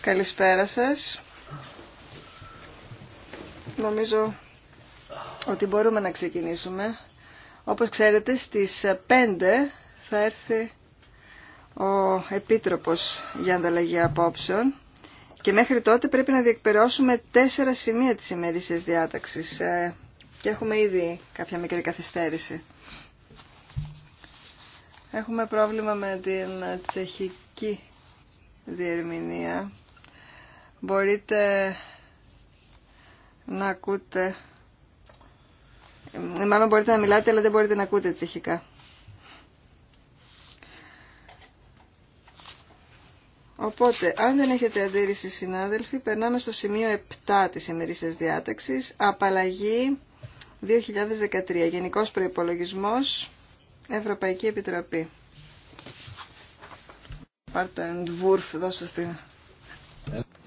Καλησπέρα σας. Νομίζω ότι μπορούμε να ξεκινήσουμε. Όπως ξέρετε στις 5 θα έρθει ο Επίτροπος για ανταλλαγή απόψεων και μέχρι τότε πρέπει να διεκπαιρεώσουμε τέσσερα σημεία της ημερήσιας διάταξης ε, και έχουμε ήδη κάποια μικρή καθυστέρηση. Έχουμε πρόβλημα με την τσεχική διερμηνία. Μπορείτε να ακούτε. Μάλλον μπορείτε να μιλάτε, αλλά δεν μπορείτε να ακούτε τσεχικά. Οπότε, αν δεν έχετε αντίρρηση συνάδελφοι, περνάμε στο σημείο 7 της ημερήσιας διάταξης. Απαλλαγή 2013. Γενικός προϋπολογισμός Ευρωπαϊκή Επιτροπή. Πάρ' το Entwurf, δώσε στη...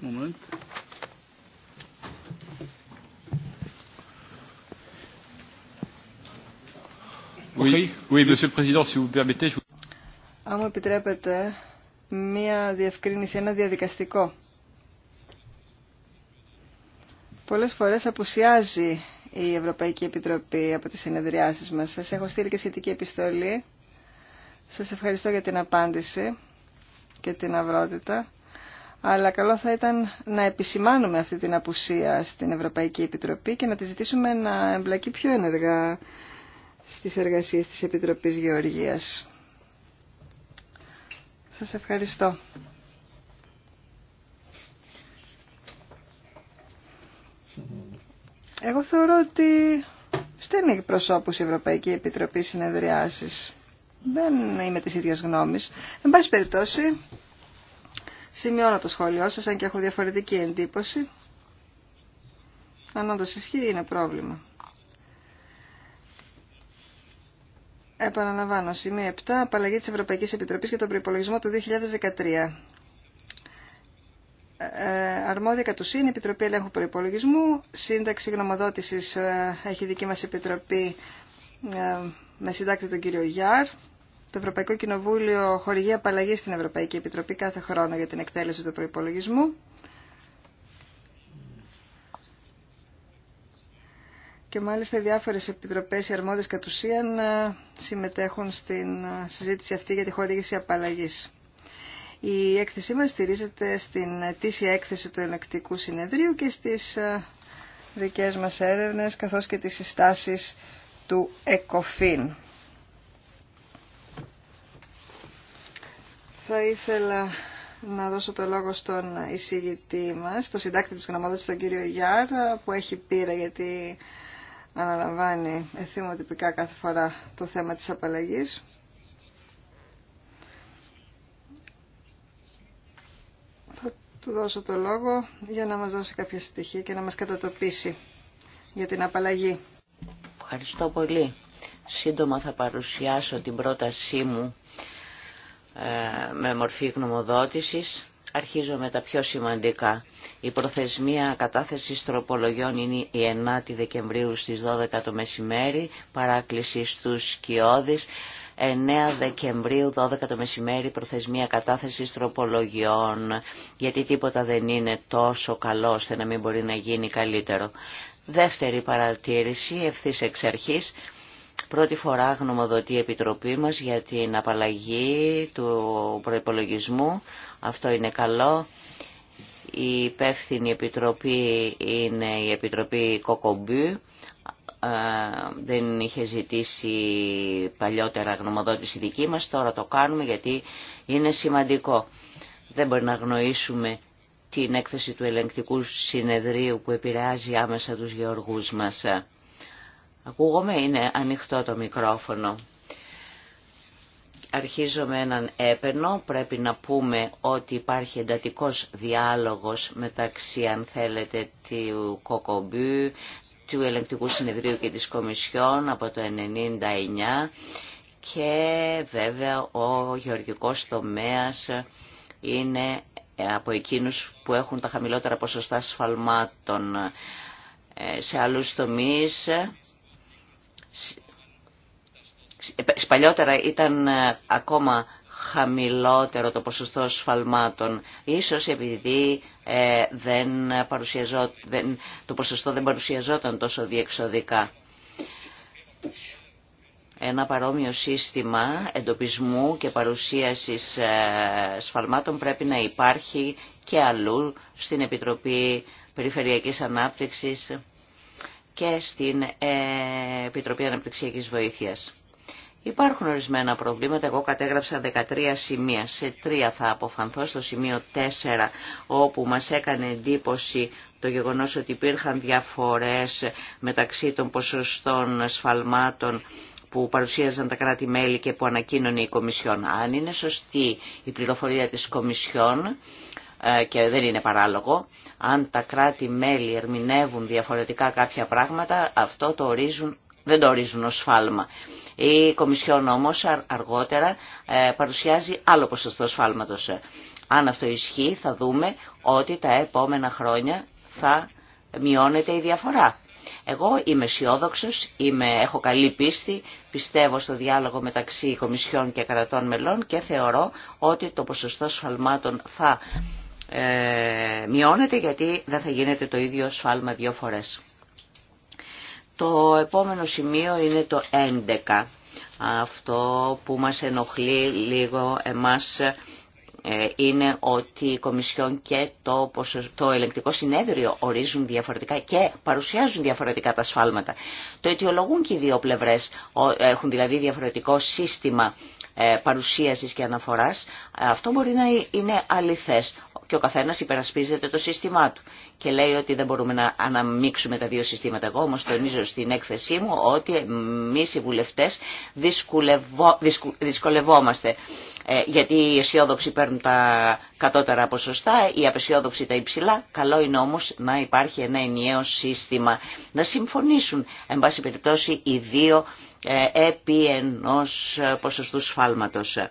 Moment. Oui, oui, Monsieur le Président, si vous permettez, je... Αν μου επιτρέπετε, μία διευκρίνηση, ένα διαδικαστικό. Πολλές φορές απουσιάζει η Ευρωπαϊκή Επιτροπή από τις συνεδριάσεις μας. Σας έχω στείλει και σχετική επιστολή. Σας ευχαριστώ για την απάντηση και την αυρότητα. Αλλά καλό θα ήταν να επισημάνουμε αυτή την απουσία στην Ευρωπαϊκή Επιτροπή και να τη ζητήσουμε να εμπλακεί πιο ενεργά στις εργασίες της Επιτροπής Γεωργίας. Σας ευχαριστώ. Εγώ θεωρώ ότι στέλνει εκπροσώπους η Ευρωπαϊκή Επιτροπή συνεδριάσεις. Δεν είμαι της ίδιας γνώμης. Εν πάση περιπτώσει, σημειώνω το σχόλιο σας, αν και έχω διαφορετική εντύπωση. Αν όντως ισχύει, είναι πρόβλημα. Επαναλαμβάνω, σημείο 7, απαλλαγή της Ευρωπαϊκής Επιτροπής για τον προϋπολογισμό του 2013. Ε, αρμόδια κατ' Επιτροπή Ελέγχου Προπολογισμού. Σύνταξη γνωμοδότησης ε, έχει δική μας Επιτροπή ε, με συντάκτη τον κύριο Γιάρ. Το Ευρωπαϊκό Κοινοβούλιο χορηγεί απαλλαγή στην Ευρωπαϊκή Επιτροπή κάθε χρόνο για την εκτέλεση του προϋπολογισμού. Και μάλιστα οι διάφορες επιτροπές οι αρμόδιες κατ' ουσίαν συμμετέχουν στην συζήτηση αυτή για τη χορήγηση απαλλαγής. Η έκθεσή μας στηρίζεται στην ετήσια έκθεση του ελεκτικού συνεδρίου και στις ε, δικές μας έρευνες καθώς και τις συστάσεις του ΕΚΟΦΗΝ. Θα ήθελα να δώσω το λόγο στον εισηγητή μας, στον συντάκτη της γνωμάδας, τον κύριο Γιάρ, που έχει πείρα γιατί αναλαμβάνει εθίμοτυπικά κάθε φορά το θέμα της απαλλαγής. του δώσω το λόγο για να μας δώσει κάποια στοιχεία και να μας κατατοπίσει για την απαλλαγή. Ευχαριστώ πολύ. Σύντομα θα παρουσιάσω την πρότασή μου ε, με μορφή γνωμοδότησης. Αρχίζω με τα πιο σημαντικά. Η προθεσμία κατάθεσης τροπολογιών είναι η 9η Δεκεμβρίου στις 12 το μεσημέρι, παράκληση στους Κιώδης. 9 Δεκεμβρίου, 12 το μεσημέρι, προθεσμία κατάθεση τροπολογιών, γιατί τίποτα δεν είναι τόσο καλό ώστε να μην μπορεί να γίνει καλύτερο. Δεύτερη παρατήρηση, ευθύ εξ αρχή. Πρώτη φορά γνωμοδοτεί η Επιτροπή μας για την απαλλαγή του προϋπολογισμού. Αυτό είναι καλό. Η υπεύθυνη Επιτροπή είναι η Επιτροπή Κοκομπού ε, δεν είχε ζητήσει παλιότερα γνωμοδότηση δική μας, τώρα το κάνουμε γιατί είναι σημαντικό. Δεν μπορεί να γνωρίσουμε την έκθεση του ελεγκτικού συνεδρίου που επηρεάζει άμεσα τους γεωργούς μας. Ακούγομαι, είναι ανοιχτό το μικρόφωνο. Αρχίζω με έναν έπαινο, πρέπει να πούμε ότι υπάρχει εντατικός διάλογος μεταξύ αν θέλετε του Κοκομπού, του Ελεκτικού Συνεδρίου και της Κομισιόν από το 1999 και βέβαια ο γεωργικός τομέας είναι ε, από εκείνους που έχουν τα χαμηλότερα ποσοστά σφαλμάτων ε, σε άλλους τομείς. Ε, παλιότερα ήταν ακόμα χαμηλότερο το ποσοστό σφαλμάτων. Ίσως επειδή ε, δεν δεν, το ποσοστό δεν παρουσιαζόταν τόσο διεξοδικά. Ένα παρόμοιο σύστημα εντοπισμού και παρουσίασης ε, σφαλμάτων πρέπει να υπάρχει και αλλού στην Επιτροπή Περιφερειακής Ανάπτυξης και στην ε, Επιτροπή Αναπτυξιακής Βοήθειας. Υπάρχουν ορισμένα προβλήματα, εγώ κατέγραψα 13 σημεία, σε 3 θα αποφανθώ, στο σημείο 4 όπου μας έκανε εντύπωση το γεγονός ότι υπήρχαν διαφορές μεταξύ των ποσοστών σφαλμάτων που παρουσίαζαν τα κράτη-μέλη και που ανακοίνωνε η Κομισιόν. Αν είναι σωστή η πληροφορία της Κομισιόν ε, και δεν είναι παράλογο, αν τα κράτη-μέλη ερμηνεύουν διαφορετικά κάποια πράγματα, αυτό το ορίζουν δεν το ορίζουν ως φάλμα. Η Κομισιόν όμως αργότερα ε, παρουσιάζει άλλο ποσοστό σφάλματος. Ε, αν αυτό ισχύει θα δούμε ότι τα επόμενα χρόνια θα μειώνεται η διαφορά. Εγώ είμαι αισιόδοξο, έχω καλή πίστη, πιστεύω στο διάλογο μεταξύ Κομισιών και κρατών μελών και θεωρώ ότι το ποσοστό σφαλμάτων θα ε, μειώνεται γιατί δεν θα γίνεται το ίδιο σφάλμα δύο φορές. Το επόμενο σημείο είναι το 11. Αυτό που μας ενοχλεί λίγο εμάς ε, είναι ότι η Κομισιόν και το, το ελεγκτικό συνέδριο ορίζουν διαφορετικά και παρουσιάζουν διαφορετικά τα σφάλματα. Το αιτιολογούν και οι δύο πλευρές, έχουν δηλαδή διαφορετικό σύστημα ε, παρουσίασης και αναφοράς, αυτό μπορεί να είναι αληθές και ο καθένας υπερασπίζεται το σύστημά του και λέει ότι δεν μπορούμε να αναμίξουμε τα δύο συστήματα. Εγώ όμως τονίζω στην έκθεσή μου ότι εμεί οι βουλευτές δυσκολευόμαστε ε, γιατί οι αισιόδοξοι παίρνουν τα κατώτερα ποσοστά, οι απεσιόδοξοι τα υψηλά. Καλό είναι όμως να υπάρχει ένα ενιαίο σύστημα. Να συμφωνήσουν, εν πάση περιπτώσει, οι δύο ε, επί ενός ποσοστού σφάλματος. Ε,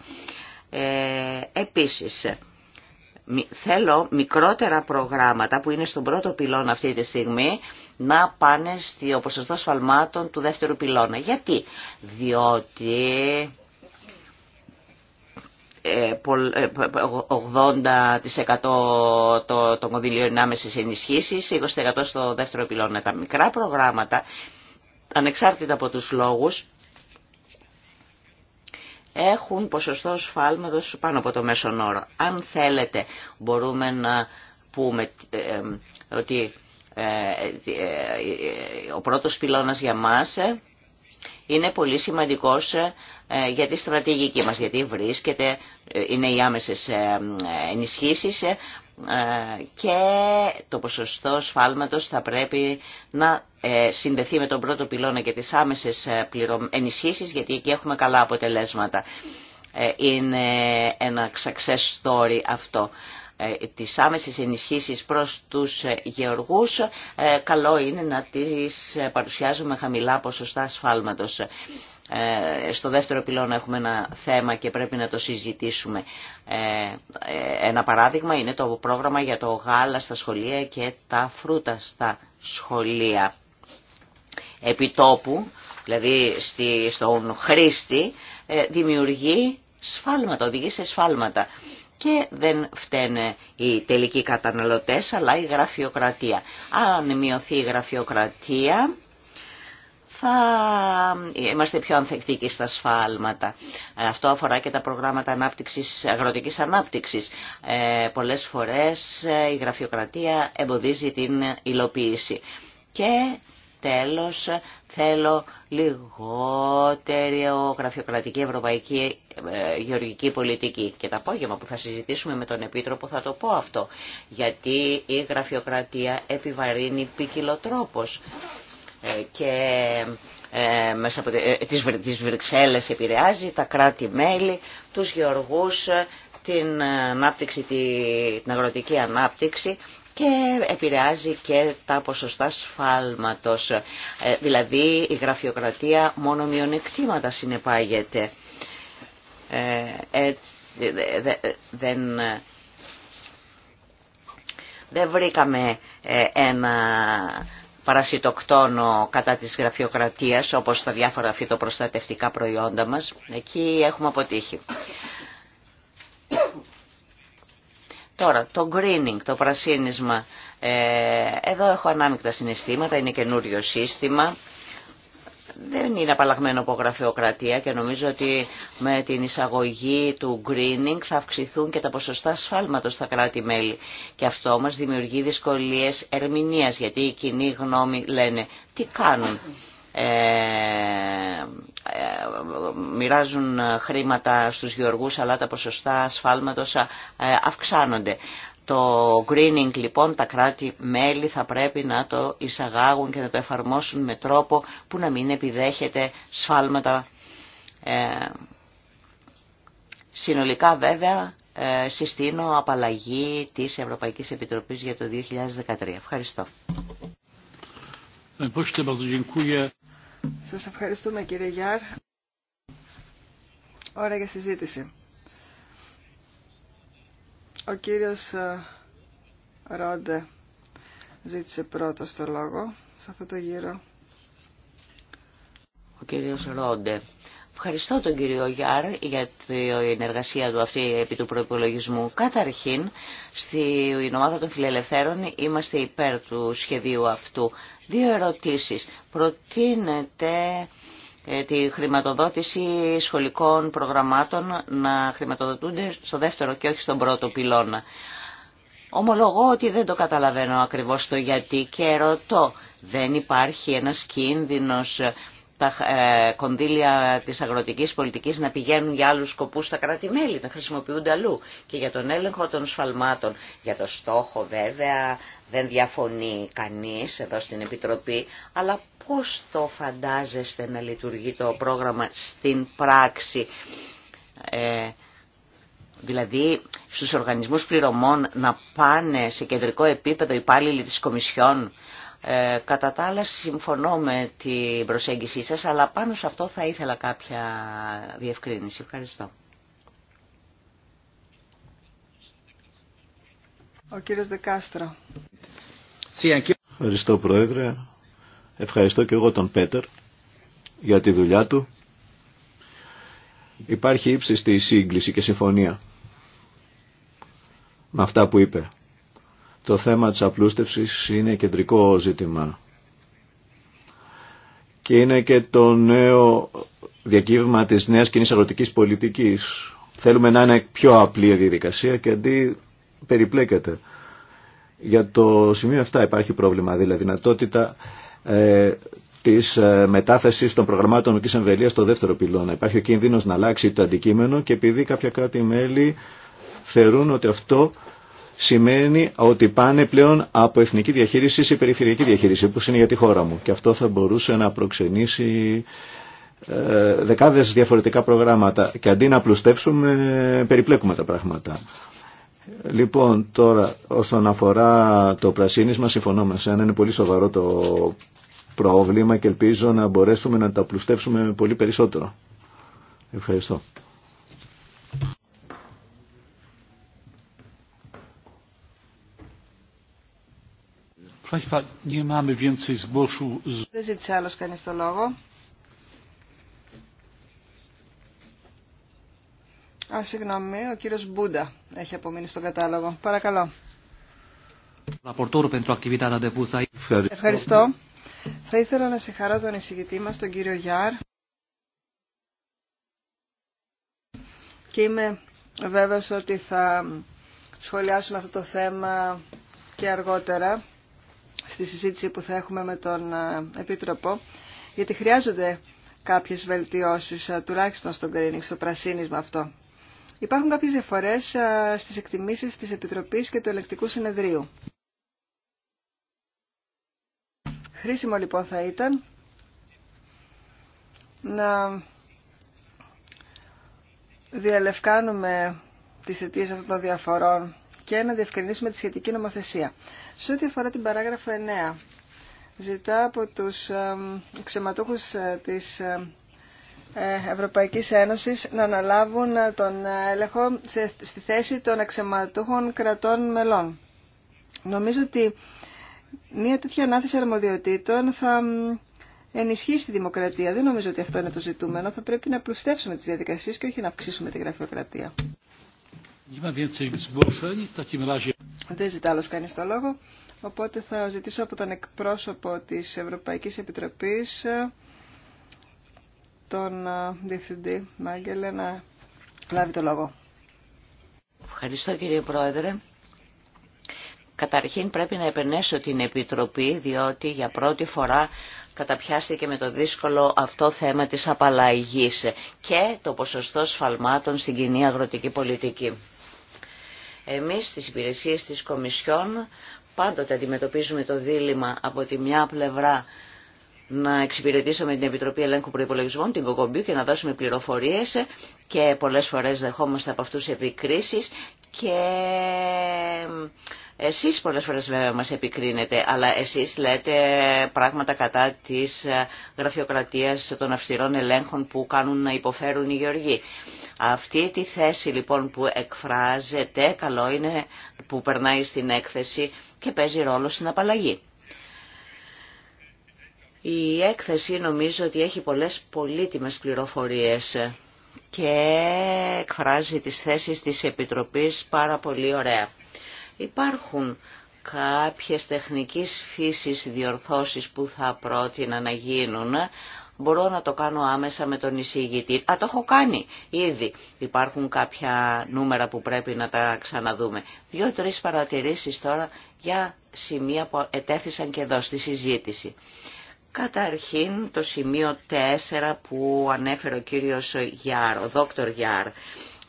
επίσης, θέλω μικρότερα προγράμματα που είναι στον πρώτο πυλώνα αυτή τη στιγμή να πάνε στο ποσοστό σφαλμάτων του δεύτερου πυλώνα. Γιατί? Διότι 80% των κονδυλίων είναι άμεσες ενισχύσεις, 20% στο δεύτερο πυλώνα. Τα μικρά προγράμματα ανεξάρτητα από τους λόγους, έχουν ποσοστό σφάλματος πάνω από το μέσον όρο. Αν θέλετε μπορούμε να πούμε ε, ε, ότι ε, ο πρώτος πυλώνας για μας είναι πολύ σημαντικός για τη στρατηγική μας, γιατί βρίσκεται, είναι οι άμεσες ενισχύσεις και το ποσοστό σφάλματος θα πρέπει να ε, συνδεθεί με τον πρώτο πυλώνα και τις άμεσες ε, ενισχύσεις, γιατί εκεί έχουμε καλά αποτελέσματα. Ε, είναι ένα success story αυτό. Τις άμεσες ενισχύσεις προς τους γεωργούς, καλό είναι να τις παρουσιάζουμε χαμηλά ποσοστά ασφάλματος. Στο δεύτερο πυλώνα έχουμε ένα θέμα και πρέπει να το συζητήσουμε. Ένα παράδειγμα είναι το πρόγραμμα για το γάλα στα σχολεία και τα φρούτα στα σχολεία επιτόπου, δηλαδή στον χρήστη, ε, δημιουργεί σφάλματα, οδηγεί σε σφάλματα. Και δεν φταίνε οι τελικοί καταναλωτές, αλλά η γραφειοκρατία. Αν μειωθεί η γραφειοκρατία, θα ε, είμαστε πιο ανθεκτικοί στα σφάλματα. Ε, αυτό αφορά και τα προγράμματα ανάπτυξης, αγροτικής ανάπτυξης. Ε, πολλές φορές η γραφειοκρατία εμποδίζει την υλοποίηση. Και Τέλος, θέλω λιγότερη γραφειοκρατική ευρωπαϊκή ε, γεωργική πολιτική. Και το απόγευμα που θα συζητήσουμε με τον Επίτροπο θα το πω αυτό. Γιατί η γραφειοκρατία επιβαρύνει ποικιλοτρόπως ε, και ε, μέσα από ε, τις, Βρυξέλλες επηρεάζει τα κράτη-μέλη, τους γεωργούς, την, ανάπτυξη, την αγροτική ανάπτυξη και επηρεάζει και τα ποσοστά σφάλματος. Ε, δηλαδή η γραφειοκρατία μόνο μειονεκτήματα συνεπάγεται. Ε, δεν... Δεν βρήκαμε ε, ένα παρασιτοκτόνο κατά της γραφειοκρατίας όπως τα διάφορα φυτοπροστατευτικά προϊόντα μας. Εκεί έχουμε αποτύχει. Τώρα, το greening, το πρασίνισμα. Ε, εδώ έχω ανάμεικτα συναισθήματα, είναι καινούριο σύστημα. Δεν είναι απαλλαγμένο από γραφειοκρατία και νομίζω ότι με την εισαγωγή του greening θα αυξηθούν και τα ποσοστά σφάλματος στα κράτη-μέλη. Και αυτό μας δημιουργεί δυσκολίες ερμηνείας, γιατί οι κοινοί γνώμοι λένε τι κάνουν ε, ε, μοιράζουν χρήματα στους γεωργούς αλλά τα ποσοστά ασφάλματος ε, αυξάνονται. Το greening λοιπόν τα κράτη-μέλη θα πρέπει να το εισαγάγουν και να το εφαρμόσουν με τρόπο που να μην επιδέχεται σφάλματα. συνολικά βέβαια συστήνω απαλλαγή της Ευρωπαϊκής Επιτροπής για το 2013. Ευχαριστώ. Σας ευχαριστούμε κύριε Γιάρ. Ωραία για συζήτηση. Ο κύριος ε, Ρόντε ζήτησε πρώτος το λόγο σε αυτό το γύρο. Ο κύριος Ρόντε. Ευχαριστώ τον κύριο Γιάρ για την ενεργασία του αυτή επί του προπολογισμού. Καταρχήν, στην ομάδα των φιλελευθέρων είμαστε υπέρ του σχεδίου αυτού. Δύο ερωτήσεις. Προτείνεται ε, τη χρηματοδότηση σχολικών προγραμμάτων να χρηματοδοτούνται στο δεύτερο και όχι στον πρώτο πυλώνα. Ομολογώ ότι δεν το καταλαβαίνω ακριβώς το γιατί και ρωτώ. Δεν υπάρχει ένας κίνδυνος τα ε, κονδύλια της αγροτικής πολιτικής να πηγαίνουν για άλλους σκοπούς στα κράτη-μέλη, να χρησιμοποιούνται αλλού. Και για τον έλεγχο των σφαλμάτων, για το στόχο βέβαια δεν διαφωνεί κανείς εδώ στην Επιτροπή, αλλά πώς το φαντάζεστε να λειτουργεί το πρόγραμμα στην πράξη. Ε, δηλαδή στους οργανισμούς πληρωμών να πάνε σε κεντρικό επίπεδο υπάλληλοι της Κομισιόν ε, κατά τα άλλα συμφωνώ με την προσέγγισή σας, αλλά πάνω σε αυτό θα ήθελα κάποια διευκρίνηση. Ευχαριστώ. Ο κύριος Δεκάστρο. Ευχαριστώ Πρόεδρε. Ευχαριστώ και εγώ τον Πέτερ για τη δουλειά του. Υπάρχει ύψιστη σύγκληση και συμφωνία με αυτά που είπε. Το θέμα της απλούστευσης είναι κεντρικό ζήτημα και είναι και το νέο διακύβημα της νέας κοινή αγροτικής πολιτικής. Θέλουμε να είναι πιο απλή η διαδικασία και αντί περιπλέκεται. Για το σημείο 7 υπάρχει πρόβλημα, δηλαδή δυνατότητα ε, της ε, μετάθεσης των προγραμμάτων της εμβελίας στο δεύτερο πυλώνα. Υπάρχει ο κίνδυνος να αλλάξει το αντικείμενο και επειδή κάποια κράτη-μέλη θεωρούν ότι αυτό σημαίνει ότι πάνε πλέον από εθνική διαχείριση σε περιφερειακή διαχείριση, που είναι για τη χώρα μου. Και αυτό θα μπορούσε να προξενήσει ε, δεκάδες διαφορετικά προγράμματα και αντί να πλουστεύσουμε περιπλέκουμε τα πράγματα. Λοιπόν, τώρα όσον αφορά το πρασίνισμα, συμφωνώ με σένα, είναι πολύ σοβαρό το πρόβλημα και ελπίζω να μπορέσουμε να τα πλουστεύσουμε πολύ περισσότερο. Ευχαριστώ. Δεν ζήτησε άλλος κανείς το λόγο. Α, συγγνώμη, ο κύριος Μπούντα έχει απομείνει στον κατάλογο. Παρακαλώ. Ευχαριστώ. Θα ήθελα να συγχαρώ τον εισηγητή μας, τον κύριο Γιάρ. Και είμαι βέβαιος ότι θα σχολιάσουμε αυτό το θέμα και αργότερα στη συζήτηση που θα έχουμε με τον ε, Επίτροπο, γιατί χρειάζονται κάποιες βελτιώσεις, ε, τουλάχιστον στον greening, στο πρασίνισμα αυτό. Υπάρχουν κάποιες διαφορές ε, στις εκτιμήσεις της Επιτροπής και του Ελεκτικού Συνεδρίου. Χρήσιμο λοιπόν θα ήταν να διαλευκάνουμε τις αιτίες αυτών των διαφορών και να διευκρινίσουμε τη σχετική νομοθεσία. Σε ό,τι αφορά την παράγραφο 9, ζητά από τους εξεματούχους ε, της ε, ε, Ευρωπαϊκής Ένωσης να αναλάβουν τον έλεγχο στη θέση των αξιωματούχων κρατών μελών. Νομίζω ότι μια τέτοια ανάθεση αρμοδιοτήτων θα ενισχύσει τη δημοκρατία. Δεν νομίζω ότι αυτό είναι το ζητούμενο. Θα πρέπει να πλουστεύσουμε τις διαδικασίες και όχι να αυξήσουμε τη γραφειοκρατία. Δεν ζητά άλλος κανείς το λόγο, οπότε θα ζητήσω από τον εκπρόσωπο της Ευρωπαϊκής Επιτροπής, τον Διευθυντή Μάγκελε, να λάβει το λόγο. Ευχαριστώ κύριε Πρόεδρε. Καταρχήν πρέπει να επενέσω την Επιτροπή, διότι για πρώτη φορά καταπιάστηκε με το δύσκολο αυτό θέμα της απαλλαγής και το ποσοστό σφαλμάτων στην κοινή αγροτική πολιτική. Εμείς στις υπηρεσίες της Κομισιόν πάντοτε αντιμετωπίζουμε το δίλημα από τη μια πλευρά να εξυπηρετήσουμε την Επιτροπή Ελέγχου Προϋπολογισμών, την Κοκομπίου και να δώσουμε πληροφορίες και πολλές φορές δεχόμαστε από αυτούς επικρίσεις και εσείς πολλές φορές βέβαια μας επικρίνετε, αλλά εσείς λέτε πράγματα κατά της ε, γραφειοκρατίας των αυστηρών ελέγχων που κάνουν να υποφέρουν οι γεωργοί. Αυτή τη θέση λοιπόν που εκφράζεται, καλό είναι που περνάει στην έκθεση και παίζει ρόλο στην απαλλαγή. Η έκθεση νομίζω ότι έχει πολλές πολύτιμες πληροφορίες και εκφράζει τις θέσεις της Επιτροπής πάρα πολύ ωραία. Υπάρχουν κάποιες τεχνικής φύσης διορθώσεις που θα πρότεινα να γίνουν. Μπορώ να το κάνω άμεσα με τον εισηγητή. Α, το έχω κάνει ήδη. Υπάρχουν κάποια νούμερα που πρέπει να τα ξαναδούμε. Δύο-τρεις παρατηρήσεις τώρα για σημεία που ετέθησαν και εδώ στη συζήτηση. Καταρχήν το σημείο 4 που ανέφερε ο κύριος Γιάρ, ο δόκτωρ Γιάρ,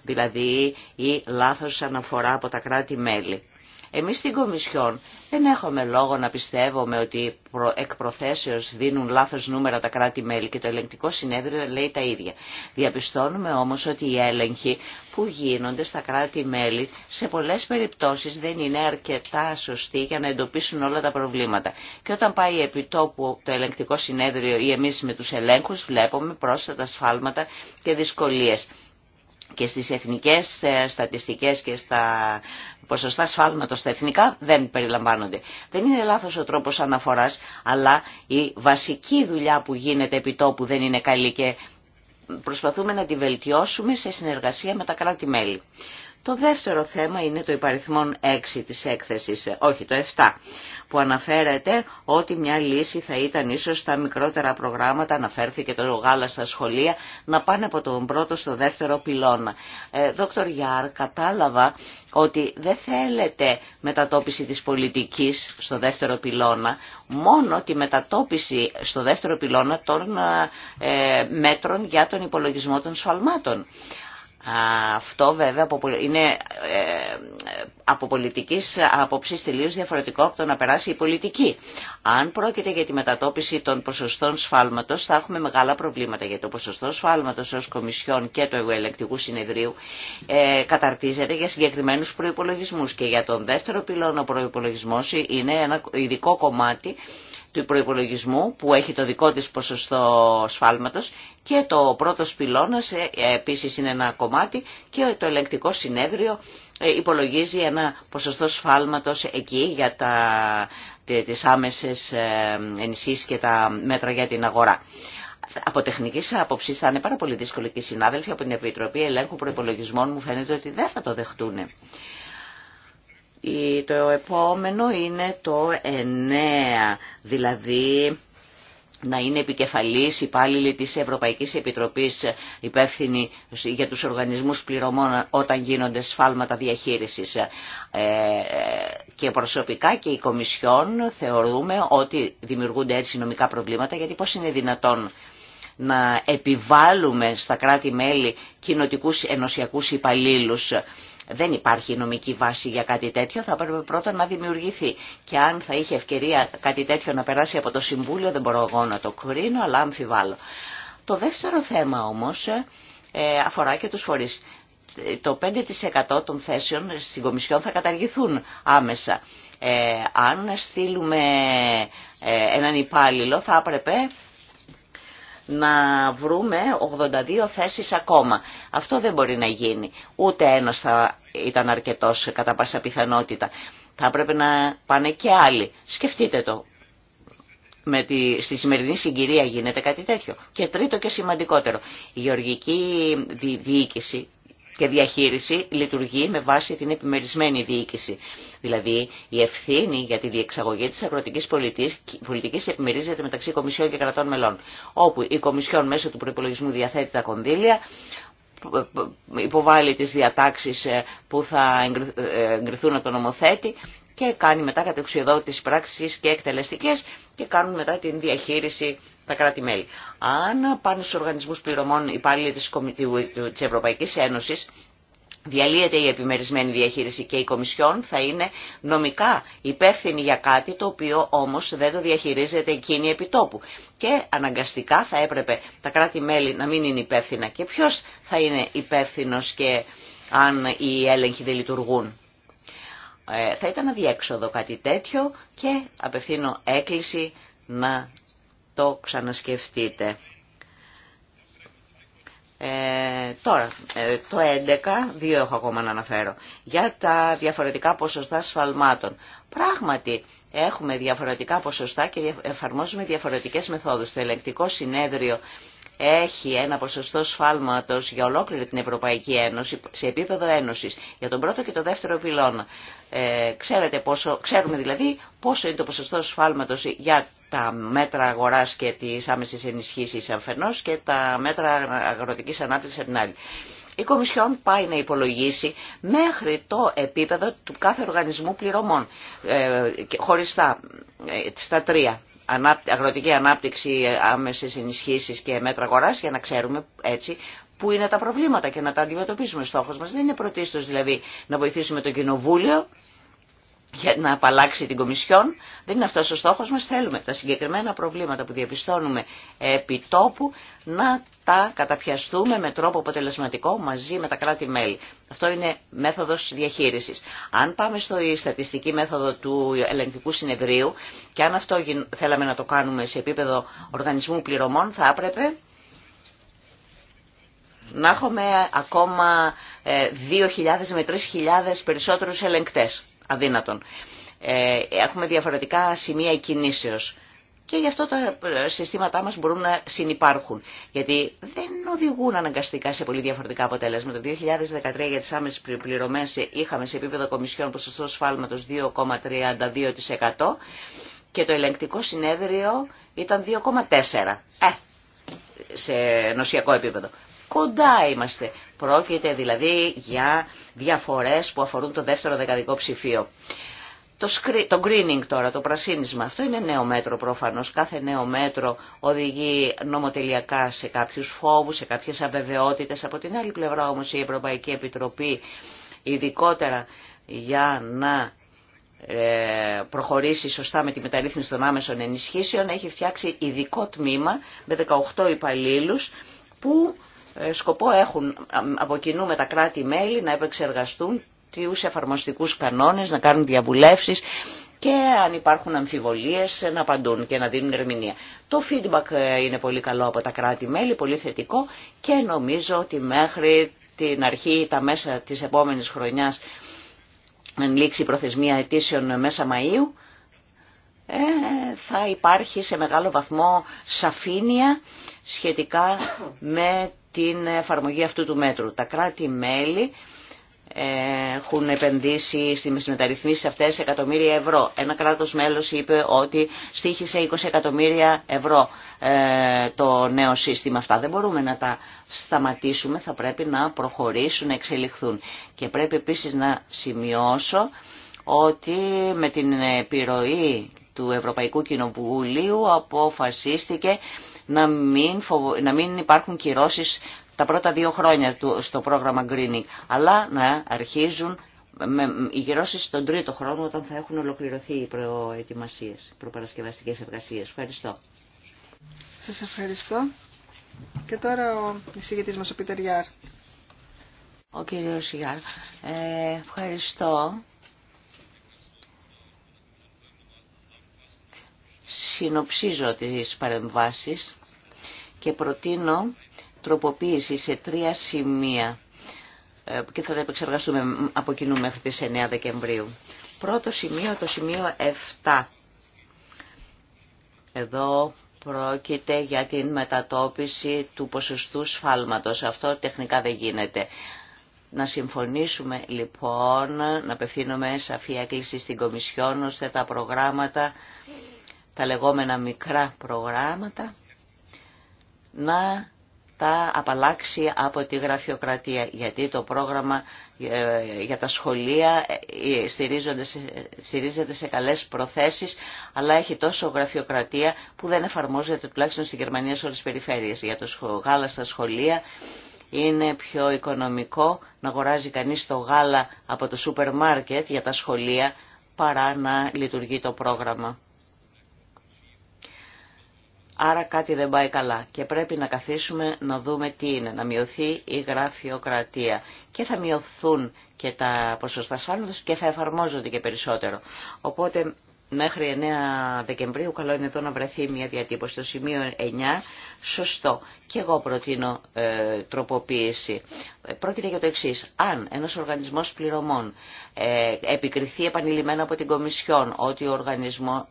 δηλαδή η λάθος αναφορά από τα κράτη-μέλη. Εμείς στην Κομισιόν δεν έχουμε λόγο να πιστεύουμε ότι εκ προθέσεως δίνουν λάθος νούμερα τα κράτη-μέλη και το ελεγκτικό συνέδριο λέει τα ίδια. Διαπιστώνουμε όμως ότι οι έλεγχοι που γίνονται στα κράτη-μέλη σε πολλές περιπτώσεις δεν είναι αρκετά σωστοί για να εντοπίσουν όλα τα προβλήματα. Και όταν πάει επί τόπου το ελεγκτικό συνέδριο ή εμείς με τους ελέγχους βλέπουμε πρόσθετα σφάλματα και δυσκολίες και στις εθνικές ε, στατιστικές και στα ποσοστά σφάλματος στα εθνικά δεν περιλαμβάνονται. Δεν είναι λάθος ο τρόπος αναφοράς, αλλά η βασική δουλειά που γίνεται επί τόπου δεν είναι καλή και προσπαθούμε να τη βελτιώσουμε σε συνεργασία με τα κράτη-μέλη. Το δεύτερο θέμα είναι το υπαριθμόν 6 της έκθεσης, όχι το 7, που αναφέρεται ότι μια λύση θα ήταν ίσως τα μικρότερα προγράμματα, αναφέρθηκε το γάλα στα σχολεία, να πάνε από τον πρώτο στο δεύτερο πυλώνα. Ε, Δόκτωρ Γιάρ, κατάλαβα ότι δεν θέλετε μετατόπιση της πολιτικής στο δεύτερο πυλώνα, μόνο τη μετατόπιση στο δεύτερο πυλώνα των ε, μέτρων για τον υπολογισμό των σφαλμάτων. Αυτό βέβαια είναι ε, από πολιτικής άποψης τελείως διαφορετικό από το να περάσει η πολιτική. Αν πρόκειται για τη μετατόπιση των ποσοστών σφάλματος θα έχουμε μεγάλα προβλήματα γιατί το ποσοστό σφάλματος ως Κομισιόν και του Ελεκτικού Συνεδρίου ε, καταρτίζεται για συγκεκριμένους προϋπολογισμούς και για τον δεύτερο πυλώνο προϋπολογισμός είναι ένα ειδικό κομμάτι του προπολογισμού που έχει το δικό της ποσοστό σφάλματος και το πρώτο πυλώνας ε, επίσης είναι ένα κομμάτι και το ελεγκτικό συνέδριο ε, υπολογίζει ένα ποσοστό σφάλματος εκεί για τα, τις άμεσες ε, ενισχύσεις και τα μέτρα για την αγορά. Από τεχνική άποψη θα είναι πάρα πολύ δύσκολο και οι συνάδελφοι από την Επιτροπή Ελέγχου Προπολογισμών μου φαίνεται ότι δεν θα το δεχτούν. Το επόμενο είναι το 9, δηλαδή να είναι επικεφαλής υπάλληλη της Ευρωπαϊκής Επιτροπής υπεύθυνη για τους οργανισμούς πληρωμών όταν γίνονται σφάλματα διαχείρισης. Ε, και προσωπικά και οι Κομισιόν θεωρούμε ότι δημιουργούνται έτσι νομικά προβλήματα γιατί πώς είναι δυνατόν να επιβάλλουμε στα κράτη-μέλη κοινοτικούς ενωσιακούς υπαλλήλους δεν υπάρχει νομική βάση για κάτι τέτοιο, θα έπρεπε πρώτα να δημιουργηθεί. Και αν θα είχε ευκαιρία κάτι τέτοιο να περάσει από το Συμβούλιο, δεν μπορώ εγώ να το κρίνω, αλλά αμφιβάλλω. Το δεύτερο θέμα όμως ε, ε, αφορά και τους φορείς. Το 5% των θέσεων στην Κομισιόν θα καταργηθούν άμεσα. Ε, αν στείλουμε έναν υπάλληλο θα έπρεπε να βρούμε 82 θέσεις ακόμα. Αυτό δεν μπορεί να γίνει. Ούτε ένας θα ήταν αρκετός κατά πάσα πιθανότητα. Θα έπρεπε να πάνε και άλλοι. Σκεφτείτε το. Με τη, στη σημερινή συγκυρία γίνεται κάτι τέτοιο. Και τρίτο και σημαντικότερο. Η γεωργική διοίκηση και διαχείριση λειτουργεί με βάση την επιμερισμένη διοίκηση. Δηλαδή η ευθύνη για τη διεξαγωγή της αγροτικής πολιτικής επιμερίζεται μεταξύ Κομισιών και κρατών μελών, όπου η Κομισιόν μέσω του προπολογισμού διαθέτει τα κονδύλια, υποβάλλει τις διατάξεις ε, που θα ε, εγκριθούν από τον νομοθέτη και κάνει μετά πράξεις και εκτελεστικές και κάνουν μετά την διαχείριση τα κράτη-μέλη. Αν πάνε στους οργανισμούς πληρωμών υπάλληλοι της, της Ευρωπαϊκής Ένωσης, διαλύεται η επιμερισμένη διαχείριση και η Κομισιόν θα είναι νομικά υπεύθυνη για κάτι το οποίο όμως δεν το διαχειρίζεται εκείνη επιτόπου. Και αναγκαστικά θα έπρεπε τα κράτη-μέλη να μην είναι υπεύθυνα. Και ποιος θα είναι υπεύθυνο και αν οι έλεγχοι δεν λειτουργούν. Ε, θα ήταν αδιέξοδο κάτι τέτοιο και απευθύνω έκκληση να το ξανασκεφτείτε. Ε, τώρα, ε, το 11, δύο έχω ακόμα να αναφέρω, για τα διαφορετικά ποσοστά σφαλμάτων. Πράγματι, έχουμε διαφορετικά ποσοστά και εφαρμόζουμε διαφορετικές μεθόδους. Το ελεκτικό συνέδριο έχει ένα ποσοστό σφάλματος για ολόκληρη την Ευρωπαϊκή Ένωση σε επίπεδο ένωσης για τον πρώτο και τον δεύτερο πυλώνα. Ε, ξέρετε πόσο, ξέρουμε δηλαδή πόσο είναι το ποσοστό σφάλματος για τα μέτρα αγοράς και τις άμεσες ενισχύσεις αφενός και τα μέτρα αγροτικής ανάπτυξης από η Κομισιόν πάει να υπολογίσει μέχρι το επίπεδο του κάθε οργανισμού πληρωμών, ε, χωριστά ε, στα τρία αγροτική ανάπτυξη, άμεσες ενισχύσεις και μέτρα αγοράς για να ξέρουμε έτσι που είναι τα προβλήματα και να τα αντιμετωπίσουμε. Στόχος μας δεν είναι πρωτίστως δηλαδή να βοηθήσουμε το κοινοβούλιο για να απαλλάξει την Κομισιόν. Δεν είναι αυτός ο στόχος μας. Θέλουμε τα συγκεκριμένα προβλήματα που διαπιστώνουμε επί τόπου να τα καταπιαστούμε με τρόπο αποτελεσματικό μαζί με τα κράτη-μέλη. Αυτό είναι μέθοδος διαχείρισης. Αν πάμε στο στατιστική μέθοδο του ελεγκτικού συνεδρίου και αν αυτό θέλαμε να το κάνουμε σε επίπεδο οργανισμού πληρωμών θα έπρεπε να έχουμε ακόμα 2.000 ε, με 3.000 περισσότερους ελεγκτές αδύνατον. Ε, έχουμε διαφορετικά σημεία εκκινήσεως. Και γι' αυτό τα συστήματά μας μπορούν να συνυπάρχουν. Γιατί δεν οδηγούν αναγκαστικά σε πολύ διαφορετικά αποτέλεσμα. Το 2013 για τις άμεσες πληρωμές είχαμε σε επίπεδο κομισιών ποσοστό σφάλματος 2,32% και το ελεγκτικό συνέδριο ήταν 2,4% ε, σε νοσιακό επίπεδο. Κοντά είμαστε. Πρόκειται δηλαδή για διαφορές που αφορούν το δεύτερο δεκαδικό ψηφίο. Το, το greening τώρα, το πρασίνισμα, αυτό είναι νέο μέτρο προφανώς. Κάθε νέο μέτρο οδηγεί νομοτελειακά σε κάποιους φόβους, σε κάποιες αβεβαιότητες. Από την άλλη πλευρά όμως η Ευρωπαϊκή Επιτροπή ειδικότερα για να ε, προχωρήσει σωστά με τη μεταρρύθμιση των άμεσων ενισχύσεων έχει φτιάξει ειδικό τμήμα με 18 υπαλλήλους που ε, σκοπό έχουν από κοινού με τα κράτη-μέλη να επεξεργαστούν τους εφαρμοστικούς κανόνες, να κάνουν διαβουλεύσεις και αν υπάρχουν αμφιβολίες να απαντούν και να δίνουν ερμηνεία. Το feedback ε, είναι πολύ καλό από τα κράτη-μέλη, πολύ θετικό και νομίζω ότι μέχρι την αρχή, τα μέσα της επόμενης χρονιάς, εν λήξη προθεσμία αιτήσεων μέσα Μαΐου, ε, θα υπάρχει σε μεγάλο βαθμό σαφήνεια σχετικά με την εφαρμογή αυτού του μέτρου. Τα κράτη-μέλη ε, έχουν επενδύσει στις μεταρρυθμίσεις αυτές εκατομμύρια ευρώ. Ένα κράτος μέλος είπε ότι στήχησε 20 εκατομμύρια ευρώ ε, το νέο σύστημα. Αυτά δεν μπορούμε να τα σταματήσουμε, θα πρέπει να προχωρήσουν, να εξελιχθούν. Και πρέπει επίσης να σημειώσω ότι με την επιρροή του Ευρωπαϊκού Κοινοβουλίου αποφασίστηκε να μην, να υπάρχουν κυρώσεις τα πρώτα δύο χρόνια του, στο πρόγραμμα Greening, αλλά να αρχίζουν με, οι κυρώσεις τον τρίτο χρόνο όταν θα έχουν ολοκληρωθεί οι προετοιμασίες, οι προπαρασκευαστικές εργασίες. Ευχαριστώ. Σας ευχαριστώ. Και τώρα ο εισηγητής μας, ο Πίτερ Γιάρ. Ο κύριος Γιάρ. Ε, ευχαριστώ. Συνοψίζω τις παρεμβάσεις και προτείνω τροποποίηση σε τρία σημεία ε, και θα τα επεξεργαστούμε από κοινού μέχρι τις 9 Δεκεμβρίου. Πρώτο σημείο, το σημείο 7. Εδώ πρόκειται για την μετατόπιση του ποσοστού σφάλματος. Αυτό τεχνικά δεν γίνεται. Να συμφωνήσουμε λοιπόν, να απευθύνουμε σαφή έκκληση στην Κομισιόν, ώστε τα προγράμματα, τα λεγόμενα μικρά προγράμματα, να τα απαλλάξει από τη γραφειοκρατία, γιατί το πρόγραμμα ε, για τα σχολεία ε, στηρίζεται σε καλές προθέσεις, αλλά έχει τόσο γραφειοκρατία που δεν εφαρμόζεται τουλάχιστον στη Γερμανία σε όλες περιφέρειες. Για το γάλα στα σχολεία είναι πιο οικονομικό να αγοράζει κανείς το γάλα από το σούπερ μάρκετ για τα σχολεία παρά να λειτουργεί το πρόγραμμα. Άρα κάτι δεν πάει καλά και πρέπει να καθίσουμε να δούμε τι είναι, να μειωθεί η γραφειοκρατία και θα μειωθούν και τα ποσοστά ασφάλματος και θα εφαρμόζονται και περισσότερο. Οπότε μέχρι 9 Δεκεμβρίου καλό είναι εδώ να βρεθεί μια διατύπωση. στο σημείο 9, σωστό. Και εγώ προτείνω ε, τροποποίηση. Πρόκειται για το εξή. Αν ένα οργανισμό πληρωμών ε, επικριθεί επανειλημμένα από την Κομισιόν ότι ο οργανισμός,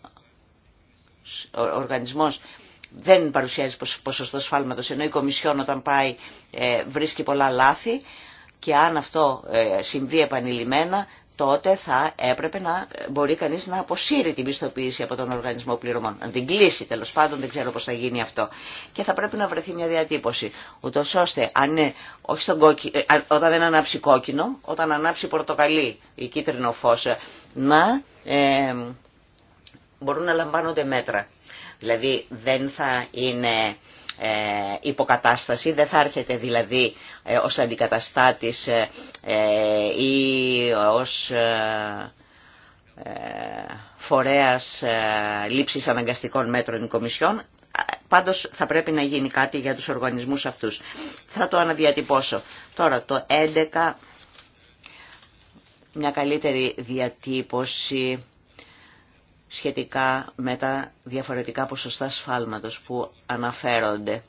ο οργανισμός δεν παρουσιάζει ποσοστό σφάλματος, ενώ η Κομισιόν όταν πάει ε, βρίσκει πολλά λάθη και αν αυτό ε, συμβεί επανειλημμένα, τότε θα έπρεπε να ε, μπορεί κανείς να αποσύρει την πιστοποίηση από τον οργανισμό πληρωμών. Αν την κλείσει τέλος πάντων δεν ξέρω πώς θα γίνει αυτό. Και θα πρέπει να βρεθεί μια διατύπωση, ούτως ώστε αν, όταν δεν ανάψει κόκκινο, όταν ανάψει πορτοκαλί ή κίτρινο φως, να ε, μπορούν να λαμβάνονται μέτρα. Δηλαδή δεν θα είναι ε, υποκατάσταση, δεν θα έρχεται δηλαδή ε, ως αντικαταστάτης ε, ή ως φορέας λήψης αναγκαστικών μέτρων ή κομισιών. Πάντως θα πρέπει να γίνει κάτι για τους οργανισμούς αυτούς. Θα το αναδιατυπώσω. Τώρα το 11, μια καλύτερη διατύπωση σχετικά με τα διαφορετικά ποσοστά σφάλματος που αναφέρονται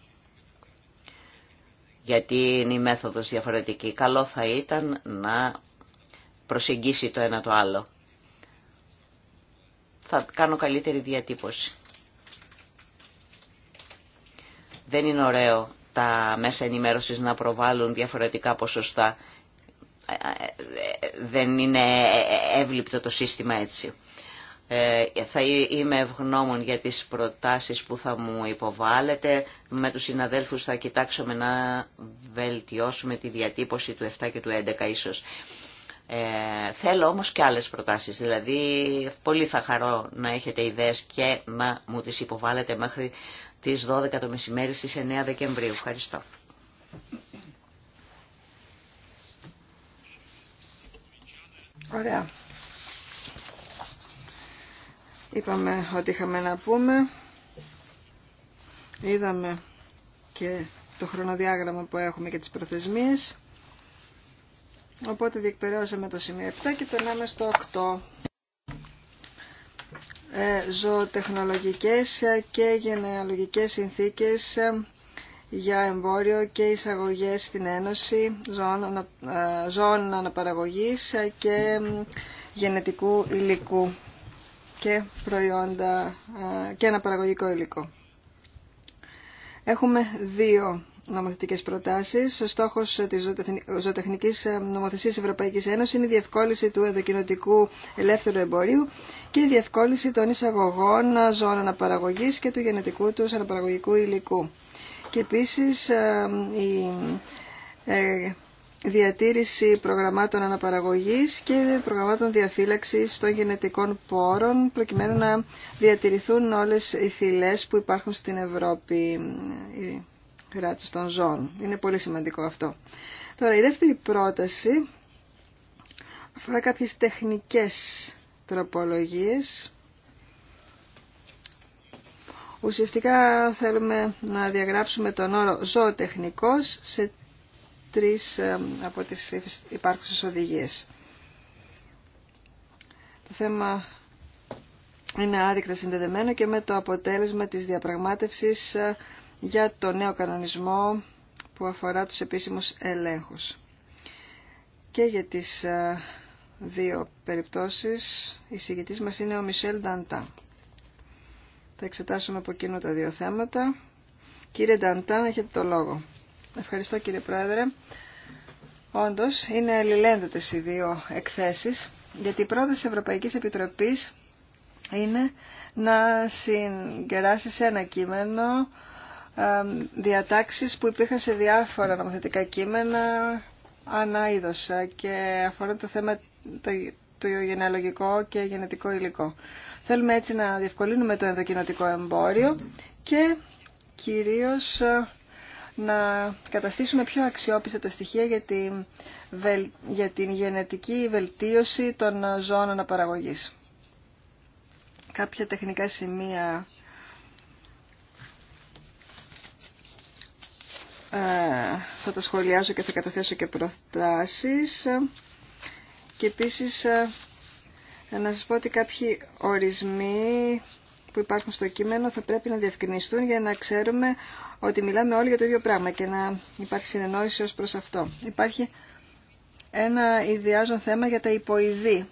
γιατί είναι η μέθοδος διαφορετική. Καλό θα ήταν να προσεγγίσει το ένα το άλλο. Θα κάνω καλύτερη διατύπωση. Δεν είναι ωραίο τα μέσα ενημέρωσης να προβάλλουν διαφορετικά ποσοστά. Ε, ε, ε, δεν είναι εύληπτο το σύστημα έτσι. Ε, θα είμαι ευγνώμων για τις προτάσεις που θα μου υποβάλλετε. Με τους συναδέλφους θα κοιτάξουμε να βελτιώσουμε τη διατύπωση του 7 και του 11 ίσως. Ε, θέλω όμως και άλλες προτάσεις, δηλαδή πολύ θα χαρώ να έχετε ιδέες και να μου τις υποβάλλετε μέχρι τις 12 το μεσημέρι στις 9 Δεκεμβρίου. Ευχαριστώ. Ωραία. Είπαμε ότι είχαμε να πούμε. Είδαμε και το χρονοδιάγραμμα που έχουμε και τις προθεσμίες. Οπότε διεκπαιρεώσαμε το σημείο 7 και περνάμε στο 8. Ε, ζωοτεχνολογικές και γενεαλογικές συνθήκες για εμπόριο και εισαγωγές στην Ένωση ζώων, ε, ζώων αναπαραγωγής και γενετικού υλικού και προϊόντα και ένα υλικό. Έχουμε δύο νομοθετικές προτάσεις. Ο στόχος της ζωοτεχνικής ε, νομοθεσίας Ευρωπαϊκής Ένωσης είναι η διευκόλυση του εδοκινοτικού ελεύθερου εμπορίου και η διευκόλυνση των εισαγωγών ζώων αναπαραγωγής και του γενετικού τους αναπαραγωγικού υλικού. Και επίσης ε, η ε, διατήρηση προγραμμάτων αναπαραγωγής και προγραμμάτων διαφύλαξης των γενετικών πόρων προκειμένου να διατηρηθούν όλες οι φυλές που υπάρχουν στην Ευρώπη οι κράτους των ζώων. Είναι πολύ σημαντικό αυτό. Τώρα η δεύτερη πρόταση αφορά κάποιες τεχνικές τροπολογίες. Ουσιαστικά θέλουμε να διαγράψουμε τον όρο ζωοτεχνικός σε τρεις ε, από τις υπάρχουσες οδηγίες. Το θέμα είναι άρρηκτα συνδεδεμένο και με το αποτέλεσμα της διαπραγμάτευσης ε, για το νέο κανονισμό που αφορά τους επίσημους ελέγχους. Και για τις ε, δύο περιπτώσεις η συγκητής μας είναι ο Μισελ Νταντά. Θα εξετάσουμε από κοινού τα δύο θέματα. Κύριε Νταντά, έχετε το λόγο. Ευχαριστώ κύριε Πρόεδρε. Όντως είναι αλληλένδετες οι δύο εκθέσεις γιατί η πρόταση Ευρωπαϊκής Επιτροπής είναι να συγκεράσει σε ένα κείμενο διατάξεις που υπήρχαν σε διάφορα νομοθετικά κείμενα ανά ε, και αφορούν το θέμα του το και γενετικό υλικό. Θέλουμε έτσι να διευκολύνουμε το ενδοκινοτικό εμπόριο και κυρίως ε, να καταστήσουμε πιο αξιόπιστα τα στοιχεία για την, για την γενετική βελτίωση των ζώων αναπαραγωγής. Κάποια τεχνικά σημεία ε, θα τα σχολιάσω και θα καταθέσω και προτάσεις και επίσης ε, να σας πω ότι κάποιοι ορισμοί που υπάρχουν στο κείμενο θα πρέπει να διευκρινιστούν για να ξέρουμε ότι μιλάμε όλοι για το ίδιο πράγμα και να υπάρχει συνεννόηση ως προς αυτό. Υπάρχει ένα ιδιάζον θέμα για τα υποειδή,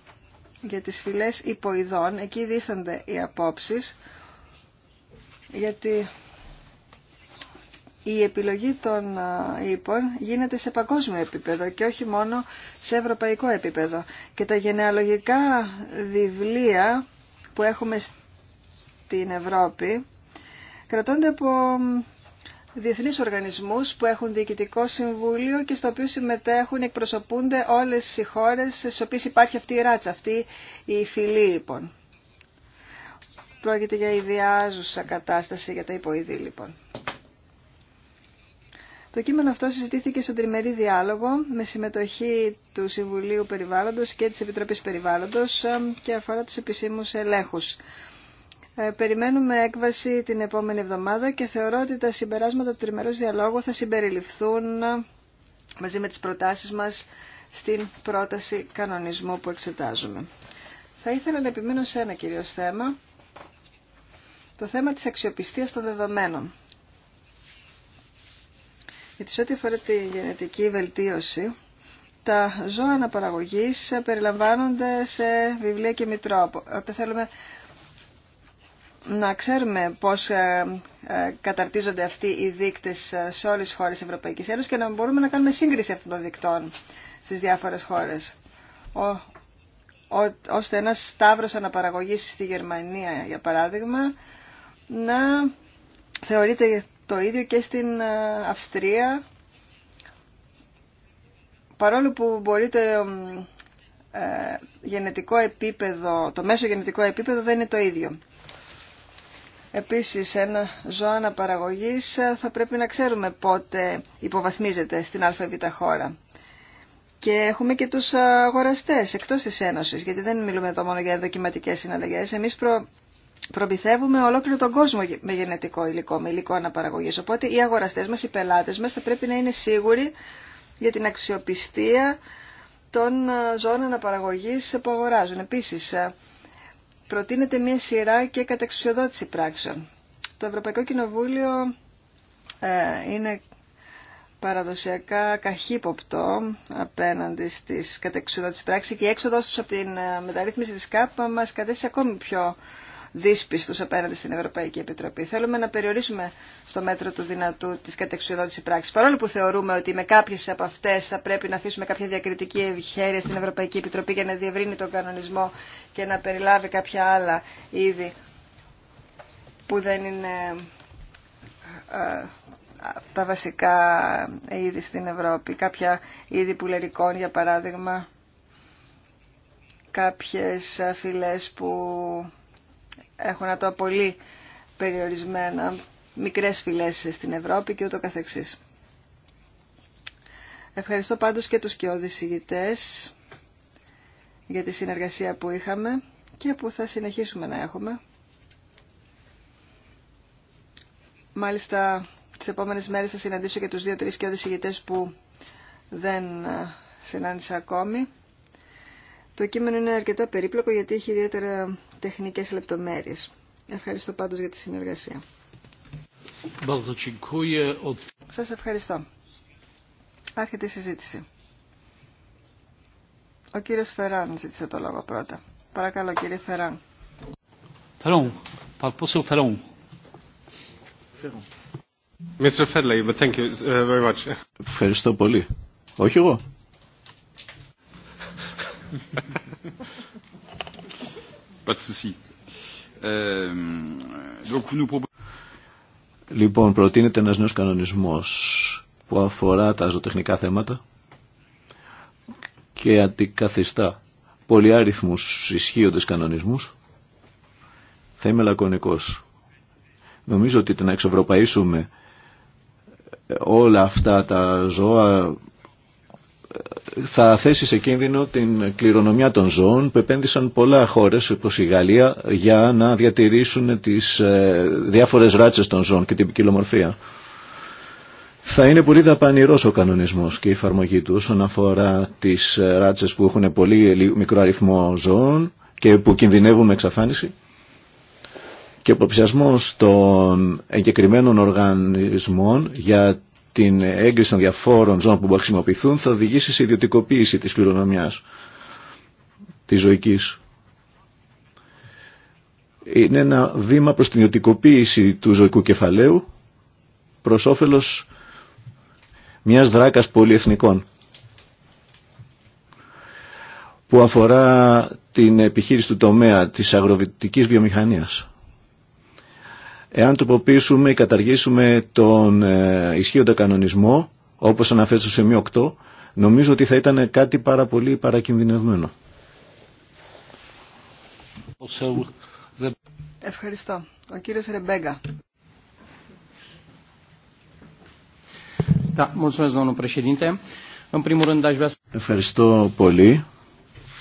για τις φυλές υποειδών. Εκεί δίστανται οι απόψεις, γιατί η επιλογή των ύπων γίνεται σε παγκόσμιο επίπεδο και όχι μόνο σε ευρωπαϊκό επίπεδο. Και τα γενεαλογικά βιβλία που έχουμε την Ευρώπη κρατώνται από διεθνείς οργανισμούς που έχουν διοικητικό συμβούλιο και στο οποίο συμμετέχουν, εκπροσωπούνται όλες οι χώρες στις οποίες υπάρχει αυτή η ράτσα, αυτή η φυλή λοιπόν. Πρόκειται για ιδιάζουσα κατάσταση για τα υποειδή λοιπόν. Το κείμενο αυτό συζητήθηκε στον τριμερή διάλογο με συμμετοχή του Συμβουλίου Περιβάλλοντος και της Επιτροπής Περιβάλλοντος ε, και αφορά τους επισήμους ελέγχους ε, περιμένουμε έκβαση την επόμενη εβδομάδα και θεωρώ ότι τα συμπεράσματα του τριμερούς διαλόγου θα συμπεριληφθούν μαζί με τις προτάσεις μας στην πρόταση κανονισμού που εξετάζουμε. Θα ήθελα να επιμείνω σε ένα κυρίω θέμα, το θέμα της αξιοπιστίας των δεδομένων. Γιατί σε ό,τι αφορά τη γενετική βελτίωση, τα ζώα αναπαραγωγής περιλαμβάνονται σε βιβλία και μητρό. Όταν θέλουμε να ξέρουμε πώς ε, ε, καταρτίζονται αυτοί οι δείκτες ε, σε όλες τις χώρες Ευρωπαϊκής Ένωσης και να μπορούμε να κάνουμε σύγκριση αυτών των δικτών στις διάφορες χώρες. ώστε ένας σταύρος αναπαραγωγής στη Γερμανία, για παράδειγμα, να θεωρείται το ίδιο και στην Αυστρία, παρόλο που μπορεί το γενετικό επίπεδο, το μέσο γενετικό επίπεδο δεν είναι το ίδιο. Επίσης, ένα ζώο αναπαραγωγής ε, θα πρέπει να ξέρουμε πότε υποβαθμίζεται στην ΑΒ χώρα. Και έχουμε και τους αγοραστές εκτός της Ένωσης, γιατί δεν μιλούμε εδώ μόνο για δοκιματικές συναλλαγές. Εμείς προ... προμηθεύουμε ολόκληρο τον κόσμο με γενετικό υλικό, με υλικό αναπαραγωγής. Οπότε οι αγοραστές μας, οι πελάτες μας θα πρέπει να είναι σίγουροι για την αξιοπιστία των ε, ζώων αναπαραγωγής που αγοράζουν. Επίσης, ε, προτείνεται μια σειρά και καταξιοδότηση πράξεων. Το Ευρωπαϊκό Κοινοβούλιο ε, είναι παραδοσιακά καχύποπτο απέναντι στις καταξιοδότησεις πράξεις και η έξοδος τους από την ε, μεταρρύθμιση της ΚΑΠΑ μας κατέστησε ακόμη πιο δύσπιστους απέναντι στην Ευρωπαϊκή Επιτροπή. Θέλουμε να περιορίσουμε στο μέτρο του δυνατού της κατεξουδότηση πράξη, Παρόλο που θεωρούμε ότι με κάποιες από αυτές θα πρέπει να αφήσουμε κάποια διακριτική ευχέρεια στην Ευρωπαϊκή Επιτροπή για να διευρύνει τον κανονισμό και να περιλάβει κάποια άλλα είδη που δεν είναι ε, τα βασικά είδη στην Ευρώπη. Κάποια είδη πουλερικών, για παράδειγμα, κάποιες φυλές που να το πολύ περιορισμένα, μικρές φυλές στην Ευρώπη και ούτω καθεξής. Ευχαριστώ πάντως και τους και ηγητές για τη συνεργασία που είχαμε και που θα συνεχίσουμε να έχουμε. Μάλιστα, τις επόμενες μέρες θα συναντήσω και τους δύο-τρεις και ηγητές που δεν ε, συνάντησα ακόμη. Το κείμενο είναι αρκετά περίπλοκο γιατί έχει ιδιαίτερα τεχνικές λεπτομέρειες. Ευχαριστώ πάντως για τη συνεργασία. Σας ευχαριστώ. Άρχεται η συζήτηση. Ο κύριος Φεράν ζήτησε το λόγο πρώτα. Παρακαλώ κύριε Φεράν. Φεράν. Φεράν. Uh, ευχαριστώ πολύ. Όχι εγώ. Euh, λοιπόν, προτείνεται ένας νέος κανονισμός που αφορά τα ζωοτεχνικά θέματα και αντικαθιστά πολυάριθμους ισχύοντες κανονισμούς. Θα είμαι λακωνικός. Νομίζω ότι το να εξευρωπαίσουμε όλα αυτά τα ζώα θα θέσει σε κίνδυνο την κληρονομιά των ζώων που επένδυσαν πολλά χώρες όπως η Γαλλία για να διατηρήσουν τις ε, διάφορες ράτσες των ζώων και την ποικιλομορφία. Θα είναι πολύ δαπανηρός ο κανονισμός και η εφαρμογή του όσον αφορά τις ε, ράτσες που έχουν πολύ μικρό αριθμό ζώων και που κινδυνεύουν με εξαφάνιση και ο των εγκεκριμένων οργανισμών για την έγκριση των διαφόρων ζώων που μπορεί να χρησιμοποιηθούν θα οδηγήσει σε ιδιωτικοποίηση της κληρονομιάς, της ζωικής. Είναι ένα βήμα προς την ιδιωτικοποίηση του ζωικού κεφαλαίου προς όφελος μιας δράκας πολυεθνικών που αφορά την επιχείρηση του τομέα της αγροβιτικής βιομηχανίας. Εάν τροποποιήσουμε ή καταργήσουμε τον ε, ισχύοντα κανονισμό, όπως αναφέρεται στο σημείο 8, νομίζω ότι θα ήταν κάτι πάρα πολύ παρακινδυνευμένο. Ευχαριστώ. Ο κύριος Ρεμπέγκα. Ευχαριστώ πολύ.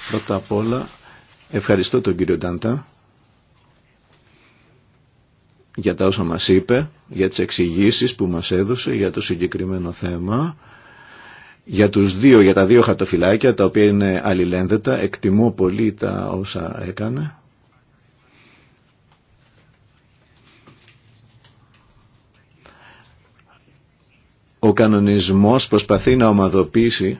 Πρώτα απ' όλα ευχαριστώ τον κύριο Ντάντα για τα όσα μας είπε, για τις εξηγήσεις που μας έδωσε για το συγκεκριμένο θέμα. Για, τους δύο, για τα δύο χαρτοφυλάκια τα οποία είναι αλληλένδετα εκτιμώ πολύ τα όσα έκανε. Ο κανονισμός προσπαθεί να ομαδοποιήσει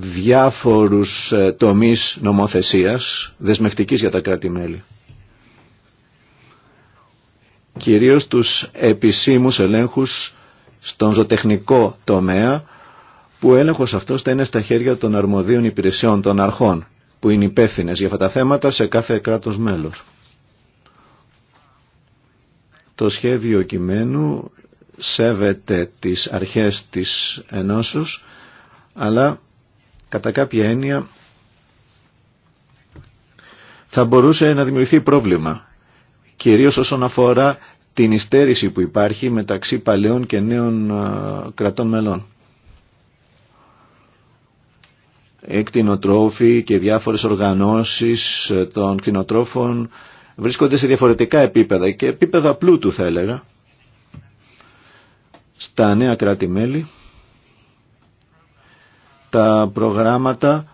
διάφορους ε, τομείς νομοθεσίας δεσμευτικής για τα κράτη-μέλη κυρίως τους επισήμους ελέγχους στον ζωτεχνικό τομέα που έλεγχος αυτός θα είναι στα χέρια των αρμοδίων υπηρεσιών των αρχών που είναι υπεύθυνε για αυτά τα θέματα σε κάθε κράτος μέλος. Το σχέδιο κειμένου σέβεται τις αρχές της ενώσεως αλλά κατά κάποια έννοια θα μπορούσε να δημιουργηθεί πρόβλημα κυρίως όσον αφορά την υστέρηση που υπάρχει μεταξύ παλαιών και νέων κρατών μελών. Εκτινοτρόφοι και διάφορες οργανώσεις ε, των κτηνοτρόφων βρίσκονται σε διαφορετικά επίπεδα και επίπεδα πλούτου θα έλεγα στα νέα κράτη-μέλη τα προγράμματα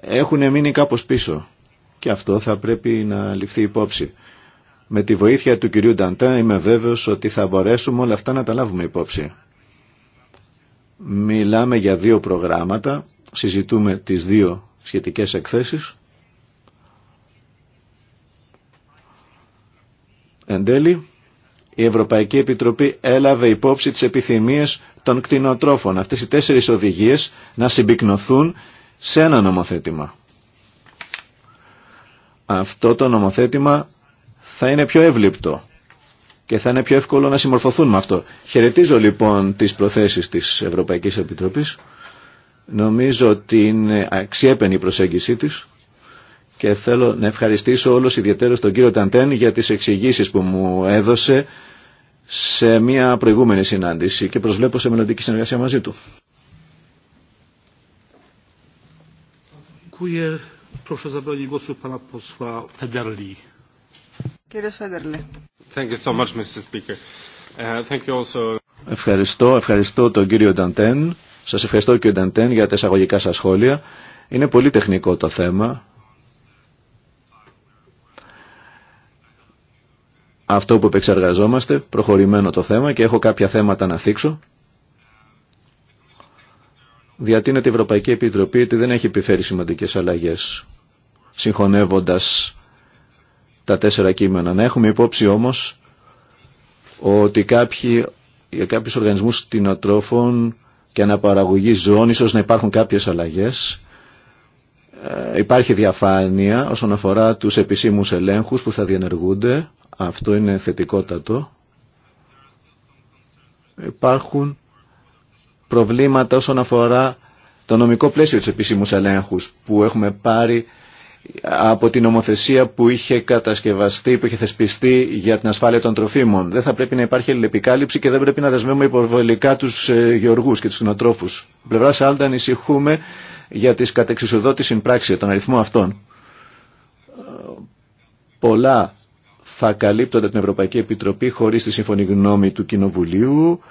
έχουν μείνει κάπως πίσω και αυτό θα πρέπει να ληφθεί υπόψη. Με τη βοήθεια του κυρίου Νταντά είμαι βέβαιος ότι θα μπορέσουμε όλα αυτά να τα λάβουμε υπόψη. Μιλάμε για δύο προγράμματα, συζητούμε τις δύο σχετικές εκθέσεις. Εν τέλει, η Ευρωπαϊκή Επιτροπή έλαβε υπόψη τις επιθυμίες των κτηνοτρόφων. Αυτές οι τέσσερις οδηγίες να συμπυκνωθούν σε ένα νομοθέτημα. Αυτό το νομοθέτημα θα είναι πιο εύληπτο και θα είναι πιο εύκολο να συμμορφωθούν με αυτό. Χαιρετίζω λοιπόν τις προθέσεις της Ευρωπαϊκής Επιτροπής. Νομίζω ότι είναι αξιέπαινη η προσέγγιση της και θέλω να ευχαριστήσω όλος ιδιαίτερα τον κύριο Ταντέν για τις εξηγήσει που μου έδωσε σε μια προηγούμενη συνάντηση και προσβλέπω σε μελλοντική συνεργασία μαζί του. Dziękuję. Proszę posła Federli. Ευχαριστώ, ευχαριστώ τον κύριο Νταντέν. Σας ευχαριστώ κύριο Νταντέν για τα εισαγωγικά σας σχόλια. Είναι πολύ τεχνικό το θέμα. Αυτό που επεξεργαζόμαστε, προχωρημένο το θέμα και έχω κάποια θέματα να θίξω. Διατείνεται η Ευρωπαϊκή Επιτροπή ότι δεν έχει επιφέρει σημαντικές αλλαγές, συγχωνεύοντας τα τέσσερα κείμενα. Να έχουμε υπόψη όμως ότι κάποιοι, για κάποιους οργανισμούς κτηνοτρόφων και αναπαραγωγή ζώων ίσως να υπάρχουν κάποιες αλλαγές. Ε, υπάρχει διαφάνεια όσον αφορά τους επισήμους ελέγχους που θα διενεργούνται. Αυτό είναι θετικότατο. Υπάρχουν προβλήματα όσον αφορά το νομικό πλαίσιο της επισήμου ελέγχους που έχουμε πάρει από την νομοθεσία που είχε κατασκευαστεί, που είχε θεσπιστεί για την ασφάλεια των τροφίμων. Δεν θα πρέπει να υπάρχει αλληλεπικάλυψη και δεν πρέπει να δεσμεύουμε υποβολικά τους ε, γεωργού και του κοινοτρόφου. Πλευρά Άλντα ανησυχούμε για τι τις στην πράξη, τον αριθμό αυτών. Ε, πολλά θα καλύπτονται από την Ευρωπαϊκή Επιτροπή χωρί τη σύμφωνη γνώμη του Κοινοβουλίου,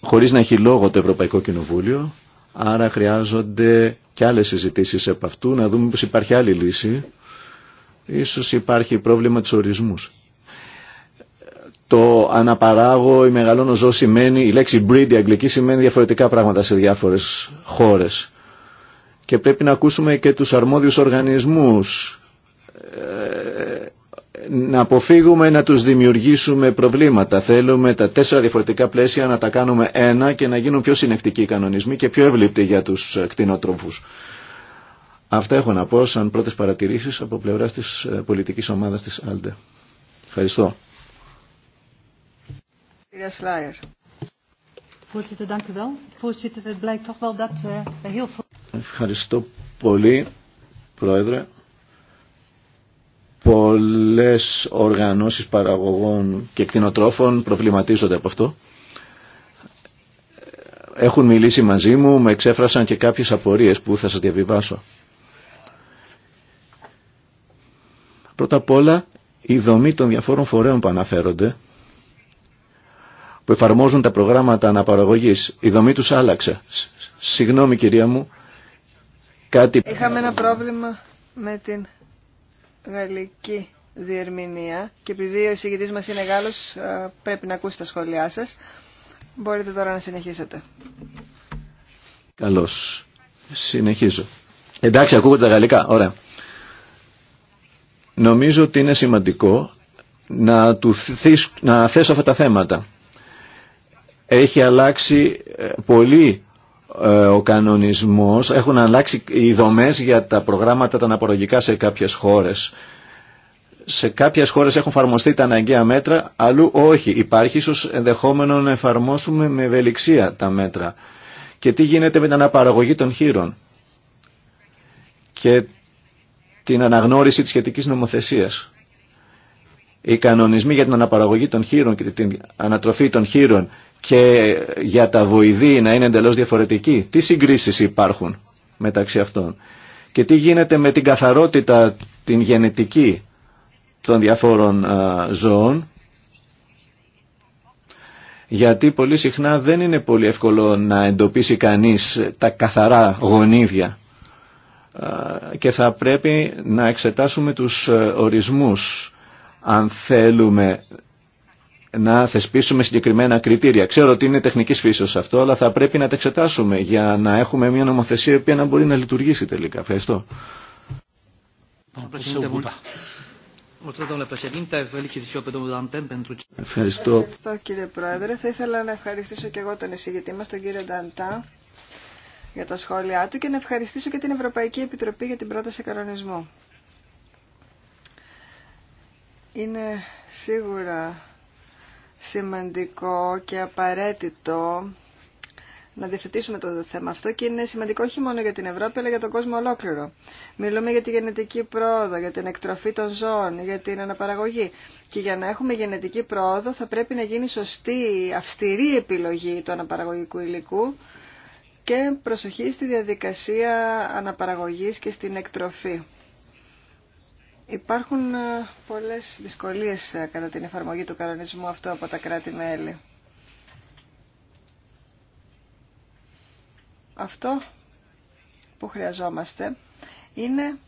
χωρί να έχει λόγο το Ευρωπαϊκό Κοινοβούλιο Άρα χρειάζονται και άλλες συζητήσεις από αυτού, να δούμε πως υπάρχει άλλη λύση. Ίσως υπάρχει πρόβλημα της ορισμούς. Το αναπαράγω ή μεγαλώνω ζώο σημαίνει, η λέξη breed η αγγλική σημαίνει διαφορετικά πράγματα σε διάφορες χώρες. Και πρέπει να ακούσουμε και τους αρμόδιους οργανισμούς ε, να αποφύγουμε να τους δημιουργήσουμε προβλήματα. Θέλουμε τα τέσσερα διαφορετικά πλαίσια να τα κάνουμε ένα και να γίνουν πιο συνεκτικοί οι κανονισμοί και πιο εύληπτοι για τους κτηνοτρόφους. Αυτά έχω να πω σαν πρώτες παρατηρήσεις από πλευράς της ε, πολιτικής ομάδας της ΑΛΤΕ. Ευχαριστώ. Ευχαριστώ πολύ, Πρόεδρε. Πολλές οργανώσεις παραγωγών και κτηνοτρόφων προβληματίζονται από αυτό. Έχουν μιλήσει μαζί μου, με εξέφρασαν και κάποιες απορίες που θα σας διαβιβάσω. Πρώτα απ' όλα, η δομή των διαφόρων φορέων που αναφέρονται, που εφαρμόζουν τα προγράμματα αναπαραγωγής, η δομή τους άλλαξε. Συγγνώμη κυρία μου, κάτι... Είχαμε ένα πρόβλημα με την γαλλική διερμηνία και επειδή ο εισηγητής μας είναι Γάλλος ε, πρέπει να ακούσει τα σχόλιά σας. Μπορείτε τώρα να συνεχίσετε. Καλώς. Συνεχίζω. Εντάξει, ακούγονται τα γαλλικά. Ωραία. Νομίζω ότι είναι σημαντικό να, του να θέσω αυτά τα θέματα. Έχει αλλάξει ε, πολύ ε, ο κανονισμός, έχουν αλλάξει οι δομές για τα προγράμματα τα αναπορογικά σε κάποιες χώρες. Σε κάποιες χώρες έχουν εφαρμοστεί τα αναγκαία μέτρα, αλλού όχι. Υπάρχει ίσως ενδεχόμενο να εφαρμόσουμε με ευελιξία τα μέτρα. Και τι γίνεται με την αναπαραγωγή των χείρων και την αναγνώριση της σχετικής νομοθεσίας. Οι κανονισμοί για την αναπαραγωγή των χείρων και την ανατροφή των χείρων και για τα βοηδή να είναι εντελώς διαφορετικοί. Τι συγκρίσεις υπάρχουν μεταξύ αυτών. Και τι γίνεται με την καθαρότητα, την γενετική των διαφόρων ζώων. Γιατί πολύ συχνά δεν είναι πολύ εύκολο να εντοπίσει κανείς τα καθαρά γονίδια και θα πρέπει να εξετάσουμε τους ε, ορισμούς αν θέλουμε να θεσπίσουμε συγκεκριμένα κριτήρια. Ξέρω ότι είναι τεχνική φύση αυτό, αλλά θα πρέπει να τα εξετάσουμε για να έχουμε μια νομοθεσία η οποία να μπορεί να λειτουργήσει τελικά. Ευχαριστώ. Ευχαριστώ. Ευχαριστώ κύριε Πρόεδρε. Θα ήθελα να ευχαριστήσω και εγώ τον εισηγητή μας, τον κύριο Νταντά, για τα σχόλιά του και να ευχαριστήσω και την Ευρωπαϊκή Επιτροπή για την πρόταση κανονισμού. Είναι σίγουρα σημαντικό και απαραίτητο να διευθετήσουμε το θέμα αυτό και είναι σημαντικό όχι μόνο για την Ευρώπη αλλά για τον κόσμο ολόκληρο. Μιλούμε για τη γενετική πρόοδο, για την εκτροφή των ζώων, για την αναπαραγωγή. Και για να έχουμε γενετική πρόοδο θα πρέπει να γίνει σωστή, αυστηρή επιλογή του αναπαραγωγικού υλικού και προσοχή στη διαδικασία αναπαραγωγής και στην εκτροφή. Υπάρχουν ε, πολλές δυσκολίες ε, κατά την εφαρμογή του κανονισμού αυτό από τα κράτη-μέλη. Αυτό που χρειαζόμαστε είναι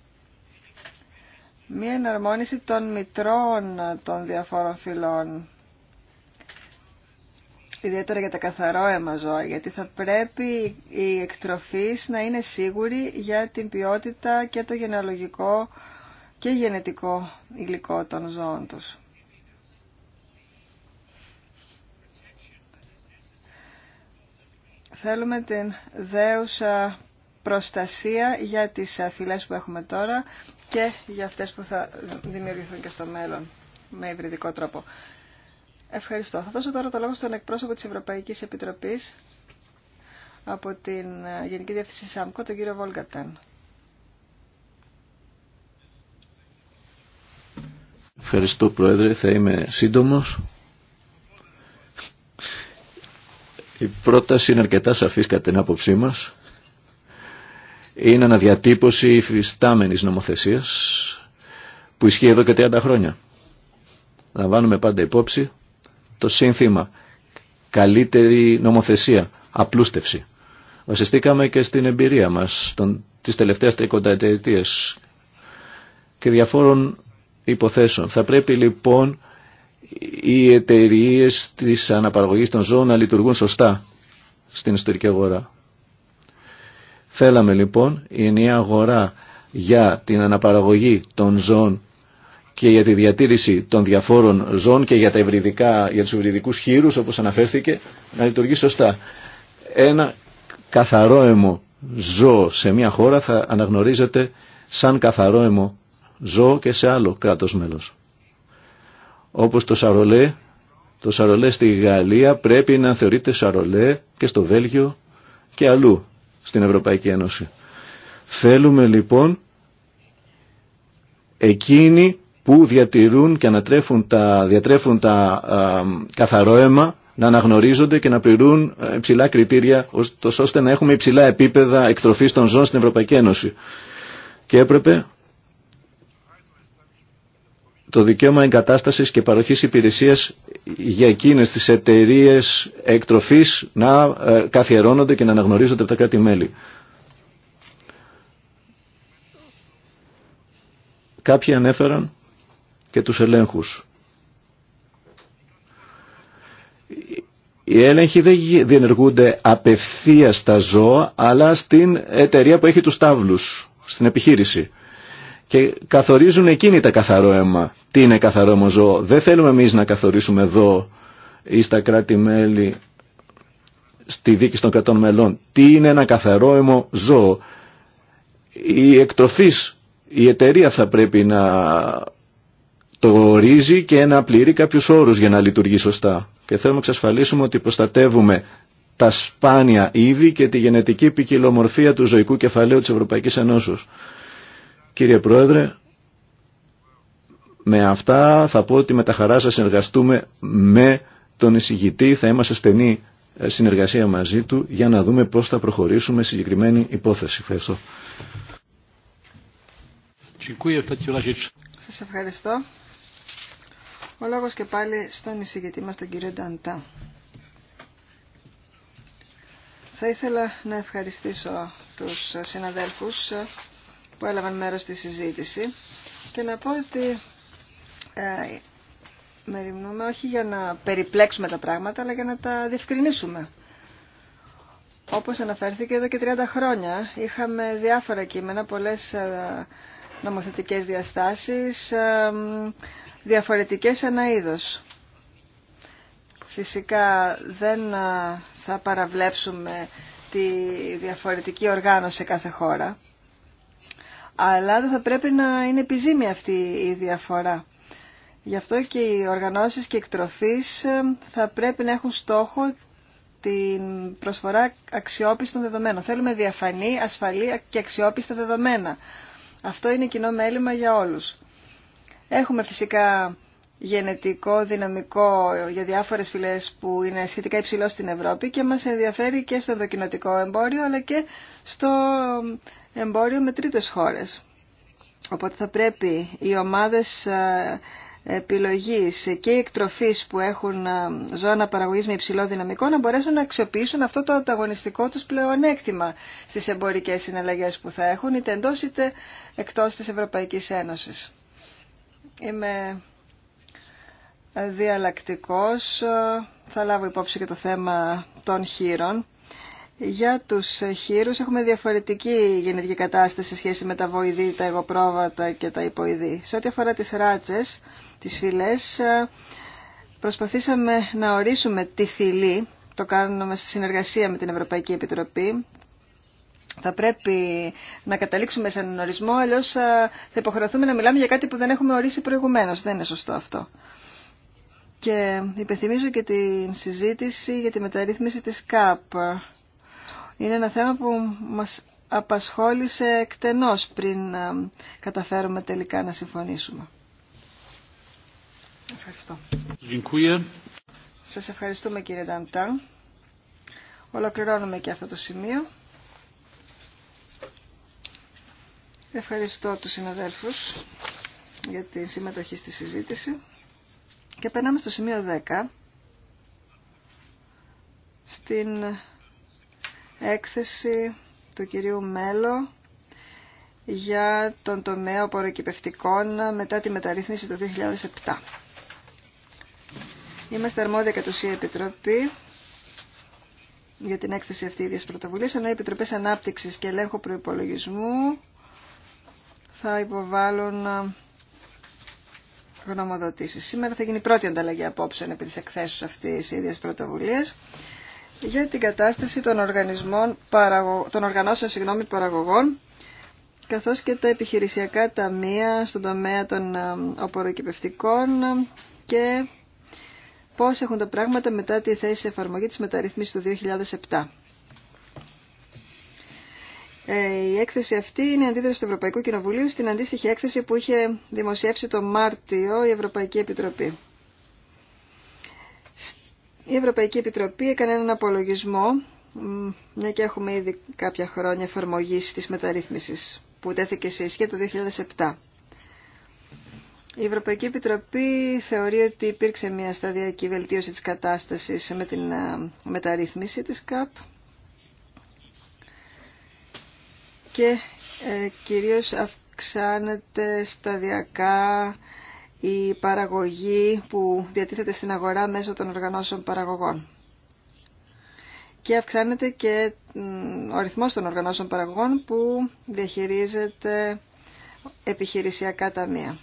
μία εναρμόνιση των μητρών ε, των διαφόρων φυλών. Ιδιαίτερα για τα καθαρό αίμα ζώα, γιατί θα πρέπει η εκτροφής να είναι σίγουρη για την ποιότητα και το γενεαλογικό και γενετικό υλικό των ζώων τους. Θέλουμε την δέουσα προστασία για τις φυλές που έχουμε τώρα και για αυτές που θα δημιουργηθούν και στο μέλλον με υβριδικό τρόπο. Ευχαριστώ. Θα δώσω τώρα το λόγο στον εκπρόσωπο της Ευρωπαϊκής Επιτροπής από την Γενική Διεύθυνση ΣΑΜΚΟ, τον κύριο Βόλγαταν. Ευχαριστώ Πρόεδρε, θα είμαι σύντομος. Η πρόταση είναι αρκετά σαφής κατά την άποψή μας. Είναι αναδιατύπωση υφιστάμενης νομοθεσίας που ισχύει εδώ και 30 χρόνια. Λαμβάνουμε πάντα υπόψη το σύνθημα καλύτερη νομοθεσία, απλούστευση. Βασιστήκαμε και στην εμπειρία μας των, τις τελευταίες 30 και διαφόρων θα πρέπει λοιπόν οι εταιρείε της αναπαραγωγής των ζώων να λειτουργούν σωστά στην ιστορική αγορά. Θέλαμε λοιπόν η ενιαία αγορά για την αναπαραγωγή των ζώων και για τη διατήρηση των διαφόρων ζώων και για, τα υβριδικά, για τους υβριδικούς χείρους όπως αναφέρθηκε να λειτουργεί σωστά. Ένα καθαρό ζώο σε μια χώρα θα αναγνωρίζεται σαν καθαρό ζω και σε άλλο κράτος μέλος. Όπως το σαρολέ, το σαρολέ στη Γαλλία πρέπει να θεωρείται σαρολέ και στο Βέλγιο και αλλού στην Ευρωπαϊκή Ένωση. Θέλουμε λοιπόν εκείνοι που διατηρούν και ανατρέφουν τα, διατρέφουν τα α, καθαρό αίμα να αναγνωρίζονται και να πληρούν υψηλά κριτήρια ώστε να έχουμε υψηλά επίπεδα εκτροφής των ζώων στην Ευρωπαϊκή Ένωση. Και έπρεπε το δικαίωμα εγκατάστασης και παροχής υπηρεσίας για εκείνες τις εταιρείε εκτροφής να ε, καθιερώνονται και να αναγνωρίζονται από τα κράτη-μέλη. Κάποιοι ανέφεραν και τους ελέγχους. Οι έλεγχοι δεν διενεργούνται απευθείας στα ζώα, αλλά στην εταιρεία που έχει τους τάβλους, στην επιχείρηση και καθορίζουν εκείνη τα καθαρό αίμα. Τι είναι καθαρό μοζό. ζώο. Δεν θέλουμε εμείς να καθορίσουμε εδώ ή στα κράτη-μέλη στη δίκη των κρατών μελών. Τι είναι ένα καθαρό αίμα ζώο. Η στα κρατη μελη στη δικη των κρατων μελων τι ειναι ενα καθαρο αιμο ζωο η εταιρεία θα πρέπει να το ορίζει και να πληρεί κάποιους όρους για να λειτουργεί σωστά. Και θέλουμε να εξασφαλίσουμε ότι προστατεύουμε τα σπάνια είδη και τη γενετική ποικιλομορφία του ζωικού κεφαλαίου της Ευρωπαϊκής Ενώσεως. Κύριε Πρόεδρε, με αυτά θα πω ότι με τα χαρά σας συνεργαστούμε με τον εισηγητή, θα είμαστε στενή ε, συνεργασία μαζί του για να δούμε πώς θα προχωρήσουμε συγκεκριμένη υπόθεση. Ευχαριστώ. Σας ευχαριστώ. Ο λόγος και πάλι στον εισηγητή μας, τον κύριο Νταντά. Θα ήθελα να ευχαριστήσω τους συναδέλφους που έλαβαν μέρος στη συζήτηση και να πω ότι ε, μεριμνούμε όχι για να περιπλέξουμε τα πράγματα αλλά για να τα διευκρινίσουμε. Όπως αναφέρθηκε εδώ και 30 χρόνια είχαμε διάφορα κείμενα, πολλές ε, νομοθετικές διαστάσεις, ε, διαφορετικές είδος. Φυσικά δεν θα παραβλέψουμε τη διαφορετική οργάνωση σε κάθε χώρα αλλά δεν θα πρέπει να είναι επιζήμια αυτή η διαφορά. Γι' αυτό και οι οργανώσεις και εκτροφής ε, θα πρέπει να έχουν στόχο την προσφορά αξιόπιστων δεδομένων. Θέλουμε διαφανή, ασφαλή και αξιόπιστα δεδομένα. Αυτό είναι κοινό μέλημα για όλους. Έχουμε φυσικά γενετικό δυναμικό για διάφορες φυλές που είναι σχετικά υψηλό στην Ευρώπη και μας ενδιαφέρει και στο δοκινοτικό εμπόριο αλλά και στο εμπόριο με τρίτες χώρες. Οπότε θα πρέπει οι ομάδες ε, επιλογής και οι που έχουν ε, ζώα παραγωγής με υψηλό δυναμικό να μπορέσουν να αξιοποιήσουν αυτό το ανταγωνιστικό τους πλεονέκτημα στις εμπορικές συναλλαγές που θα έχουν είτε εντός είτε εκτός της Ευρωπαϊκής Ένωσης διαλλακτικός. Ε, θα λάβω υπόψη και το θέμα των χείρων. Για τους χείρους έχουμε διαφορετική γενετική κατάσταση σε σχέση με τα βοηδή, τα εγωπρόβατα και τα υποειδή. Σε ό,τι αφορά τις ράτσες, τις φυλές, ε, προσπαθήσαμε να ορίσουμε τη φυλή, το κάνουμε σε συνεργασία με την Ευρωπαϊκή Επιτροπή, θα πρέπει να καταλήξουμε σε έναν ορισμό, αλλιώ ε, θα υποχρεωθούμε να μιλάμε για κάτι που δεν έχουμε ορίσει προηγουμένως. Δεν είναι σωστό αυτό. Και υπενθυμίζω και την συζήτηση για τη μεταρρύθμιση της ΚΑΠ. Είναι ένα θέμα που μας απασχόλησε εκτενώς πριν ε, καταφέρουμε τελικά να συμφωνήσουμε. Ευχαριστώ. Dziękuję. Σας ευχαριστούμε κύριε Νταντάν. Ολοκληρώνουμε και αυτό το σημείο. Ευχαριστώ τους συναδέλφους για τη συμμετοχή στη συζήτηση. Και περνάμε στο σημείο 10, στην έκθεση του κυρίου Μέλο για τον τομέα απορροκυπευτικών μετά τη μεταρρύθμιση του 2007. Είμαστε αρμόδια κατ' ουσία επιτροπή για την έκθεση αυτή της πρωτοβουλίας, ενώ οι επιτροπές ανάπτυξης και ελέγχου προϋπολογισμού θα υποβάλλουν... Σήμερα θα γίνει η πρώτη ανταλλαγή απόψεων επί της εκθέσεως αυτής ίδιας πρωτοβουλίας για την κατάσταση των, οργανισμών, των οργανώσεων συγγνώμη, παραγωγών καθώς και τα επιχειρησιακά ταμεία στον τομέα των ε, οποροκυπευτικών και πώς έχουν τα πράγματα μετά τη θέση εφαρμογή της μεταρρύθμισης του 2007. Ε, η έκθεση αυτή είναι η αντίδραση του Ευρωπαϊκού Κοινοβουλίου στην αντίστοιχη έκθεση που είχε δημοσιεύσει το Μάρτιο η Ευρωπαϊκή Επιτροπή. Η Ευρωπαϊκή Επιτροπή έκανε έναν απολογισμό, μια και έχουμε ήδη κάποια χρόνια εφαρμογή τη μεταρρύθμιση που τέθηκε σε ισχύ το 2007. Η Ευρωπαϊκή Επιτροπή θεωρεί ότι υπήρξε μια σταδιακή βελτίωση της κατάστασης με την ε, μεταρρύθμιση της ΚΑΠ και ε, κυρίως αυξάνεται σταδιακά η παραγωγή που διατίθεται στην αγορά μέσω των οργανώσεων παραγωγών. Και αυξάνεται και ο αριθμός των οργανώσεων παραγωγών που διαχειρίζεται επιχειρησιακά ταμεία.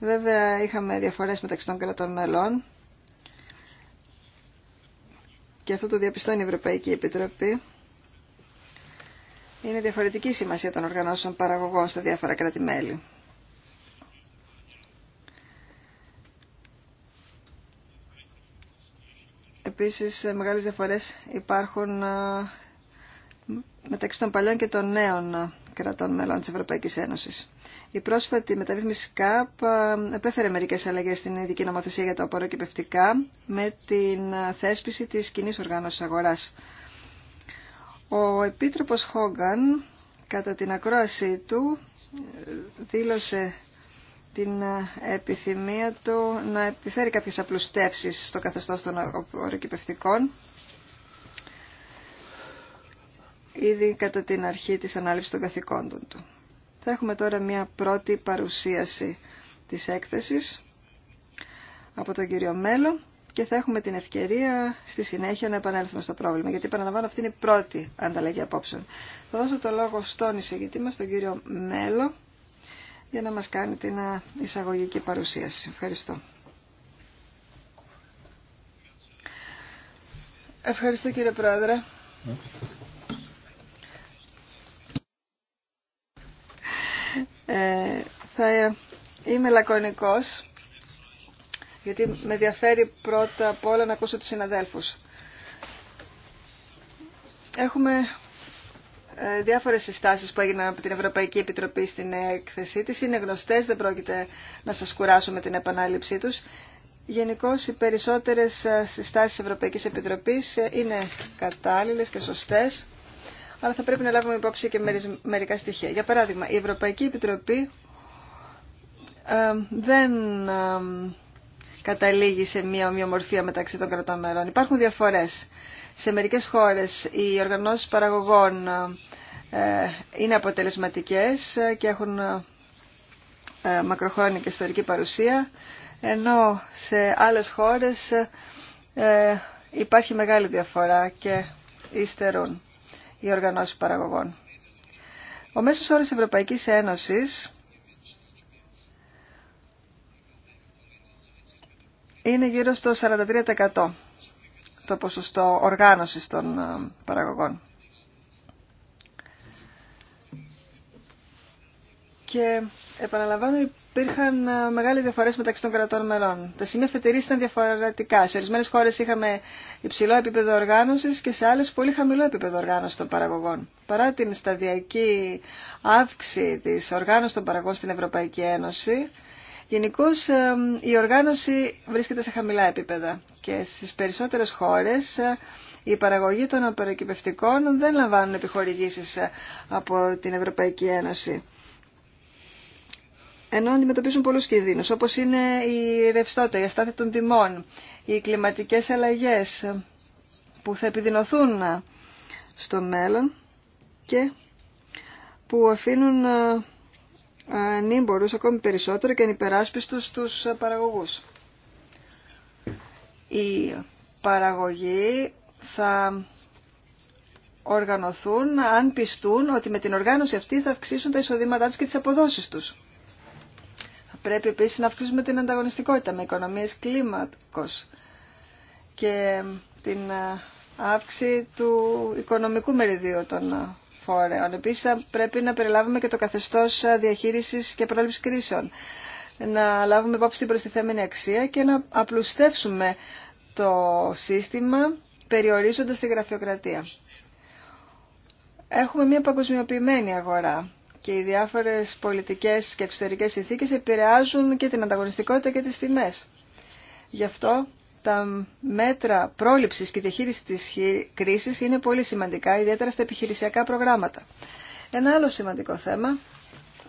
Βέβαια είχαμε διαφορές μεταξύ των κρατών μελών και αυτό το διαπιστώνει η Ευρωπαϊκή Επιτροπή είναι διαφορετική σημασία των οργανώσεων παραγωγών στα διάφορα κράτη-μέλη. Επίσης, μεγάλες διαφορές υπάρχουν ε, μεταξύ των παλιών και των νέων ε, κρατών μελών της Ευρωπαϊκής Ένωσης. Η πρόσφατη μεταρρύθμιση ΚΑΠ ε, επέφερε μερικές αλλαγές στην ειδική νομοθεσία για τα απορροκυπευτικά με την θέσπιση της κοινή οργάνωσης αγοράς ο Επίτροπος Χόγκαν κατά την ακρόασή του δήλωσε την επιθυμία του να επιφέρει κάποιες απλουστεύσεις στο καθεστώς των οροκυπευτικών ήδη κατά την αρχή της ανάληψης των καθηκόντων του. Θα έχουμε τώρα μια πρώτη παρουσίαση της έκθεσης από τον κύριο Μέλο και θα έχουμε την ευκαιρία στη συνέχεια να επανέλθουμε στο πρόβλημα, γιατί παραλαμβάνω, αυτή είναι η πρώτη ανταλλαγή απόψεων. Θα δώσω το λόγο στον εισηγητή μας, τον κύριο Μέλο, για να μας κάνει την εισαγωγική παρουσίαση. Ευχαριστώ. Ευχαριστώ κύριε Πρόεδρε. Ε, θα είμαι λακωνικός γιατί με ενδιαφέρει πρώτα απ' όλα να ακούσω τους συναδέλφους. Έχουμε ε, διάφορες συστάσεις που έγιναν από την Ευρωπαϊκή Επιτροπή στην έκθεσή της. Είναι γνωστές, δεν πρόκειται να σας κουράσω με την επανάληψή τους. Γενικώ οι περισσότερες ε, συστάσεις Ευρωπαϊκής Επιτροπής ε, είναι κατάλληλες και σωστές, αλλά θα πρέπει να λάβουμε υπόψη και μερικά στοιχεία. Για παράδειγμα, η Ευρωπαϊκή Επιτροπή δεν καταλήγει σε μια ομοιομορφία μεταξύ των κρατών μελών. Υπάρχουν διαφορές. Σε μερικές χώρες οι οργανώσεις παραγωγών ε, είναι αποτελεσματικές και έχουν ε, μακροχρόνια και ιστορική παρουσία, ενώ σε άλλες χώρες ε, υπάρχει μεγάλη διαφορά και υστερούν οι οργανώσεις παραγωγών. Ο μέσος όρος Ευρωπαϊκής Ένωσης είναι γύρω στο 43% το ποσοστό οργάνωσης των ε, παραγωγών. Και επαναλαμβάνω, υπήρχαν ε, μεγάλες διαφορές μεταξύ των κρατών μελών. Τα σημεία φετηρή ήταν διαφορετικά. Σε ορισμένε χώρες είχαμε υψηλό επίπεδο οργάνωσης και σε άλλες πολύ χαμηλό επίπεδο οργάνωση των παραγωγών. Παρά την σταδιακή αύξηση της οργάνωσης των παραγωγών στην Ευρωπαϊκή Ένωση, Γενικώ η οργάνωση βρίσκεται σε χαμηλά επίπεδα και στις περισσότερες χώρες ε, η παραγωγή των απεροκυπευτικών δεν λαμβάνουν επιχορηγήσεις ε, από την Ευρωπαϊκή Ένωση. Ενώ αντιμετωπίζουν πολλούς κινδύνους, όπως είναι η ρευστότητα, η αστάθεια των τιμών, οι κλιματικές αλλαγές ε, που θα επιδεινωθούν στο μέλλον και που αφήνουν αν μπορούσε ακόμη περισσότερο και ανυπεράσπιστους στους παραγωγούς. Οι παραγωγοί θα οργανωθούν αν πιστούν ότι με την οργάνωση αυτή θα αυξήσουν τα εισοδήματά τους και τις αποδόσεις τους. Θα πρέπει επίσης να αυξήσουμε την ανταγωνιστικότητα με οικονομίες κλίμακος και την αύξηση του οικονομικού μεριδίου των φορέων. Επίσης θα πρέπει να περιλάβουμε και το καθεστώς διαχείρισης και πρόληψης κρίσεων. Να λάβουμε υπόψη την προστιθέμενη αξία και να απλουστεύσουμε το σύστημα περιορίζοντας τη γραφειοκρατία. Έχουμε μια παγκοσμιοποιημένη αγορά και οι διάφορες πολιτικές και εξωτερικές συνθήκες επηρεάζουν και την ανταγωνιστικότητα και τις τιμές. Γι' αυτό τα μέτρα πρόληψης και διαχείρισης της κρίσης είναι πολύ σημαντικά, ιδιαίτερα στα επιχειρησιακά προγράμματα. Ένα άλλο σημαντικό θέμα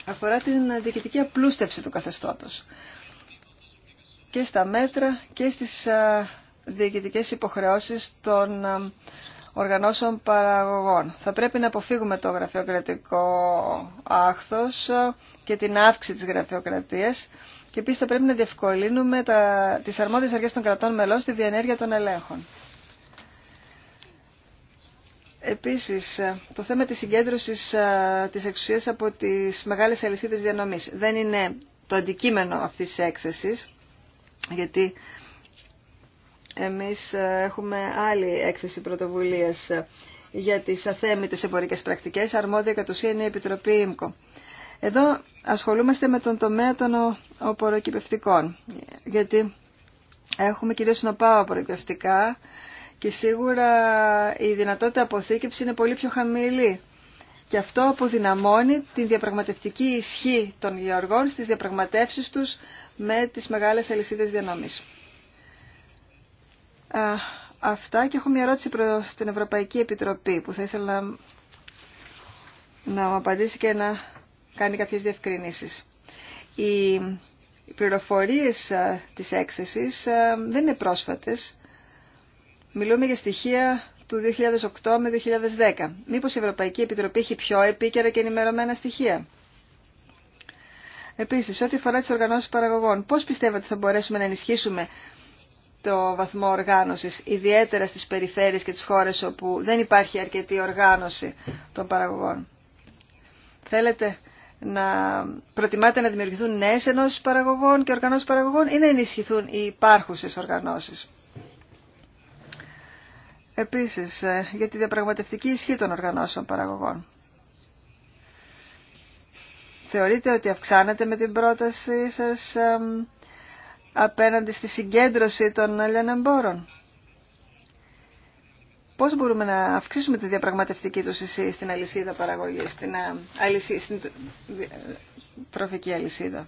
αφορά την διοικητική απλούστευση του καθεστώτος. Και στα μέτρα και στις διοικητικές υποχρεώσεις των οργανώσεων παραγωγών. Θα πρέπει να αποφύγουμε το γραφειοκρατικό άχθος και την αύξηση της γραφειοκρατίας και επίση θα πρέπει να διευκολύνουμε τι αρμόδιε αρχέ των κρατών μελών στη διενέργεια των ελέγχων. Επίσης, το θέμα της συγκέντρωσης τη εξουσία από τις μεγάλες αλυσίδε διανομής δεν είναι το αντικείμενο αυτής τη έκθεσης, γιατί εμείς έχουμε άλλη έκθεση πρωτοβουλία ε, για τις αθέμητε εμπορικέ πρακτικές, αρμόδια κατ' ουσία είναι η Επιτροπή ΙΜΚΟ. Εδώ ασχολούμαστε με τον τομέα των οποροκυπευτικών, γιατί έχουμε κυρίως νοπάω οπωροκυπευτικά και σίγουρα η δυνατότητα αποθήκευση είναι πολύ πιο χαμηλή. Και αυτό αποδυναμώνει την διαπραγματευτική ισχύ των γεωργών στις διαπραγματεύσεις τους με τις μεγάλες αλυσίδες διανομής. αυτά και έχω μια ερώτηση προς την Ευρωπαϊκή Επιτροπή που θα ήθελα να μου απαντήσει και να κάνει κάποιες διευκρινήσεις. Οι πληροφορίες ε, της έκθεσης ε, δεν είναι πρόσφατες. Μιλούμε για στοιχεία του 2008 με 2010. Μήπως η Ευρωπαϊκή Επιτροπή έχει πιο επίκαιρα και ενημερωμένα στοιχεία. Επίσης, ό,τι αφορά τις οργανώσεις παραγωγών, πώς πιστεύετε θα μπορέσουμε να ενισχύσουμε το βαθμό οργάνωσης, ιδιαίτερα στις περιφέρειες και τις χώρες όπου δεν υπάρχει αρκετή οργάνωση των παραγωγών. Θέλετε να προτιμάτε να δημιουργηθούν νέες ενώσεις παραγωγών και οργανώσεις παραγωγών ή να ενισχυθούν οι υπάρχουσες οργανώσεις. Επίσης, ε, για τη διαπραγματευτική ισχύ των οργανώσεων παραγωγών. Θεωρείτε ότι αυξάνεται με την πρότασή σας απέναντι στη συγκέντρωση των αλλιών Πώς μπορούμε να αυξήσουμε τη διαπραγματευτική τους εσύ στην αλυσίδα παραγωγής, στην, ε, τροφική αλυσίδα.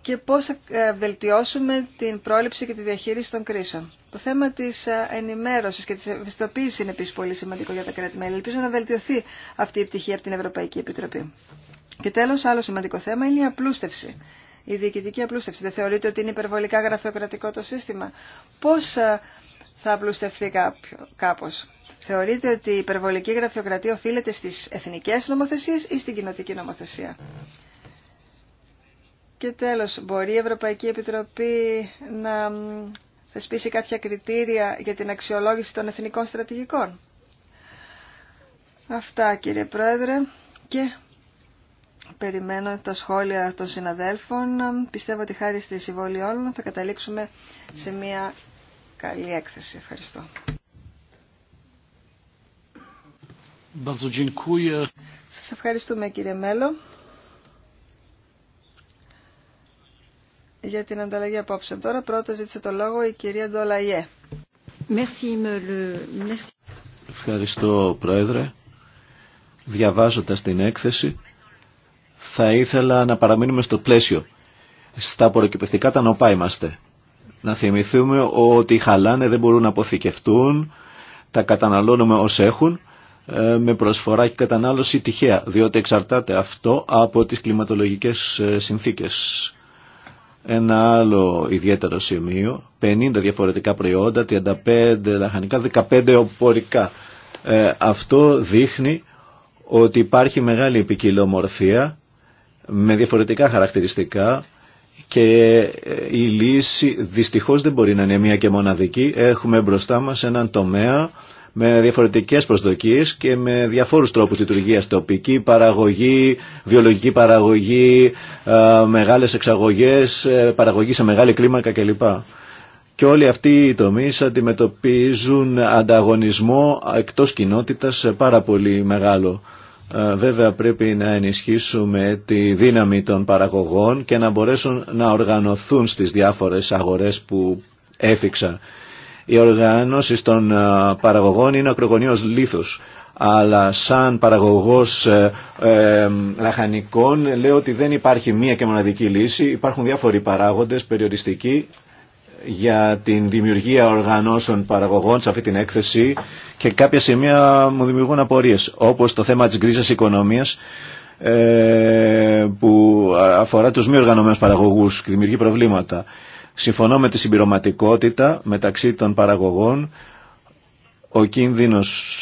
Και πώς θα ε, βελτιώσουμε την πρόληψη και τη διαχείριση των κρίσεων. Το θέμα της ενημέρωσης και της ευαισθητοποίησης είναι επίσης πολύ σημαντικό για τα κράτη-μέλη. Ελπίζω να βελτιωθεί αυτή η πτυχή από την Ευρωπαϊκή Επιτροπή. Και τέλος, άλλο σημαντικό θέμα είναι η απλούστευση. Η διοικητική απλούστευση. Δεν θεωρείτε ότι είναι υπερβολικά γραφειοκρατικό το σύστημα. Πώς θα απλουστευτεί κάπως. Θεωρείτε ότι η υπερβολική γραφειοκρατία οφείλεται στις εθνικές νομοθεσίες ή στην κοινοτική νομοθεσία. Και τέλος, μπορεί η Ευρωπαϊκή Επιτροπή να θεσπίσει κάποια κριτήρια για την αξιολόγηση των εθνικών στρατηγικών. Αυτά κύριε Πρόεδρε και περιμένω τα σχόλια των συναδέλφων. Πιστεύω ότι χάρη στη συμβολή όλων θα καταλήξουμε σε μια καλή έκθεση. Ευχαριστώ. Σας ευχαριστούμε κύριε Μέλο για την ανταλλαγή απόψε. Τώρα πρώτα ζήτησε το λόγο η κυρία Ντολαγιέ. Ευχαριστώ Πρόεδρε. Διαβάζοντας την έκθεση θα ήθελα να παραμείνουμε στο πλαίσιο. Στα απορροκυπευτικά τα νοπά είμαστε. Να θυμηθούμε ότι χαλάνε, δεν μπορούν να αποθηκευτούν, τα καταναλώνουμε ως έχουν, ε, με προσφορά και κατανάλωση τυχαία, διότι εξαρτάται αυτό από τις κλιματολογικές ε, συνθήκες. Ένα άλλο ιδιαίτερο σημείο, 50 διαφορετικά προϊόντα, 35 λαχανικά, 15 οπορικά. Ε, αυτό δείχνει ότι υπάρχει μεγάλη επικοινομορφία με διαφορετικά χαρακτηριστικά και ε, η λύση δυστυχώς δεν μπορεί να είναι μία και μοναδική. Έχουμε μπροστά μας έναν τομέα με διαφορετικές προσδοκίες και με διαφόρους τρόπους λειτουργίας τοπική, παραγωγή, βιολογική παραγωγή, ε, μεγάλες εξαγωγές, ε, παραγωγή σε μεγάλη κλίμακα κλπ. Και όλοι αυτοί οι τομείς αντιμετωπίζουν ανταγωνισμό εκτός κοινότητας πάρα πολύ μεγάλο. Ε, βέβαια πρέπει να ενισχύσουμε τη δύναμη των παραγωγών και να μπορέσουν να οργανωθούν στις διάφορες αγορές που έφυξα. Η οργάνωση των ε, παραγωγών είναι ακρογωνίως ακρογωνίος Αλλά σαν παραγωγός ε, λαχανικών λέω ότι δεν υπάρχει μία και μοναδική λύση. Υπάρχουν διάφοροι παράγοντες περιοριστικοί για την δημιουργία οργανώσεων παραγωγών σε αυτή την έκθεση και κάποια σημεία μου δημιουργούν απορίες, όπως το θέμα της γκρίζας οικονομίας ε, που αφορά τους μη οργανωμένους παραγωγούς και δημιουργεί προβλήματα. Συμφωνώ με τη συμπληρωματικότητα μεταξύ των παραγωγών, ο κίνδυνος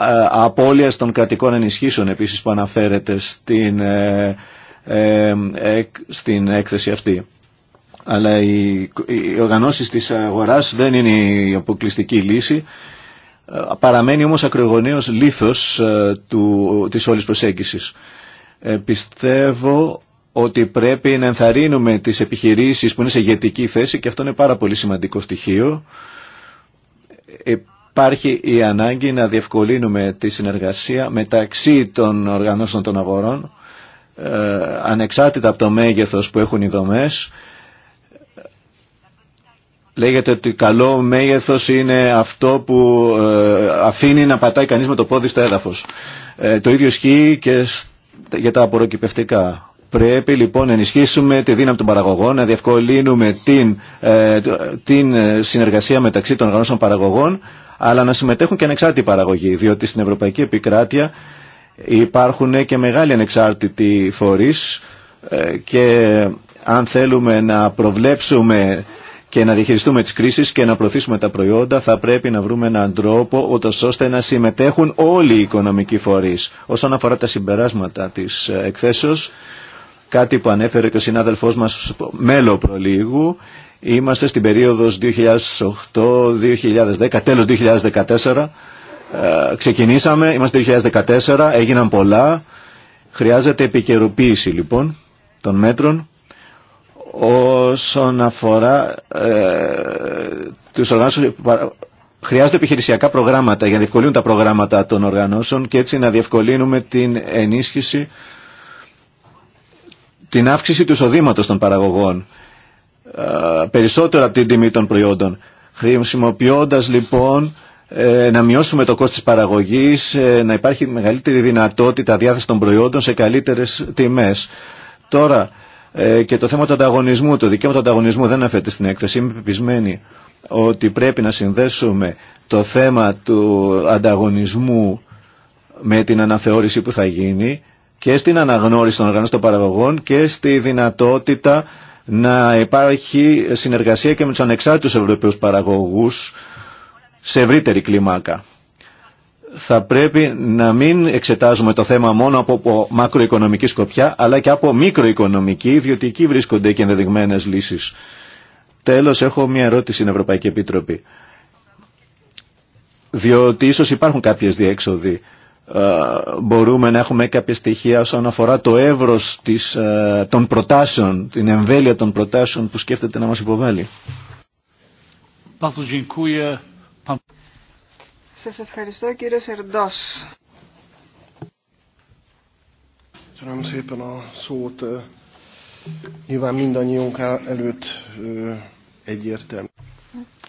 ε, απώλειας των κρατικών ενισχύσεων επίσης που αναφέρεται στην, ε, στην έκθεση αυτή αλλά οι, οι οργανώσεις της αγοράς δεν είναι η αποκλειστική λύση. Ε, παραμένει όμως ακρογωνίως λίθος ε, του, της όλης προσέγγισης. Ε, πιστεύω ότι πρέπει να ενθαρρύνουμε τις επιχειρήσεις που είναι σε ηγετική θέση και αυτό είναι πάρα πολύ σημαντικό στοιχείο. Υπάρχει η ανάγκη να διευκολύνουμε τη συνεργασία μεταξύ των οργανώσεων των αγορών ανεξάρτητα από το μέγεθος που έχουν οι δομές Λέγεται ότι καλό μέγεθος είναι αυτό που ε, αφήνει να πατάει κανείς με το πόδι στο έδαφος. Ε, το ίδιο ισχύει και για τα απορροκυπευτικά. Πρέπει λοιπόν να ενισχύσουμε τη δύναμη των παραγωγών, να διευκολύνουμε την, ε, την συνεργασία μεταξύ των οργανώσεων παραγωγών, αλλά να συμμετέχουν και ανεξάρτητοι παραγωγοί, διότι στην Ευρωπαϊκή Επικράτεια υπάρχουν και μεγάλοι ανεξάρτητοι φορείς και αν θέλουμε να προβλέψουμε και να διαχειριστούμε τις κρίσεις και να προωθήσουμε τα προϊόντα θα πρέπει να βρούμε έναν τρόπο ούτως ώστε να συμμετέχουν όλοι οι οικονομικοί φορείς. Όσον αφορά τα συμπεράσματα της ε, εκθέσεως, κάτι που ανέφερε και ο συνάδελφός μας μέλο προλίγου, είμαστε στην περίοδος 2008-2010, τέλος 2014, ε, ξεκινήσαμε, είμαστε 2014, έγιναν πολλά, χρειάζεται επικαιροποίηση λοιπόν των μέτρων όσον αφορά ε, τους χρειάζονται επιχειρησιακά προγράμματα για να διευκολύνουν τα προγράμματα των οργανώσεων και έτσι να διευκολύνουμε την ενίσχυση την αύξηση του εισοδήματος των παραγωγών ε, περισσότερο από την τιμή των προϊόντων χρησιμοποιώντα λοιπόν ε, να μειώσουμε το κόστος της παραγωγής ε, να υπάρχει μεγαλύτερη δυνατότητα διάθεση των προϊόντων σε καλύτερες τιμές τώρα ε, και το θέμα του ανταγωνισμού, το δικαίωμα του ανταγωνισμού δεν αφαιρείται στην έκθεση. Είμαι πεπισμένη ότι πρέπει να συνδέσουμε το θέμα του ανταγωνισμού με την αναθεώρηση που θα γίνει και στην αναγνώριση των οργανώσεων των παραγωγών και στη δυνατότητα να υπάρχει συνεργασία και με τους ανεξάρτητους ευρωπαίους παραγωγούς σε ευρύτερη κλιμάκα θα πρέπει να μην εξετάζουμε το θέμα μόνο από μακροοικονομική σκοπιά, αλλά και από μικροοικονομική, διότι εκεί βρίσκονται και ενδεδειγμένε λύσει. Τέλος, έχω μια ερώτηση στην Ευρωπαϊκή Επίτροπη. Διότι ίσω υπάρχουν κάποιες διέξοδοι. Ε, μπορούμε να έχουμε κάποια στοιχεία όσον αφορά το εύρο ε, των προτάσεων, την εμβέλεια των προτάσεων που σκέφτεται να μα υποβάλει. Σας ευχαριστώ κύριε Σερντός.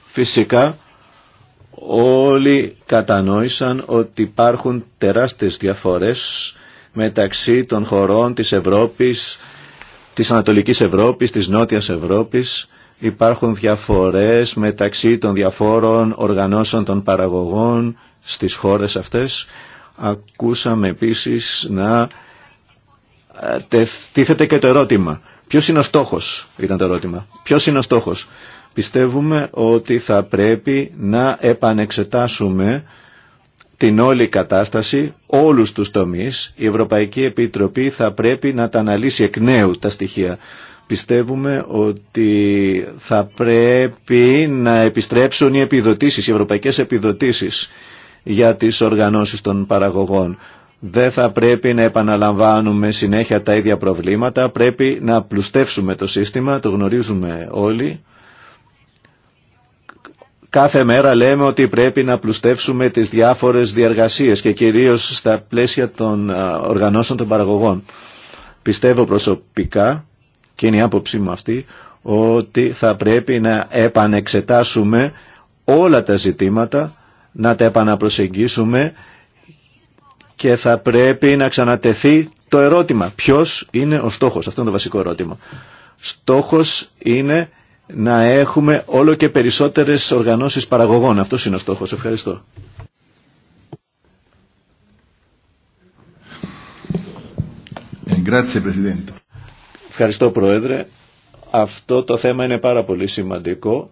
Φυσικά όλοι κατανόησαν ότι υπάρχουν τεράστιες διαφορές μεταξύ των χωρών της Ευρώπης, της Ανατολικής Ευρώπης, της Νότιας Ευρώπης Υπάρχουν διαφορές μεταξύ των διαφόρων οργανώσεων των παραγωγών στις χώρες αυτές. Ακούσαμε επίσης να ε, τίθεται και το ερώτημα. Ποιος είναι ο στόχος, ήταν το ερώτημα. Ποιος είναι ο στόχος. Πιστεύουμε ότι θα πρέπει να επανεξετάσουμε την όλη κατάσταση, όλους τους τομείς. Η Ευρωπαϊκή Επιτροπή θα πρέπει να τα αναλύσει εκ νέου τα στοιχεία Πιστεύουμε ότι θα πρέπει να επιστρέψουν οι επιδοτήσεις, οι ευρωπαϊκές επιδοτήσεις για τις οργανώσεις των παραγωγών. Δεν θα πρέπει να επαναλαμβάνουμε συνέχεια τα ίδια προβλήματα, πρέπει να πλουστεύσουμε το σύστημα, το γνωρίζουμε όλοι. Κάθε μέρα λέμε ότι πρέπει να πλουστεύσουμε τις διάφορες διαργασίες και κυρίως στα πλαίσια των οργανώσεων των παραγωγών. Πιστεύω προσωπικά και είναι η άποψή μου αυτή, ότι θα πρέπει να επανεξετάσουμε όλα τα ζητήματα, να τα επαναπροσεγγίσουμε και θα πρέπει να ξανατεθεί το ερώτημα ποιος είναι ο στόχος. Αυτό είναι το βασικό ερώτημα. Στόχος είναι να έχουμε όλο και περισσότερες οργανώσεις παραγωγών. Αυτό είναι ο στόχος. Ευχαριστώ. Ε, grazie Presidente. Ευχαριστώ Πρόεδρε. Αυτό το θέμα είναι πάρα πολύ σημαντικό.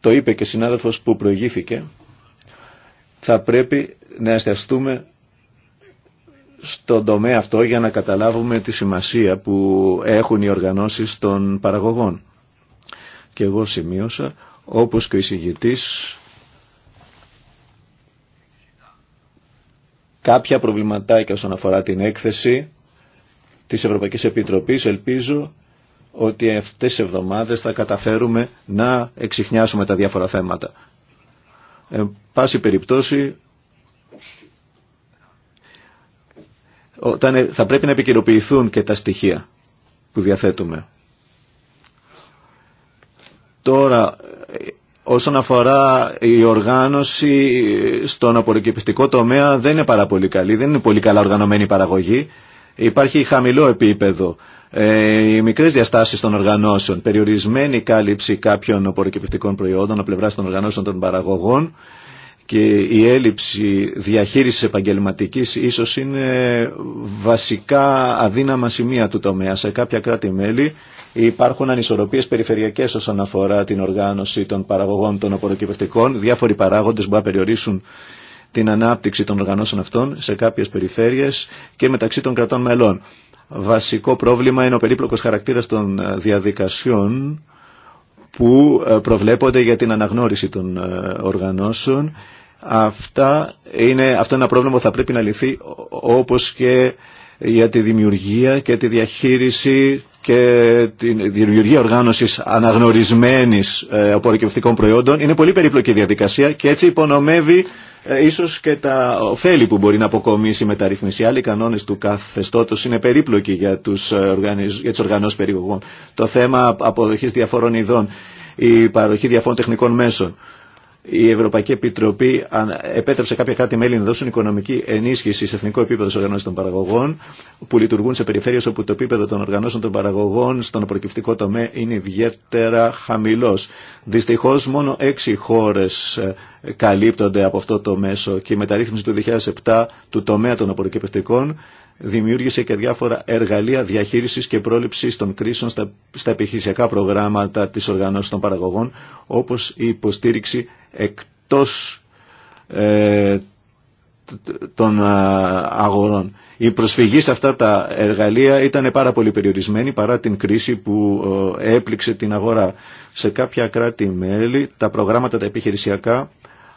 Το είπε και συνάδελφος που προηγήθηκε. Θα πρέπει να εστιαστούμε στον τομέα αυτό για να καταλάβουμε τη σημασία που έχουν οι οργανώσεις των παραγωγών. Και εγώ σημείωσα, όπως και ο εισηγητής, κάποια προβληματάκια όσον αφορά την έκθεση της Ευρωπαϊκής Επιτροπής. Ελπίζω ότι αυτές τις εβδομάδες θα καταφέρουμε να εξηχνιάσουμε τα διάφορα θέματα. Ε, πάση περιπτώσει, όταν θα πρέπει να επικαιροποιηθούν και τα στοιχεία που διαθέτουμε. Τώρα, ε, όσον αφορά η οργάνωση στον απορροκυπιστικό τομέα δεν είναι πάρα πολύ καλή, δεν είναι πολύ καλά οργανωμένη η παραγωγή. Υπάρχει χαμηλό επίπεδο. Ε, οι μικρές διαστάσεις των οργανώσεων, περιορισμένη κάλυψη κάποιων οπορικεπιστικών προϊόντων από πλευράς των οργανώσεων των παραγωγών και η έλλειψη διαχείρισης επαγγελματικής ίσως είναι βασικά αδύναμα σημεία του τομέα. Σε κάποια κράτη-μέλη υπάρχουν ανισορροπίες περιφερειακές όσον αφορά την οργάνωση των παραγωγών των οποροκυπευτικών. Διάφοροι παράγοντες μπορούν να την ανάπτυξη των οργανώσεων αυτών σε κάποιες περιφέρειες και μεταξύ των κρατών μελών. Βασικό πρόβλημα είναι ο περίπλοκος χαρακτήρας των ε, διαδικασιών που ε, προβλέπονται για την αναγνώριση των ε, οργανώσεων. Αυτά είναι, αυτό είναι ένα πρόβλημα που θα πρέπει να λυθεί όπως και για τη δημιουργία και τη διαχείριση και τη δημιουργία οργάνωσης αναγνωρισμένης ε, απορροκευτικών προϊόντων είναι πολύ περίπλοκη διαδικασία και έτσι υπονομεύει ε, ίσως και τα ωφέλη που μπορεί να αποκομίσει η μεταρρύθμιση. Άλλοι κανόνες του καθεστώτος είναι περίπλοκοι για, τους, ε, για τις οργανώσεις περιοχών. Το θέμα αποδοχής διαφορών ειδών, η παροχή διαφόρων τεχνικών μέσων η Ευρωπαϊκή Επιτροπή επέτρεψε κάποια κράτη-μέλη να δώσουν οικονομική ενίσχυση σε εθνικό επίπεδο στι οργανώσει των παραγωγών που λειτουργούν σε περιφέρειε όπου το επίπεδο των οργανώσεων των παραγωγών στον προκυπτικό τομέα είναι ιδιαίτερα χαμηλό. Δυστυχώ μόνο έξι χώρε ε, καλύπτονται από αυτό το μέσο και η μεταρρύθμιση του 2007 του τομέα των απορροκυπευτικών δημιούργησε και διάφορα εργαλεία διαχείρισης και πρόληψης των κρίσεων στα, στα επιχειρησιακά προγράμματα της οργανώσης των παραγωγών, όπως η υποστήριξη εκτός ε, των ε, αγορών. Η προσφυγή σε αυτά τα εργαλεία ήταν πάρα πολύ περιορισμένη παρά την κρίση που ε, έπληξε την αγορά. Σε κάποια κράτη-μέλη τα προγράμματα τα επιχειρησιακά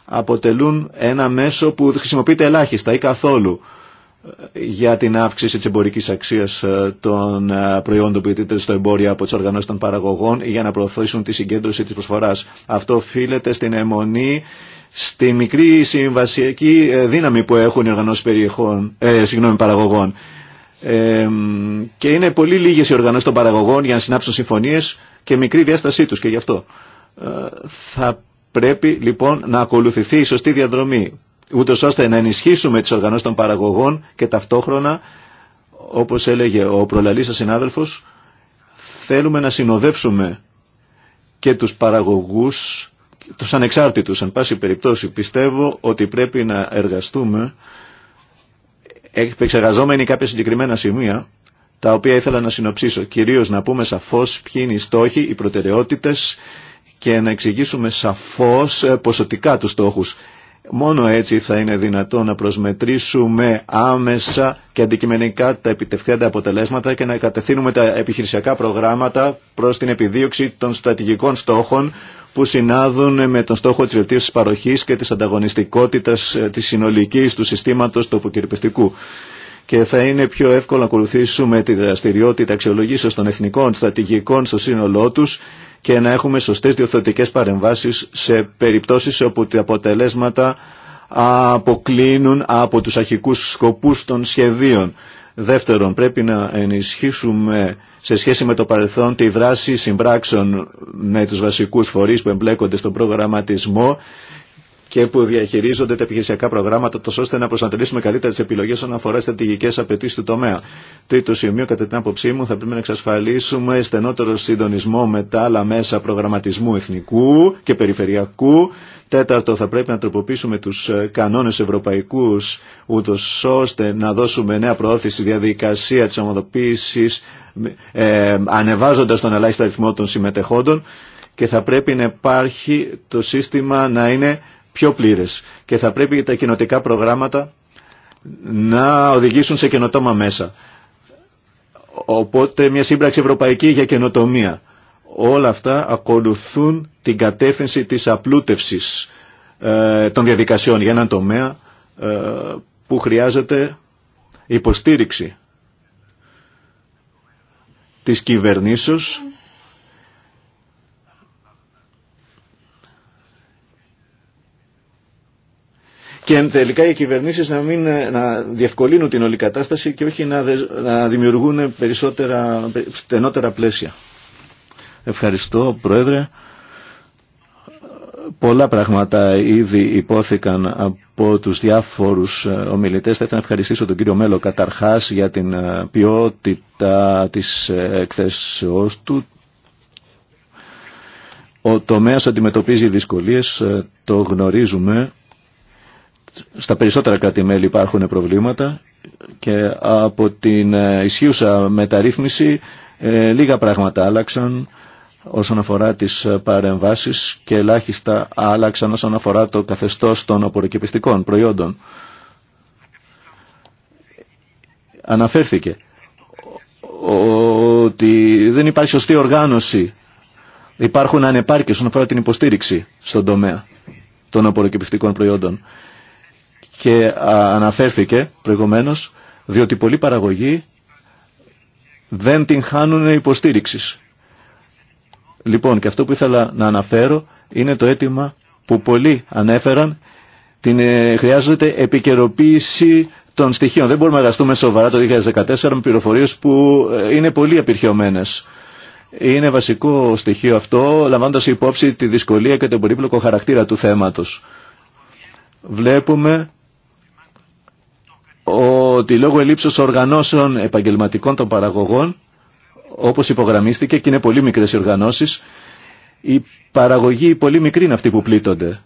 αποτελούν ένα μέσο που χρησιμοποιείται ελάχιστα ή καθόλου για την αύξηση της εμπορικής αξίας ε, των ε, προϊόντων που ιδρύεται στο εμπόριο από τις οργανώσεις των παραγωγών για να προωθήσουν τη συγκέντρωση της προσφοράς. Αυτό οφείλεται στην αιμονή, στη μικρή συμβασιακή ε, δύναμη που έχουν οι οργανώσεις περιεχών, ε, συγγνώμη, παραγωγών. Ε, και είναι πολύ λίγες οι οργανώσεις των παραγωγών για να συνάψουν συμφωνίες και μικρή διάστασή τους και γι' αυτό. θα πρέπει λοιπόν να ακολουθηθεί η σωστή διαδρομή ούτω ώστε να ενισχύσουμε τι οργανώσει των παραγωγών και ταυτόχρονα, όπω έλεγε ο προλαλή σα συνάδελφο, θέλουμε να συνοδεύσουμε και τους παραγωγούς, του. ανεξάρτητους, εν πάση περιπτώσει. Πιστεύω ότι πρέπει να εργαστούμε επεξεργαζόμενοι κάποια συγκεκριμένα σημεία, τα οποία ήθελα να συνοψίσω. Κυρίως να πούμε σαφώς ποιοι είναι οι στόχοι, οι προτεραιότητες και να εξηγήσουμε σαφώς ε, ποσοτικά τους στόχους. Μόνο έτσι θα είναι δυνατό να προσμετρήσουμε άμεσα και αντικειμενικά τα επιτευχθέντα αποτελέσματα και να κατευθύνουμε τα επιχειρησιακά προγράμματα προς την επιδίωξη των στρατηγικών στόχων που συνάδουν με τον στόχο της βελτίωσης παροχής και της ανταγωνιστικότητας ε, της συνολικής του συστήματος τοποκυρπιστικού. Και θα είναι πιο εύκολο να ακολουθήσουμε τη δραστηριότητα αξιολογήσεως των εθνικών στρατηγικών στο σύνολό τους και να έχουμε σωστές διορθωτικές παρεμβάσεις σε περιπτώσεις όπου τα αποτελέσματα αποκλίνουν από τους αρχικούς σκοπούς των σχεδίων. Δεύτερον, πρέπει να ενισχύσουμε σε σχέση με το παρελθόν τη δράση συμπράξεων με τους βασικούς φορείς που εμπλέκονται στον προγραμματισμό και που διαχειρίζονται τα επιχειρησιακά προγράμματα, τόσο ώστε να προσανατολίσουμε καλύτερα τι επιλογέ όσον αφορά στρατηγικέ απαιτήσει του τομέα. Τρίτο σημείο, κατά την άποψή μου, θα πρέπει να εξασφαλίσουμε στενότερο συντονισμό με τα άλλα μέσα προγραμματισμού εθνικού και περιφερειακού. Τέταρτο, θα πρέπει να τροποποιήσουμε του ε, κανόνε ευρωπαϊκού, ούτω ώστε να δώσουμε νέα προώθηση διαδικασία τη ομοδοποίηση, ε, ανεβάζοντα τον ελάχιστο αριθμό των συμμετεχόντων και θα πρέπει να υπάρχει το σύστημα να είναι και θα πρέπει τα κοινοτικά προγράμματα να οδηγήσουν σε καινοτόμα μέσα. Οπότε μια σύμπραξη ευρωπαϊκή για καινοτομία. Όλα αυτά ακολουθούν την κατεύθυνση της απλούτευσης ε, των διαδικασιών για έναν τομέα ε, που χρειάζεται υποστήριξη της κυβερνήσεως και τελικά οι κυβερνήσεις να, μην, ε, να διευκολύνουν την όλη κατάσταση και όχι να, να δημιουργούν περισσότερα, στενότερα πλαίσια. Ευχαριστώ Πρόεδρε. Πολλά πράγματα ήδη υπόθηκαν από τους διάφορους ε, ομιλητές. Θα ήθελα να ευχαριστήσω τον κύριο Μέλο καταρχάς για την ε, ποιότητα της εκθέσεώς του. Ο τομέας αντιμετωπίζει δυσκολίες, το γνωρίζουμε στα περισσότερα κράτη-μέλη υπάρχουν προβλήματα και από την ε, ισχύουσα μεταρρύθμιση ε, λίγα πράγματα άλλαξαν όσον αφορά τις ε, παρεμβάσεις και ελάχιστα άλλαξαν όσον αφορά το καθεστώς των απορροκεπιστικών προϊόντων. Αναφέρθηκε ότι δεν υπάρχει σωστή οργάνωση. Υπάρχουν ανεπάρκειες όσον αφορά την υποστήριξη στον τομέα των απορροκεπιστικών προϊόντων και αναφέρθηκε προηγουμένως διότι πολλοί παραγωγοί δεν την χάνουν υποστήριξης. Λοιπόν, και αυτό που ήθελα να αναφέρω είναι το αίτημα που πολλοί ανέφεραν την, ε, χρειάζεται επικαιροποίηση των στοιχείων. Δεν μπορούμε να εργαστούμε σοβαρά το 2014 με πληροφορίες που ε, είναι πολύ επιρχιωμένες. Είναι βασικό στοιχείο αυτό, λαμβάνοντας υπόψη τη δυσκολία και τον πολύπλοκο χαρακτήρα του θέματος. Βλέπουμε ότι λόγω ελλείψεως οργανώσεων επαγγελματικών των παραγωγών, όπως υπογραμμίστηκε και είναι πολύ μικρές οι οργανώσεις, η παραγωγή πολύ μικρή είναι αυτοί που πλήττονται.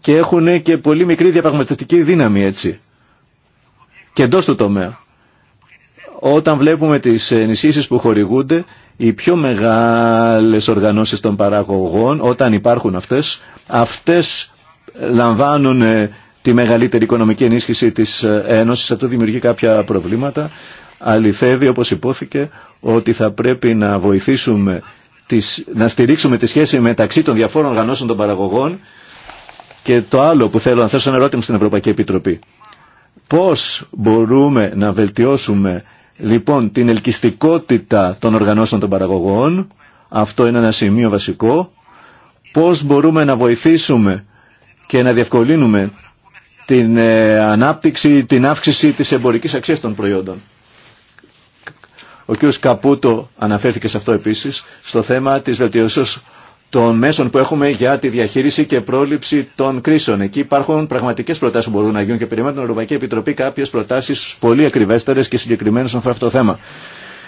Και έχουν και πολύ μικρή διαπραγματευτική δύναμη έτσι. Και εντό του τομέα. Όταν βλέπουμε τις ενισχύσεις που χορηγούνται, οι πιο μεγάλες οργανώσεις των παραγωγών, όταν υπάρχουν αυτές, αυτές λαμβάνουν ε, τη μεγαλύτερη οικονομική ενίσχυση της ε, Ένωσης. Αυτό δημιουργεί κάποια προβλήματα. Αληθεύει, όπως υπόθηκε, ότι θα πρέπει να βοηθήσουμε, τις, να στηρίξουμε τη σχέση μεταξύ των διαφόρων οργανώσεων των παραγωγών και το άλλο που θέλω να θέσω ένα ερώτημα στην Ευρωπαϊκή Επιτροπή. Πώς μπορούμε να βελτιώσουμε λοιπόν την ελκυστικότητα των οργανώσεων των παραγωγών, αυτό είναι ένα σημείο βασικό, πώς μπορούμε να βοηθήσουμε και να διευκολύνουμε την ε, ανάπτυξη, την αύξηση της εμπορικής αξίας των προϊόντων. Ο κ. Καπούτο αναφέρθηκε σε αυτό επίσης, στο θέμα της βελτιώσεως των μέσων που έχουμε για τη διαχείριση και πρόληψη των κρίσεων. Εκεί υπάρχουν πραγματικές προτάσεις που μπορούν να γίνουν και περιμένουν την Ευρωπαϊκή Επιτροπή κάποιες προτάσεις πολύ ακριβέστερες και συγκεκριμένε σε αυτό το θέμα.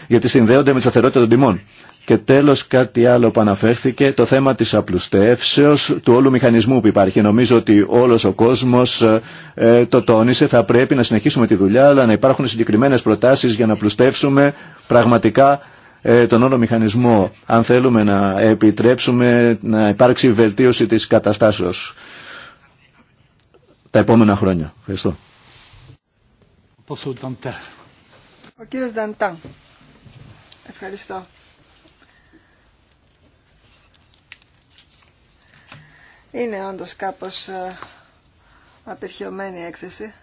Γιατί συνδέονται με τη σταθερότητα των τιμών. Και τέλος κάτι άλλο που αναφέρθηκε, το θέμα της απλουστεύσεως του όλου μηχανισμού που υπάρχει. Νομίζω ότι όλος ο κόσμος ε, ε, το τόνισε, θα πρέπει να συνεχίσουμε τη δουλειά, αλλά να υπάρχουν συγκεκριμένες προτάσεις για να απλουστεύσουμε πραγματικά ε, τον όλο μηχανισμό, αν θέλουμε να επιτρέψουμε να υπάρξει βελτίωση της καταστάσεως τα επόμενα χρόνια. Ευχαριστώ. Ο κύριος Ευχαριστώ. Είναι όντως κάπως ε, απερχιωμένη η έκθεση,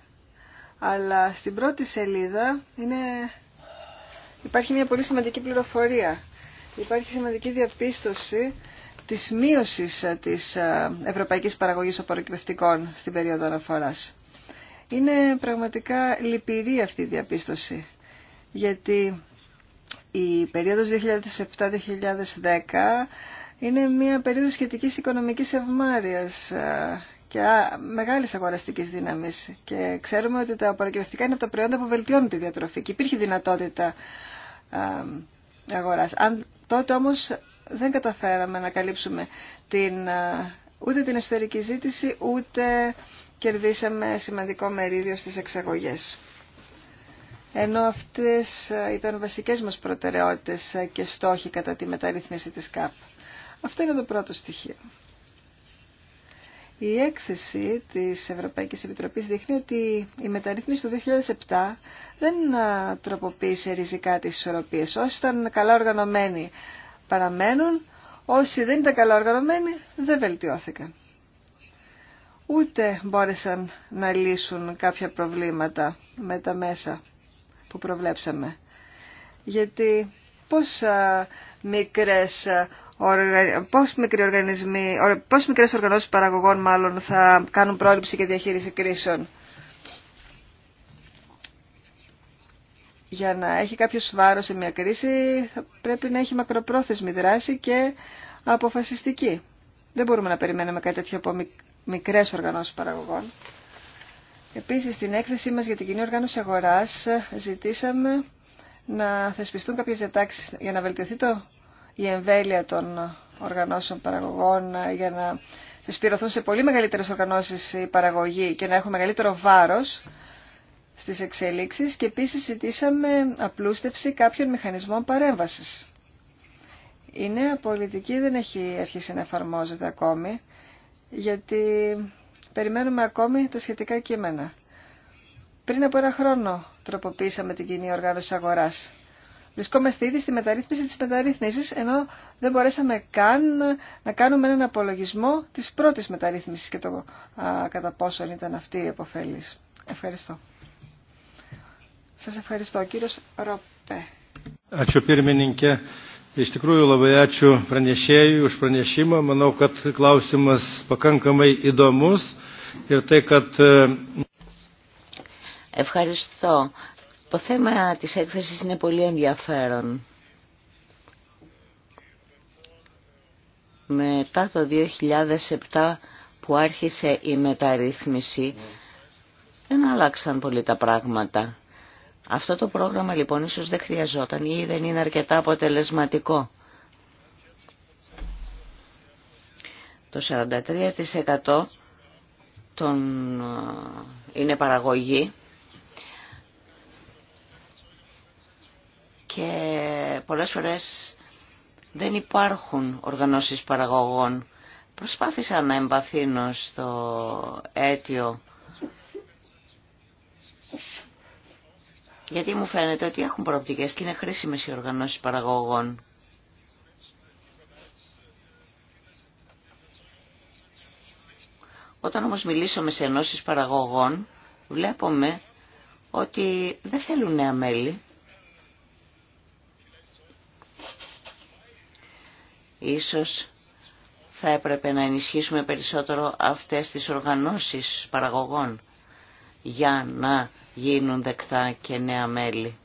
αλλά στην πρώτη σελίδα είναι... υπάρχει μια πολύ σημαντική πληροφορία. Υπάρχει σημαντική διαπίστωση της μείωσης ε, της ε, ευρωπαϊκής παραγωγής απορροκυπευτικών στην περίοδο αναφοράς. Είναι πραγματικά λυπηρή αυτή η διαπίστωση, γιατί η περίοδος 2007-2010 είναι μια περίοδος σχετικής οικονομικής ευμάρειας ε, και μεγάλης αγοραστικής δύναμης. Και ξέρουμε ότι τα παρακυβευτικά είναι από τα προϊόντα που βελτιώνουν τη διατροφή και υπήρχε δυνατότητα ε, αγοράς. Αν τότε όμως δεν καταφέραμε να καλύψουμε την, ε, ούτε την εσωτερική ζήτηση, ούτε κερδίσαμε σημαντικό μερίδιο στις εξαγωγές. Ενώ αυτές ήταν βασικές μας προτεραιότητες και στόχοι κατά τη μεταρρύθμιση της ΚΑΠ. Αυτό είναι το πρώτο στοιχείο. Η έκθεση της Ευρωπαϊκής Επιτροπής δείχνει ότι η μεταρρύθμιση του 2007 δεν τροποποίησε ριζικά τις ισορροπίες. Όσοι ήταν καλά οργανωμένοι παραμένουν, όσοι δεν ήταν καλά οργανωμένοι δεν βελτιώθηκαν. Ούτε μπόρεσαν να λύσουν κάποια προβλήματα με τα μέσα που προβλέψαμε. Γιατί πόσα μικρές πώς, μικρέ οργανώσει μικρές οργανώσεις παραγωγών μάλλον θα κάνουν πρόληψη και διαχείριση κρίσεων. Για να έχει κάποιος βάρος σε μια κρίση θα πρέπει να έχει μακροπρόθεσμη δράση και αποφασιστική. Δεν μπορούμε να περιμένουμε κάτι τέτοιο από μικρές οργανώσεις παραγωγών. Επίσης, στην έκθεσή μας για την κοινή οργάνωση αγοράς ζητήσαμε να θεσπιστούν κάποιες διατάξεις για να βελτιωθεί το η εμβέλεια των οργανώσεων παραγωγών ε, για να συσπηρωθούν σε πολύ μεγαλύτερες οργανώσεις η παραγωγή και να έχουν μεγαλύτερο βάρος στις εξελίξεις και επίσης ζητήσαμε απλούστευση κάποιων μηχανισμών παρέμβασης. Η νέα πολιτική δεν έχει αρχίσει να εφαρμόζεται ακόμη γιατί περιμένουμε ακόμη τα σχετικά κείμενα. Πριν από ένα χρόνο τροποποίησαμε την κοινή οργάνωση αγοράς Βρισκόμαστε ήδη στη μεταρρύθμιση της μεταρρύθμισης, ενώ δεν μπορέσαμε καν να κάνουμε έναν απολογισμό της πρώτης μεταρρύθμισης και το α, κατά πόσο ήταν αυτή η αποφέλης. Ευχαριστώ. Σας ευχαριστώ. Κύριος Ροπέ. Ačiū pirmininkė. Iš tikrųjų labai ačiū pranešėjui už pranešimą. Manau, kad klausimas pakankamai įdomus ir tai, kad e, Ευχαριστώ. Το θέμα της έκθεσης είναι πολύ ενδιαφέρον. Μετά το 2007 που άρχισε η μεταρρύθμιση δεν αλλάξαν πολύ τα πράγματα. Αυτό το πρόγραμμα λοιπόν ίσως δεν χρειαζόταν ή δεν είναι αρκετά αποτελεσματικό. Το 43% των... Ε, είναι παραγωγή Πολλές φορές δεν υπάρχουν οργανώσεις παραγωγών. Προσπάθησα να εμπαθύνω στο αίτιο γιατί μου φαίνεται ότι έχουν προοπτικές και είναι χρήσιμες οι οργανώσεις παραγωγών. Όταν όμως μιλήσουμε σε ενώσεις παραγωγών, βλέπουμε ότι δεν θέλουν νέα μέλη. Ίσως θα έπρεπε να ενισχύσουμε περισσότερο αυτές τις οργανώσεις παραγωγών για να γίνουν δεκτά και νέα μέλη.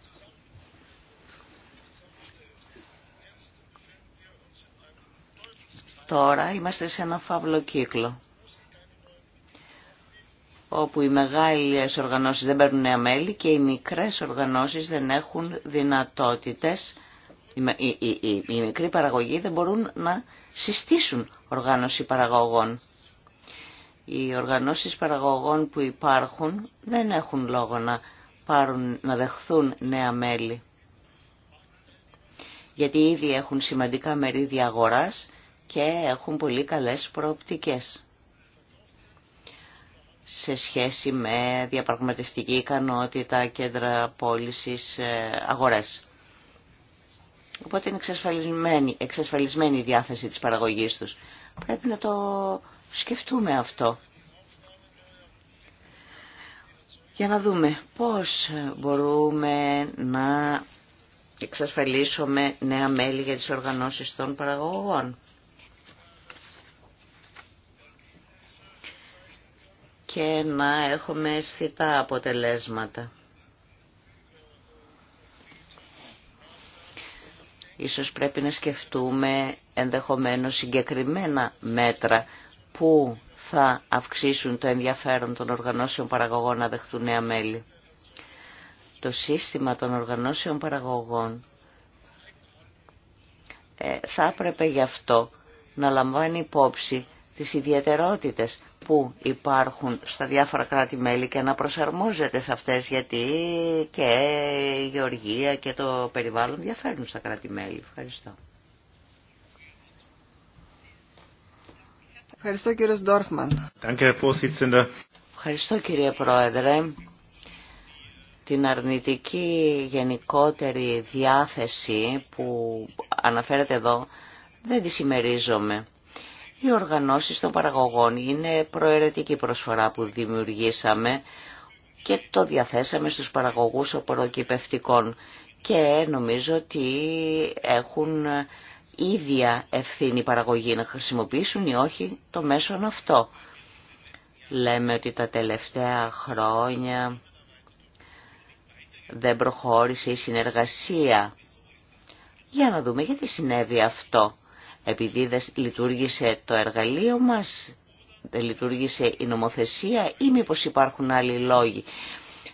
Τώρα είμαστε σε ένα φαύλο κύκλο όπου οι μεγάλες οργανώσεις δεν παίρνουν νέα μέλη και οι μικρές οργανώσεις δεν έχουν δυνατότητες οι, μικροί παραγωγοί δεν μπορούν να συστήσουν οργάνωση παραγωγών. Οι οργανώσεις παραγωγών που υπάρχουν δεν έχουν λόγο να, πάρουν, να δεχθούν νέα μέλη. Γιατί ήδη έχουν σημαντικά μερίδια αγοράς και έχουν πολύ καλές προοπτικές. Σε σχέση με διαπραγματευτική ικανότητα, κέντρα πώλησης, ε, αγορές. Οπότε είναι εξασφαλισμένη, εξασφαλισμένη η διάθεση της παραγωγής τους. Πρέπει να το σκεφτούμε αυτό. Για να δούμε πώς μπορούμε να εξασφαλίσουμε νέα μέλη για τις οργανώσεις των παραγωγών. Και να έχουμε αισθητά αποτελέσματα. Ίσως πρέπει να σκεφτούμε ενδεχομένως συγκεκριμένα μέτρα που θα αυξήσουν το ενδιαφέρον των οργανώσεων παραγωγών να δεχτούν νέα μέλη. Το σύστημα των οργανώσεων παραγωγών ε, θα έπρεπε γι' αυτό να λαμβάνει υπόψη τις ιδιαιτερότητες που υπάρχουν στα διάφορα κράτη-μέλη και να προσαρμόζεται σε αυτές γιατί και η γεωργία και το περιβάλλον διαφέρουν στα κράτη-μέλη. Ευχαριστώ. Ευχαριστώ κύριος Ντόρφμαν. Ευχαριστώ κύριε Πρόεδρε. Την αρνητική γενικότερη διάθεση που αναφέρεται εδώ δεν τη συμμερίζομαι οι οργανώσεις των παραγωγών. Είναι προαιρετική προσφορά που δημιουργήσαμε και το διαθέσαμε στους παραγωγούς οπωροκυπευτικών και νομίζω ότι έχουν ίδια ευθύνη παραγωγή να χρησιμοποιήσουν ή όχι το μέσον αυτό. Λέμε ότι τα τελευταία χρόνια δεν προχώρησε η συνεργασία. Για να δούμε γιατί συνέβη αυτό επειδή δεν λειτουργήσε το εργαλείο μας, δεν λειτουργήσε η νομοθεσία ή μήπως υπάρχουν άλλοι λόγοι.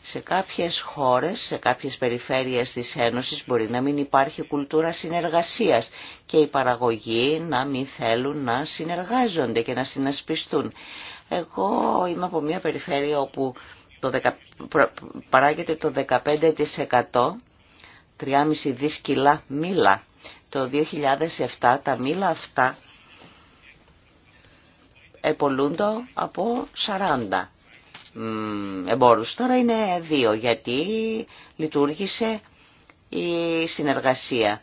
Σε κάποιες χώρες, σε κάποιες περιφέρειες της Ένωσης μπορεί να μην υπάρχει κουλτούρα συνεργασίας και οι παραγωγοί να μην θέλουν να συνεργάζονται και να συνασπιστούν. Εγώ είμαι από μια περιφέρεια όπου το παράγεται το 15% 3,5 δις κιλά μήλα το 2007 τα μήλα αυτά επολούνται από 40 εμπόρους. Τώρα είναι δύο γιατί λειτουργήσε η συνεργασία.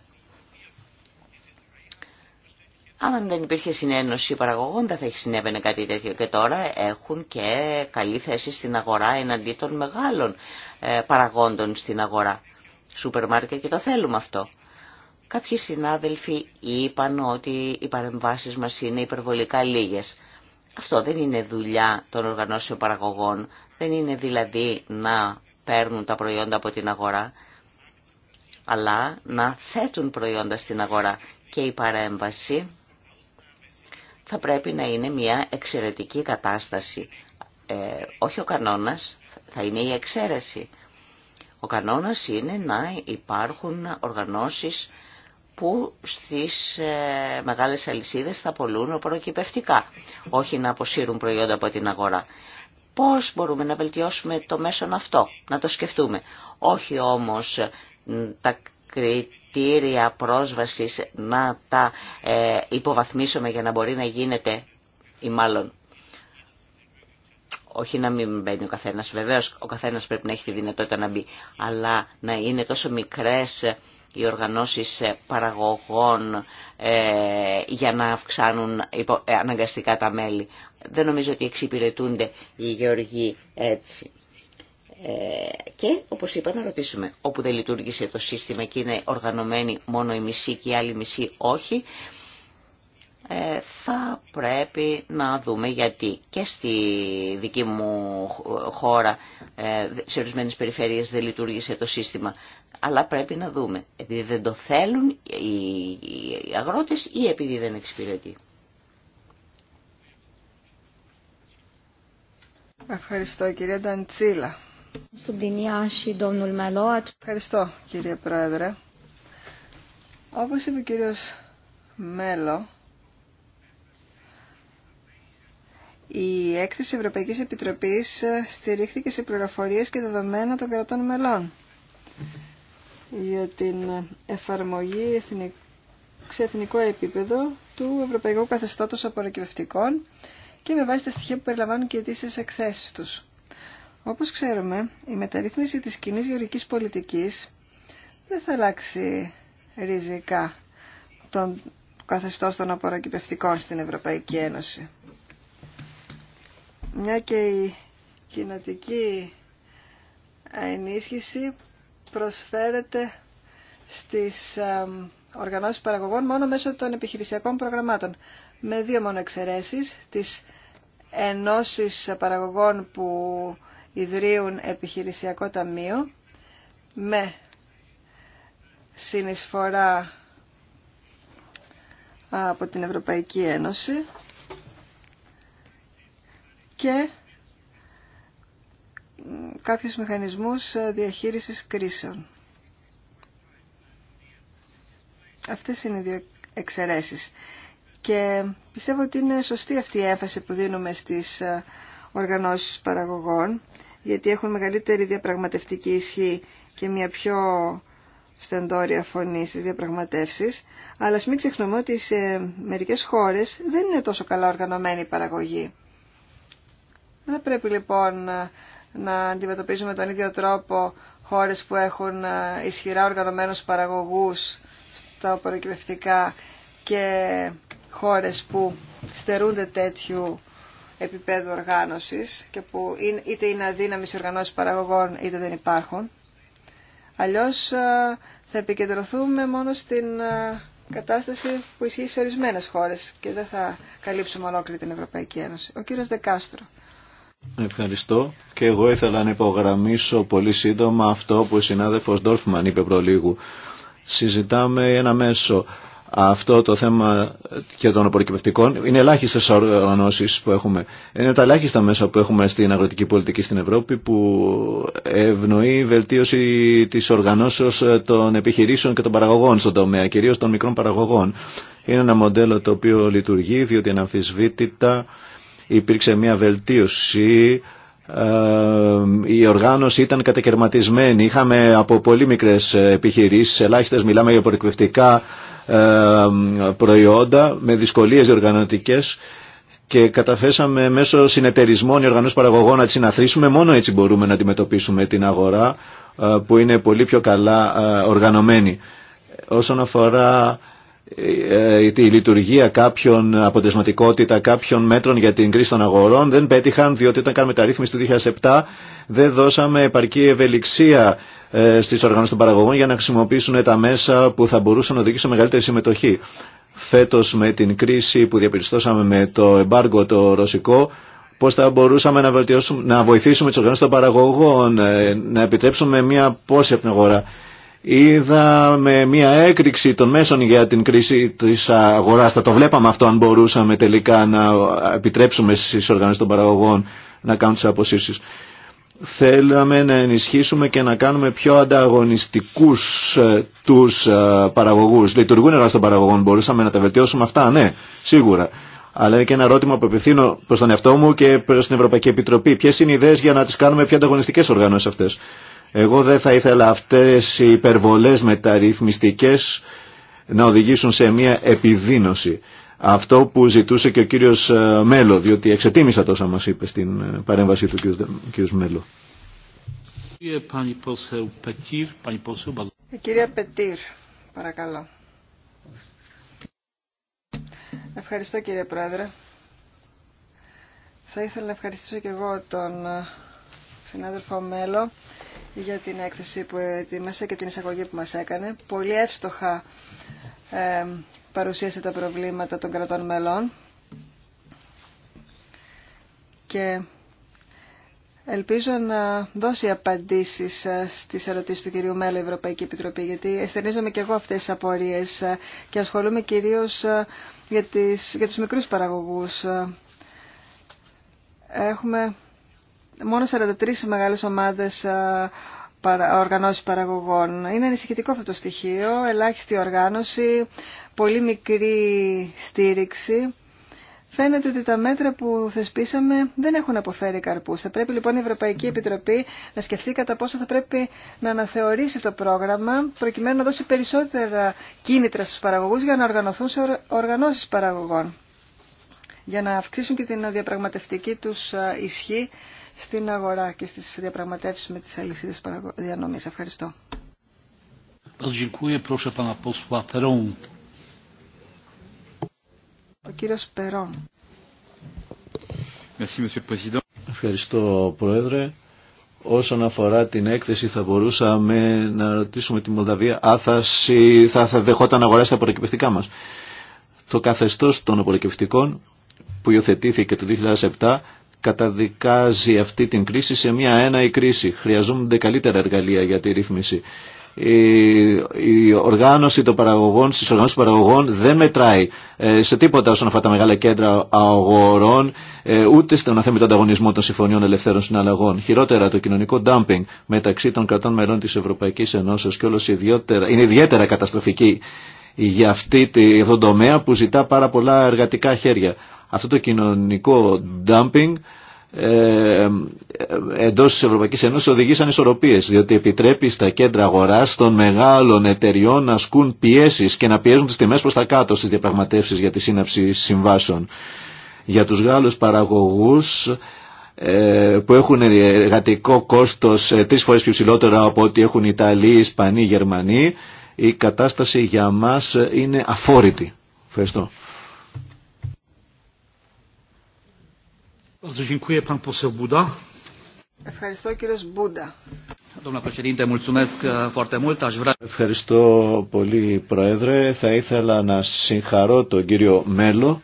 Αν δεν υπήρχε συνένωση παραγωγών δεν θα έχει συνέβαινε κάτι τέτοιο και τώρα έχουν και καλή θέση στην αγορά εναντί των μεγάλων ε, παραγόντων στην αγορά. Σούπερ μάρκετ και το θέλουμε αυτό. Κάποιοι συνάδελφοι είπαν ότι οι παρεμβάσεις μας είναι υπερβολικά λίγες. Αυτό δεν είναι δουλειά των οργανώσεων παραγωγών, δεν είναι δηλαδή να παίρνουν τα προϊόντα από την αγορά, αλλά να θέτουν προϊόντα στην αγορά και η παρέμβαση θα πρέπει να είναι μια εξαιρετική κατάσταση. Ε, όχι ο κανόνας, θα είναι η εξαίρεση. Ο κανόνας είναι να υπάρχουν οργανώσεις που στις ε, μεγάλες αλυσίδες θα πολλούν προκυπευτικά, όχι να αποσύρουν προϊόντα από την αγορά. Πώς μπορούμε να βελτιώσουμε το μέσον αυτό, να το σκεφτούμε. Όχι όμως ε, τα κριτήρια πρόσβασης να τα ε, υποβαθμίσουμε για να μπορεί να γίνεται ή μάλλον όχι να μην μπαίνει ο καθένας, βεβαίως ο καθένας πρέπει να έχει τη δυνατότητα να μπει, αλλά να είναι τόσο μικρές οι οργανώσεις ε, παραγωγών ε, για να αυξάνουν ε, αναγκαστικά τα μέλη. Δεν νομίζω ότι εξυπηρετούνται οι γεωργοί έτσι. Και, όπως είπα, να ρωτήσουμε, όπου δεν λειτουργήσε το σύστημα και είναι οργανωμένοι μόνο η μισή και η άλλη μισή όχι, ε, θα πρέπει να δούμε γιατί και στη δική μου χώρα ε, σε ορισμένες περιφέρειες δεν λειτουργήσε το σύστημα αλλά πρέπει να δούμε επειδή δεν το θέλουν οι αγρότες ή επειδή δεν εξυπηρετεί. Ευχαριστώ κυρία Νταντσίλα. Ευχαριστώ κύριε Πρόεδρε. Όπως είπε ο κύριος Μέλο, Η έκθεση Ευρωπαϊκής Επιτροπής ε, στηρίχθηκε σε πληροφορίες και δεδομένα των κρατών μελών για την ε, εφαρμογή σε εθνικό επίπεδο του Ευρωπαϊκού Καθεστώτος Απορροκυβευτικών και με βάση τα στοιχεία που περιλαμβάνουν και τις εκθέσει τους. Όπως ξέρουμε, η μεταρρύθμιση της κοινή γεωργικής πολιτικής δεν θα αλλάξει ριζικά τον καθεστώς των απορροκυπευτικών στην Ευρωπαϊκή Ένωση μια και η κοινοτική ενίσχυση προσφέρεται στις οργανώσεις παραγωγών μόνο μέσω των επιχειρησιακών προγραμμάτων. Με δύο μόνο εξαιρέσεις, τις ενώσεις παραγωγών που ιδρύουν επιχειρησιακό ταμείο με συνεισφορά από την Ευρωπαϊκή Ένωση και κάποιους μηχανισμούς διαχείρισης κρίσεων. Αυτές είναι οι δύο εξαιρέσεις. Και πιστεύω ότι είναι σωστή αυτή η έμφαση που δίνουμε στις ε, οργανώσεις παραγωγών, γιατί έχουν μεγαλύτερη διαπραγματευτική ισχύ και μια πιο στεντόρια φωνή στις διαπραγματεύσεις, αλλά μην ξεχνούμε ότι σε μερικές χώρες δεν είναι τόσο καλά οργανωμένη η παραγωγή. Δεν θα πρέπει λοιπόν να αντιμετωπίζουμε τον ίδιο τρόπο χώρες που έχουν ε, ισχυρά οργανωμένους παραγωγούς στα προκυπευτικά και χώρες που στερούνται τέτοιου επίπεδου οργάνωσης και που είτε είναι αδύναμες οργανώσεις παραγωγών είτε δεν υπάρχουν. Αλλιώς ε, θα επικεντρωθούμε μόνο στην ε, κατάσταση που ισχύει σε ορισμένες χώρες και δεν θα καλύψουμε ολόκληρη την Ευρωπαϊκή Ένωση. Ο κύριος Δεκάστρο. Ευχαριστώ και εγώ ήθελα να υπογραμμίσω πολύ σύντομα αυτό που ο συνάδελφος Ντόρφμαν είπε προλίγου. Συζητάμε ένα μέσο αυτό το θέμα και των απορροκυπευτικών είναι ελάχιστε οργανώσει που έχουμε. Είναι τα ελάχιστα μέσα που έχουμε στην αγροτική πολιτική στην Ευρώπη που ευνοεί η βελτίωση τη οργανώσεω των επιχειρήσεων και των παραγωγών στον τομέα, κυρίω των μικρών παραγωγών. Είναι ένα μοντέλο το οποίο λειτουργεί διότι αναμφισβήτητα υπήρξε μια βελτίωση ε, η οργάνωση ήταν κατακαιρματισμένη. Είχαμε από πολύ μικρές επιχειρήσεις, ελάχιστες μιλάμε για προκυπευτικά ε, προϊόντα με δυσκολίες οργανωτικές και καταφέσαμε μέσω συνεταιρισμών ή οργανώσεις παραγωγών να τις συναθρήσουμε. Μόνο έτσι μπορούμε να αντιμετωπίσουμε την αγορά ε, που είναι πολύ πιο καλά οργανωμένη. Όσον αφορά ε, ε, η λειτουργία κάποιων αποτελεσματικότητα κάποιων μέτρων για την κρίση των αγορών δεν πέτυχαν διότι όταν κάνουμε τα ρύθμιση του 2007 δεν δώσαμε επαρκή ευελιξία ε, στις οργανώσεις των παραγωγών για να χρησιμοποιήσουν τα μέσα που θα μπορούσαν να οδηγήσουν μεγαλύτερη συμμετοχή. Φέτος με την κρίση που διαπιστώσαμε με το εμπάργκο το ρωσικό πώς θα μπορούσαμε να, να βοηθήσουμε τις οργανώσεις των παραγωγών, να επιτρέψουμε μια πόση από την αγορά. Είδαμε μια έκρηξη των μέσων για την κρίση της αγοράς. Θα το βλέπαμε αυτό αν μπορούσαμε τελικά να επιτρέψουμε στις οργανώσεις των παραγωγών να κάνουν τις αποσύρσεις. Θέλαμε να ενισχύσουμε και να κάνουμε πιο ανταγωνιστικούς ε, τους ε, παραγωγούς. Λειτουργούν εργάσεις των παραγωγών. Μπορούσαμε να τα βελτιώσουμε αυτά, ναι, σίγουρα. Αλλά είναι και ένα ερώτημα που επιθύνω προ τον εαυτό μου και προ την Ευρωπαϊκή Επιτροπή. Ποιε είναι οι ιδέε για να τι κάνουμε πιο ανταγωνιστικέ οργανώσει αυτέ. Εγώ δεν θα ήθελα αυτές οι υπερβολές μεταρρυθμιστικές να οδηγήσουν σε μια επιδίνωση. Αυτό που ζητούσε και ο κύριος ε, Μέλο, διότι εξετίμησα τόσα μας είπε στην ε, παρέμβασή του κύριος Μέλο. Κύριε κυρία Πετήρ, παρακαλώ. Ευχαριστώ κύριε Πρόεδρε. Θα ήθελα να ευχαριστήσω και εγώ τον ε, συνάδελφο Μέλο για την έκθεση που ετοίμασε και την εισαγωγή που μας έκανε. Πολύ εύστοχα ε, παρουσίασε τα προβλήματα των κρατών μελών και ελπίζω να δώσει απαντήσεις ε, στις ερωτήσεις του κυρίου Μέλλου Ευρωπαϊκή Επιτροπή γιατί εστερνίζομαι και εγώ αυτές τις απορίες ε, και ασχολούμαι κυρίως ε, για, τις, για τους μικρούς παραγωγούς. Έχουμε μόνο 43 μεγάλες ομάδες οργανώσεις παραγωγών. Είναι ανησυχητικό αυτό το στοιχείο, ελάχιστη οργάνωση, πολύ μικρή στήριξη. Φαίνεται ότι τα μέτρα που θεσπίσαμε δεν έχουν αποφέρει καρπούς. Θα πρέπει λοιπόν η Ευρωπαϊκή Επιτροπή να σκεφτεί κατά πόσο θα πρέπει να αναθεωρήσει το πρόγραμμα προκειμένου να δώσει περισσότερα κίνητρα στους παραγωγούς για να οργανωθούν σε οργανώσεις παραγωγών για να αυξήσουν και την διαπραγματευτική τους ισχύ στην αγορά και στις διαπραγματεύσεις με τις αλυσίδες διανομής. Ευχαριστώ. Ο κύριος Περόν. Ευχαριστώ Πρόεδρε. Όσον αφορά την έκθεση θα μπορούσαμε να ρωτήσουμε τη Μολδαβία αν θα, θα, θα δεχόταν αγορά στα απορροκυπευτικά μας. Το καθεστώς των απορροκυπευτικών που υιοθετήθηκε το 2007 καταδικάζει αυτή την κρίση σε μια έναη κρίση. Χρειαζόμαστε καλύτερα εργαλεία για τη ρύθμιση. Η, η οργάνωση των παραγωγών, στις οργανώσεις των παραγωγών δεν μετράει ε, σε τίποτα όσον αφορά τα μεγάλα κέντρα αγορών, ε, ούτε στον αθέμητο ανταγωνισμό των συμφωνιών ελευθέρων συναλλαγών. Χειρότερα, το κοινωνικό dumping μεταξύ των κρατών μελών της Ευρωπαϊκής Ενώσεως και όλος είναι ιδιαίτερα καταστροφική για αυτή αυτό τομέα που ζητά πάρα πολλά εργατικά χέρια αυτό το κοινωνικό dumping ε, εντό τη Ευρωπαϊκή Ένωση οδηγεί σαν ισορροπίε, διότι επιτρέπει στα κέντρα αγορά των μεγάλων εταιριών να ασκούν πιέσει και να πιέζουν τι τιμέ προ τα κάτω στι διαπραγματεύσει για τη σύναψη συμβάσεων. Για του Γάλλου παραγωγού ε, που έχουν εργατικό κόστος ε, τρεις φορές πιο ψηλότερο από ό,τι έχουν Ιταλοί, Ισπανοί, Γερμανοί η κατάσταση για μα είναι αφόρητη. Ευχαριστώ. Ευχαριστώ κύριος uh, Ευχαριστώ πολύ Πρόεδρε. Θα ήθελα να συγχαρώ τον κύριο Μέλο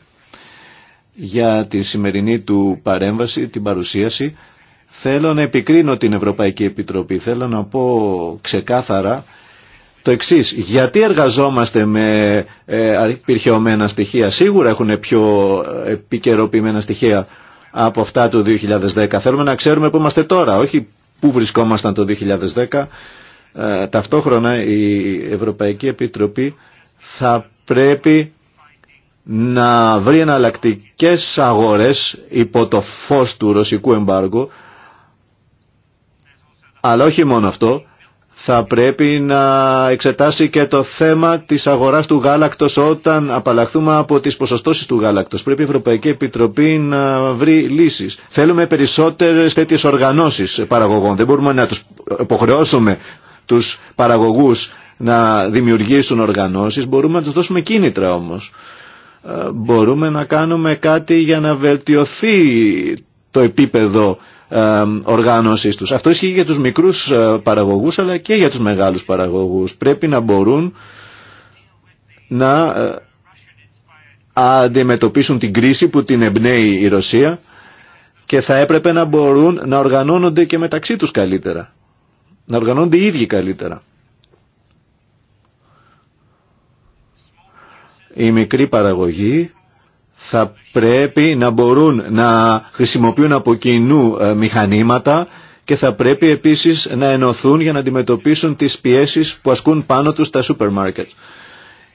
για τη σημερινή του παρέμβαση, την παρουσίαση. Θέλω να επικρίνω την Ευρωπαϊκή Επιτροπή. Θέλω να πω ξεκάθαρα το εξή. Γιατί εργαζόμαστε με ε, στοιχεία. Σίγουρα έχουν πιο επικαιροποιημένα στοιχεία από αυτά του 2010. Θέλουμε να ξέρουμε πού είμαστε τώρα, όχι πού βρισκόμασταν το 2010. Ε, ταυτόχρονα η Ευρωπαϊκή Επιτροπή θα πρέπει να βρει εναλλακτικέ αγορές υπό το φως του ρωσικού εμπάργου αλλά όχι μόνο αυτό θα πρέπει να εξετάσει και το θέμα της αγοράς του γάλακτος όταν απαλλαχθούμε από τις ποσοστώσεις του γάλακτος. Πρέπει η Ευρωπαϊκή Επιτροπή να βρει λύσεις. Θέλουμε περισσότερες τέτοιες οργανώσεις παραγωγών. Δεν μπορούμε να τους υποχρεώσουμε τους παραγωγούς να δημιουργήσουν οργανώσεις. Μπορούμε να τους δώσουμε κίνητρα όμως. Ε, μπορούμε να κάνουμε κάτι για να βελτιωθεί το επίπεδο οργάνωσής τους. Αυτό ισχύει για τους μικρούς ε, παραγωγούς αλλά και για τους μεγάλους παραγωγούς. Πρέπει να μπορούν να ε, αντιμετωπίσουν την κρίση που την εμπνέει η Ρωσία και θα έπρεπε να μπορούν να οργανώνονται και μεταξύ τους καλύτερα. Να οργανώνονται οι ίδιοι καλύτερα. Η μικρή παραγωγή θα πρέπει να μπορούν να χρησιμοποιούν από κοινού ε, μηχανήματα και θα πρέπει επίσης να ενωθούν για να αντιμετωπίσουν τις πιέσεις που ασκούν πάνω τους τα σούπερ μάρκετ.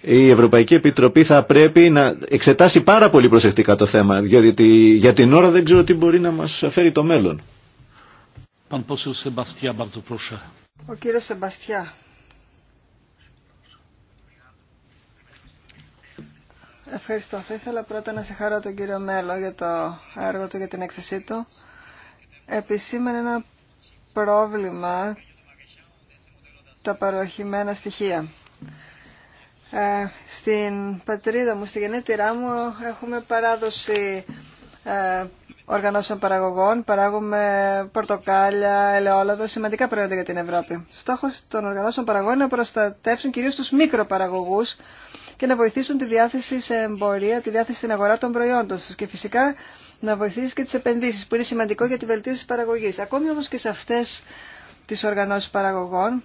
Η Ευρωπαϊκή Επιτροπή θα πρέπει να εξετάσει πάρα πολύ προσεκτικά το θέμα, διότι για την ώρα δεν ξέρω τι μπορεί να μας φέρει το μέλλον. Ο κύριος Σεμπαστιά. Ευχαριστώ. Θα ήθελα πρώτα να σε συγχαρώ τον κύριο Μέλο για το έργο του, για την έκθεσή του. Επισήμανε ένα πρόβλημα τα παροχημένα στοιχεία. Ε, στην πατρίδα μου, στη γενέτειρά μου, έχουμε παράδοση ε, οργανώσεων παραγωγών. Παράγουμε πορτοκάλια, ελαιόλαδο, σημαντικά προϊόντα για την Ευρώπη. Στόχος των οργανώσεων παραγωγών είναι να προστατεύσουν κυρίως τους μικροπαραγωγούς, και να βοηθήσουν τη διάθεση σε εμπορία, τη διάθεση στην αγορά των προϊόντων του. και φυσικά να βοηθήσει και τι επενδύσεις που είναι σημαντικό για τη βελτίωση τη παραγωγής. Ακόμη όμως και σε αυτές τις οργανώσει παραγωγών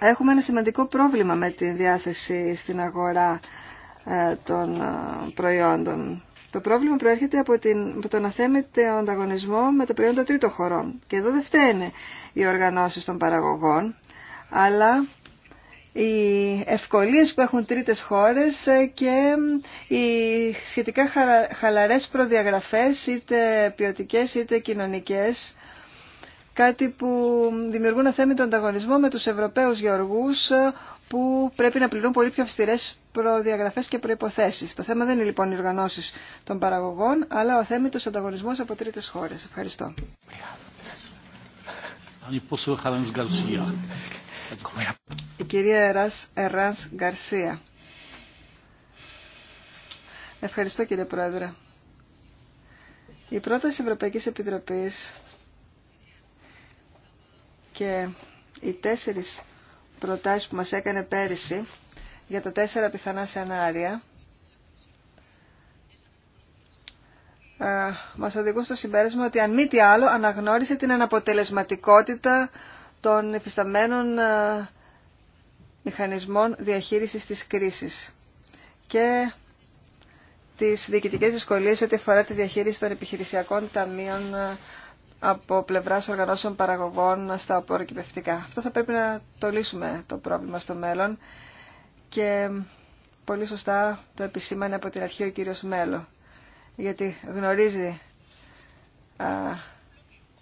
έχουμε ένα σημαντικό πρόβλημα με τη διάθεση στην αγορά ε, των ε, προϊόντων. Το πρόβλημα προέρχεται από, την, από τον αθέμητο ανταγωνισμό με τα προϊόντα τρίτων χωρών. Και εδώ δεν φταίνε οι οργανώσει των παραγωγών, αλλά οι ευκολίες που έχουν τρίτες χώρες και οι σχετικά χαλαρές προδιαγραφές είτε ποιοτικές είτε κοινωνικές κάτι που δημιουργούν τον ανταγωνισμό με τους Ευρωπαίους γεωργούς που πρέπει να πληρούν πολύ πιο αυστηρές προδιαγραφές και προϋποθέσεις. Το θέμα δεν είναι λοιπόν οι οργανώσεις των παραγωγών, αλλά ο θέμητος ανταγωνισμός από τρίτες χώρες. Ευχαριστώ. Η κυρία Εράς, Εράνς Γκαρσία. Ευχαριστώ κύριε Πρόεδρε. Η πρόταση Ευρωπαϊκής Επιτροπής και οι τέσσερις προτάσεις που μας έκανε πέρυσι για τα τέσσερα πιθανά σενάρια ε, μας οδηγούν στο συμπέρασμα ότι αν μη τι άλλο αναγνώρισε την αναποτελεσματικότητα των εφισταμένων ε, μηχανισμών διαχείρισης της κρίσης και τις διοικητικές δυσκολίες ό,τι αφορά τη διαχείριση των επιχειρησιακών ταμείων ε, από πλευράς οργανώσεων παραγωγών στα απορροκυπευτικά. Αυτό θα πρέπει να το λύσουμε το πρόβλημα στο μέλλον και πολύ σωστά το επισήμανε από την αρχή ο κύριος Μέλο γιατί γνωρίζει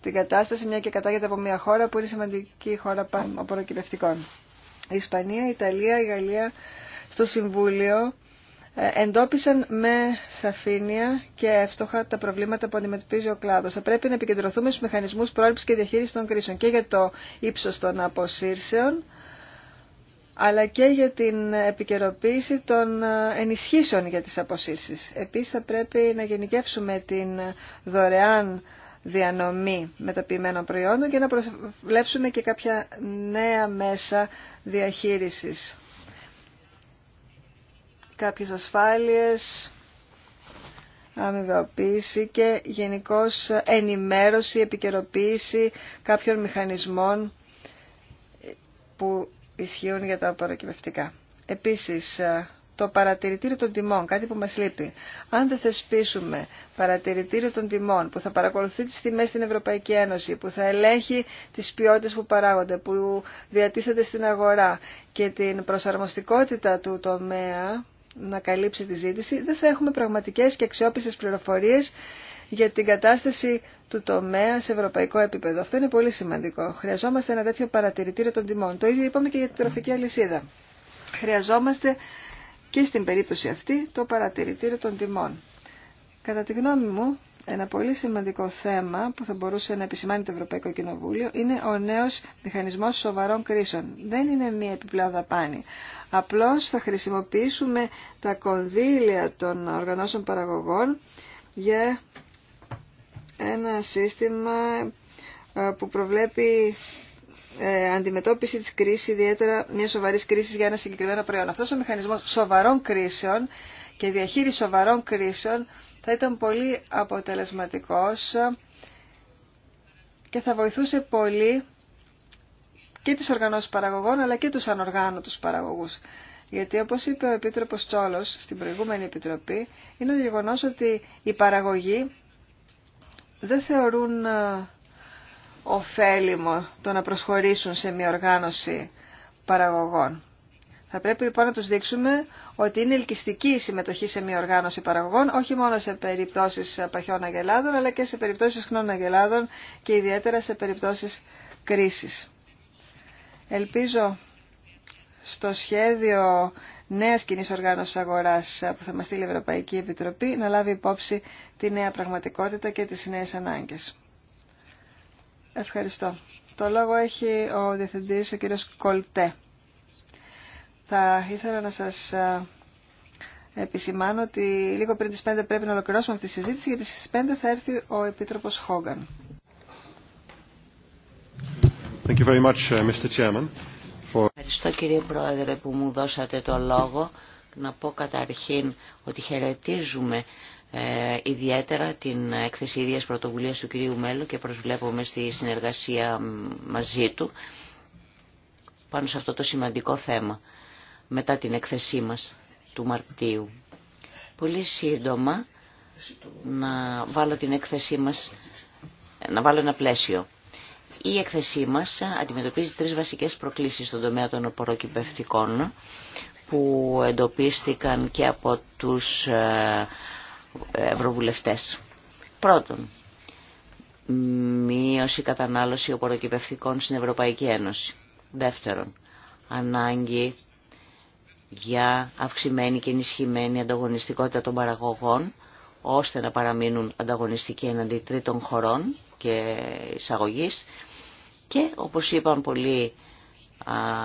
την κατάσταση, μια και κατάγεται από μια χώρα που είναι σημαντική χώρα απορροκυπευτικών. Η Ισπανία, η Ιταλία, η Γαλλία στο Συμβούλιο ε, εντόπισαν με σαφήνεια και εύστοχα τα προβλήματα που αντιμετωπίζει ο κλάδο. Θα πρέπει να επικεντρωθούμε στου μηχανισμού πρόληψη και διαχείριση των κρίσεων και για το ύψο των αποσύρσεων, αλλά και για την επικαιροποίηση των ε, ενισχύσεων για τις αποσύρσεις. Επίσης θα πρέπει να γενικεύσουμε την δωρεάν διανομή μεταποιημένων προϊόντων και να προβλέψουμε και κάποια νέα μέσα διαχείρισης. Κάποιες ασφάλειες, αμοιβεοποίηση και γενικώ ενημέρωση, επικαιροποίηση κάποιων μηχανισμών που ισχύουν για τα παρακυβευτικά. Επίσης, το παρατηρητήριο των τιμών, κάτι που μας λείπει. Αν δεν θεσπίσουμε παρατηρητήριο των τιμών που θα παρακολουθεί τις τιμές στην Ευρωπαϊκή Ένωση, που θα ελέγχει τις ποιότητες που παράγονται, που διατίθεται στην αγορά και την προσαρμοστικότητα του τομέα να καλύψει τη ζήτηση, δεν θα έχουμε πραγματικές και αξιόπιστες πληροφορίες για την κατάσταση του τομέα σε ευρωπαϊκό επίπεδο. Αυτό είναι πολύ σημαντικό. Χρειαζόμαστε ένα τέτοιο παρατηρητήριο των τιμών. Το ίδιο είπαμε και για την τροφική αλυσίδα. Χρειαζόμαστε και στην περίπτωση αυτή το παρατηρητήριο των τιμών. Κατά τη γνώμη μου, ένα πολύ σημαντικό θέμα που θα μπορούσε να επισημάνει το Ευρωπαϊκό Κοινοβούλιο είναι ο νέος μηχανισμός σοβαρών κρίσεων. Δεν είναι μία επιπλέον δαπάνη. Απλώς θα χρησιμοποιήσουμε τα κονδύλια των οργανώσεων παραγωγών για ένα σύστημα ε, που προβλέπει ε, αντιμετώπιση της κρίσης, ιδιαίτερα μια σοβαρή κρίση για ένα συγκεκριμένο προϊόν. Αυτός ο μηχανισμός σοβαρών κρίσεων και διαχείριση σοβαρών κρίσεων θα ήταν πολύ αποτελεσματικός και θα βοηθούσε πολύ και τις οργανώσεις παραγωγών αλλά και τους ανοργάνωτους παραγωγούς. Γιατί όπως είπε ο Επίτροπος Τσόλος στην προηγούμενη Επιτροπή, είναι το γεγονός ότι οι παραγωγοί δεν θεωρούν ε, ωφέλιμο το να προσχωρήσουν σε μια οργάνωση παραγωγών. Θα πρέπει λοιπόν να τους δείξουμε ότι είναι ελκυστική η συμμετοχή σε μια οργάνωση παραγωγών, όχι μόνο σε περιπτώσεις παχιών αγελάδων, αλλά και σε περιπτώσεις συχνών αγελάδων και ιδιαίτερα σε περιπτώσεις κρίσης. Ελπίζω στο σχέδιο νέας κοινής οργάνωσης αγοράς που θα μας στείλει η Ευρωπαϊκή Επιτροπή να λάβει υπόψη τη νέα πραγματικότητα και τις νέες ανάγκες. Ευχαριστώ. Το λόγο έχει ο Διευθυντής, ο κύριος Κολτέ. Θα ήθελα να σας ε, επισημάνω ότι λίγο πριν τις 5 πρέπει να ολοκληρώσουμε αυτή τη συζήτηση, γιατί στις 5 θα έρθει ο Επίτροπος Χόγκαν. Uh, Ευχαριστώ κύριε Πρόεδρε που μου δώσατε το λόγο. Να πω καταρχήν ότι χαιρετίζουμε ε, ιδιαίτερα την έκθεση ίδιας πρωτοβουλίας του κυρίου Μέλου και προσβλέπουμε στη συνεργασία μαζί του πάνω σε αυτό το σημαντικό θέμα μετά την έκθεσή μας του Μαρτίου. Πολύ σύντομα να βάλω την έκθεσή μας, να βάλω ένα πλαίσιο. Η έκθεσή μας αντιμετωπίζει τρεις βασικές προκλήσεις στον τομέα των οποροκυπευτικών που εντοπίστηκαν και από τους ε, ευρωβουλευτές. Πρώτον, μείωση κατανάλωση οποροκυπευτικών στην Ευρωπαϊκή Ένωση. Δεύτερον, ανάγκη για αυξημένη και ενισχυμένη ανταγωνιστικότητα των παραγωγών, ώστε να παραμείνουν ανταγωνιστικοί εναντί τρίτων χωρών και εισαγωγή. Και, όπως είπαν πολύ,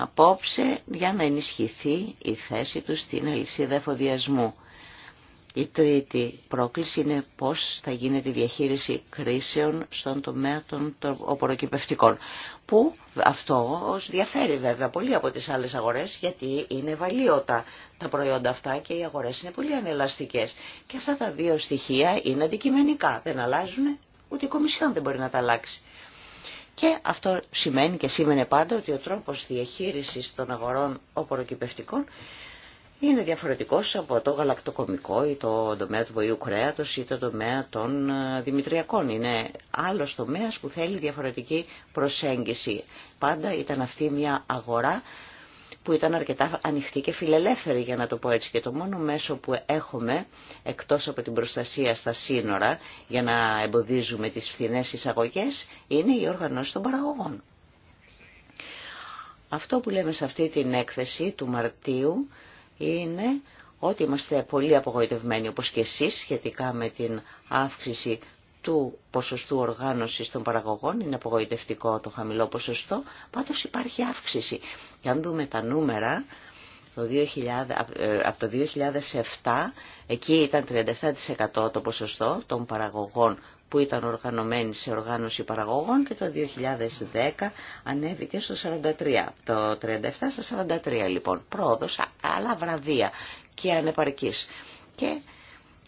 απόψε, για να ενισχυθεί η θέση τους στην αλυσίδα εφοδιασμού η τρίτη πρόκληση είναι πώς θα γίνεται η διαχείριση κρίσεων στον τομέα των οποροκυπευτικών. Που αυτό διαφέρει βέβαια πολύ από τις άλλες αγορές γιατί είναι βαλίωτα τα προϊόντα αυτά και οι αγορές είναι πολύ ανελαστικές. Και αυτά τα δύο στοιχεία είναι αντικειμενικά, δεν αλλάζουν, ούτε η Κομισιόν δεν μπορεί να τα αλλάξει. Και αυτό σημαίνει και σήμαινε πάντα ότι ο τρόπος διαχείρισης των αγορών οποροκυπευτικών είναι διαφορετικό από το γαλακτοκομικό ή το τομέα του βοηού κρέατος ή το τομέα των ε, δημητριακών. Είναι άλλος τομέας που θέλει διαφορετική προσέγγιση. Πάντα ήταν αυτή μια αγορά που ήταν αρκετά ανοιχτή και φιλελεύθερη για να το πω έτσι και το μόνο μέσο που έχουμε εκτός από την προστασία στα σύνορα για να εμποδίζουμε τις φθηνές εισαγωγές είναι η οργανώση των παραγωγών. Αυτό που λέμε σε αυτή την έκθεση του Μαρτίου είναι ότι είμαστε πολύ απογοητευμένοι όπως και εσείς σχετικά με την αύξηση του ποσοστού οργάνωσης των παραγωγών. Είναι απογοητευτικό το χαμηλό ποσοστό, πάντως υπάρχει αύξηση. Και αν δούμε τα νούμερα, το 2000, ε, από το 2007 εκεί ήταν 37% το ποσοστό των παραγωγών που ήταν οργανωμένη σε οργάνωση παραγωγών και το 2010 ανέβηκε στο 43. Το 37 στα 43 λοιπόν. Πρόοδος, αλλά βραδία και ανεπαρκής. Και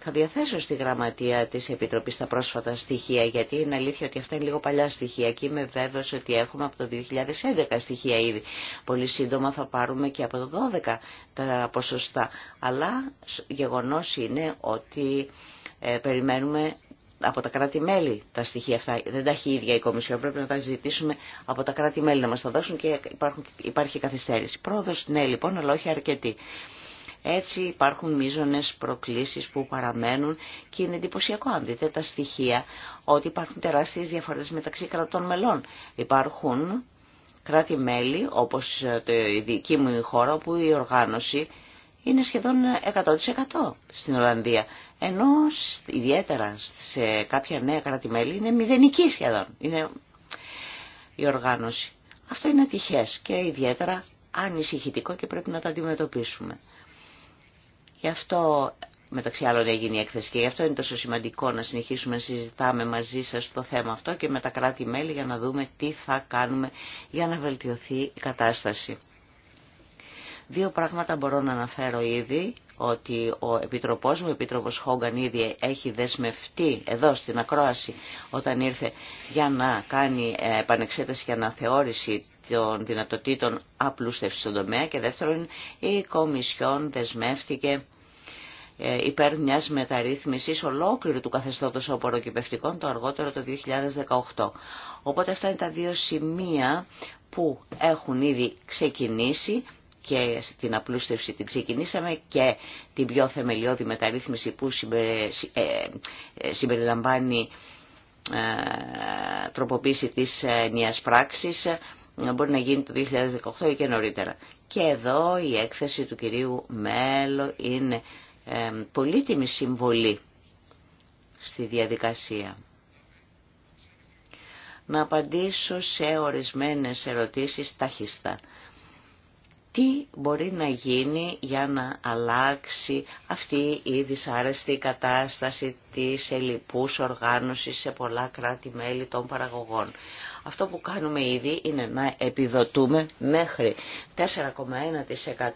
θα διαθέσω στη γραμματεία της Επιτροπής τα πρόσφατα στοιχεία, γιατί είναι αλήθεια ότι αυτά είναι λίγο παλιά στοιχεία και είμαι βέβαιος ότι έχουμε από το 2011 στοιχεία ήδη. Πολύ σύντομα θα πάρουμε και από το 12 τα ποσοστά. Αλλά γεγονός είναι ότι ε, περιμένουμε από τα κράτη-μέλη τα στοιχεία αυτά. Δεν τα έχει η ίδια η Κομισιόν. Πρέπει να τα ζητήσουμε από τα κράτη-μέλη να μα τα δώσουν και υπάρχουν, υπάρχει καθυστέρηση. Πρόοδο, ναι, λοιπόν, αλλά όχι αρκετή. Έτσι υπάρχουν μείζονες προκλήσεις που παραμένουν και είναι εντυπωσιακό αν δείτε τα στοιχεία ότι υπάρχουν τεράστιες διαφορές μεταξύ κρατών μελών. Υπάρχουν κράτη-μέλη όπως η δική μου χώρα όπου η οργάνωση είναι σχεδόν 100% στην Ολλανδία. Ενώ ιδιαίτερα σε κάποια νέα κράτη-μέλη είναι μηδενική σχεδόν είναι η οργάνωση. Αυτό είναι ατυχές και ιδιαίτερα ανησυχητικό και πρέπει να το αντιμετωπίσουμε. Γι' αυτό μεταξύ άλλων έγινε η έκθεση και γι' αυτό είναι τόσο σημαντικό να συνεχίσουμε να συζητάμε μαζί σας το θέμα αυτό και με τα κράτη-μέλη για να δούμε τι θα κάνουμε για να βελτιωθεί η κατάσταση. Δύο πράγματα μπορώ να αναφέρω ήδη, ότι ο Επιτροπός μου, ο Επίτροπος Χόγκαν ήδη έχει δεσμευτεί εδώ στην Ακρόαση όταν ήρθε για να κάνει ε, επανεξέταση και αναθεώρηση των δυνατοτήτων απλούστευση στον τομέα και δεύτερον η Κομισιόν δεσμεύτηκε ε, υπέρ μιας μεταρρύθμισης ολόκληρου του καθεστώτος οποροκυπευτικών το αργότερο το 2018. Οπότε αυτά είναι τα δύο σημεία που έχουν ήδη ξεκινήσει και την απλούστευση την ξεκινήσαμε και την πιο θεμελιώδη μεταρρύθμιση που ε, ε, συμπεριλαμβάνει ε, τροποποίηση της νέας πράξης μπορεί να γίνει το 2018 ή και νωρίτερα. Και εδώ η έκθεση του κυρίου Μέλο είναι πολύτιμη συμβολή στη διαδικασία. Να απαντήσω σε ορισμένες ερωτήσεις ταχιστά τι μπορεί να γίνει για να αλλάξει αυτή η δυσάρεστη κατάσταση της ελλειπούς οργάνωσης σε πολλά κράτη-μέλη των παραγωγών. Αυτό που κάνουμε ήδη είναι να επιδοτούμε μέχρι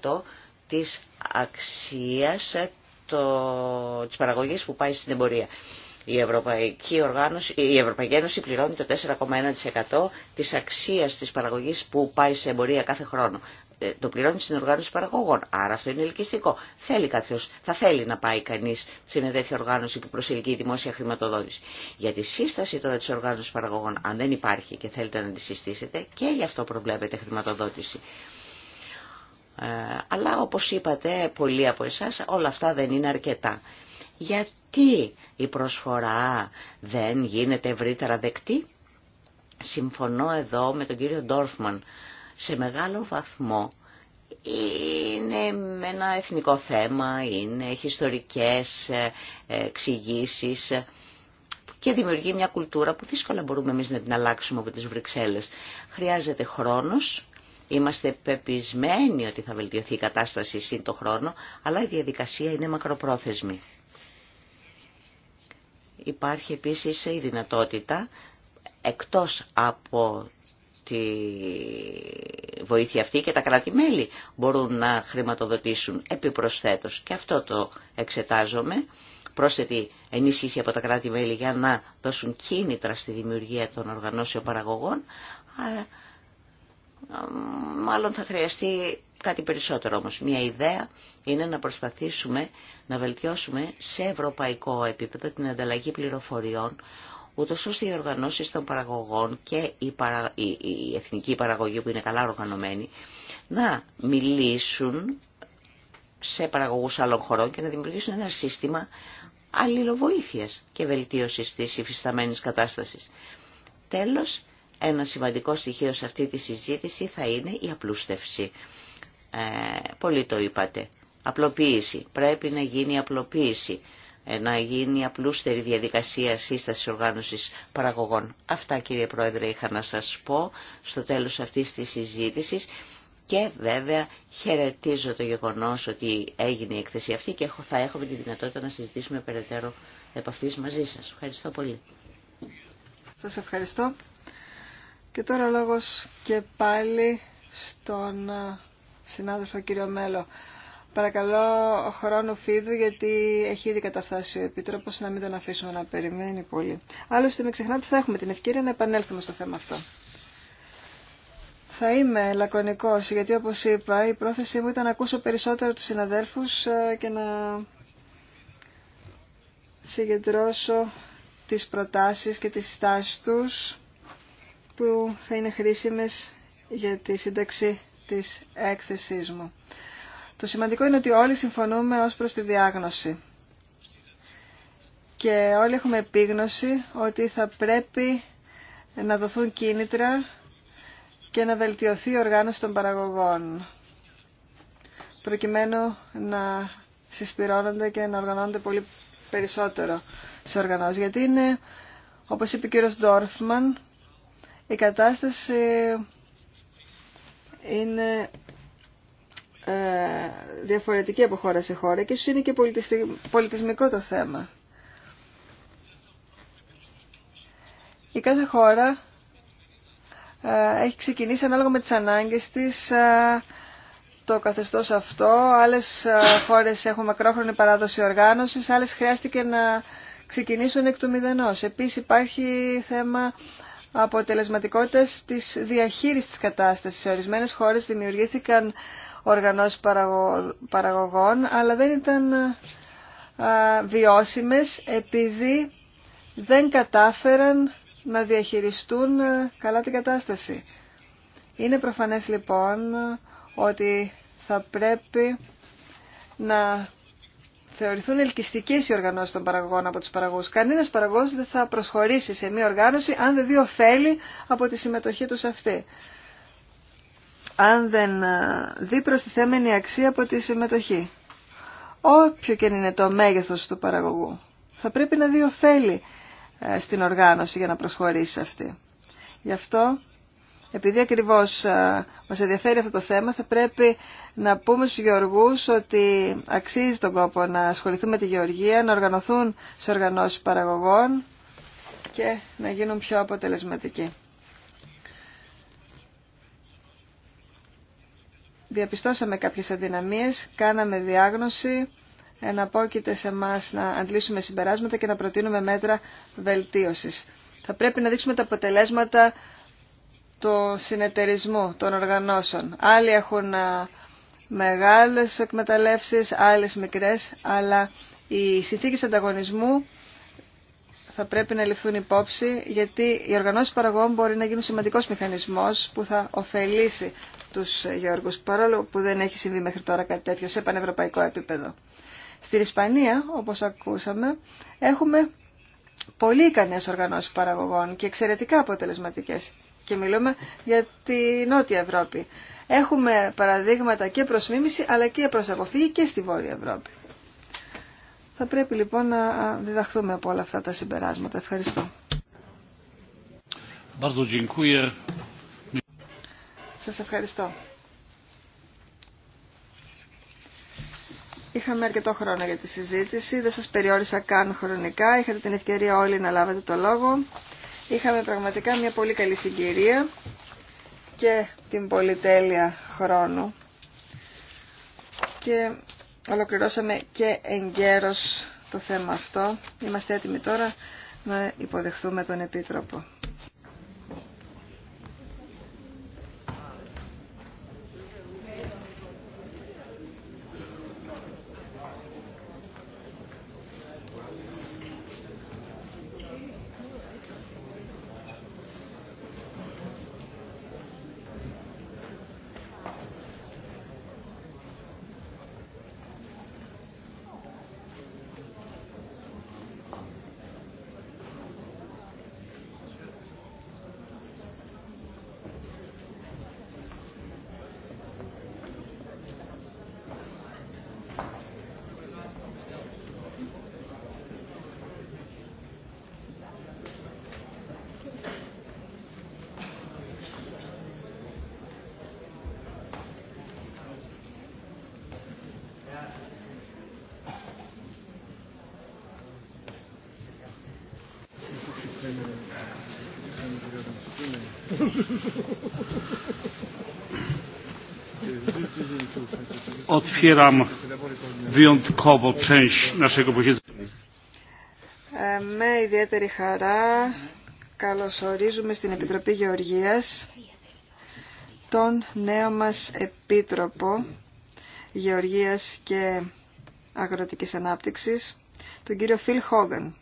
4,1% της αξίας το, της παραγωγής που πάει στην εμπορία. Η Ευρωπαϊκή, Οργάνωση, η Ευρωπαϊκή Ένωση πληρώνει το 4,1% της αξίας της παραγωγής που πάει σε εμπορία κάθε χρόνο. Ε, το πληρώνει στην οργάνωση παραγωγών. Άρα αυτό είναι ελκυστικό. Θέλει κάποιος, θα θέλει να πάει κανείς σε μια τέτοια οργάνωση που προσελκύει η δημόσια χρηματοδότηση. Για τη σύσταση τώρα της οργάνωσης παραγωγών, αν δεν υπάρχει και θέλετε να τη συστήσετε, και γι' αυτό προβλέπετε χρηματοδότηση. Ε, αλλά όπως είπατε πολλοί από εσάς, όλα αυτά δεν είναι αρκετά. Γιατί η προσφορά δεν γίνεται ευρύτερα δεκτή. Συμφωνώ εδώ με τον κύριο Ντόρφμαν σε μεγάλο βαθμό είναι ένα εθνικό θέμα, είναι, έχει ιστορικές ε, ε, εξηγήσει και δημιουργεί μια κουλτούρα που δύσκολα μπορούμε εμείς να την αλλάξουμε από τις Βρυξέλλες. Χρειάζεται χρόνος, είμαστε πεπισμένοι ότι θα βελτιωθεί η κατάσταση σύν χρόνο, αλλά η διαδικασία είναι μακροπρόθεσμη. Υπάρχει επίσης η δυνατότητα, εκτός από τη βοήθεια αυτή και τα κράτη-μέλη μπορούν να χρηματοδοτήσουν επιπροσθέτως. Και αυτό το εξετάζομαι. Πρόσθετη ενίσχυση από τα κράτη-μέλη για να δώσουν κίνητρα στη δημιουργία των οργανώσεων παραγωγών. Μάλλον θα χρειαστεί κάτι περισσότερο όμως. Μια ιδέα είναι να προσπαθήσουμε να βελτιώσουμε σε ευρωπαϊκό επίπεδο την ανταλλαγή πληροφοριών ούτως ώστε οι οργανώσεις των παραγωγών και η, παρα... εθνική παραγωγή που είναι καλά οργανωμένη να μιλήσουν σε παραγωγούς άλλων χωρών και να δημιουργήσουν ένα σύστημα αλληλοβοήθειας και βελτίωσης της υφισταμένης κατάστασης. Τέλος, ένα σημαντικό στοιχείο σε αυτή τη συζήτηση θα είναι η απλούστευση. Ε, πολύ το είπατε. Απλοποίηση. Πρέπει να γίνει απλοποίηση. Ε, να γίνει απλούστερη διαδικασία σύστασης οργάνωσης παραγωγών. Αυτά κύριε Πρόεδρε είχα να σας πω στο τέλος αυτής της συζήτησης και βέβαια χαιρετίζω το γεγονός ότι έγινε η εκθεσή αυτή και θα έχουμε τη δυνατότητα να συζητήσουμε περαιτέρω επ' αυτής μαζί σας. Ευχαριστώ πολύ. Σας ευχαριστώ. Και τώρα λόγος και πάλι στον ε, συνάδελφο κύριο Μέλο. Παρακαλώ χρόνο φίδου γιατί έχει ήδη καταφτάσει ο επίτροπο να μην τον αφήσουμε να περιμένει πολύ. Άλλωστε μην ξεχνάτε θα έχουμε την ευκαιρία να επανέλθουμε στο θέμα αυτό. Θα είμαι λακωνικός γιατί όπως είπα η πρόθεσή μου ήταν να ακούσω περισσότερο τους συναδέλφους ε, και να συγκεντρώσω τις προτάσει και τι στάσεις του που θα είναι χρήσιμες για τη σύνταξη της έκθεσής μου. Το σημαντικό είναι ότι όλοι συμφωνούμε ως προς τη διάγνωση. Και όλοι έχουμε επίγνωση ότι θα πρέπει να δοθούν κίνητρα και να βελτιωθεί η οργάνωση των παραγωγών προκειμένου να συσπυρώνονται και να οργανώνονται πολύ περισσότερο σε οργανώσεις. Γιατί είναι, όπως είπε ο κύριος Ντόρφμαν, η κατάσταση είναι ε, διαφορετική από χώρα σε χώρα και ίσως είναι και πολιτισμικό το θέμα. Η κάθε χώρα ε, έχει ξεκινήσει ανάλογα με τις ανάγκες της ε, το καθεστώς αυτό. Άλλες χώρες έχουν μακρόχρονη παράδοση οργάνωσης, άλλες χρειάστηκε να ξεκινήσουν εκ του μηδενός. Επίσης υπάρχει θέμα αποτελεσματικότητας της διαχείρισης της κατάστασης. Σε ορισμένες χώρες δημιουργήθηκαν οργανώσεις παραγωγών, αλλά δεν ήταν βιώσιμες επειδή δεν κατάφεραν να διαχειριστούν καλά την κατάσταση. Είναι προφανές λοιπόν ότι θα πρέπει να θεωρηθούν ελκυστικές οι οργανώσεις των παραγωγών από τους παραγωγούς. Κανένας παραγωγός δεν θα προσχωρήσει σε μία οργάνωση αν δεν δει ωφέλη από τη συμμετοχή σε αυτή αν δεν ε, δει προστιθέμενη αξία από τη συμμετοχή. Όποιο και είναι το μέγεθος του παραγωγού. Θα πρέπει να δει ωφέλη ε, στην οργάνωση για να προσχωρήσει αυτή. Γι' αυτό, επειδή ακριβώς ε, μας ενδιαφέρει αυτό το θέμα, θα πρέπει να πούμε στους γεωργούς ότι αξίζει τον κόπο να ασχοληθούν με τη γεωργία, να οργανωθούν σε οργανώσεις παραγωγών και να γίνουν πιο αποτελεσματικοί. διαπιστώσαμε κάποιες αδυναμίες, κάναμε διάγνωση, εναπόκειται σε εμά να αντλήσουμε συμπεράσματα και να προτείνουμε μέτρα βελτίωσης. Θα πρέπει να δείξουμε τα αποτελέσματα του συνεταιρισμού των οργανώσεων. Άλλοι έχουν μεγάλες εκμεταλλεύσεις, άλλες μικρές, αλλά οι συνθήκες ανταγωνισμού θα πρέπει να ληφθούν υπόψη, γιατί οι οργανώσει παραγωγών μπορεί να γίνουν σημαντικό μηχανισμός που θα ωφελήσει τους ε, Γιώργους, παρόλο που δεν έχει συμβεί μέχρι τώρα κάτι τέτοιο σε πανευρωπαϊκό επίπεδο. Στην Ισπανία, όπως ακούσαμε, έχουμε πολύ ικανές οργανώσεις παραγωγών και εξαιρετικά αποτελεσματικές. Και μιλούμε για τη Νότια Ευρώπη. Έχουμε παραδείγματα και προς μίμηση, αλλά και προς αποφύγη και στη Βόρεια Ευρώπη. Θα πρέπει λοιπόν να διδαχθούμε από όλα αυτά τα συμπεράσματα. Ευχαριστώ. Σας ευχαριστώ. Είχαμε αρκετό χρόνο για τη συζήτηση, δεν σας περιόρισα καν χρονικά, είχατε την ευκαιρία όλοι να λάβετε το λόγο. Είχαμε πραγματικά μια πολύ καλή συγκυρία και την πολυτέλεια χρόνου και ολοκληρώσαμε και εγκαίρως το θέμα αυτό. Είμαστε έτοιμοι τώρα να υποδεχθούμε τον Επίτροπο. Otwieram wyjątkowo część naszego posiedzenia. Ε, με ιδιαίτερη χαρά καλωσορίζουμε στην Επιτροπή Γεωργίας τον νέο μας Επίτροπο Γεωργίας και Αγροτικής Ανάπτυξης, τον κύριο Φιλ Χόγκαν.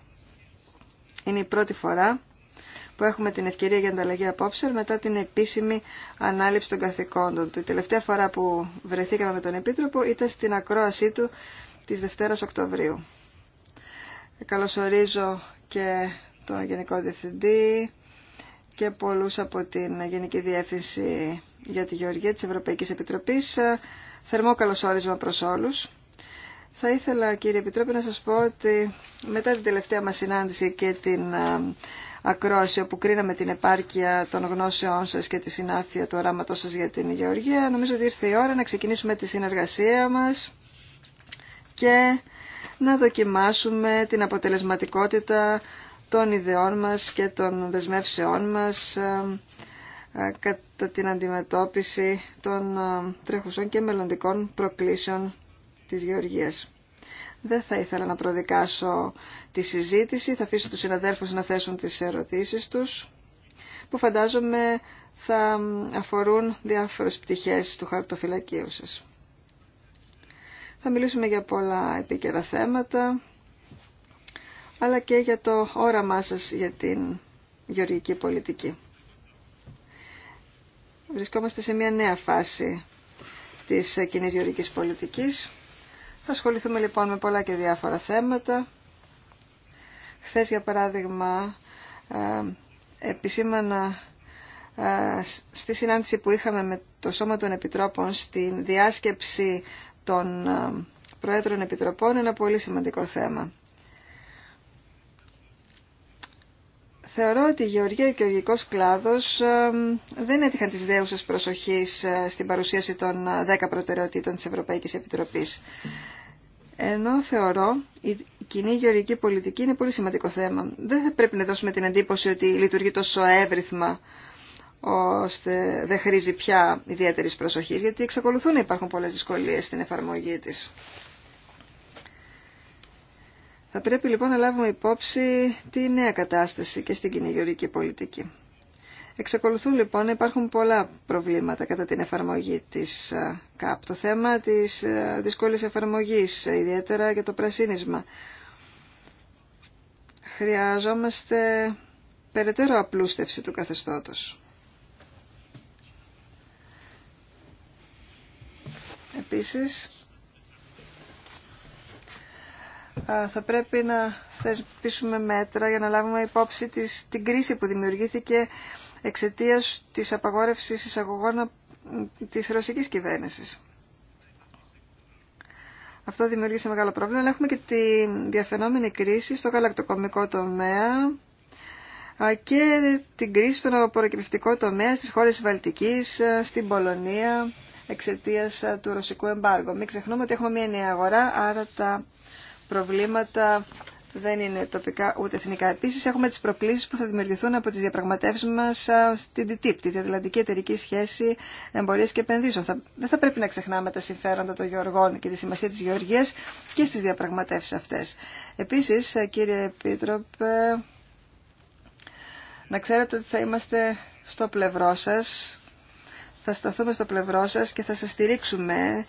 Είναι η πρώτη φορά που έχουμε την ευκαιρία για ανταλλαγή απόψεων μετά την επίσημη ανάληψη των καθηκόντων του. Η τελευταία φορά που βρεθήκαμε με τον Επίτροπο ήταν στην ακρόασή του της Δευτέρας Οκτωβρίου. Καλωσορίζω και τον Γενικό Διευθυντή και πολλούς από την Γενική Διεύθυνση για τη Γεωργία της Ευρωπαϊκής Επιτροπής. Θερμό καλωσόρισμα προς όλους. Θα ήθελα κύριε Επιτρόπη να σας πω ότι μετά την τελευταία μας συνάντηση και την ακρόαση όπου κρίναμε την επάρκεια των γνώσεών σας και τη συνάφεια του οράματός σας για την Γεωργία νομίζω ότι ήρθε η ώρα να ξεκινήσουμε τη συνεργασία μας και να δοκιμάσουμε την αποτελεσματικότητα των ιδεών μας και των δεσμεύσεών μας κατά την αντιμετώπιση των τρέχουσων και μελλοντικών προκλήσεων της Γεωργίας. Δεν θα ήθελα να προδικάσω τη συζήτηση, θα αφήσω τους συναδέλφους να θέσουν τις ερωτήσεις τους, που φαντάζομαι θα αφορούν διάφορες πτυχές του χαρτοφυλακίου σας. Θα μιλήσουμε για πολλά επίκαιρα θέματα, αλλά και για το όραμά σας για την γεωργική πολιτική. Βρισκόμαστε σε μια νέα φάση της κοινή γεωργικής πολιτικής θα ασχοληθούμε λοιπόν με πολλά και διάφορα θέματα. Χθε, για παράδειγμα ε, επισήμανα ε, στη συνάντηση που είχαμε με το Σώμα των Επιτρόπων στην διάσκεψη των ε, Προέδρων Επιτροπών ένα πολύ σημαντικό θέμα. Θεωρώ ότι η γεωργία και ο γεωργικός κλάδος δεν έτυχαν της δέουσας προσοχής στην παρουσίαση των 10 προτεραιοτήτων της Ευρωπαϊκής Επιτροπής. Ενώ θεωρώ η κοινή γεωργική πολιτική είναι πολύ σημαντικό θέμα. Δεν θα πρέπει να δώσουμε την εντύπωση ότι λειτουργεί τόσο εύρυθμα ώστε δεν χρήζει πια ιδιαίτερη προσοχή, γιατί εξακολουθούν να υπάρχουν πολλέ δυσκολίε στην εφαρμογή τη. Θα πρέπει λοιπόν να λάβουμε υπόψη τη νέα κατάσταση και στην κοινή γεωργική πολιτική. Εξακολουθούν λοιπόν να υπάρχουν πολλά προβλήματα κατά την εφαρμογή της ε, ΚΑΠ. Το θέμα της ε, δυσκολής εφαρμογής, ε, ιδιαίτερα για το πρασίνισμα. Χρειαζόμαστε περαιτέρω απλούστευση του καθεστώτος. Επίσης, θα πρέπει να θεσπίσουμε μέτρα για να λάβουμε υπόψη της, την κρίση που δημιουργήθηκε εξαιτίας της απαγόρευσης εισαγωγών της ρωσικής κυβέρνησης. Αυτό δημιούργησε μεγάλο πρόβλημα, αλλά έχουμε και τη διαφαινόμενη κρίση στο γαλακτοκομικό τομέα και την κρίση στον απορροκυπευτικό τομέα στις χώρες Βαλτικής, στην Πολωνία, εξαιτίας του ρωσικού εμπάργου. Μην ξεχνούμε ότι έχουμε μια νέα αγορά, άρα τα προβλήματα δεν είναι τοπικά ούτε εθνικά. Επίση, έχουμε τι προκλήσει που θα δημιουργηθούν από τι διαπραγματεύσει μα στην DTIP, τη Διατλαντική Εταιρική Σχέση Εμπορία και Επενδύσεων. Θα, δεν θα πρέπει να ξεχνάμε τα συμφέροντα των γεωργών και τη σημασία τη γεωργία και στι διαπραγματεύσει αυτέ. Επίση, ε, κύριε Επίτροπε, να ξέρετε ότι θα είμαστε στο πλευρό σα. Θα σταθούμε στο πλευρό σας και θα σας στηρίξουμε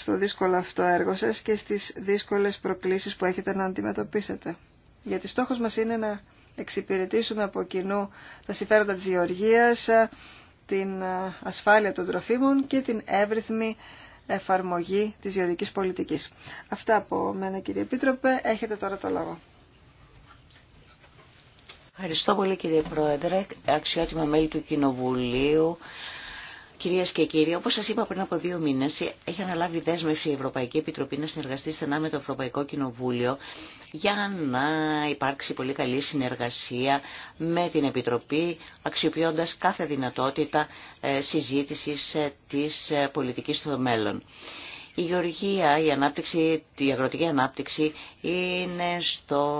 στο δύσκολο αυτό έργο σας και στις δύσκολες προκλήσεις που έχετε να αντιμετωπίσετε. Γιατί στόχος μας είναι να εξυπηρετήσουμε από κοινού τα συμφέροντα της γεωργίας, την ασφάλεια των τροφίμων και την εύρυθμη εφαρμογή της γεωργικής πολιτικής. Αυτά από μένα κύριε Επίτροπε. Έχετε τώρα το λόγο. Ευχαριστώ πολύ κύριε Πρόεδρε, αξιότιμα μέλη του Κοινοβουλίου. Κυρίε και κύριοι, όπω σα είπα πριν από δύο μήνε, έχει αναλάβει δέσμευση η Ευρωπαϊκή Επιτροπή να συνεργαστεί στενά με το Ευρωπαϊκό Κοινοβούλιο για να υπάρξει πολύ καλή συνεργασία με την Επιτροπή, αξιοποιώντας κάθε δυνατότητα ε, συζήτησης ε, τη ε, πολιτική στο μέλλον. Η γεωργία, η, ανάπτυξη, η αγροτική ανάπτυξη είναι στο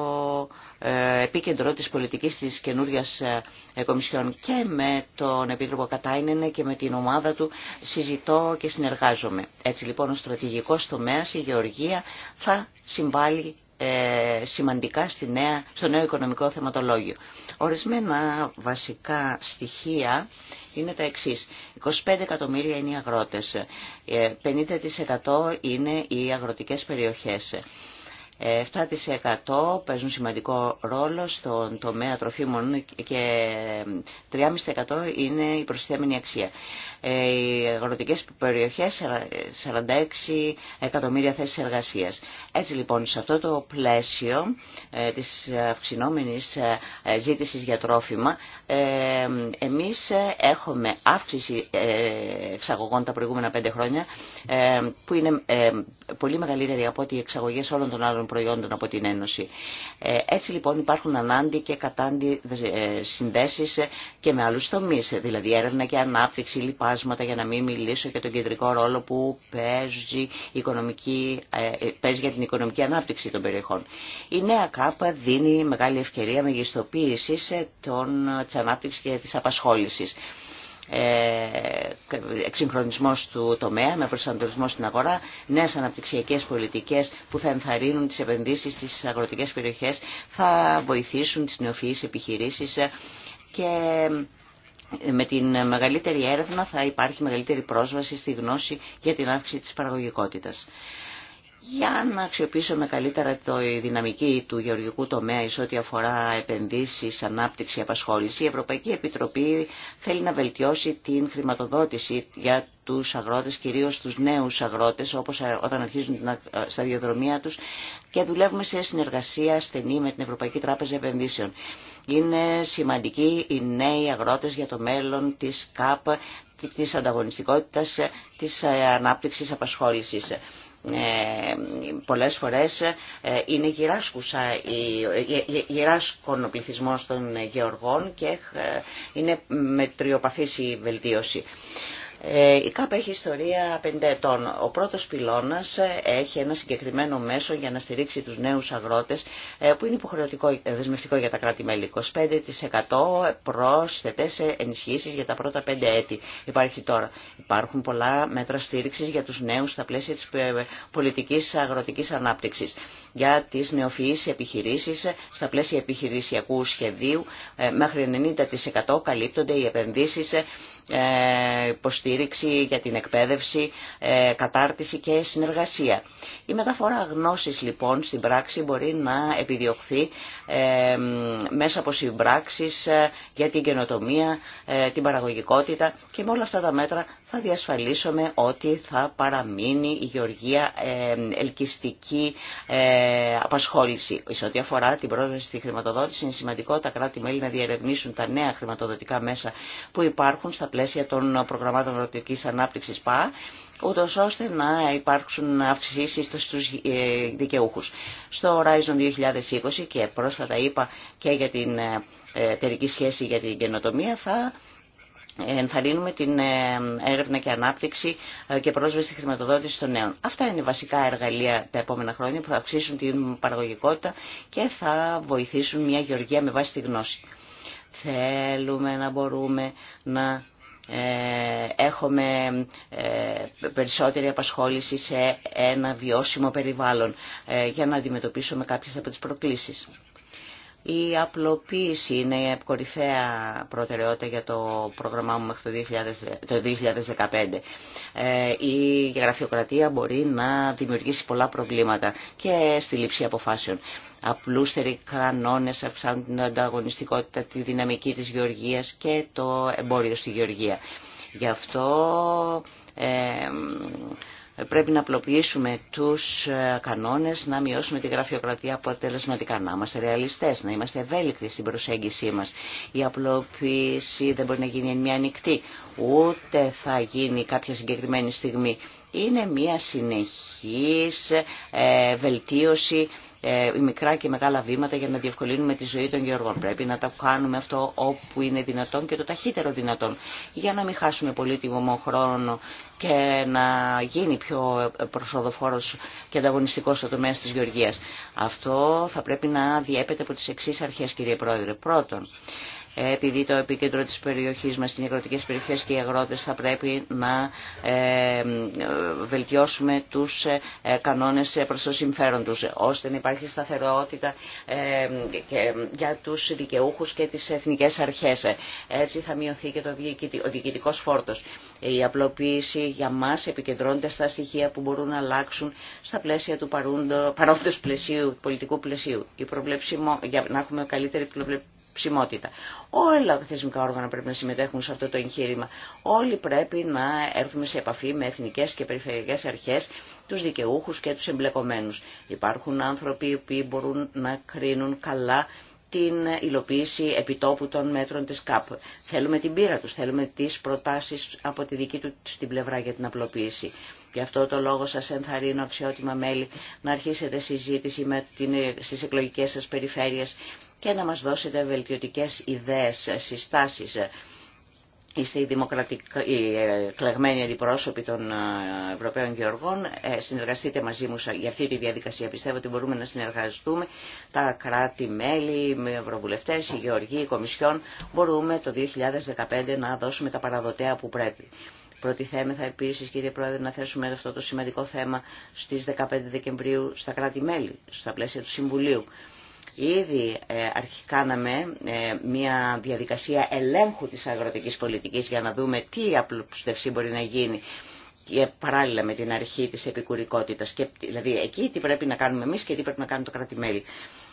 ε, επίκεντρο της πολιτικής της καινούργιας ε, Κομισιόν και με τον Επίτροπο Κατάινενε και με την ομάδα του συζητώ και συνεργάζομαι. Έτσι λοιπόν ο στρατηγικός τομέας η Γεωργία θα συμβάλλει ε, σημαντικά στη νέα, στο νέο οικονομικό θεματολόγιο. Ορισμένα βασικά στοιχεία είναι τα εξής. 25 εκατομμύρια είναι οι αγρότες, 50% είναι οι αγροτικές περιοχές. 7% παίζουν σημαντικό ρόλο στον τομέα τροφίμων και 3,5% είναι η προσθέμενη αξία. Ε, οι αγροτικές περιοχές 46 εκατομμύρια θέσεις εργασίας. Έτσι λοιπόν σε αυτό το πλαίσιο ε, της αυξηνόμενης ε, ζήτησης για τρόφιμα εμείς έχουμε αύξηση εξαγωγών τα προηγούμενα πέντε χρόνια που είναι πολύ μεγαλύτερη από ό,τι οι εξαγωγές όλων των άλλων προϊόντων από την Ένωση. Ε, έτσι λοιπόν υπάρχουν ανάντι και κατάντι ε, συνδέσεις και με άλλου τομείς, δηλαδή έρευνα και ανάπτυξη, λοιπάσματα για να μην μιλήσω και τον κεντρικό ρόλο που παίζει, οικονομική, ε, παίζει για την οικονομική ανάπτυξη των περιοχών. Η νέα ΚΑΠΑ δίνει μεγάλη ευκαιρία μεγιστοποίηση τη της ανάπτυξης και της απασχόλησης. Ε, εξυγχρονισμός του τομέα με προσανατολισμό στην αγορά, νέες αναπτυξιακές πολιτικές που θα ενθαρρύνουν τις επενδύσεις στις αγροτικές περιοχές, θα βοηθήσουν τις νεοφυείς επιχειρήσεις και με την μεγαλύτερη έρευνα θα υπάρχει μεγαλύτερη πρόσβαση στη γνώση για την αύξηση της παραγωγικότητας για να αξιοποιήσουμε καλύτερα τη δυναμική του γεωργικού τομέα σε ό,τι αφορά επενδύσεις, ανάπτυξη, απασχόληση, η Ευρωπαϊκή Επιτροπή θέλει να βελτιώσει την χρηματοδότηση για τους αγρότες, κυρίως τους νέους αγρότες, όπως ε, όταν αρχίζουν ε, στα διαδρομία τους και δουλεύουμε σε συνεργασία στενή με την Ευρωπαϊκή Τράπεζα Επενδύσεων. Είναι σημαντικοί οι νέοι αγρότες για το μέλλον της ΚΑΠ, της ανταγωνιστικότητας, της ε, ανάπτυξης απασχόλησης. Ε, πολλές φορές ε, είναι γυράσκουσα, ε, γυράσκον ο πληθυσμός των γεωργών και είναι μετριοπαθής η βελτίωση. Ε, η ΚΑΠ έχει ιστορία πέντε ετών. Ο πρώτος πυλώνας ε, έχει ένα συγκεκριμένο μέσο για να στηρίξει τους νέους αγρότες ε, που είναι υποχρεωτικό δεσμευτικό για τα κράτη-μέλη. 25% πρόσθετε σε ενισχύσεις για τα πρώτα πέντε έτη υπάρχει τώρα. Υπάρχουν πολλά μέτρα στήριξης για τους νέους στα πλαίσια της πολιτικής αγροτικής ανάπτυξης για τις νεοφυείς επιχειρήσεις στα πλαίσια επιχειρησιακού σχεδίου μέχρι 90% καλύπτονται οι επενδύσει. Ε, υποστήριξη για την εκπαίδευση, ε, κατάρτιση και συνεργασία. Η μεταφορά γνώσης λοιπόν στην πράξη μπορεί να επιδιωχθεί ε, μέσα από συμπράξεις για την καινοτομία, την παραγωγικότητα και με όλα αυτά τα μέτρα θα διασφαλίσουμε ότι θα παραμείνει η γεωργία ελκυστική απασχόληση. Σε ό,τι αφορά την πρόσβαση στη χρηματοδότηση είναι σημαντικό τα κράτη-μέλη να διερευνήσουν τα νέα χρηματοδοτικά μέσα που υπάρχουν στα πλαίσια πλαίσια των προγραμμάτων αγροτικής ανάπτυξης ΠΑ, ούτως ώστε να υπάρξουν αυξήσεις στους ε, δικαιούχους. Στο Horizon 2020 και πρόσφατα είπα και για την ε, εταιρική σχέση για την καινοτομία θα ενθαρρύνουμε την ε, έρευνα και ανάπτυξη και πρόσβαση στη χρηματοδότηση των νέων. Αυτά είναι βασικά εργαλεία τα επόμενα χρόνια που θα αυξήσουν την παραγωγικότητα και θα βοηθήσουν μια γεωργία με βάση τη γνώση. Θέλουμε να μπορούμε να ε, έχουμε ε, περισσότερη απασχόληση σε ένα βιώσιμο περιβάλλον ε, για να αντιμετωπίσουμε κάποιες από τις προκλήσεις. Η απλοποίηση είναι η κορυφαία προτεραιότητα για το πρόγραμμά μου μέχρι το 2015. Η γραφειοκρατία μπορεί να δημιουργήσει πολλά προβλήματα και στη λήψη αποφάσεων απλούστεροι κανόνες αυξάνουν την ανταγωνιστικότητα, τη δυναμική της γεωργίας και το εμπόριο στη γεωργία. Γι' αυτό πρέπει να απλοποιήσουμε τους ε, κανόνες, να μειώσουμε τη γραφειοκρατία αποτελεσματικά, να είμαστε ρεαλιστές, να είμαστε ευέλικτοι στην προσέγγιση μας. Η απλοποίηση δεν μπορεί να γίνει μια ανοιχτή, ούτε θα γίνει κάποια συγκεκριμένη στιγμή. Είναι μια συνεχής ε, βελτίωση ε, οι μικρά και μεγάλα βήματα για να διευκολύνουμε τη ζωή των γεωργών. Πρέπει να τα κάνουμε αυτό όπου είναι δυνατόν και το ταχύτερο δυνατόν για να μην χάσουμε πολύτιμο χρόνο και να γίνει πιο προσοδοφόρος και ανταγωνιστικό στο τομέα της γεωργίας. Αυτό θα πρέπει να διέπεται από τις εξής αρχές κύριε Πρόεδρε. Πρώτον, επειδή το επίκεντρο της περιοχής μας είναι οι αγροτικές περιοχές και οι αγρότες θα πρέπει να ε, βελτιώσουμε τους ε, κανόνες προς το συμφέρον τους, ώστε να υπάρχει σταθερότητα ε, για τους δικαιούχους και τις εθνικές αρχές. Έτσι θα μειωθεί και το ο διοικητικός φόρτος. Η απλοποίηση για μας επικεντρώνεται στα στοιχεία που μπορούν να αλλάξουν στα πλαίσια του παρόντος πλαισίου, πολιτικού πλαισίου. Η για να έχουμε καλύτερη Όλα τα θεσμικά όργανα πρέπει να συμμετέχουν σε αυτό το εγχείρημα. Όλοι πρέπει να έρθουμε σε επαφή με εθνικές και περιφερειακές αρχές, τους δικαιούχους και τους εμπλεκομένους. Υπάρχουν άνθρωποι που μπορούν να κρίνουν καλά την υλοποίηση επιτόπου των μέτρων της ΚΑΠ. Θέλουμε την πείρα τους, θέλουμε τις προτάσεις από τη δική του στην πλευρά για την απλοποίηση. Γι' αυτό το λόγο σας ενθαρρύνω αξιότιμα μέλη να αρχίσετε συζήτηση με την, στις εκλογικές σας περιφέρειες και να μας δώσετε βελτιωτικές ιδέες, συστάσεις. Είστε οι οι ε, κλεγμένοι αντιπρόσωποι των ε, Ευρωπαίων Γεωργών. Ε, συνεργαστείτε μαζί μου για αυτή τη διαδικασία. Πιστεύω ότι μπορούμε να συνεργαστούμε τα κράτη-μέλη, οι ευρωβουλευτέ, οι γεωργοί, οι κομισιόν. Μπορούμε το 2015 να δώσουμε τα παραδοτέα που πρέπει. Πρώτη θέμα θα επίση, κύριε Πρόεδρε, να θέσουμε αυτό το σημαντικό θέμα στι 15 Δεκεμβρίου στα κράτη-μέλη, στα πλαίσια του Συμβουλίου. Ήδη ε, αρχικάναμε ε, μια διαδικασία ελέγχου της αγροτικής πολιτικής για να δούμε τι απλουστευσή μπορεί να γίνει και παράλληλα με την αρχή της επικουρικότητας. Και, δηλαδή εκεί τι πρέπει να κάνουμε εμείς και τι πρέπει να κάνει το κράτη-μέλη.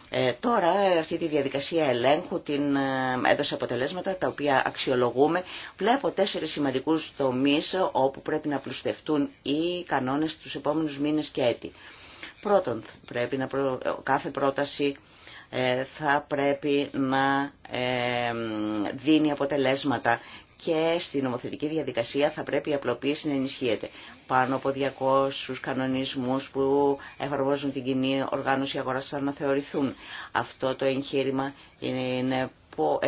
Ε, τώρα αυτή τη διαδικασία ελέγχου την ε, έδωσε αποτελέσματα τα οποία αξιολογούμε. Βλέπω τέσσερις σημαντικούς τομείς όπου πρέπει να πλουστευτούν οι κανόνες τους επόμενους μήνες και έτη. Πρώτον, πρέπει να προ... κάθε πρόταση ε, θα πρέπει να ε, δίνει αποτελέσματα και στη νομοθετική διαδικασία θα πρέπει η απλοποίηση να ενισχύεται. Πάνω από 200 κανονισμούς που εφαρμόζουν την κοινή οργάνωση αγοράς θα αναθεωρηθούν. Αυτό το εγχείρημα είναι που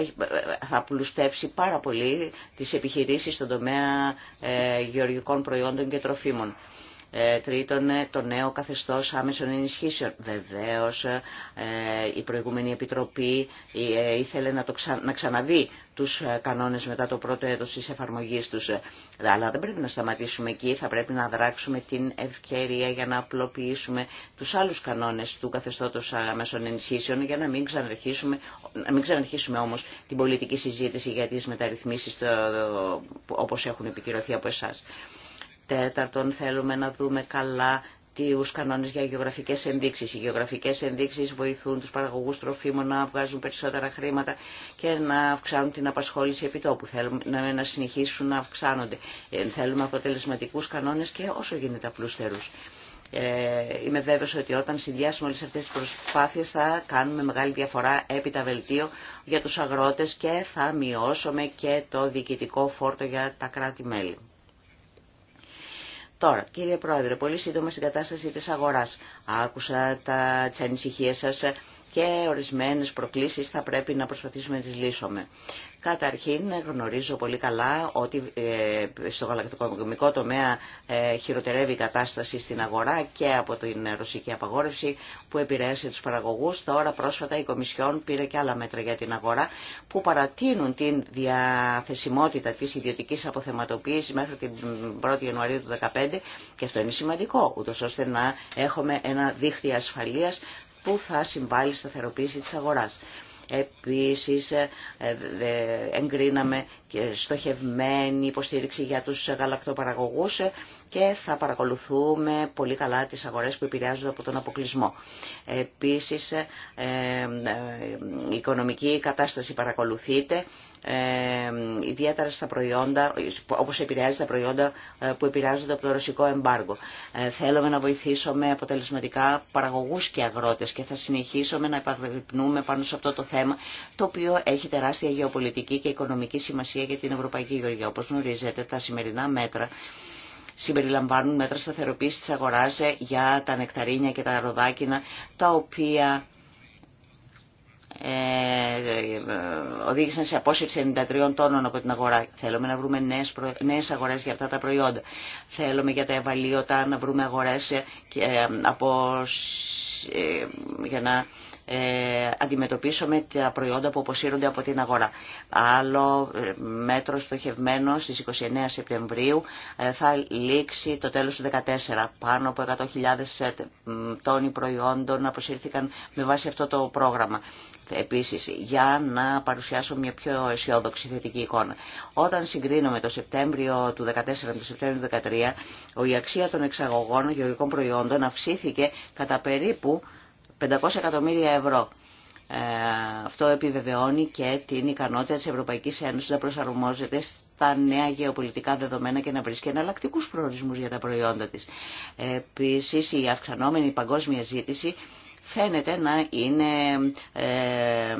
θα πλουστεύσει πάρα πολύ τις επιχειρήσεις στον τομέα ε, γεωργικών προϊόντων και τροφίμων. Ε, τρίτον, ε, το νέο καθεστώς άμεσων ενισχύσεων. Βεβαίως, ε, η προηγούμενη Επιτροπή ήθελε να, το να ξαναδεί τους κανόνες μετά το πρώτο έτος της εφαρμογής τους. Αλλά δεν πρέπει να σταματήσουμε εκεί, θα πρέπει να δράξουμε την ευκαιρία για να απλοποιήσουμε τους άλλους κανόνες του καθεστώτος άμεσων ενισχύσεων για να μην ξαναρχίσουμε, να μην όμως την πολιτική συζήτηση για τις μεταρρυθμίσεις το, όπως έχουν επικυρωθεί από εσάς. Τέταρτον, θέλουμε να δούμε καλά τους κανόνες για γεωγραφικές ενδείξεις. Οι γεωγραφικές ενδείξεις βοηθούν τους παραγωγούς τροφίμων να βγάζουν περισσότερα χρήματα και να αυξάνουν την απασχόληση επί τόπου. Θέλουμε να συνεχίσουν να αυξάνονται. Ε, θέλουμε αποτελεσματικούς κανόνες και όσο γίνεται απλούστερους. Ε, είμαι βέβαιος ότι όταν συνδυάσουμε όλες αυτές τις προσπάθειες θα κάνουμε μεγάλη διαφορά τα βελτίο για τους αγρότες και θα μειώσουμε και το διοικητικό φόρτο για τα κράτη-μέλη. Τώρα, κύριε Πρόεδρε, πολύ σύντομα στην κατάσταση της αγοράς. Άκουσα τα ανησυχίε σας και ορισμένες προκλήσεις θα πρέπει να προσπαθήσουμε να τις λύσουμε. Καταρχήν γνωρίζω πολύ καλά ότι ε, στο γαλακτοκομικό τομέα ε, χειροτερεύει η κατάσταση στην αγορά και από την ρωσική απαγόρευση που επηρέασε τους παραγωγούς. Τώρα πρόσφατα η Κομισιόν πήρε και άλλα μέτρα για την αγορά που παρατείνουν την διαθεσιμότητα της ιδιωτικής αποθεματοποίησης μέχρι την 1η Ιανουαρίου του 2015 και αυτό είναι σημαντικό, ούτως ώστε να έχουμε ένα δίχτυ ασφαλείας που θα συμβάλλει στη σταθεροποίηση της αγοράς. Επίσης ε, εγκρίναμε και στοχευμένη υποστήριξη για τους γαλακτοπαραγωγούς και θα παρακολουθούμε πολύ καλά τις αγορές που επηρεάζονται από τον αποκλεισμό. Επίσης ε, ε, η οικονομική κατάσταση παρακολουθείται ιδιαίτερα στα προϊόντα, όπως επηρεάζει τα προϊόντα ε, που επηρεάζονται από το ρωσικό εμπάργο. Ε, θέλουμε να βοηθήσουμε αποτελεσματικά παραγωγούς και αγρότες και θα συνεχίσουμε να επαγρυπνούμε πάνω σε αυτό το θέμα, το οποίο έχει τεράστια γεωπολιτική και οικονομική σημασία για την Ευρωπαϊκή Γεωργία. Όπως γνωρίζετε, τα σημερινά μέτρα συμπεριλαμβάνουν μέτρα σταθεροποίησης της αγοράς ε, για τα νεκταρίνια και τα ροδάκινα, τα οποία ε, οδήγησαν σε απόσυρση 93 τόνων από την αγορά. Θέλουμε να βρούμε νέες, προ... νέες αγορές για αυτά τα προϊόντα. Θέλουμε για τα ευαλείωτα να βρούμε αγορές ε, ε, από... για να ε, αντιμετωπίσουμε τα προϊόντα που αποσύρονται από την αγορά. Άλλο ε, μέτρο στοχευμένο στις 29 Σεπτεμβρίου ε, θα λήξει το τέλος του 2014. Πάνω από 100.000 τόνοι προϊόντων αποσύρθηκαν με βάση αυτό το πρόγραμμα. Επίσης, για να παρουσιάσω μια πιο αισιόδοξη θετική εικόνα. Όταν συγκρίνουμε το Σεπτέμβριο του 2014 με το Σεπτέμβριο του 2013, η αξία των εξαγωγών γεωργικών προϊόντων αυξήθηκε κατά περίπου 500 εκατομμύρια ευρώ. Ε, αυτό επιβεβαιώνει και την ικανότητα της Ευρωπαϊκής Ένωσης να προσαρμόζεται στα νέα γεωπολιτικά δεδομένα και να βρίσκει εναλλακτικού προορισμούς για τα προϊόντα της. Επίσης, η αυξανόμενη παγκόσμια ζήτηση φαίνεται να είναι ε,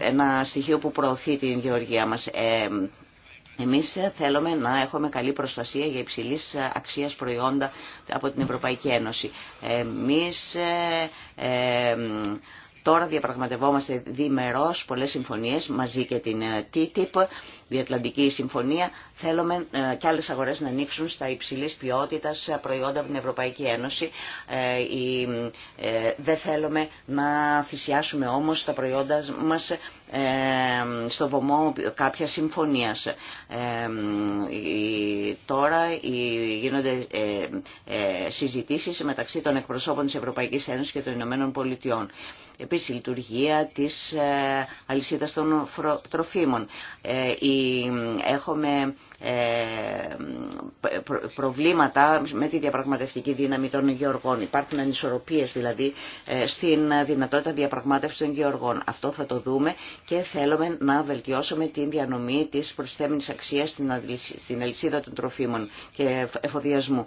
ένα στοιχείο που προωθεί την γεωργία μας. Ε, εμείς θέλουμε να έχουμε καλή προστασία για υψηλής αξίας προϊόντα από την Ευρωπαϊκή Ένωση. Εμείς ε, ε, τώρα διαπραγματευόμαστε διμερώς πολλές συμφωνίες μαζί και την ε, TTIP, Διατλαντική Συμφωνία. Θέλουμε και άλλες αγορές να ανοίξουν στα υψηλής ποιότητας προϊόντα από την Ευρωπαϊκή Ένωση. Δεν θέλουμε να θυσιάσουμε όμως τα προϊόντα μας στο βωμό κάποια συμφωνίας. Τώρα γίνονται ε, ε, συζητήσεις μεταξύ των εκπροσώπων της Ευρωπαϊκής Ένωσης και των Ηνωμένων Πολιτειών. Επίσης η λειτουργία της ε, αλυσίδας των τροφίμων. Ε, έχουμε ε, προβλήματα με τη διαπραγματευτική δύναμη των γεωργών. Υπάρχουν ανισορροπίες δηλαδή στην δυνατότητα διαπραγμάτευσης των γεωργών. Αυτό θα το δούμε και θέλουμε να βελτιώσουμε την διανομή της προσθέμενης αξίας στην αλυσίδα των τροφίμων και εφοδιασμού.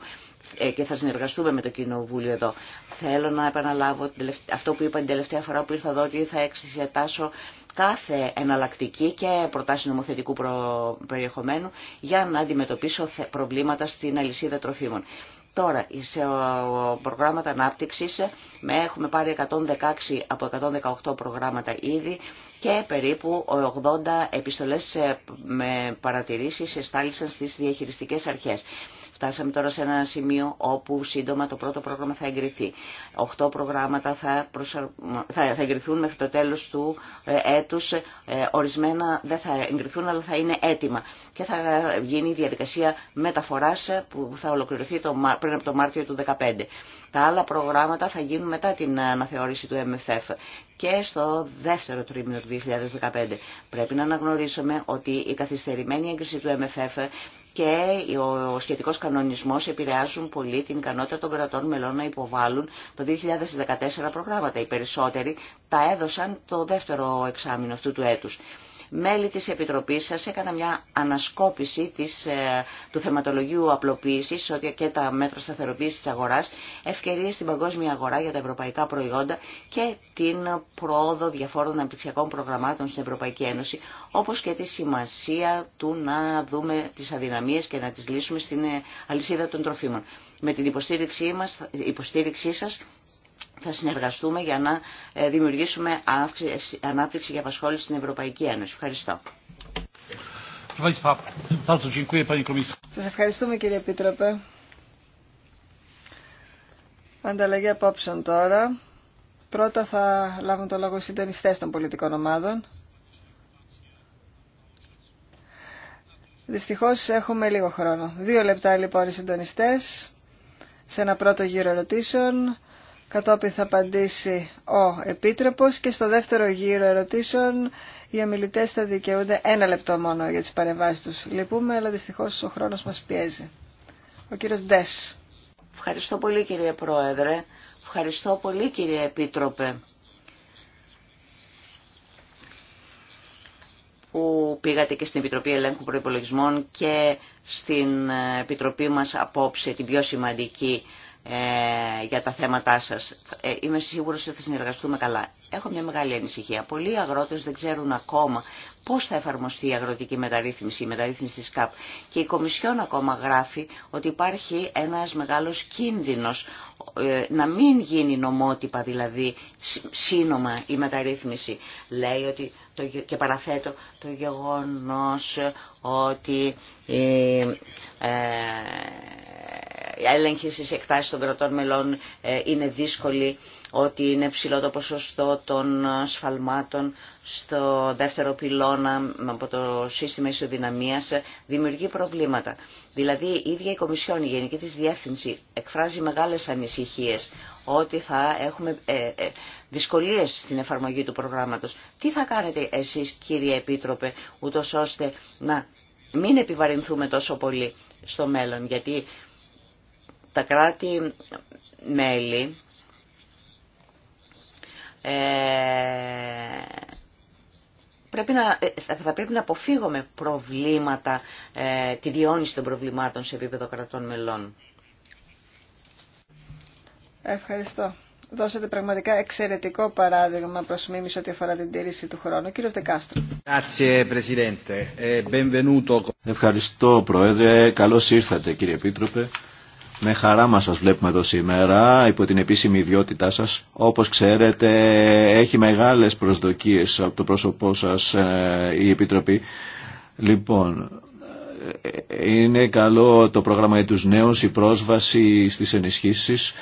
Ε, και θα συνεργαστούμε με το Κοινοβούλιο εδώ. Θέλω να επαναλάβω αυτό που είπα την τελευταία φορά που ήρθα εδώ ότι θα εξετάσω κάθε εναλλακτική και προτάση νομοθετικού περιεχομένου για να αντιμετωπίσω προβλήματα στην αλυσίδα τροφίμων. Τώρα, σε προγράμματα ανάπτυξη, έχουμε πάρει 116 από 118 προγράμματα ήδη και περίπου 80 επιστολές ε, με παρατηρήσεις εστάλησαν στις διαχειριστικές αρχές. Φτάσαμε τώρα σε ένα σημείο όπου σύντομα το πρώτο πρόγραμμα θα εγκριθεί. Οχτώ προγράμματα θα, θα, εγκριθούν μέχρι το τέλος του ε, έτους. Ε, ορισμένα δεν θα εγκριθούν αλλά θα είναι έτοιμα. Και θα γίνει η διαδικασία μεταφοράς ε, που θα ολοκληρωθεί το... πριν από το Μάρτιο του 2015. Τα άλλα προγράμματα θα γίνουν μετά την αναθεώρηση του MFF και στο δεύτερο τρίμηνο του 2015. Πρέπει να αναγνωρίσουμε ότι η καθυστερημένη έγκριση του MFF και ο σχετικός κανονισμός επηρεάζουν πολύ την ικανότητα των κρατών μελών να υποβάλουν το 2014 προγράμματα. Οι περισσότεροι τα έδωσαν το δεύτερο εξάμεινο αυτού του έτους μέλη της Επιτροπής σας έκανα μια ανασκόπηση της, ε, του θεματολογίου απλοποίησης και τα μέτρα σταθεροποίησης της αγοράς, ευκαιρίες στην παγκόσμια αγορά για τα ευρωπαϊκά προϊόντα και την πρόοδο διαφόρων αναπτυξιακών προγραμμάτων στην Ευρωπαϊκή Ένωση, όπως και τη σημασία του να δούμε τις αδυναμίες και να τις λύσουμε στην ε, αλυσίδα των τροφίμων. Με την υποστήριξή, μας, υποστήριξή σας θα συνεργαστούμε για να ε, δημιουργήσουμε ανάπτυξη και απασχόληση στην Ευρωπαϊκή Ένωση. Ευχαριστώ. Σας ευχαριστούμε κύριε Επίτροπε. Ανταλλαγή απόψεων τώρα. Πρώτα θα λάβουν το λόγο οι συντονιστές των πολιτικών ομάδων. Δυστυχώς έχουμε λίγο χρόνο. Δύο λεπτά λοιπόν οι συντονιστές σε ένα πρώτο γύρο ερωτήσεων. Κατόπιν θα απαντήσει ο Επίτροπος και στο δεύτερο γύρο ερωτήσεων οι ομιλητέ θα δικαιούνται ένα λεπτό μόνο για τις παρεμβάσεις τους. Λυπούμε, αλλά δυστυχώς ο χρόνος μας πιέζει. Ο κύριος Ντες. Ευχαριστώ πολύ κύριε Πρόεδρε. Ευχαριστώ πολύ κύριε Επίτροπε. που πήγατε και στην Επιτροπή Ελέγχου Προϋπολογισμών και στην Επιτροπή μας απόψε, την πιο σημαντική ε, για τα θέματά σας. Ε, είμαι σίγουρος ότι θα συνεργαστούμε καλά. Έχω μια μεγάλη ανησυχία. Πολλοί αγρότες δεν ξέρουν ακόμα πώς θα εφαρμοστεί η αγροτική μεταρρύθμιση, η μεταρρύθμιση της ΚΑΠ. Και η Κομισιόν ακόμα γράφει ότι υπάρχει ένας μεγάλος κίνδυνος ε, να μην γίνει νομότυπα δηλαδή σύνομα η μεταρρύθμιση. Λέει ότι, το, και παραθέτω, το γεγονός ότι... Ε, ε, ε, έλεγχη στις εκτάσεις των κρατών μελών ε, είναι δύσκολη, ότι είναι ψηλό το ποσοστό των ε, σφαλμάτων στο δεύτερο πυλώνα από το σύστημα ισοδυναμίας, δημιουργεί προβλήματα. Δηλαδή η ίδια η Κομισιόν, η Γενική της Διεύθυνση, εκφράζει μεγάλες ανησυχίες ότι θα έχουμε ε, ε, δυσκολίες στην εφαρμογή του προγράμματος. Τι θα κάνετε εσείς κύριε Επίτροπε, ούτως ώστε να μην επιβαρυνθούμε τόσο πολύ στο μέλλον, τα κράτη-μέλη ε, πρέπει να, ε, θα πρέπει να αποφύγουμε προβλήματα, ε, τη διόνυση των προβλημάτων σε επίπεδο κρατών μελών. Ευχαριστώ. Δώσατε πραγματικά εξαιρετικό παράδειγμα προς μίμηση ό,τι αφορά την τήρηση του χρόνου. Κύριος Δεκάστρο. Ε, Ευχαριστώ Πρόεδρε. Καλώς ήρθατε κύριε Επίτροπε. Με χαρά μας σας βλέπουμε εδώ σήμερα υπό την επίσημη ιδιότητά σας. Όπως ξέρετε έχει μεγάλες προσδοκίες από το πρόσωπό σας ε, η Επιτροπή. Λοιπόν, ε, είναι καλό το πρόγραμμα για τους νέους, η πρόσβαση στις ενισχύσεις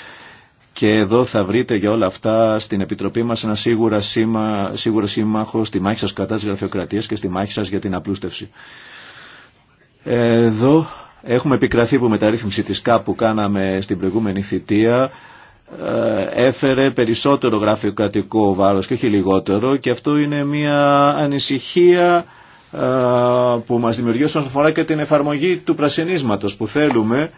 και εδώ θα βρείτε για όλα αυτά στην Επιτροπή μας ένα σίγουρο σίγουρο σύμμαχο στη μάχη σας κατά της γραφειοκρατίας και στη μάχη σας για την απλούστευση. Εδώ Έχουμε επικραθεί που μεταρρύθμιση της ΚΑΠ που κάναμε στην προηγούμενη θητεία ε, έφερε περισσότερο γραφειοκρατικό βάρος και όχι λιγότερο και αυτό είναι μια ανησυχία ε, που μας δημιουργεί όσον αφορά και την εφαρμογή του πρασινίσματος που θέλουμε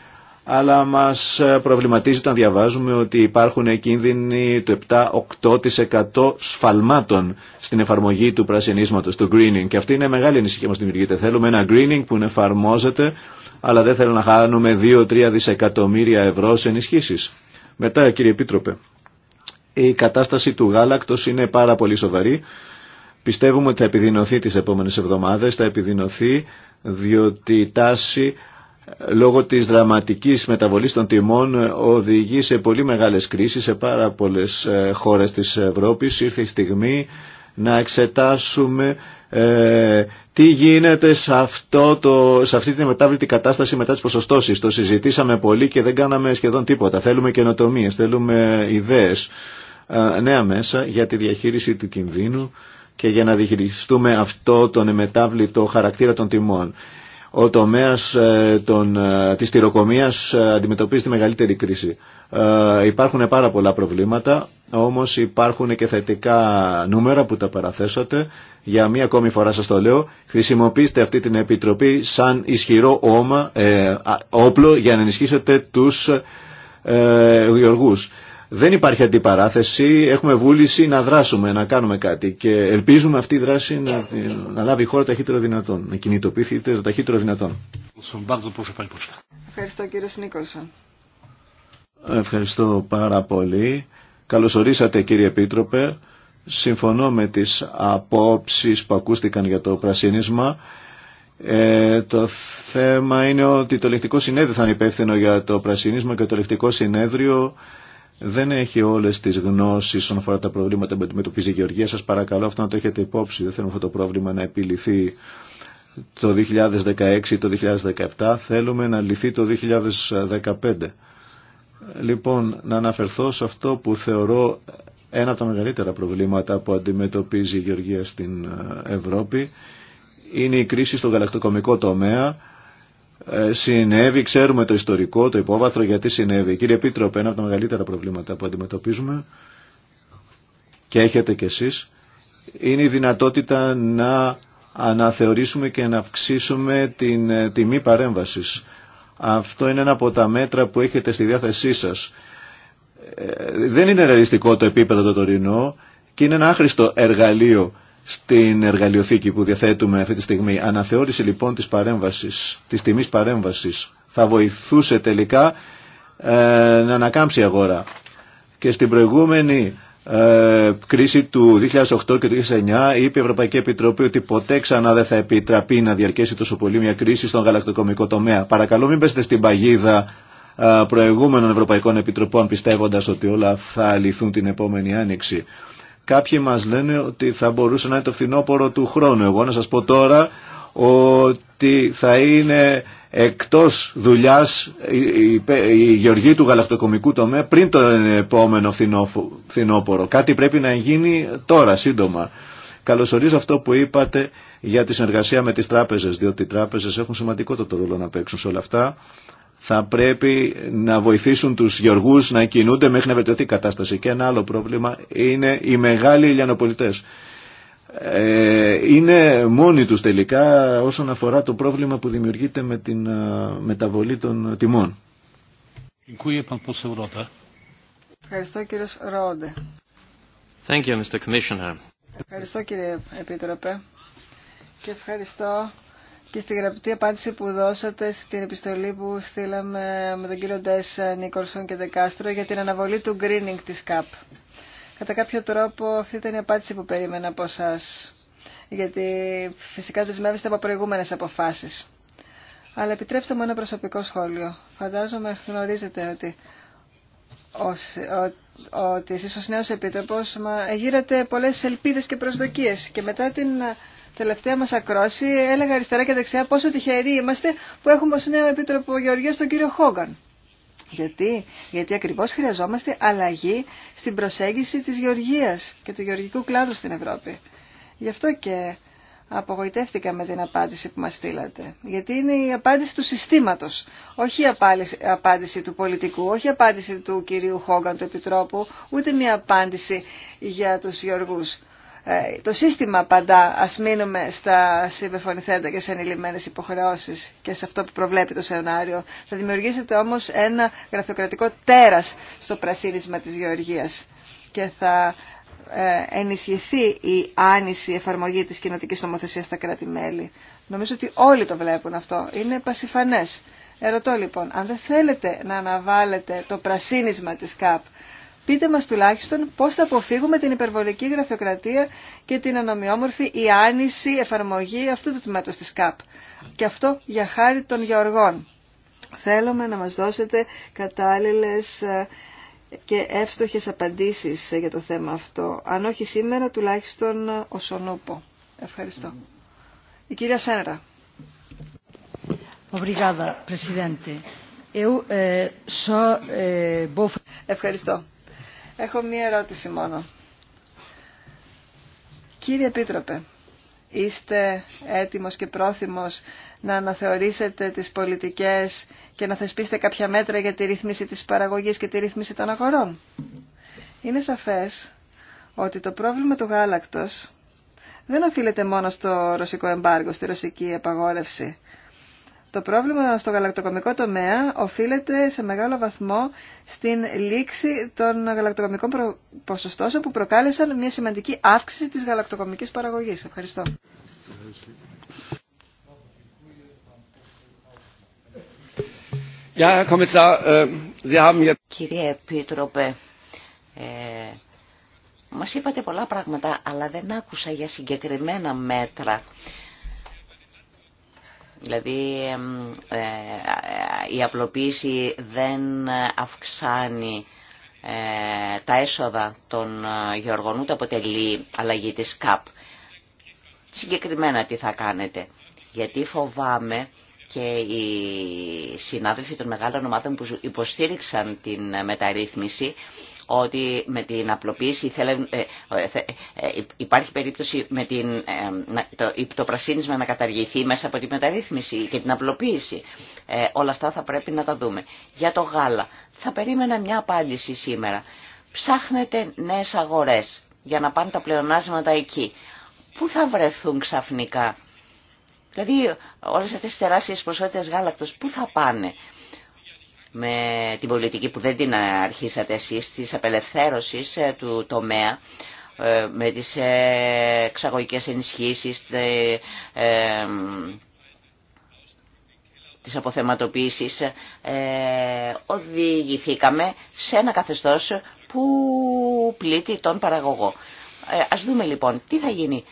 αλλά μας προβληματίζει όταν διαβάζουμε ότι υπάρχουν κίνδυνοι του 7-8% σφαλμάτων στην εφαρμογή του πρασινίσματος, του greening. Και αυτή είναι μεγάλη ανησυχία μας δημιουργείται. Θέλουμε ένα greening που εφαρμόζεται αλλά δεν θέλω να χάνουμε 2-3 δισεκατομμύρια ευρώ σε ενισχύσεις. Μετά, κύριε Επίτροπε, η κατάσταση του γάλακτος είναι πάρα πολύ σοβαρή. Πιστεύουμε ότι θα επιδεινωθεί τις επόμενες εβδομάδες, θα επιδεινωθεί διότι η τάση λόγω της δραματικής μεταβολής των τιμών οδηγεί σε πολύ μεγάλες κρίσεις σε πάρα πολλές ε, χώρες της Ευρώπης. Ήρθε η στιγμή να εξετάσουμε ε, τι γίνεται σε, αυτό το, σε αυτή την μετάβλητη κατάσταση μετά τις ποσοστώσεις. Το συζητήσαμε πολύ και δεν κάναμε σχεδόν τίποτα. Θέλουμε καινοτομίες, θέλουμε ιδέες, ε, νέα μέσα για τη διαχείριση του κινδύνου και για να διαχειριστούμε αυτό τον μετάβλητο χαρακτήρα των τιμών ο τομέας ε, των, ε, της τυροκομείας ε, αντιμετωπίζει τη μεγαλύτερη κρίση. Ε, υπάρχουν πάρα πολλά προβλήματα, όμως υπάρχουν και θετικά νούμερα που τα παραθέσατε. Για μία ακόμη φορά σας το λέω, χρησιμοποιήστε αυτή την Επιτροπή σαν ισχυρό όμα, όπλο για να ενισχύσετε τους ε, δεν υπάρχει αντιπαράθεση, έχουμε βούληση να δράσουμε, να κάνουμε κάτι και ελπίζουμε αυτή η δράση να, λάβει η χώρα το ταχύτερο δυνατόν, να κινητοποιηθεί το ταχύτερο δυνατόν. Ευχαριστώ κύριε Σνίκολσον. Ευχαριστώ πάρα πολύ. Καλωσορίσατε κύριε Επίτροπε. Συμφωνώ με τις απόψεις που ακούστηκαν για το πρασίνισμα. Ε, το θέμα είναι ότι το λεκτικό συνέδριο θα είναι υπεύθυνο για το πρασίνισμα και το λεκτικό συνέδριο δεν έχει όλε τι γνώσει όσον αφορά τα προβλήματα που αντιμετωπίζει η Γεωργία. Σα παρακαλώ αυτό να το έχετε υπόψη. Δεν θέλουμε αυτό το πρόβλημα να επιληθεί το 2016 ή το 2017. Θέλουμε να λυθεί το 2015. Λοιπόν, να αναφερθώ σε αυτό που θεωρώ ένα από τα μεγαλύτερα προβλήματα που αντιμετωπίζει η Γεωργία στην ε, Ευρώπη. Είναι η κρίση στον γαλακτοκομικό τομέα ε, συνέβη, ξέρουμε το ιστορικό, το υπόβαθρο γιατί συνέβη. Κύριε Επίτροπε, ένα από τα μεγαλύτερα προβλήματα που αντιμετωπίζουμε και έχετε κι εσείς, είναι η δυνατότητα να αναθεωρήσουμε και να αυξήσουμε την ε, τιμή παρέμβασης. Αυτό είναι ένα από τα μέτρα που έχετε στη διάθεσή σας. Ε, δεν είναι ρεαλιστικό το επίπεδο το τωρινό και είναι ένα άχρηστο εργαλείο στην εργαλειοθήκη που διαθέτουμε αυτή τη στιγμή. Αναθεώρηση λοιπόν της παρέμβασης, της τιμής παρέμβασης θα βοηθούσε τελικά ε, να ανακάμψει η αγορά. Και στην προηγούμενη ε, κρίση του 2008 και του 2009 είπε η Ευρωπαϊκή Επιτροπή ότι ποτέ ξανά δεν θα επιτραπεί να διαρκέσει τόσο πολύ μια κρίση στον γαλακτοκομικό τομέα. Παρακαλώ μην πέστε στην παγίδα ε, προηγούμενων Ευρωπαϊκών Επιτροπών πιστεύοντας ότι όλα θα λυθούν την επόμενη άνοιξη. Κάποιοι μας λένε ότι θα μπορούσε να είναι το φθινόπωρο του χρόνου. Εγώ να σας πω τώρα ότι θα είναι εκτός δουλειάς η γεωργία του γαλακτοκομικού τομέα πριν το επόμενο φθινόπωρο. Κάτι πρέπει να γίνει τώρα σύντομα. Καλωσορίζω αυτό που είπατε για τη συνεργασία με τις τράπεζες, διότι οι τράπεζες έχουν το ρόλο να παίξουν σε όλα αυτά θα πρέπει να βοηθήσουν τους γεωργούς να κινούνται μέχρι να βελτιωθεί η κατάσταση. Και ένα άλλο πρόβλημα είναι οι μεγάλοι ηλιανοπολιτές. Ε, είναι μόνοι τους τελικά όσον αφορά το πρόβλημα που δημιουργείται με την ε, μεταβολή των τιμών. Ευχαριστώ κύριε Ρόντε. Thank you, Mr. Commissioner. Ευχαριστώ κύριε Επίτροπε και ευχαριστώ και στη γραπτή απάντηση που δώσατε στην επιστολή που στείλαμε με τον κύριο Ντές Νίκολσον και Δεκάστρο για την αναβολή του greening της ΚΑΠ. Κατά κάποιο τρόπο αυτή ήταν η απάντηση που περίμενα από εσά. Γιατί φυσικά δεσμεύεστε από προηγούμενε αποφάσει. Αλλά επιτρέψτε μου ένα προσωπικό σχόλιο. Φαντάζομαι γνωρίζετε ότι, ως, ο, ότι εσείς ως νέος επίτροπος μα, γύρατε πολλές ελπίδες και προσδοκίες και μετά την τελευταία μας ακρόση έλεγα αριστερά και δεξιά πόσο τυχεροί είμαστε που έχουμε ως νέο Επίτροπο Γεωργία τον κύριο Χόγκαν. Γιατί, Γιατί ακριβώς χρειαζόμαστε αλλαγή στην προσέγγιση της γεωργίας και του γεωργικού κλάδου στην Ευρώπη. Γι' αυτό και απογοητεύτηκα με την απάντηση που μας στείλατε. Γιατί είναι η απάντηση του συστήματος, όχι η απάντηση του πολιτικού, όχι η απάντηση του κυρίου Χόγκαν του Επιτρόπου, ούτε μια απάντηση για τους γεωργούς. Ε, το σύστημα παντά ας μείνουμε στα συμπεφωνηθέντα και σε ανηλυμένες υποχρεώσεις και σε αυτό που προβλέπει το σενάριο. Θα δημιουργήσετε όμως ένα γραφειοκρατικό τέρας στο πρασίνισμα της γεωργίας και θα ε, ενισχυθεί η άνηση εφαρμογή της κοινοτικής νομοθεσίας στα κράτη-μέλη. Νομίζω ότι όλοι το βλέπουν αυτό. Είναι πασιφανές. Ερωτώ λοιπόν, αν δεν θέλετε να αναβάλλετε το πρασίνισμα της ΚΑΠ, πείτε μας τουλάχιστον πώς θα αποφύγουμε την υπερβολική γραφειοκρατία και την ανομοιόμορφη ή άνηση εφαρμογή αυτού του τμήματος της ΚΑΠ. Και αυτό για χάρη των γεωργών. Θέλουμε να μας δώσετε κατάλληλες ε, και εύστοχες απαντήσεις για το θέμα αυτό. Αν όχι σήμερα, τουλάχιστον όσον ε, Ευχαριστώ. Η κυρία Σένρα. Ε, Ευχαριστώ. Έχω μία ερώτηση μόνο. Κύριε Επίτροπε, είστε έτοιμος και πρόθυμος να αναθεωρήσετε τις πολιτικές και να θεσπίσετε κάποια μέτρα για τη ρύθμιση της παραγωγής και τη ρύθμιση των αγορών. Είναι σαφές ότι το πρόβλημα του γάλακτος δεν οφείλεται μόνο στο ρωσικό εμπάργο, στη ρωσική επαγόρευση, το πρόβλημα στο γαλακτοκομικό τομέα οφείλεται σε μεγάλο βαθμό στην λήξη των γαλακτοκομικών ποσοστώσεων που προκάλεσαν μια σημαντική αύξηση της γαλακτοκομικής παραγωγής. Ευχαριστώ. Äh, Κύριε Επίτροπε, ε, μας είπατε πολλά πράγματα, αλλά δεν άκουσα για συγκεκριμένα μέτρα. Δηλαδή ε, η απλοποίηση δεν αυξάνει ε, τα έσοδα των ε, γεωργών, ούτε αποτελεί αλλαγή της ΚΑΠ. Συγκεκριμένα τι θα κάνετε. Γιατί φοβάμαι και οι συνάδελφοι των μεγάλων ομάδων που υποστήριξαν την μεταρρύθμιση ότι με την απλοποίηση ε, ε, ε, υπάρχει περίπτωση με την, το, πρασίνισμα να καταργηθεί μέσα από τη μεταρρύθμιση και την απλοποίηση. όλα αυτά θα πρέπει να τα δούμε. Για το γάλα, θα περίμενα μια απάντηση σήμερα. Ψάχνετε νέες αγορές για να πάνε τα πλεονάσματα εκεί. Πού θα βρεθούν ξαφνικά. Δηλαδή όλες αυτές τις τεράστιες ποσότητες γάλακτος πού θα πάνε με την πολιτική που δεν την αρχίσατε εσείς της απελευθέρωσης ε, του τομέα ε, με τις ε, εξαγωγικές ενισχύσεις, τις αποθεματοποίησεις, οδηγηθήκαμε σε ένα καθεστώς που πλήττει τον παραγωγό. Ας δούμε λοιπόν τι θα γίνει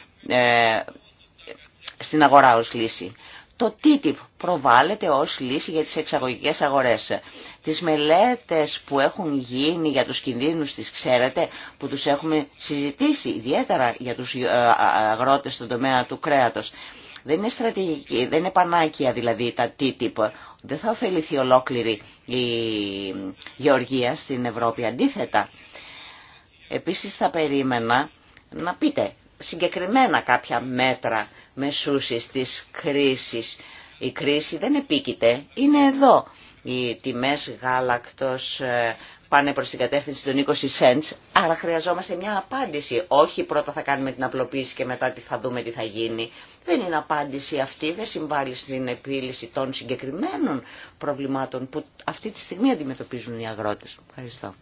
στην αγορά ως λύση. Το TTIP προβάλλεται ως λύση για τις εξαγωγικές αγορές. Τις μελέτες που έχουν γίνει για τους κινδύνους τις ξέρετε, που τους έχουμε συζητήσει ιδιαίτερα για τους ε, αγρότες στον τομέα του κρέατος. Δεν είναι στρατηγική, δεν είναι πανάκια δηλαδή τα TTIP. Δεν θα ωφεληθεί ολόκληρη η γεωργία στην Ευρώπη. Αντίθετα, επίσης θα περίμενα να πείτε συγκεκριμένα κάποια μέτρα μεσούσης της κρίσης. Η κρίση δεν επίκειται, είναι εδώ. Οι τιμές γάλακτος ε, πάνε προς την κατεύθυνση των 20 cents, άρα χρειαζόμαστε μια απάντηση. Όχι πρώτα θα κάνουμε την απλοποίηση και μετά τι θα δούμε τι θα γίνει. Δεν είναι απάντηση αυτή, δεν συμβάλλει στην επίλυση των συγκεκριμένων προβλημάτων που αυτή τη στιγμή αντιμετωπίζουν οι αγρότες. Ευχαριστώ.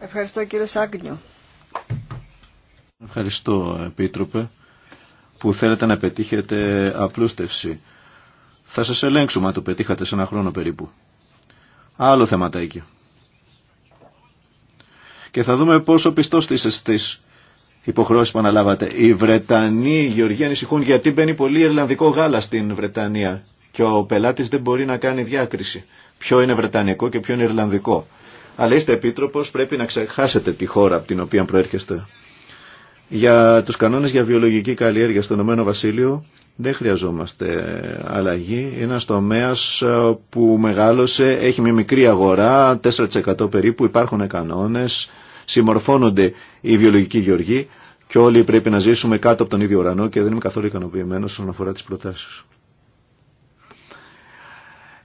Ευχαριστώ κύριε Σάγκνιου. Ευχαριστώ, Επίτροπε, που θέλετε να πετύχετε απλούστευση. Θα σας ελέγξουμε αν το πετύχατε σε ένα χρόνο περίπου. Άλλο θεματάκι. Και θα δούμε πόσο πιστός είστε στις υποχρεώσεις που αναλάβατε. Οι Βρετανοί, οι Γεωργοί ανησυχούν γιατί μπαίνει πολύ Ιρλανδικό γάλα στην Βρετανία και ο πελάτης δεν μπορεί να κάνει διάκριση. Ποιο είναι Βρετανικό και ποιο είναι Ιρλανδικό. Αλλά είστε επίτροπος, πρέπει να ξεχάσετε τη χώρα από την οποία προέρχεστε. Για τους κανόνες για βιολογική καλλιέργεια στον Ηνωμένο Βασίλειο δεν χρειαζόμαστε αλλαγή. Είναι ένας τομέας ε, που μεγάλωσε, έχει μια μικρή αγορά, 4% περίπου, υπάρχουν κανόνες, συμμορφώνονται οι βιολογικοί γεωργοί και όλοι πρέπει να ζήσουμε κάτω από τον ίδιο ουρανό και δεν είμαι καθόλου ικανοποιημένος όσον αφορά τις προτάσεις.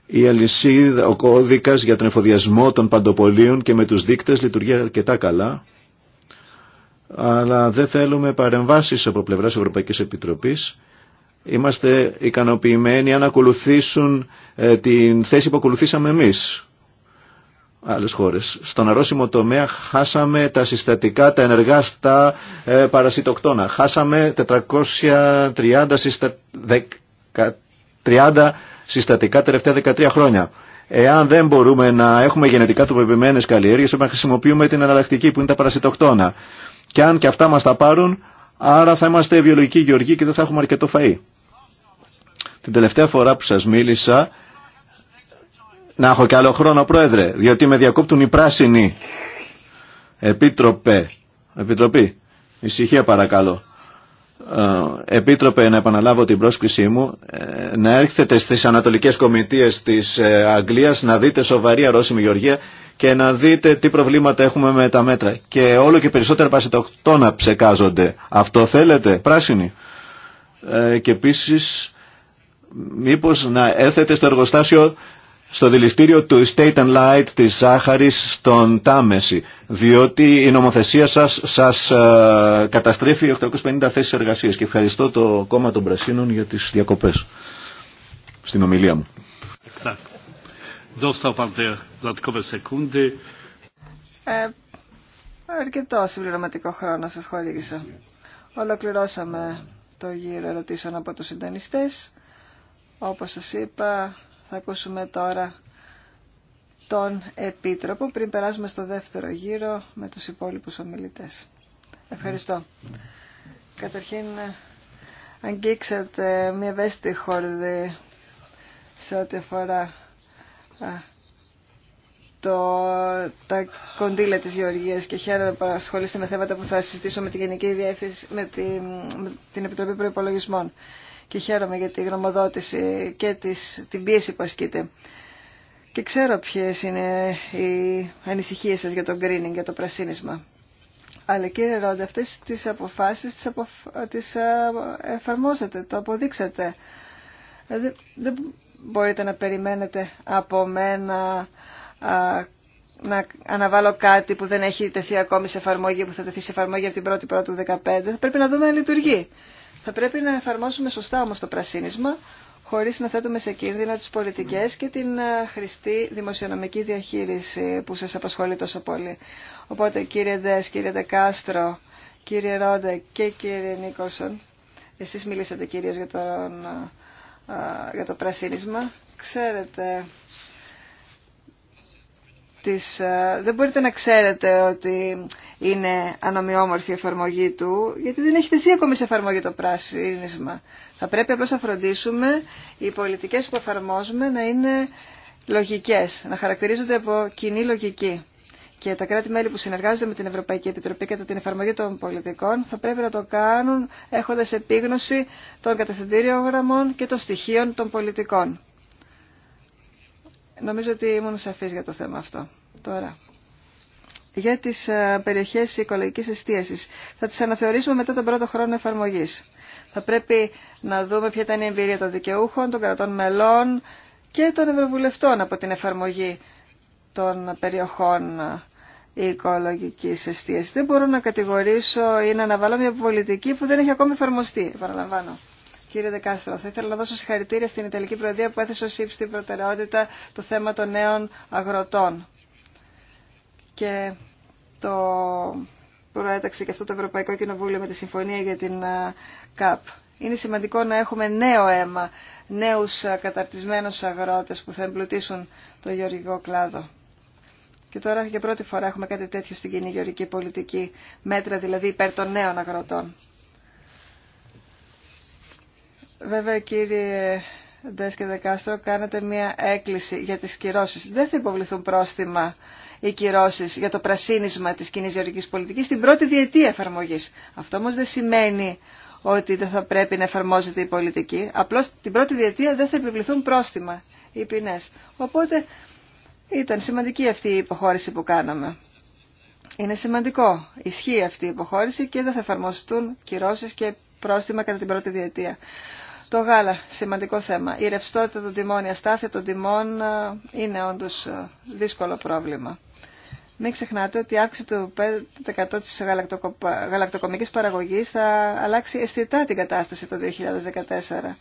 Η αλυσίδα, ο κώδικας για τον εφοδιασμό των παντοπολίων και με τους δείκτες λειτουργεί αρκετά καλά αλλά δεν θέλουμε παρεμβάσεις από πλευράς Ευρωπαϊκής Επιτροπής. Είμαστε ικανοποιημένοι αν ακολουθήσουν ε, την θέση που ακολουθήσαμε εμείς άλλες χώρες. Στον αρρώσιμο τομέα χάσαμε τα συστατικά, τα ενεργά στα ε, Χάσαμε 430 30 συστατικά τελευταία 13 χρόνια. Εάν δεν μπορούμε να έχουμε γενετικά τροποποιημένες καλλιέργειες, πρέπει να χρησιμοποιούμε την εναλλακτική που είναι τα παρασιτοκτόνα. Και αν και αυτά μας τα πάρουν, άρα θα είμαστε βιολογικοί γεωργοί και δεν θα έχουμε αρκετό φαΐ. Την τελευταία φορά που σας μίλησα, να έχω και άλλο χρόνο πρόεδρε, διότι με διακόπτουν οι πράσινοι. Επίτροπε, επιτροπή, ησυχία παρακαλώ. Ε, Επίτροπε να επαναλάβω την πρόσκλησή μου ε, να έρχεται στις ανατολικές κομιτείες της ε, Αγγλίας να δείτε σοβαρή αρρώσιμη γεωργία και να δείτε τι προβλήματα έχουμε με τα μέτρα. Και όλο και περισσότερα να ψεκάζονται. Αυτό θέλετε, πράσινοι. Ε, και επίσης, μήπω να έρθετε στο εργοστάσιο στο δηληστήριο του State and Light της Ζάχαρης στον Τάμεση, διότι η νομοθεσία σας σας ε, καταστρέφει 850 θέσεις εργασίας και ευχαριστώ το κόμμα των Πρασίνων για τις διακοπές στην ομιλία μου. Δώστε pan te dodatkowe sekundy. Ε, αρκετό συμπληρωματικό χρόνο σας χορήγησα. Ολοκληρώσαμε το γύρο ερωτήσεων από τους συντονιστές. Όπως σας είπα, θα ακούσουμε τώρα τον Επίτροπο πριν περάσουμε στο δεύτερο γύρο με τους υπόλοιπους ομιλητές. Ευχαριστώ. Καταρχήν, αγγίξατε μια ευαίσθητη χόρδη σε ό,τι αφορά το, τα κοντήλα της Γεωργίας και χαίρομαι που ασχολείστε με θέματα που θα συζητήσω με την Γενική Διεύθυνση, με, τη, με την Επιτροπή Προϋπολογισμών και χαίρομαι για τη γνωμοδότηση και της, την πίεση που ασκείται. Και ξέρω ποιες είναι οι ανησυχίες σας για το greening, για το πρασίνισμα. Αλλά κύριε Ρόντε αυτές τις αποφάσεις τις, αποφ... εφαρμόσατε, το αποδείξατε. Ε, δεν μπορείτε να περιμένετε από μένα να αναβάλω κάτι που δεν έχει τεθεί ακόμη σε εφαρμογή, που θα τεθεί σε εφαρμογή από την 1η του 2015. Θα πρέπει να δούμε αν λειτουργεί. Θα πρέπει να εφαρμόσουμε σωστά όμως το πρασίνισμα, χωρίς να θέτουμε σε κίνδυνα τις πολιτικές και την χρηστή δημοσιονομική διαχείριση που σας απασχολεί τόσο πολύ. Οπότε κύριε Δες, κύριε Δεκάστρο, κύριε Ρόντε και κύριε Νίκολσον, εσείς μιλήσατε κυρίω για τον για το πρασίνισμα. Ξέρετε, της, δεν μπορείτε να ξέρετε ότι είναι ανομοιόμορφη η εφαρμογή του, γιατί δεν έχει τεθεί ακόμη σε εφαρμογή το πράσινισμα. Θα πρέπει απλώς να φροντίσουμε οι πολιτικές που εφαρμόζουμε να είναι λογικές, να χαρακτηρίζονται από κοινή λογική και τα κράτη-μέλη που συνεργάζονται με την Ευρωπαϊκή Επιτροπή κατά την εφαρμογή των πολιτικών θα πρέπει να το κάνουν έχοντας επίγνωση των κατευθυντήριων γραμμών και των στοιχείων των πολιτικών. Νομίζω ότι ήμουν σαφής για το θέμα αυτό. Τώρα, για τις ε, περιοχές οικολογικής εστίασης. Θα τις αναθεωρήσουμε μετά τον πρώτο χρόνο εφαρμογής. Θα πρέπει να δούμε ποια ήταν η εμπειρία των δικαιούχων, των κρατών μελών και των ευρωβουλευτών από την εφαρμογή των περιοχών ε, η οικολογική εστίαση. Δεν μπορώ να κατηγορήσω ή να αναβάλω μια πολιτική που δεν έχει ακόμη εφαρμοστεί, παραλαμβάνω. Κύριε Δεκάστρο, θα ήθελα να δώσω συγχαρητήρια στην Ιταλική Προεδρία που έθεσε ως ύψη προτεραιότητα το θέμα των νέων αγροτών. Και το προέταξε και αυτό το Ευρωπαϊκό Κοινοβούλιο με τη Συμφωνία για την ΚΑΠ. Είναι σημαντικό να έχουμε νέο αίμα, νέους καταρτισμένους αγρότες που θα εμπλουτίσουν το γεωργικό κλάδο. Και τώρα για πρώτη φορά έχουμε κάτι τέτοιο στην κοινή γεωρική πολιτική, μέτρα δηλαδή υπέρ των νέων αγροτών. Βέβαια κύριε Ντές και Δεκάστρο κάνατε μια έκκληση για τις κυρώσεις. Δεν θα υποβληθούν πρόστιμα οι κυρώσεις για το πρασίνισμα της κοινή γεωρικής πολιτικής στην πρώτη διετία εφαρμογή. Αυτό όμως δεν σημαίνει ότι δεν θα πρέπει να εφαρμόζεται η πολιτική. Απλώς την πρώτη διετία δεν θα επιβληθούν πρόστιμα οι ποινέ. Οπότε ήταν σημαντική αυτή η υποχώρηση που κάναμε. Είναι σημαντικό. Ισχύει αυτή η υποχώρηση και δεν θα εφαρμοστούν κυρώσει και πρόστιμα κατά την πρώτη διετία. Το γάλα, σημαντικό θέμα. Η ρευστότητα των τιμών, η αστάθεια των τιμών ε, είναι όντω ε, δύσκολο πρόβλημα. Μην ξεχνάτε ότι η αύξηση του 5% της γαλακτοκομικής παραγωγής θα αλλάξει αισθητά την κατάσταση το 2014.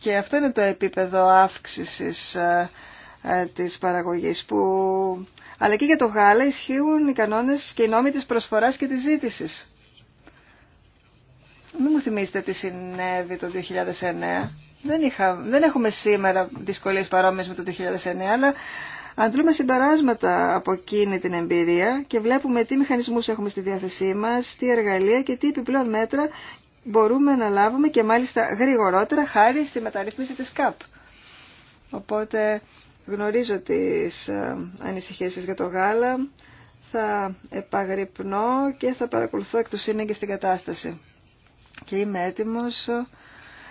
Και αυτό είναι το επίπεδο αύξησης ε, ε, της παραγωγής που... αλλά και για το γάλα ισχύουν οι κανόνες και οι νόμοι της προσφοράς και της ζήτησης. Μην μου θυμίσετε τι συνέβη το 2009. Δεν, δεν έχουμε σήμερα δυσκολίες παρόμοιες με το 2009, αλλά αντλούμε συμπεράσματα από εκείνη την εμπειρία και βλέπουμε τι μηχανισμούς έχουμε στη διάθεσή μας, τι εργαλεία και τι επιπλέον μέτρα μπορούμε να λάβουμε και μάλιστα γρηγορότερα χάρη στη μεταρρύθμιση της ΚΑΠ. Οπότε Γνωρίζω τις ε, ανησυχίες σας για το γάλα. Θα επαγρυπνώ και θα παρακολουθώ εκ του σύνεγγυ στην κατάσταση. Και είμαι έτοιμος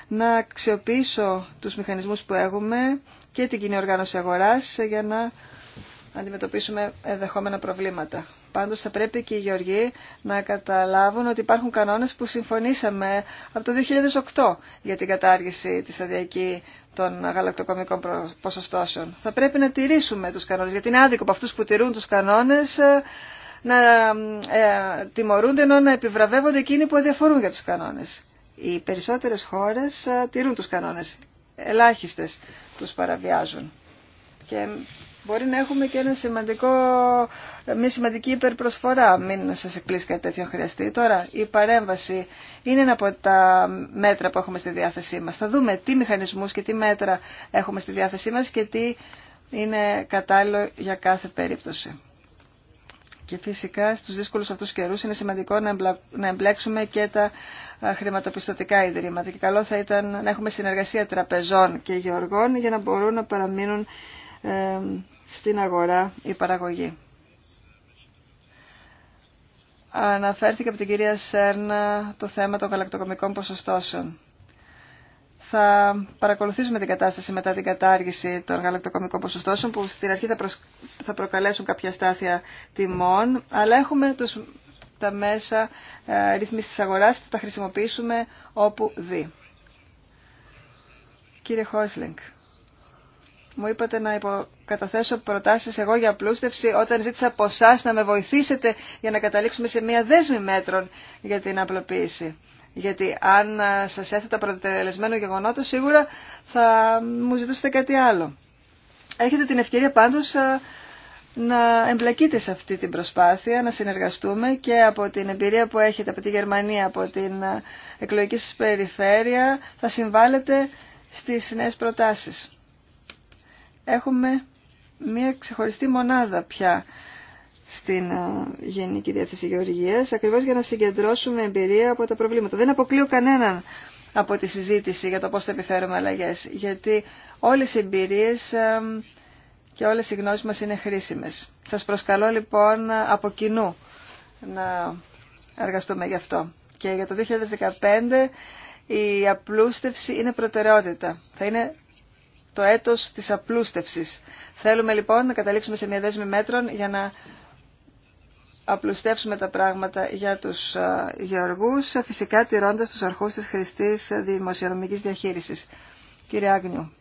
να αξιοποιήσω τους μηχανισμούς που έχουμε και την κοινή οργάνωση αγοράς για να αντιμετωπίσουμε ενδεχόμενα προβλήματα. Πάντως θα πρέπει και οι Γεωργοί να καταλάβουν ότι υπάρχουν κανόνες που συμφωνήσαμε από το 2008 για την κατάργηση της σταδιακή των γαλακτοκομικών ποσοστώσεων. Θα πρέπει να τηρήσουμε τους κανόνες, γιατί είναι άδικο από αυτούς που τηρούν τους κανόνες ε, να ε, τιμωρούνται ενώ να επιβραβεύονται εκείνοι που αδιαφορούν για τους κανόνες. Οι περισσότερες χώρες ε, τηρούν τους κανόνες. Ελάχιστες τους παραβιάζουν. Και Μπορεί να έχουμε και ένα σημαντικό, μια σημαντική υπερπροσφορά, μην σας εκπλήσει κάτι τέτοιο χρειαστεί. Τώρα, η παρέμβαση είναι ένα από τα μέτρα που έχουμε στη διάθεσή μα. Θα δούμε τι μηχανισμού και τι μέτρα έχουμε στη διάθεσή μα και τι είναι κατάλληλο για κάθε περίπτωση. Και φυσικά στους δύσκολους αυτούς καιρούς είναι σημαντικό να εμπλέξουμε και τα χρηματοπιστωτικά ιδρύματα. Και καλό θα ήταν να έχουμε συνεργασία τραπεζών και γεωργών για να μπορούν να παραμείνουν ε, στην αγορά η παραγωγή. Αναφέρθηκε από την κυρία Σέρνα το θέμα των γαλακτοκομικών ποσοστώσεων. Θα παρακολουθήσουμε την κατάσταση μετά την κατάργηση των γαλακτοκομικών ποσοστώσεων που στην αρχή θα, προκαλέσουν κάποια στάθεια τιμών, αλλά έχουμε τα μέσα ε, ρυθμίσης της αγοράς, θα τα χρησιμοποιήσουμε όπου δει. Κύριε Χόισλινγκ μου είπατε να καταθέσω προτάσεις εγώ για απλούστευση όταν ζήτησα από εσά να με βοηθήσετε για να καταλήξουμε σε μια δέσμη μέτρων για την απλοποίηση. Γιατί αν ε, σας έθετα προτελεσμένο γεγονότο σίγουρα θα μου ζητούσετε κάτι άλλο. Έχετε την ευκαιρία πάντως ε, να εμπλακείτε σε αυτή την προσπάθεια, να συνεργαστούμε και από την εμπειρία που έχετε από τη Γερμανία, από την ε, εκλογική σας περιφέρεια θα συμβάλλετε στις νέες προτάσεις έχουμε μία ξεχωριστή μονάδα πια στην ε, Γενική Διεύθυνση Γεωργίας, ακριβώς για να συγκεντρώσουμε εμπειρία από τα προβλήματα. Δεν αποκλείω κανέναν από τη συζήτηση για το πώς θα επιφέρουμε αλλαγές, γιατί όλες οι εμπειρίες ε, και όλες οι γνώσεις μας είναι χρήσιμες. Σας προσκαλώ λοιπόν από κοινού να εργαστούμε γι' αυτό. Και για το 2015 η απλούστευση είναι προτεραιότητα. Θα είναι το έτος της απλούστευσης. Θέλουμε λοιπόν να καταλήξουμε σε μια δέσμη μέτρων για να απλουστεύσουμε τα πράγματα για τους γεωργούς, φυσικά τηρώντας τους αρχούς της χρηστής δημοσιονομικής διαχείρισης. Κύριε Άγνιου,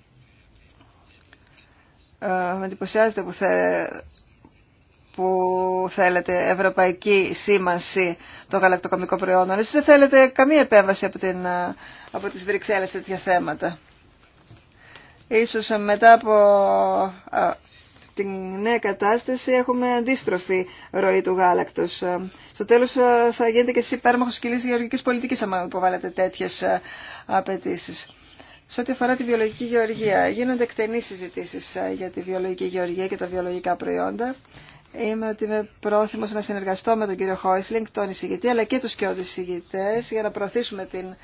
με εντυπωσιάζεται που, θε... που θέλετε ευρωπαϊκή σήμανση των γαλακτοκομικών προϊόντων. Εσείς δεν θέλετε καμία επέμβαση από, την... από τις Βρυξέλλες σε τέτοια θέματα. Ίσως μετά από την νέα κατάσταση έχουμε αντίστροφη ροή του γάλακτος. Στο τέλος θα γίνεται και εσύ πέραμαχος κυλής γεωργικής πολιτικής αν υποβάλλετε τέτοιες απαιτήσει. Σε ό,τι αφορά τη βιολογική γεωργία, γίνονται εκτενείς συζητήσει για τη βιολογική γεωργία και τα βιολογικά προϊόντα. Είμαι ότι είμαι πρόθυμο να συνεργαστώ με τον κύριο Χόισλινγκ, τον εισηγητή, αλλά και του και εισηγητέ για να προωθήσουμε την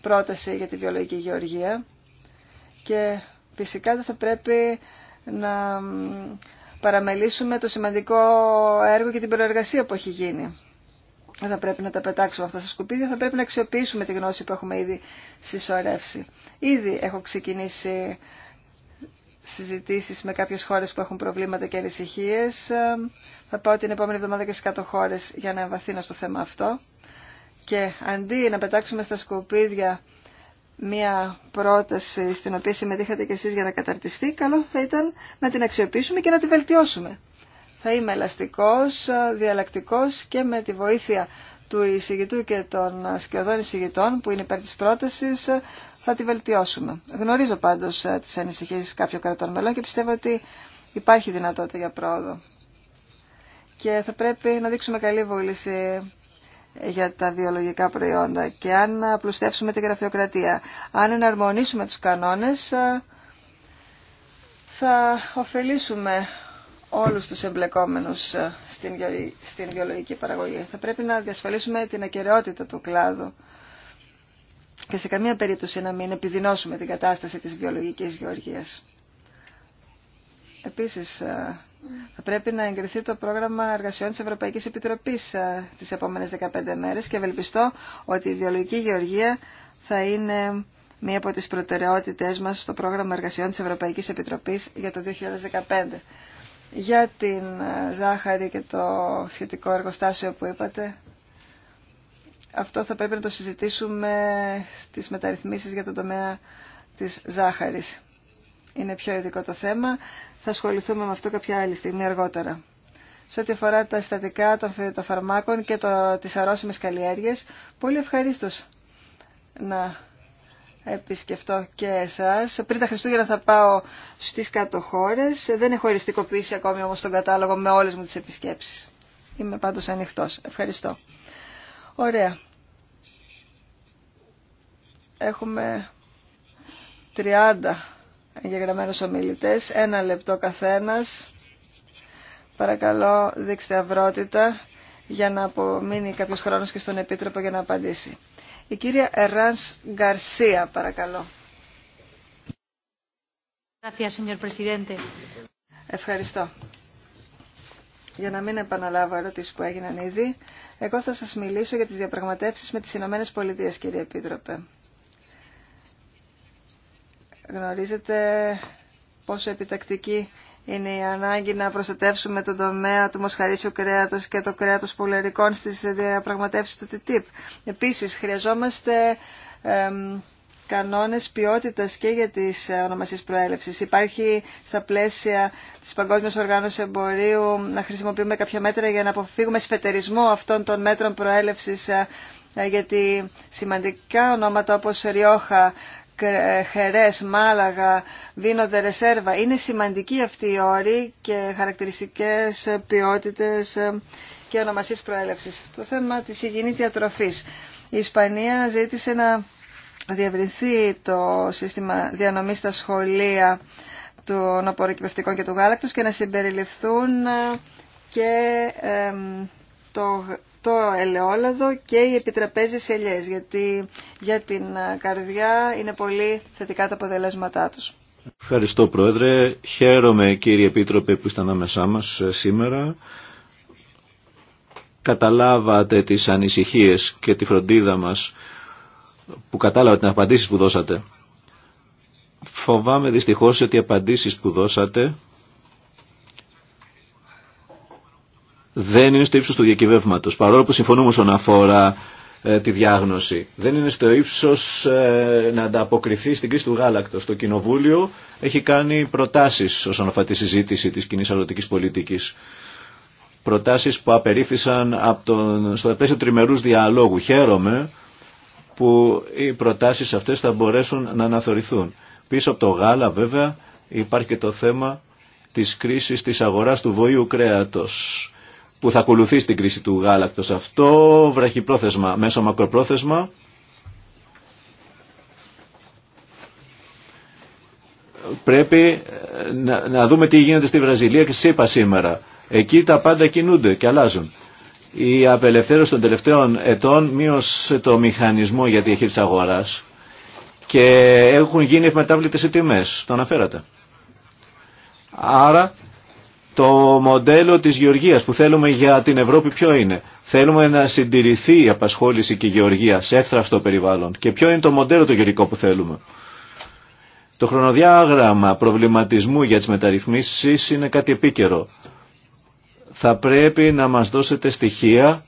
πρόταση για τη βιολογική γεωργία. Και Φυσικά δεν θα πρέπει να παραμελήσουμε το σημαντικό έργο και την προεργασία που έχει γίνει. Δεν θα πρέπει να τα πετάξουμε αυτά στα σκουπίδια, θα πρέπει να αξιοποιήσουμε τη γνώση που έχουμε ήδη συσσωρεύσει. Ήδη έχω ξεκινήσει συζητήσεις με κάποιες χώρες που έχουν προβλήματα και ανησυχίε. Θα πάω την επόμενη εβδομάδα και στι κάτω χώρες για να εμβαθύνω στο θέμα αυτό. Και αντί να πετάξουμε στα σκουπίδια μία πρόταση στην οποία συμμετείχατε κι εσείς για να καταρτιστεί, καλό θα ήταν να την αξιοποιήσουμε και να τη βελτιώσουμε. Θα είμαι ελαστικός, διαλλακτικός και με τη βοήθεια του εισηγητού και των σκιωδών εισηγητών που είναι υπέρ της πρότασης θα τη βελτιώσουμε. Γνωρίζω πάντως ε, τις ανησυχίες κάποιων κρατών μελών και πιστεύω ότι υπάρχει δυνατότητα για πρόοδο. Και θα πρέπει να δείξουμε καλή βούληση για τα βιολογικά προϊόντα και αν απλουστεύσουμε τη γραφειοκρατία, αν εναρμονίσουμε τους κανόνες, θα ωφελήσουμε όλους τους εμπλεκόμενους στην βιολογική παραγωγή. Θα πρέπει να διασφαλίσουμε την ακαιρεότητα του κλάδου και σε καμία περίπτωση να μην επιδεινώσουμε την κατάσταση της βιολογικής γεωργίας. Επίσης, θα πρέπει να εγκριθεί το πρόγραμμα εργασιών της Ευρωπαϊκή Επιτροπής ε, τις επόμενες 15 μέρες και ευελπιστώ ότι η βιολογική γεωργία θα είναι μία από τις προτεραιότητές μας στο πρόγραμμα εργασιών της Ευρωπαϊκή Επιτροπής για το 2015. Για την ε, ζάχαρη και το σχετικό εργοστάσιο που είπατε, αυτό θα πρέπει να το συζητήσουμε στις μεταρρυθμίσεις για τον τομέα της ζάχαρης είναι πιο ειδικό το θέμα. Θα ασχοληθούμε με αυτό κάποια άλλη στιγμή αργότερα. Σε ό,τι αφορά τα συστατικά των φαρμάκων και το, τις αρρώσιμες καλλιέργειες, πολύ ευχαρίστω να επισκεφτώ και εσάς. Πριν τα Χριστούγεννα θα πάω στις κάτω χώρες. Δεν έχω οριστικοποιήσει ακόμη όμως τον κατάλογο με όλες μου τις επισκέψεις. Είμαι πάντως ανοιχτός. Ευχαριστώ. Ωραία. Έχουμε 30 εγγεγραμμένους ομιλητές. Ένα λεπτό καθένας. Παρακαλώ δείξτε αυρότητα για να απομείνει κάποιος χρόνος και στον Επίτροπο για να απαντήσει. Η κυρία Εράνς Γκαρσία, παρακαλώ. Ευχαριστώ. Για να μην επαναλάβω ερωτήσει που έγιναν ήδη, εγώ θα σας μιλήσω για τις διαπραγματεύσεις με τις Ηνωμένες Πολιτείες, κύριε Επίτροπε γνωρίζετε πόσο επιτακτική είναι η ανάγκη να προστατεύσουμε τον τομέα του μοσχαρίσιου κρέατος και το κρέατος πουλερικών στις διαπραγματεύσεις του TTIP. Επίσης, χρειαζόμαστε κανόνες ποιότητας και για τις ονομασίες προέλευσης. Υπάρχει στα πλαίσια της Παγκόσμιας Οργάνωσης Εμπορίου να χρησιμοποιούμε κάποια μέτρα για να αποφύγουμε σφετερισμό αυτών των μέτρων προέλευσης ε, γιατί σημαντικά ονόματα όπως Ριόχα, Χερές, Μάλαγα, Βίνο Δερεσέρβα. Είναι σημαντικοί αυτοί οι όροι και χαρακτηριστικές ποιότητες και ονομασίες προέλευσης. Το θέμα της υγιεινής διατροφής. Η Ισπανία ζήτησε να διευρυνθεί το σύστημα διανομής στα σχολεία των απορροκυπευτικών και του γάλακτος και να συμπεριληφθούν και το το ελαιόλαδο και οι επιτραπέζιες ελιές, γιατί για την ε, καρδιά είναι πολύ θετικά τα αποτελέσματά τους. Ευχαριστώ Πρόεδρε. Χαίρομαι κύριε Επίτροπε που ήσταν άμεσά μας ε, σήμερα. Καταλάβατε τις ανησυχίες και τη φροντίδα μας που κατάλαβα την απαντήσεις που δώσατε. Φοβάμαι δυστυχώς ότι οι απαντήσεις που δώσατε δεν είναι στο ύψος του διακυβεύματος. Παρόλο που συμφωνούμε όσον αφορά ε, τη διάγνωση. Δεν είναι στο ύψος ε, να ανταποκριθεί στην κρίση του γάλακτος. Το Κοινοβούλιο έχει κάνει προτάσεις όσον αφορά τη συζήτηση της κοινή αγροτικής πολιτικής. Προτάσεις που απερίφθησαν τον, στο πλαίσιο τριμερούς διαλόγου. Χαίρομαι που οι προτάσεις αυτές θα μπορέσουν να αναθεωρηθούν. Πίσω από το γάλα βέβαια υπάρχει και το θέμα της κρίσης της αγοράς του βοήου κρέατος που θα ακολουθήσει την κρίση του γάλακτος. Αυτό βραχυπρόθεσμα, μέσω μακροπρόθεσμα. Πρέπει ε, να, να δούμε τι γίνεται στη Βραζιλία και στη ΣΥΠΑ σήμερα. Εκεί τα πάντα κινούνται και αλλάζουν. Η απελευθέρωση των τελευταίων ετών μείωσε το μηχανισμό για τη διαχείριση αγοράς και έχουν γίνει ευμετάβλητες οι τιμέ. Το αναφέρατε. Άρα το μοντέλο της γεωργίας που θέλουμε για την Ευρώπη ποιο είναι. Θέλουμε να συντηρηθεί η απασχόληση και η γεωργία σε εύθραυστο περιβάλλον. Και ποιο είναι το μοντέλο το γεωργικό που θέλουμε. Το χρονοδιάγραμμα προβληματισμού για τις μεταρρυθμίσεις είναι κάτι επίκαιρο. Θα πρέπει να μας δώσετε στοιχεία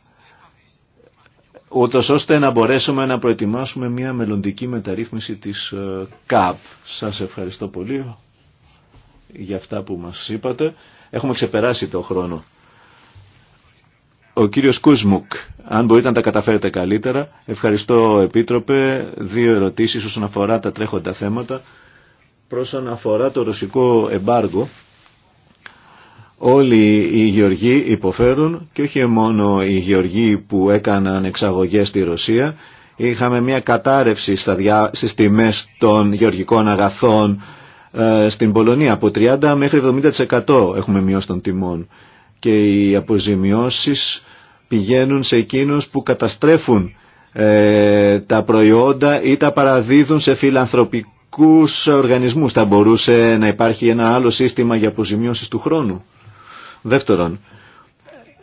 ούτω ώστε να μπορέσουμε να προετοιμάσουμε μια μελλοντική μεταρρύθμιση της ε, ΚΑΠ. Σας ευχαριστώ πολύ για αυτά που μας είπατε. Έχουμε ξεπεράσει το χρόνο. Ο κύριος Κούσμουκ, αν μπορείτε να τα καταφέρετε καλύτερα. Ευχαριστώ, Επίτροπε. Δύο ερωτήσεις όσον αφορά τα τρέχοντα θέματα. Πρόσον αφορά το ρωσικό εμπάργο, όλοι οι γεωργοί υποφέρουν και όχι μόνο οι γεωργοί που έκαναν εξαγωγές στη Ρωσία. Είχαμε μια κατάρρευση στα διά, στις τιμές των γεωργικών αγαθών ε, στην Πολωνία από 30 μέχρι 70% έχουμε μειώσει των τιμών και οι αποζημιώσεις πηγαίνουν σε εκείνους που καταστρέφουν ε, τα προϊόντα ή τα παραδίδουν σε φιλανθρωπικούς οργανισμούς. Θα μπορούσε να υπάρχει ένα άλλο σύστημα για αποζημιώσεις του χρόνου. Δεύτερον,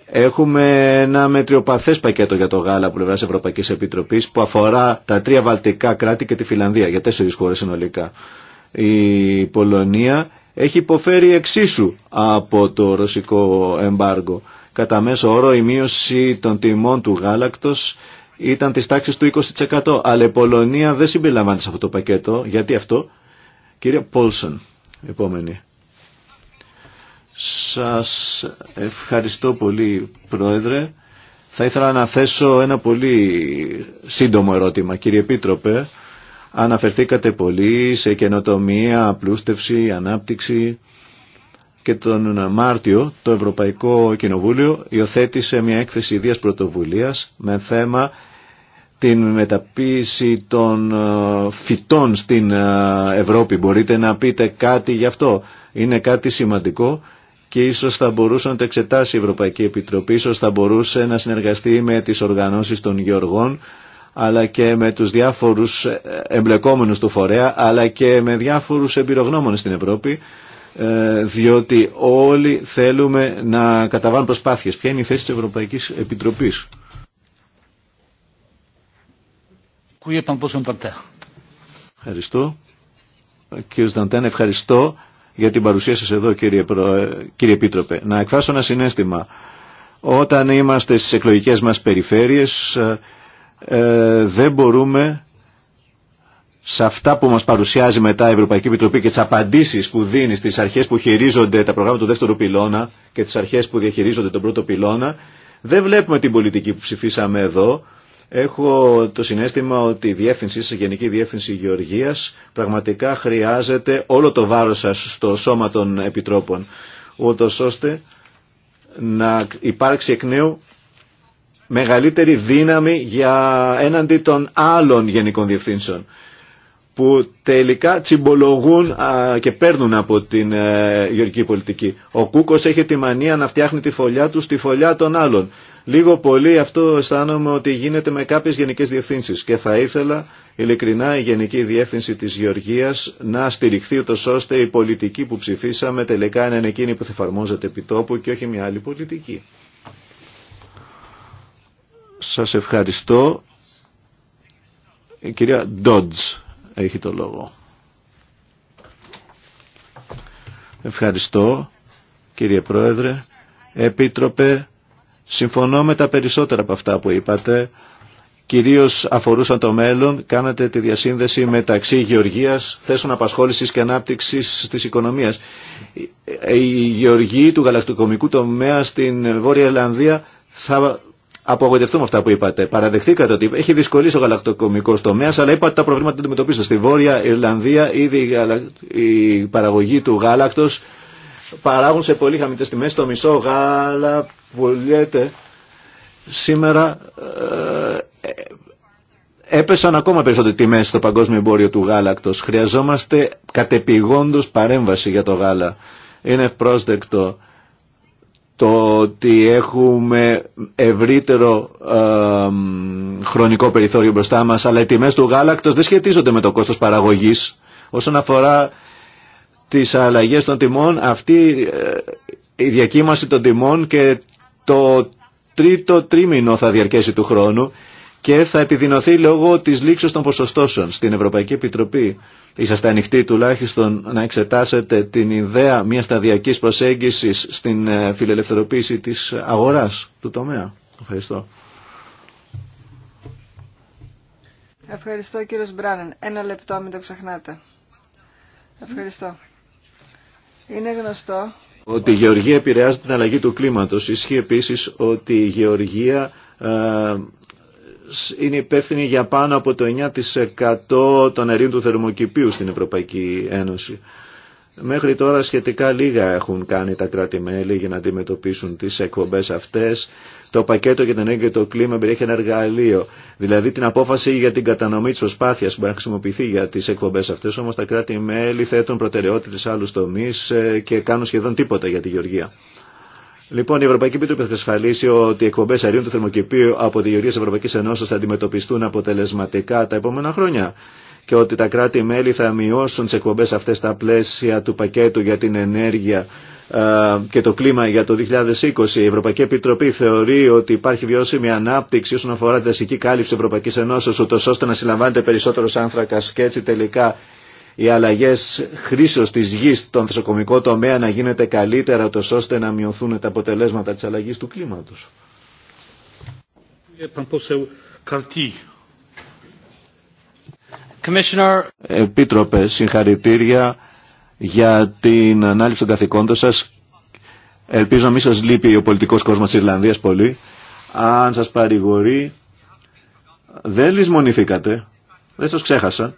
έχουμε ένα μετριοπαθές πακέτο για το γάλα από πλευράς Ευρωπαϊκή Επιτροπή που αφορά τα τρία βαλτικά κράτη και τη Φιλανδία για τέσσερις χώρες συνολικά. Η Πολωνία έχει υποφέρει εξίσου από το ρωσικό εμπάργκο Κατά μέσο όρο η μείωση των τιμών του γάλακτος ήταν της τάξης του 20%. Αλλά η Πολωνία δεν συμπεριλαμβάνεται σε αυτό το πακέτο. Γιατί αυτό. Κύριε Πόλσον, επόμενη. Σας ευχαριστώ πολύ Πρόεδρε. Θα ήθελα να θέσω ένα πολύ σύντομο ερώτημα. Κύριε Επίτροπε, Αναφερθήκατε πολύ σε καινοτομία, απλούστευση, ανάπτυξη και τον Μάρτιο το Ευρωπαϊκό Κοινοβούλιο υιοθέτησε μια έκθεση ιδίας πρωτοβουλίας με θέμα την μεταποίηση των ε, φυτών στην ε, Ευρώπη. Μπορείτε να πείτε κάτι γι' αυτό. Είναι κάτι σημαντικό και ίσως θα μπορούσε να το εξετάσει η Ευρωπαϊκή Επιτροπή, ίσως θα μπορούσε να συνεργαστεί με τις οργανώσεις των γεωργών αλλά και με τους διάφορους εμπλεκόμενους του φορέα, αλλά και με διάφορους εμπειρογνώμονες στην Ευρώπη, ε, διότι όλοι θέλουμε να καταβάλουν προσπάθειες. Ποια είναι η θέση της Ευρωπαϊκής Επιτροπής. Ευχαριστώ. Κύριε Δαντέν, ευχαριστώ για την παρουσία σας εδώ κύριε, Προ... κύριε Επίτροπε. Να εκφράσω ένα συνέστημα. Όταν είμαστε στις εκλογικές μας περιφέρειες ε, δεν μπορούμε σε αυτά που μας παρουσιάζει μετά η Ευρωπαϊκή Επιτροπή και τις απαντήσεις που δίνει στις αρχές που χειρίζονται τα προγράμματα του δεύτερου πυλώνα και τις αρχές που διαχειρίζονται τον πρώτο πυλώνα, δεν βλέπουμε την πολιτική που ψηφίσαμε εδώ. Έχω το συνέστημα ότι η διεύθυνση η Γενική Διεύθυνση Γεωργίας, πραγματικά χρειάζεται όλο το βάρος σας στο σώμα των επιτρόπων, ούτως ώστε να υπάρξει εκ νέου μεγαλύτερη δύναμη για έναντι των άλλων γενικών διευθύνσεων που τελικά τσιμπολογούν και παίρνουν από την ε, γεωργική πολιτική. Ο Κούκος έχει τη μανία να φτιάχνει τη φωλιά του στη φωλιά των άλλων. Λίγο πολύ αυτό αισθάνομαι ότι γίνεται με κάποιες γενικές διευθύνσεις και θα ήθελα ειλικρινά η Γενική Διεύθυνση της Γεωργίας να στηριχθεί ούτως ώστε η πολιτική που ψηφίσαμε τελικά είναι εκείνη που θα εφαρμόζεται επί και όχι μια άλλη πολιτική. Σας ευχαριστώ. Η κυρία Ντότζ έχει το λόγο. Ευχαριστώ κύριε Πρόεδρε. Επίτροπε, συμφωνώ με τα περισσότερα από αυτά που είπατε. Κυρίως αφορούσαν το μέλλον, κάνατε τη διασύνδεση μεταξύ γεωργίας, θέσεων απασχόλησης και ανάπτυξης της οικονομίας. Η γεωργοί του γαλακτοκομικού τομέα στην Βόρεια Ελλανδία θα απογοητευτούμε αυτά που είπατε. Παραδεχτήκατε ότι έχει δυσκολίε ο γαλακτοκομικό τομέα, αλλά είπατε τα προβλήματα που αντιμετωπίσετε. Στη Βόρεια Ιρλανδία ήδη η παραγωγή του γάλακτο παράγουν σε πολύ χαμηλέ τιμέ. Το μισό γάλα που λέτε σήμερα. Ε, ε, έπεσαν ακόμα περισσότερο τιμές στο παγκόσμιο εμπόριο του Γάλακτο. Χρειαζόμαστε κατεπηγόντω παρέμβαση για το γάλα. Είναι πρόσδεκτο το ότι έχουμε ευρύτερο χρονικό περιθώριο μπροστά μας, αλλά οι τιμές του γάλακτος δεν σχετίζονται με το κόστος παραγωγής. Όσον αφορά τις αλλαγές των τιμών, αυτή ε, η διακύμαση των τιμών και το τρίτο τρίμηνο θα διαρκέσει του χρόνου και θα επιδεινωθεί λόγω της λήξης των ποσοστώσεων στην Ευρωπαϊκή Επιτροπή είσαστε ανοιχτοί τουλάχιστον να εξετάσετε την ιδέα μιας σταδιακής προσέγγισης στην ε, φιλελευθερωποίηση της αγοράς του τομέα. Ευχαριστώ. Ευχαριστώ κύριο Μπράνεν. Ένα λεπτό, μην το ξεχνάτε. Ευχαριστώ. Είναι γνωστό. Ότι η γεωργία επηρεάζει την αλλαγή του κλίματος. Ισχύει επίσης ότι η γεωργία ε, είναι υπεύθυνη για πάνω από το 9% των αερίων του θερμοκηπίου στην Ευρωπαϊκή Ένωση. Μέχρι τώρα σχετικά λίγα έχουν κάνει τα κράτη-μέλη για να αντιμετωπίσουν τις εκπομπές αυτές. Το πακέτο για την ενέργεια το κλίμα περιέχει ένα εργαλείο, δηλαδή την απόφαση για την κατανομή της προσπάθειας που μπορεί να χρησιμοποιηθεί για τις εκπομπές αυτές, όμως τα κράτη-μέλη θέτουν προτεραιότητες άλλους τομείς ε, και κάνουν σχεδόν τίποτα για τη γεωργία. Λοιπόν, η Ευρωπαϊκή Επίτροπη θα εξασφαλίσει ότι οι εκπομπέ αερίων του θερμοκηπίου από τη γεωργία τη Ευρωπαϊκή Ενώση θα αντιμετωπιστούν αποτελεσματικά τα επόμενα χρόνια και ότι τα κράτη-μέλη θα μειώσουν τι εκπομπέ αυτέ στα πλαίσια του πακέτου για την ενέργεια και το κλίμα για το 2020. Η Ευρωπαϊκή Επιτροπή θεωρεί ότι υπάρχει βιώσιμη ανάπτυξη όσον αφορά τη δασική κάλυψη Ευρωπαϊκή Ενώσεω, ούτω ώστε να συλλαμβάνεται περισσότερο άνθρακα και έτσι τελικά οι αλλαγές χρήσεως της γης στον θεσοκομικό τομέα να γίνεται καλύτερα τόσο ώστε να μειωθούν τα αποτελέσματα της αλλαγής του κλίματος. Επίτροπε, συγχαρητήρια για την ανάλυση των καθηκόντων σας. Ελπίζω να μην σας λείπει ο πολιτικός κόσμος της Ιρλανδίας πολύ. Αν σας παρηγορεί, δεν λησμονηθήκατε, δεν σας ξέχασα.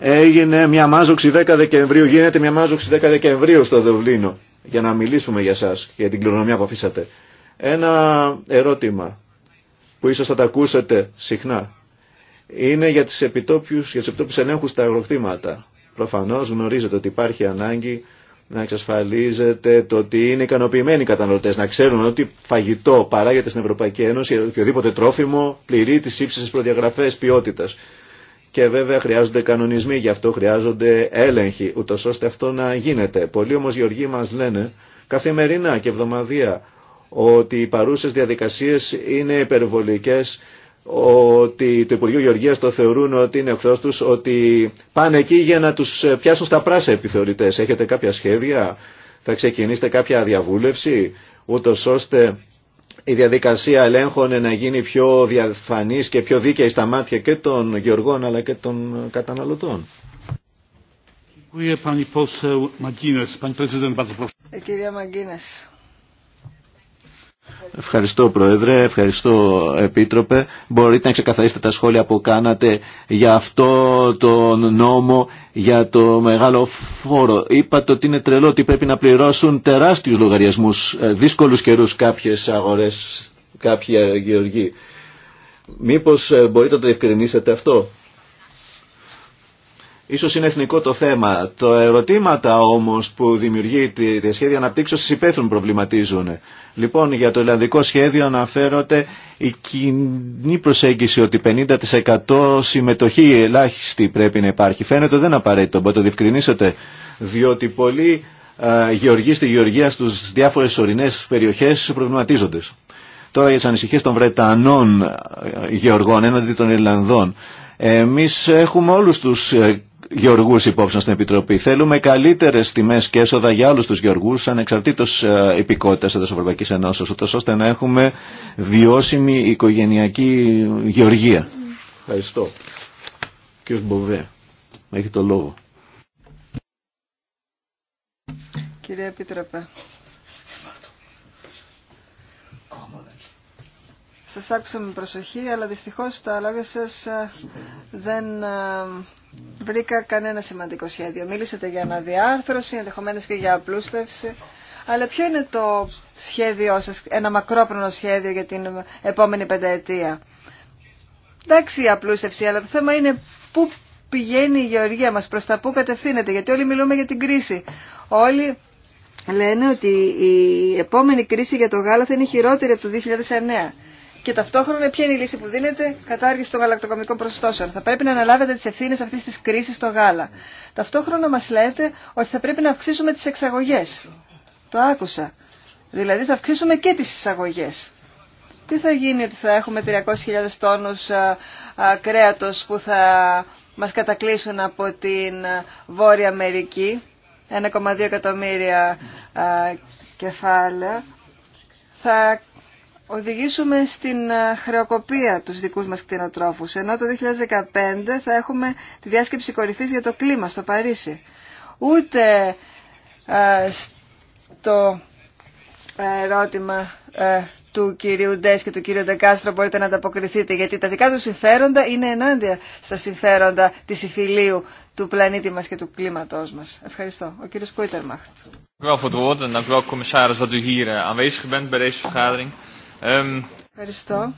Έγινε μια μάζοξη 10 Δεκεμβρίου, γίνεται μια μάζοξη 10 Δεκεμβρίου στο Δευλίνο για να μιλήσουμε για σας, για την κληρονομιά που αφήσατε. Ένα ερώτημα που ίσως θα τα ακούσετε συχνά είναι για τις επιτόπιους, για τις επιτόπιους ενέχους στα αγροκτήματα. Προφανώς γνωρίζετε ότι υπάρχει ανάγκη να εξασφαλίζετε το ότι είναι ικανοποιημένοι οι καταναλωτές, να ξέρουν ότι φαγητό παράγεται στην Ευρωπαϊκή Ένωση, οποιοδήποτε τρόφιμο πληρεί τις ύψεις προδιαγραφές ποιότητας και βέβαια χρειάζονται κανονισμοί, γι' αυτό χρειάζονται έλεγχοι, ούτω ώστε αυτό να γίνεται. Πολλοί όμως γεωργοί μας λένε καθημερινά και εβδομαδία ότι οι παρούσες διαδικασίες είναι υπερβολικέ, ότι το Υπουργείο Γεωργίας το θεωρούν ότι είναι εχθρό του, ότι πάνε εκεί για να τους πιάσουν στα πράσα επιθεωρητές. Έχετε κάποια σχέδια, θα ξεκινήσετε κάποια διαβούλευση, ούτω ώστε η διαδικασία ελέγχων να γίνει πιο διαφανής και πιο δίκαιη στα μάτια και των γεωργών αλλά και των καταναλωτών. Ε, κυρία Μαγκίνες. Ευχαριστώ Πρόεδρε, ευχαριστώ Επίτροπε. Μπορείτε να ξεκαθαρίσετε τα σχόλια που κάνατε για αυτό το νόμο, για το μεγάλο φόρο. Είπατε ότι είναι τρελό ότι πρέπει να πληρώσουν τεράστιους λογαριασμούς, ε, δύσκολους καιρούς κάποιες αγορές, κάποια γεωργοί. Μήπως ε, μπορείτε να το διευκρινίσετε αυτό. Ίσως είναι εθνικό το θέμα. Τα ερωτήματα όμως που δημιουργεί τη σχέδια αναπτύξεως υπαίθρων προβληματίζουν. Λοιπόν, για το Ιλλανδικό σχέδιο αναφέρονται η κοινή προσέγγιση ότι 50% συμμετοχή ελάχιστη πρέπει να υπάρχει. Φαίνεται δεν απαραίτητο, μπορείτε το διευκρινίσετε, διότι πολλοί γεωργοί στη γεωργία στους διάφορες ορεινές περιοχές προβληματίζονται. Τώρα για τι ανησυχίε των Βρετανών ε, γεωργών έναντι των Ιρλανδών. Εμείς έχουμε όλους τους ε, γεωργούς υπόψη στην Επιτροπή. Θέλουμε καλύτερες τιμές και έσοδα για όλους τους γεωργούς ανεξαρτήτως ε, υπηκότητας της Ευρωπαϊκής Ενώσεως, ούτως ώστε να έχουμε βιώσιμη οικογενειακή γεωργία. Ευχαριστώ. Κύριε Μποβέ, έχει το λόγο. Κύριε Επίτροπε. Σας άκουσα με προσοχή, αλλά δυστυχώς τα λόγια σας ε, δεν ε, βρήκα κανένα σημαντικό σχέδιο. Μίλησατε για αναδιάρθρωση, ενδεχομένως και για απλούστευση. Αλλά ποιο είναι το σχέδιό σας, ένα μακρόπρονο σχέδιο για την επόμενη πενταετία. Εντάξει η απλούστευση, αλλά το θέμα είναι πού πηγαίνει η γεωργία μας, προς τα πού κατευθύνεται. Γιατί όλοι μιλούμε για την κρίση. Όλοι λένε ότι η επόμενη κρίση για το γάλα θα είναι χειρότερη από το 2009 και ταυτόχρονα ποια είναι η λύση που δίνεται, κατάργηση των γαλακτοκομικών προστόσεων. Θα πρέπει να αναλάβετε τι ευθύνε αυτή τη κρίση στο γάλα. Ταυτόχρονα μα λέτε ότι θα πρέπει να αυξήσουμε τι εξαγωγέ. Το άκουσα. Δηλαδή θα αυξήσουμε και τι εισαγωγέ. Τι θα γίνει ότι θα έχουμε 300.000 τόνου κρέατο που θα μα κατακλείσουν από την Βόρεια Αμερική. 1,2 εκατομμύρια κεφάλαια θα οδηγήσουμε στην ε, χρεοκοπία του δικούς μας κτηνοτρόφους, ενώ το 2015 θα έχουμε τη διάσκεψη κορυφής για το κλίμα στο Παρίσι. Ούτε ε, στο ερώτημα ε, του κυρίου Ντές και του κυρίου Ντεκάστρο μπορείτε να ανταποκριθείτε, γιατί τα δικά του συμφέροντα είναι ενάντια στα συμφέροντα της υφηλίου του πλανήτη μας και του κλίματός μας. Ευχαριστώ. Ο κύριος Κούιτερμαχτ. Ευχαριστώ πολύ. Ευχαριστώ.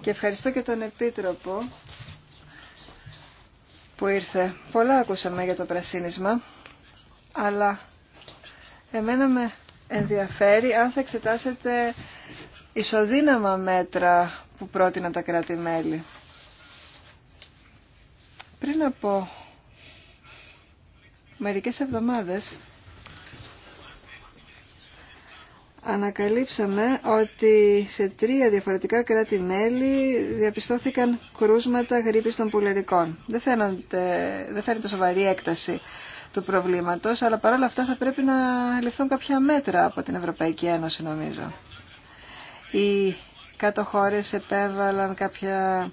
Και ευχαριστώ και τον Επίτροπο που ήρθε. Πολλά ακούσαμε για το πρασίνισμα, αλλά εμένα με ενδιαφέρει αν θα εξετάσετε ισοδύναμα μέτρα που πρότειναν τα κράτη-μέλη. Πριν από μερικές εβδομάδες ανακαλύψαμε ότι σε τρία διαφορετικά κράτη-μέλη διαπιστώθηκαν κρούσματα γρήπης των πουλερικών. Δεν, δεν φαίνεται σοβαρή έκταση του προβλήματος, αλλά παρόλα αυτά θα πρέπει να ληφθούν κάποια μέτρα από την Ευρωπαϊκή Ένωση, νομίζω. Οι κάτω χώρες επέβαλαν κάποια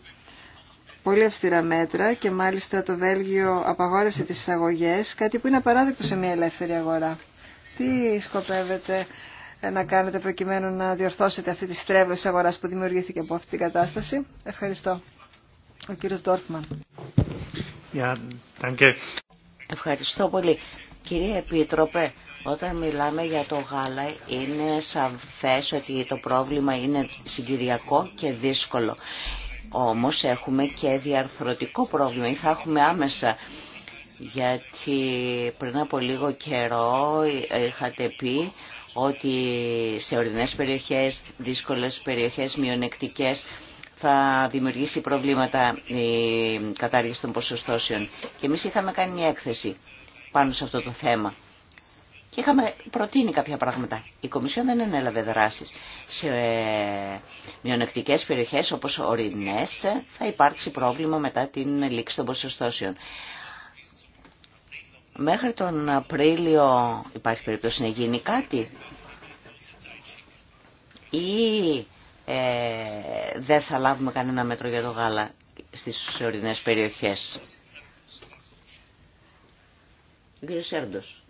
πολύ αυστηρά μέτρα και μάλιστα το Βέλγιο απαγόρευσε τις εισαγωγές, κάτι που είναι απαράδεκτο σε μια ελεύθερη αγορά. Τι σκοπεύετε ε, να κάνετε προκειμένου να διορθώσετε αυτή τη στρέβλωση αγοράς που δημιουργήθηκε από αυτή την κατάσταση. Ευχαριστώ. Ο κύριος Ντόρφμαν. Ευχαριστώ πολύ. Κύριε Επίτροπε, όταν μιλάμε για το γάλα είναι σαφές ότι το πρόβλημα είναι συγκυριακό και δύσκολο. Όμως έχουμε και διαρθρωτικό πρόβλημα ή θα έχουμε άμεσα γιατί πριν από λίγο καιρό είχατε πει ότι σε ορεινές περιοχές, δύσκολες περιοχές, μειονεκτικές, θα δημιουργήσει προβλήματα η κατάργηση των ποσοστώσεων. Και εμείς είχαμε κάνει μια έκθεση πάνω σε αυτό το θέμα. Και είχαμε προτείνει κάποια πράγματα. Η Κομισιόν δεν ανέλαβε δράσεις. Σε μειονεκτικές περιοχές όπως ορεινές θα υπάρξει πρόβλημα μετά την λήξη των ποσοστώσεων. Μέχρι τον Απρίλιο υπάρχει περίπτωση να γίνει κάτι ή ε, δεν θα λάβουμε κανένα μέτρο για το γάλα στις ορεινές περιοχές. Κύριε Σέρντος.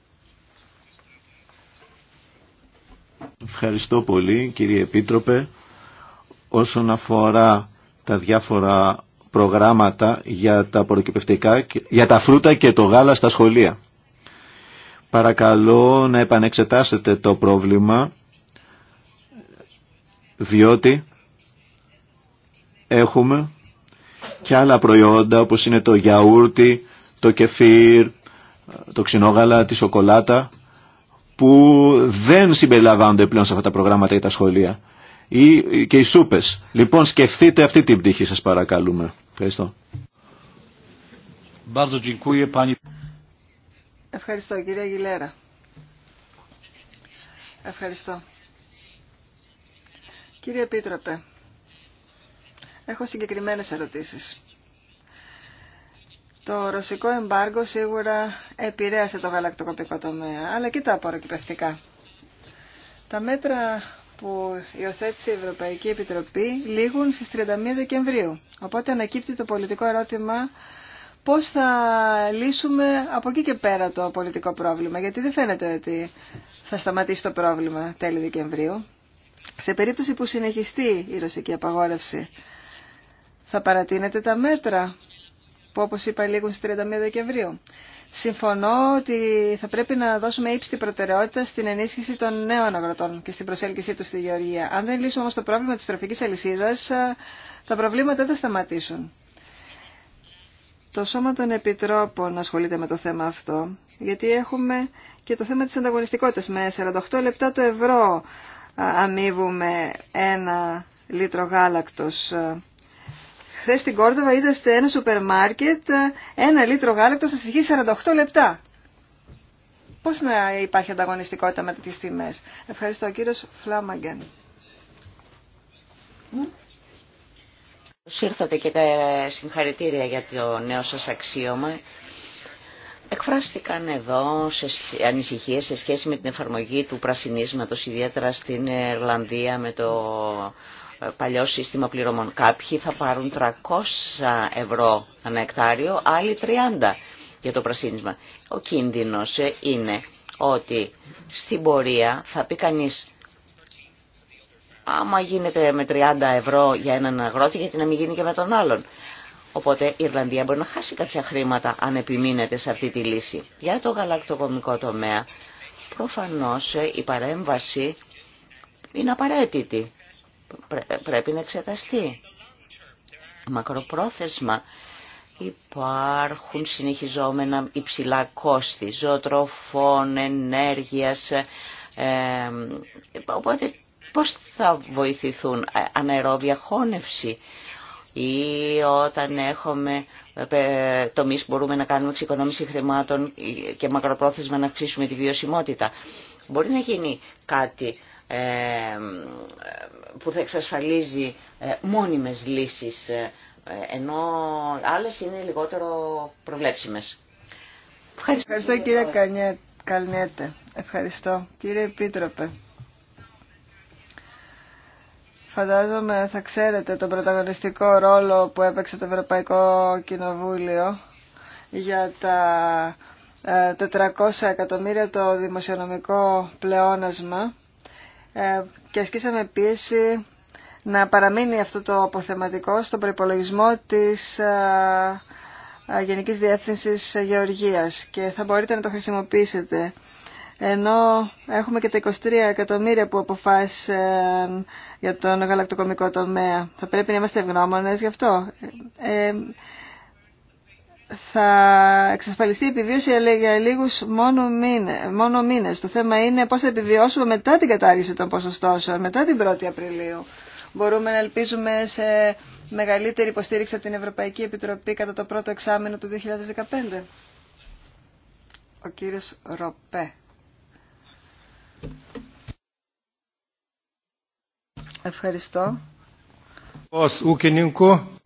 Ευχαριστώ πολύ κύριε Επίτροπε. Όσον αφορά τα διάφορα προγράμματα για τα προκυπευτικά, για τα φρούτα και το γάλα στα σχολεία. Παρακαλώ να επανεξετάσετε το πρόβλημα, διότι έχουμε και άλλα προϊόντα όπως είναι το γιαούρτι, το κεφίρ, το ξινόγαλα, τη σοκολάτα που δεν συμπεριλαμβάνονται πλέον σε αυτά τα προγράμματα για τα σχολεία ή και οι σούπες. Λοιπόν σκεφτείτε αυτή την πτύχη σας παρακαλούμε. Ευχαριστώ. Ευχαριστώ κυρία Γιλέρα. Ευχαριστώ. Κύριε Επίτροπε, έχω συγκεκριμένες ερωτήσεις. Το ρωσικό εμπάργο σίγουρα επηρέασε το γαλακτοκοπικό τομέα, αλλά και τα απορροκυπευτικά. Τα μέτρα που υιοθέτησε η Ευρωπαϊκή Επιτροπή λήγουν στις 31 Δεκεμβρίου. Οπότε ανακύπτει το πολιτικό ερώτημα πώς θα λύσουμε από εκεί και πέρα το πολιτικό πρόβλημα, γιατί δεν φαίνεται ότι θα σταματήσει το πρόβλημα τέλη Δεκεμβρίου. Σε περίπτωση που συνεχιστεί η ρωσική απαγόρευση, θα παρατείνετε τα μέτρα που όπως είπα λήγουν στις 31 Δεκεμβρίου. Συμφωνώ ότι θα πρέπει να δώσουμε ύψη προτεραιότητα στην ενίσχυση των νέων αγροτών και στην προσέλκυσή του στη γεωργία. Αν δεν λύσουμε όμως το πρόβλημα της τροφικής αλυσίδας, τα προβλήματα δεν σταματήσουν. Το Σώμα των Επιτρόπων ασχολείται με το θέμα αυτό, γιατί έχουμε και το θέμα της ανταγωνιστικότητας. Με 48 λεπτά το ευρώ αμείβουμε ένα λίτρο γάλακτος Χθε στην Κόρδοβα είδα ένα σούπερ μάρκετ ε, ένα λίτρο γάλακτο σας στοιχεί 48 λεπτά. Πώς να υπάρχει ανταγωνιστικότητα με τις τιμές. Ευχαριστώ κύριος Φλάμαγκεν. Ήρθατε και τα συγχαρητήρια για το νέο σας αξίωμα. Εκφράστηκαν εδώ σε ανησυχίες σε σχέση με την εφαρμογή του πρασινίσματος, ιδιαίτερα στην Ιρλανδία με το παλιό σύστημα πληρωμών. Κάποιοι θα πάρουν 300 ευρώ ένα εκτάριο, άλλοι 30 για το πρασίνισμα. Ο κίνδυνος είναι ότι στην πορεία θα πει κανείς άμα γίνεται με 30 ευρώ για έναν αγρότη γιατί να μην γίνει και με τον άλλον. Οπότε η Ιρλανδία μπορεί να χάσει κάποια χρήματα αν επιμείνεται σε αυτή τη λύση. Για το γαλακτοκομικό τομέα προφανώς η παρέμβαση είναι απαραίτητη πρέπει να εξεταστεί. Μακροπρόθεσμα υπάρχουν συνεχιζόμενα υψηλά κόστη ζωοτροφών, ενέργειας, ε, οπότε πώς θα βοηθηθούν ε, αναερόβια χώνευση ή όταν έχουμε ε, τομεί που μπορούμε να κάνουμε εξοικονόμηση χρημάτων και μακροπρόθεσμα να αυξήσουμε τη βιωσιμότητα. Μπορεί να γίνει κάτι ε, που θα εξασφαλίζει ε, μόνιμες λύσεις, ε, ενώ άλλες είναι λιγότερο προβλέψιμες. Ευχαριστώ, Ευχαριστώ κύριε Καλνιέτε. Ευχαριστώ. Κύριε Επίτροπε. Φαντάζομαι θα ξέρετε τον πρωταγωνιστικό ρόλο που έπαιξε το Ευρωπαϊκό Κοινοβούλιο για τα 400 εκατομμύρια το δημοσιονομικό πλεόνασμα ε, και ασκήσαμε πίεση να παραμείνει αυτό το αποθεματικό στον προπολογισμό της ε, ε, Γενικής Διεύθυνσης Γεωργίας και θα μπορείτε να το χρησιμοποιήσετε. Ενώ έχουμε και τα 23 εκατομμύρια που αποφάσισαν για τον γαλακτοκομικό τομέα. Θα πρέπει να είμαστε ευγνώμονες γι' αυτό θα εξασφαλιστεί η επιβίωση για λίγου μόνο, μήνε, μόνο μήνες. Το θέμα είναι πώς θα επιβιώσουμε μετά την κατάργηση των ποσοστώσεων, μετά την 1η Απριλίου. Μπορούμε να ελπίζουμε σε μεγαλύτερη υποστήριξη από την Ευρωπαϊκή Επιτροπή κατά το πρώτο εξάμεινο του 2015. Ο κύριος Ροπέ. Ευχαριστώ. Ως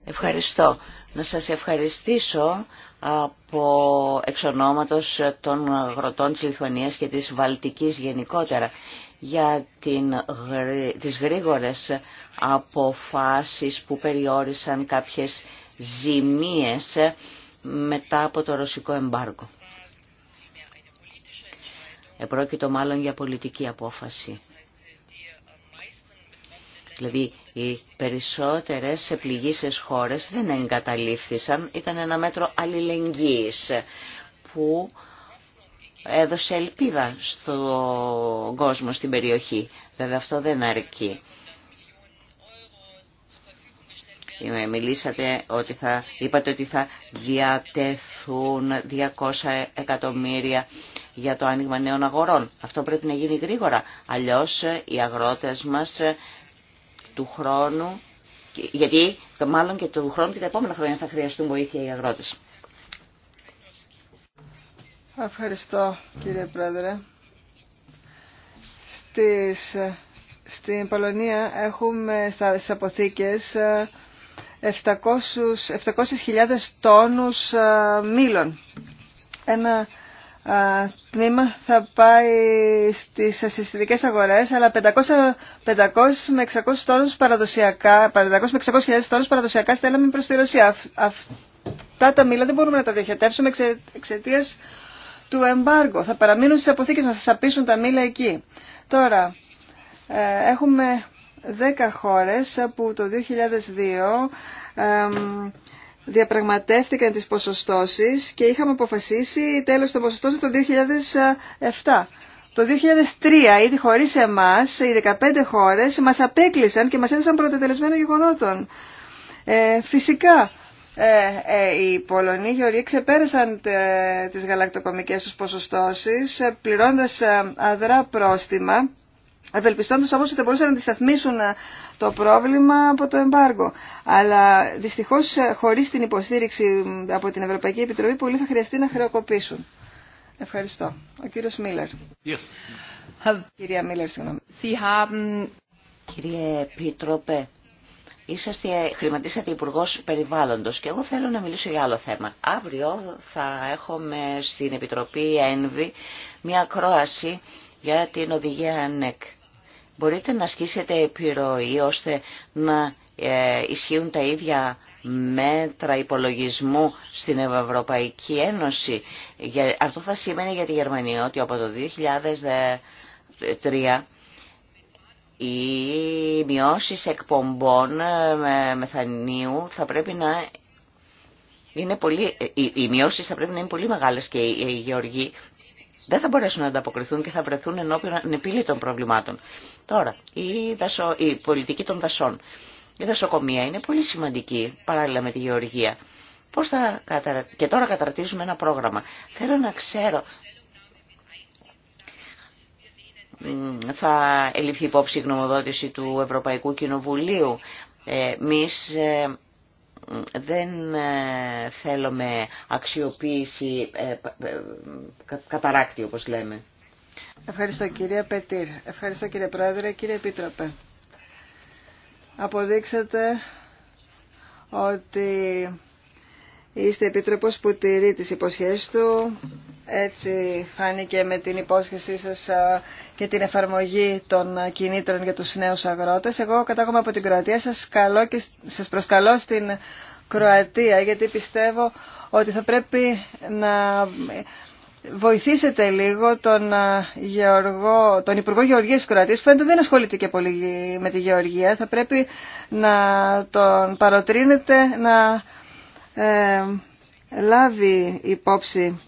Ευχαριστώ. Να σας ευχαριστήσω από εξ των αγροτών της Λιθουανίας και της Βαλτικής γενικότερα για την, τις γρήγορες αποφάσεις που περιόρισαν κάποιες ζημίες μετά από το ρωσικό εμπάργκο. Επρόκειτο μάλλον για πολιτική απόφαση. Δηλαδή οι περισσότερες επληγήσεις χώρες δεν εγκαταλήφθησαν ήταν ένα μέτρο αλληλεγγύης που έδωσε ελπίδα στον κόσμο στην περιοχή. Βέβαια αυτό δεν αρκεί. Μιλήσατε ότι θα, είπατε ότι θα διατεθούν 200 εκατομμύρια για το άνοιγμα νέων αγορών. Αυτό πρέπει να γίνει γρήγορα. Αλλιώς οι αγρότες μας του χρόνου, γιατί μάλλον και του χρόνου και τα επόμενα χρόνια θα χρειαστούν βοήθεια οι αγρότες. Ευχαριστώ κύριε Πρόεδρε. Στις, στην Πολωνία έχουμε στις αποθήκες 700.000 ε, 700 τόνους ε, μήλων. Ένα τμήμα θα πάει στις ασυστητικές αγορές, αλλά 500, 500 με 600 τόνους παραδοσιακά, 500 600.000 τόνους παραδοσιακά στέλναμε προς τη Ρωσία. Αυτά τα μήλα δεν μπορούμε να τα διοχετεύσουμε εξαιτία του εμπάργου. Θα παραμείνουν στις αποθήκες μας, θα σαπίσουν τα μήλα εκεί. Τώρα, ε, έχουμε 10 χώρες που το 2002 διαπραγματεύτηκαν τις ποσοστώσεις και είχαμε αποφασίσει τέλος των ποσοστώσεων το 2007. Το 2003, ήδη χωρίς εμάς, οι 15 χώρες μας απέκλεισαν και μας έδωσαν προτετελεσμένο γεγονότων. Ε, φυσικά, ε, ε οι Πολωνοί Γεωργοί ξεπέρασαν ε, τις γαλακτοκομικές τους ποσοστώσεις, ε, πληρώντας αδρά πρόστιμα απελπιστώντας όμως ότι θα μπορούσαν να αντισταθμίσουν ε, το πρόβλημα από το εμπάργο. Αλλά δυστυχώς ε, χωρίς την υποστήριξη από την Ευρωπαϊκή Επιτροπή πολλοί θα χρειαστεί να χρεοκοπήσουν. Ευχαριστώ. Ο κύριος Μίλλερ. Yes. Κυρία Μίλλερ, συγγνώμη. Haben... Κύριε Επίτροπε, είσαστε, χρηματίσατε Υπουργό Περιβάλλοντο και εγώ θέλω να μιλήσω για άλλο θέμα. Αύριο θα έχουμε στην Επιτροπή ΕΝΒΗ μια ακρόαση για την οδηγία ΑΝΕΚ μπορείτε να ασκήσετε επιρροή ώστε να ε, ισχύουν τα ίδια μέτρα υπολογισμού στην Ευρωπαϊκή Ένωση. Αυτό θα σημαίνει για τη Γερμανία ότι από το 2003 οι μειώσεις εκπομπών ε, μεθανίου θα πρέπει να είναι πολύ, ε, οι, μειώσεις θα πρέπει να είναι πολύ μεγάλες και οι, οι γεωργοί δεν θα μπορέσουν να ανταποκριθούν και θα βρεθούν ενώπιον ανεπιλήτων προβλημάτων. Τώρα, η, πολιτική των δασών. Η δασοκομεία είναι πολύ σημαντική παράλληλα με τη γεωργία. Πώς θα κατα... Και τώρα καταρτίζουμε ένα πρόγραμμα. Θέλω να ξέρω θα ελειφθεί υπόψη η γνωμοδότηση του Ευρωπαϊκού Κοινοβουλίου. Ε, εμείς... Ε, δεν ε, θέλουμε αξιοποίηση ε, ε, καταράκτη όπως λέμε. Ευχαριστώ κύριε Πετήρ. Ευχαριστώ κύριε Πρόεδρε, κύριε Επίτροπε. Αποδείξατε ότι είστε επίτροπος που τηρεί τις υποσχέσεις του, έτσι φάνηκε με την υπόσχεσή σας και την εφαρμογή των κινήτρων για τους νέους αγρότες. Εγώ κατάγομαι από την Κροατία. Σας, καλώ και σας προσκαλώ στην Κροατία γιατί πιστεύω ότι θα πρέπει να βοηθήσετε λίγο τον, Γεωργό, τον Υπουργό Γεωργίας της Κροατίας που φαίνεται δεν ασχολείται και πολύ με τη Γεωργία. Θα πρέπει να τον παροτρύνετε να ε, λάβει υπόψη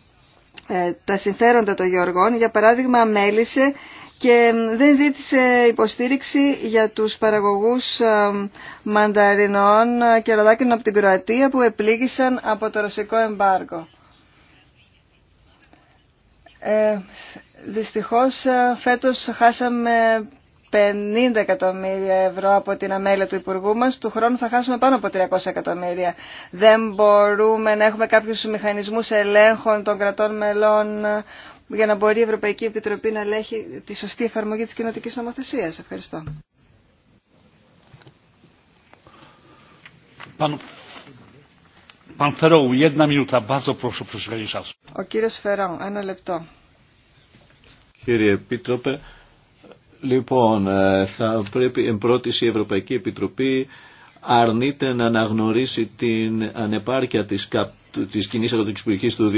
ε, τα συμφέροντα των γεωργών. Για παράδειγμα, μέλησε και δεν ζήτησε υποστήριξη για τους παραγωγούς ε, μανταρινών ε, και ροδάκινων από την Κροατία που επλήγησαν από το ρωσικό εμπάργο. Ε, δυστυχώς φέτος χάσαμε 50 εκατομμύρια ευρώ από την αμέλεια του Υπουργού μας, του χρόνου θα χάσουμε πάνω από 300 εκατομμύρια. Δεν μπορούμε να έχουμε κάποιους μηχανισμούς ελέγχων των κρατών μελών για να μπορεί η Ευρωπαϊκή Επιτροπή να ελέγχει τη σωστή εφαρμογή της κοινοτικής νομοθεσίας. Ευχαριστώ. Ο κύριος Φερόν, ένα λεπτό. Κύριε Επίτροπε, Λοιπόν, ε, θα πρέπει πρώτη η Ευρωπαϊκή Επιτροπή αρνείται να αναγνωρίσει την ανεπάρκεια της, κοινή της κοινής αγροτικής πολιτικής του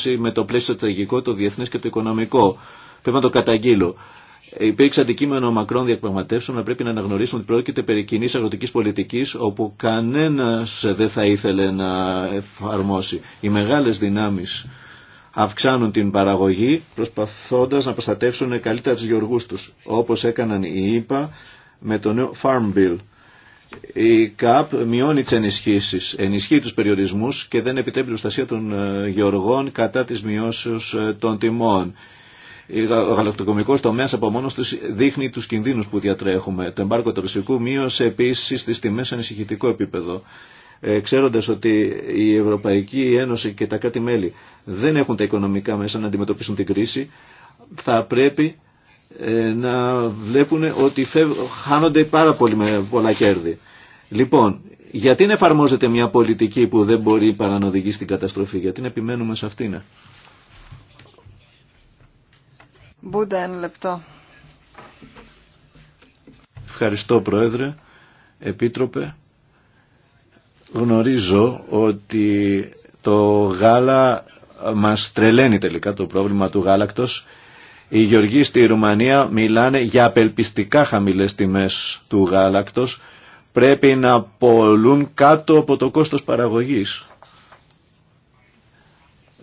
2014-2020 με το πλαίσιο στρατηγικό, το διεθνές και το οικονομικό. Πρέπει να το καταγγείλω. Υπήρξε αντικείμενο μακρών διαπραγματεύσεων να πρέπει να αναγνωρίσουν ότι πρόκειται περί κοινή αγροτική πολιτική όπου κανένα δεν θα ήθελε να εφαρμόσει. Οι μεγάλε δυνάμει αυξάνουν την παραγωγή προσπαθώντας να προστατεύσουν καλύτερα τους γεωργούς τους, όπως έκαναν οι ΙΠΑ με το νέο Farm Bill. Η ΚΑΠ μειώνει τις ενισχύσεις, ενισχύει τους περιορισμούς και δεν επιτρέπει την προστασία των ε, γεωργών κατά τις μειώσεις ε, των τιμών. Ο γαλακτοκομικός τομέας από μόνος του δείχνει τους κινδύνους που διατρέχουμε. Το εμπάρκο του ρωσικού μείωσε επίσης τις τιμές σε ανησυχητικό επίπεδο. Ε, ξέροντας ότι η Ευρωπαϊκή Ένωση και τα κράτη-μέλη δεν έχουν τα οικονομικά μέσα να αντιμετωπίσουν την κρίση, θα πρέπει ε, να βλέπουν ότι χάνονται πάρα πολύ με πολλά κέρδη. Λοιπόν, γιατί εφαρμόζεται μια πολιτική που δεν μπορεί παρά να οδηγεί στην καταστροφή, γιατί να επιμένουμε σε αυτήν. Ευχαριστώ Πρόεδρε, Επίτροπε γνωρίζω ότι το γάλα μας τρελαίνει τελικά το πρόβλημα του γάλακτος. Οι γεωργοί στη Ρουμανία μιλάνε για απελπιστικά χαμηλές τιμές του γάλακτος. Πρέπει να πολλούν κάτω από το κόστος παραγωγής.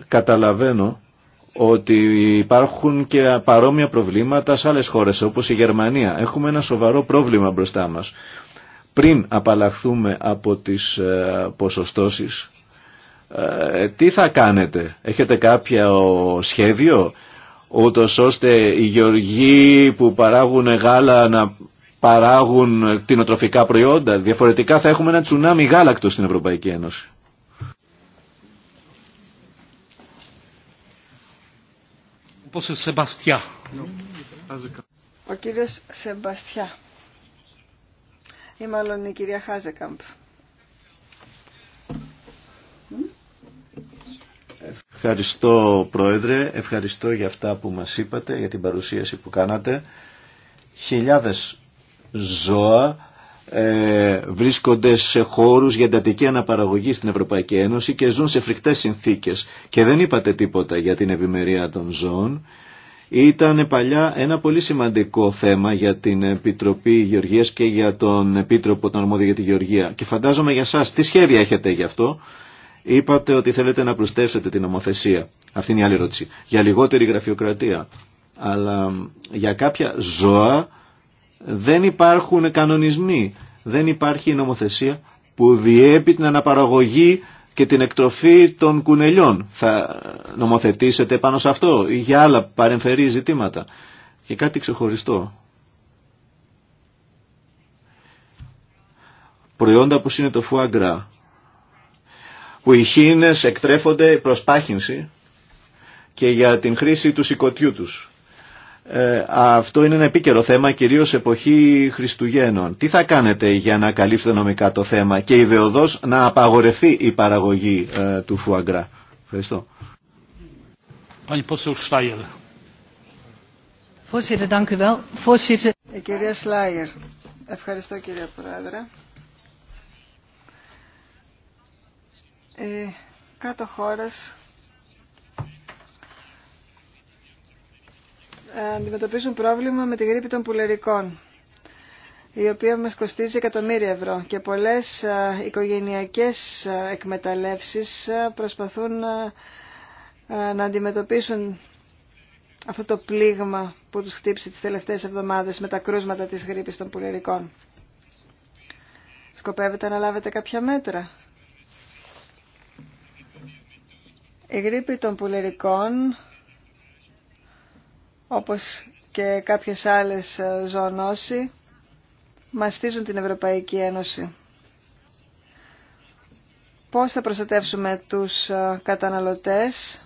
Καταλαβαίνω ότι υπάρχουν και παρόμοια προβλήματα σε άλλες χώρες όπως η Γερμανία. Έχουμε ένα σοβαρό πρόβλημα μπροστά μας πριν απαλλαχθούμε από τις ε, ποσοστώσεις, ε, τι θα κάνετε, έχετε κάποιο σχέδιο, ούτω ώστε οι γεωργοί που παράγουν γάλα να παράγουν κτηνοτροφικά προϊόντα. Διαφορετικά θα έχουμε ένα τσουνάμι γάλακτο στην Ευρωπαϊκή Ένωση. Ο κύριος Σεμπαστιά ή μάλλον η κυρία Χάζεκαμπ. Ευχαριστώ Πρόεδρε, ευχαριστώ για αυτά που μας είπατε, για την παρουσίαση που κάνατε. Χιλιάδες ζώα ε, βρίσκονται σε χώρους για εντατική αναπαραγωγή στην Ευρωπαϊκή Ένωση και ζουν σε φρικτές συνθήκες. Και δεν είπατε τίποτα για την ευημερία των ζώων ήταν παλιά ένα πολύ σημαντικό θέμα για την Επιτροπή Γεωργίας και για τον Επίτροπο των Ορμόδιων για τη Γεωργία. Και φαντάζομαι για σας τι σχέδια έχετε γι' αυτό. Είπατε ότι θέλετε να προστεύσετε την νομοθεσία. Αυτή είναι η άλλη ερώτηση. Για λιγότερη γραφειοκρατία. Αλλά για κάποια ζώα δεν υπάρχουν κανονισμοί. Δεν υπάρχει νομοθεσία που διέπει την αναπαραγωγή και την εκτροφή των κουνελιών. Θα νομοθετήσετε πάνω σε αυτό ή για άλλα παρεμφερή ζητήματα. Και κάτι ξεχωριστό. Προϊόντα που είναι το φουάγκρα, που οι χήνες εκτρέφονται προς πάχυνση και για την χρήση του σηκωτιού τους. Ε, αυτό είναι ένα επίκαιρο θέμα, κυρίως εποχή Χριστουγέννων. Τι θα κάνετε για να καλύψετε νομικά το θέμα και ιδεοδός να απαγορευτεί η παραγωγή ε, του φουαγκρά. Ε, ευχαριστώ. Κυρία Σλάιερ, ευχαριστώ κύριε Πρόεδρε. κάτω χώρες αντιμετωπίζουν πρόβλημα με τη γρήπη των πουλερικών, η οποία μας κοστίζει εκατομμύρια ευρώ και πολλές οικογενειακές εκμεταλλεύσεις προσπαθούν να αντιμετωπίσουν αυτό το πλήγμα που τους χτύπησε τις τελευταίες εβδομάδες με τα κρούσματα της γρήπης των πουλερικών. Σκοπεύετε να λάβετε κάποια μέτρα. Η γρήπη των πουλερικών όπως και κάποιες άλλες μας ε, μαστίζουν την Ευρωπαϊκή Ένωση. Πώς θα προστατεύσουμε τους ε, καταναλωτές,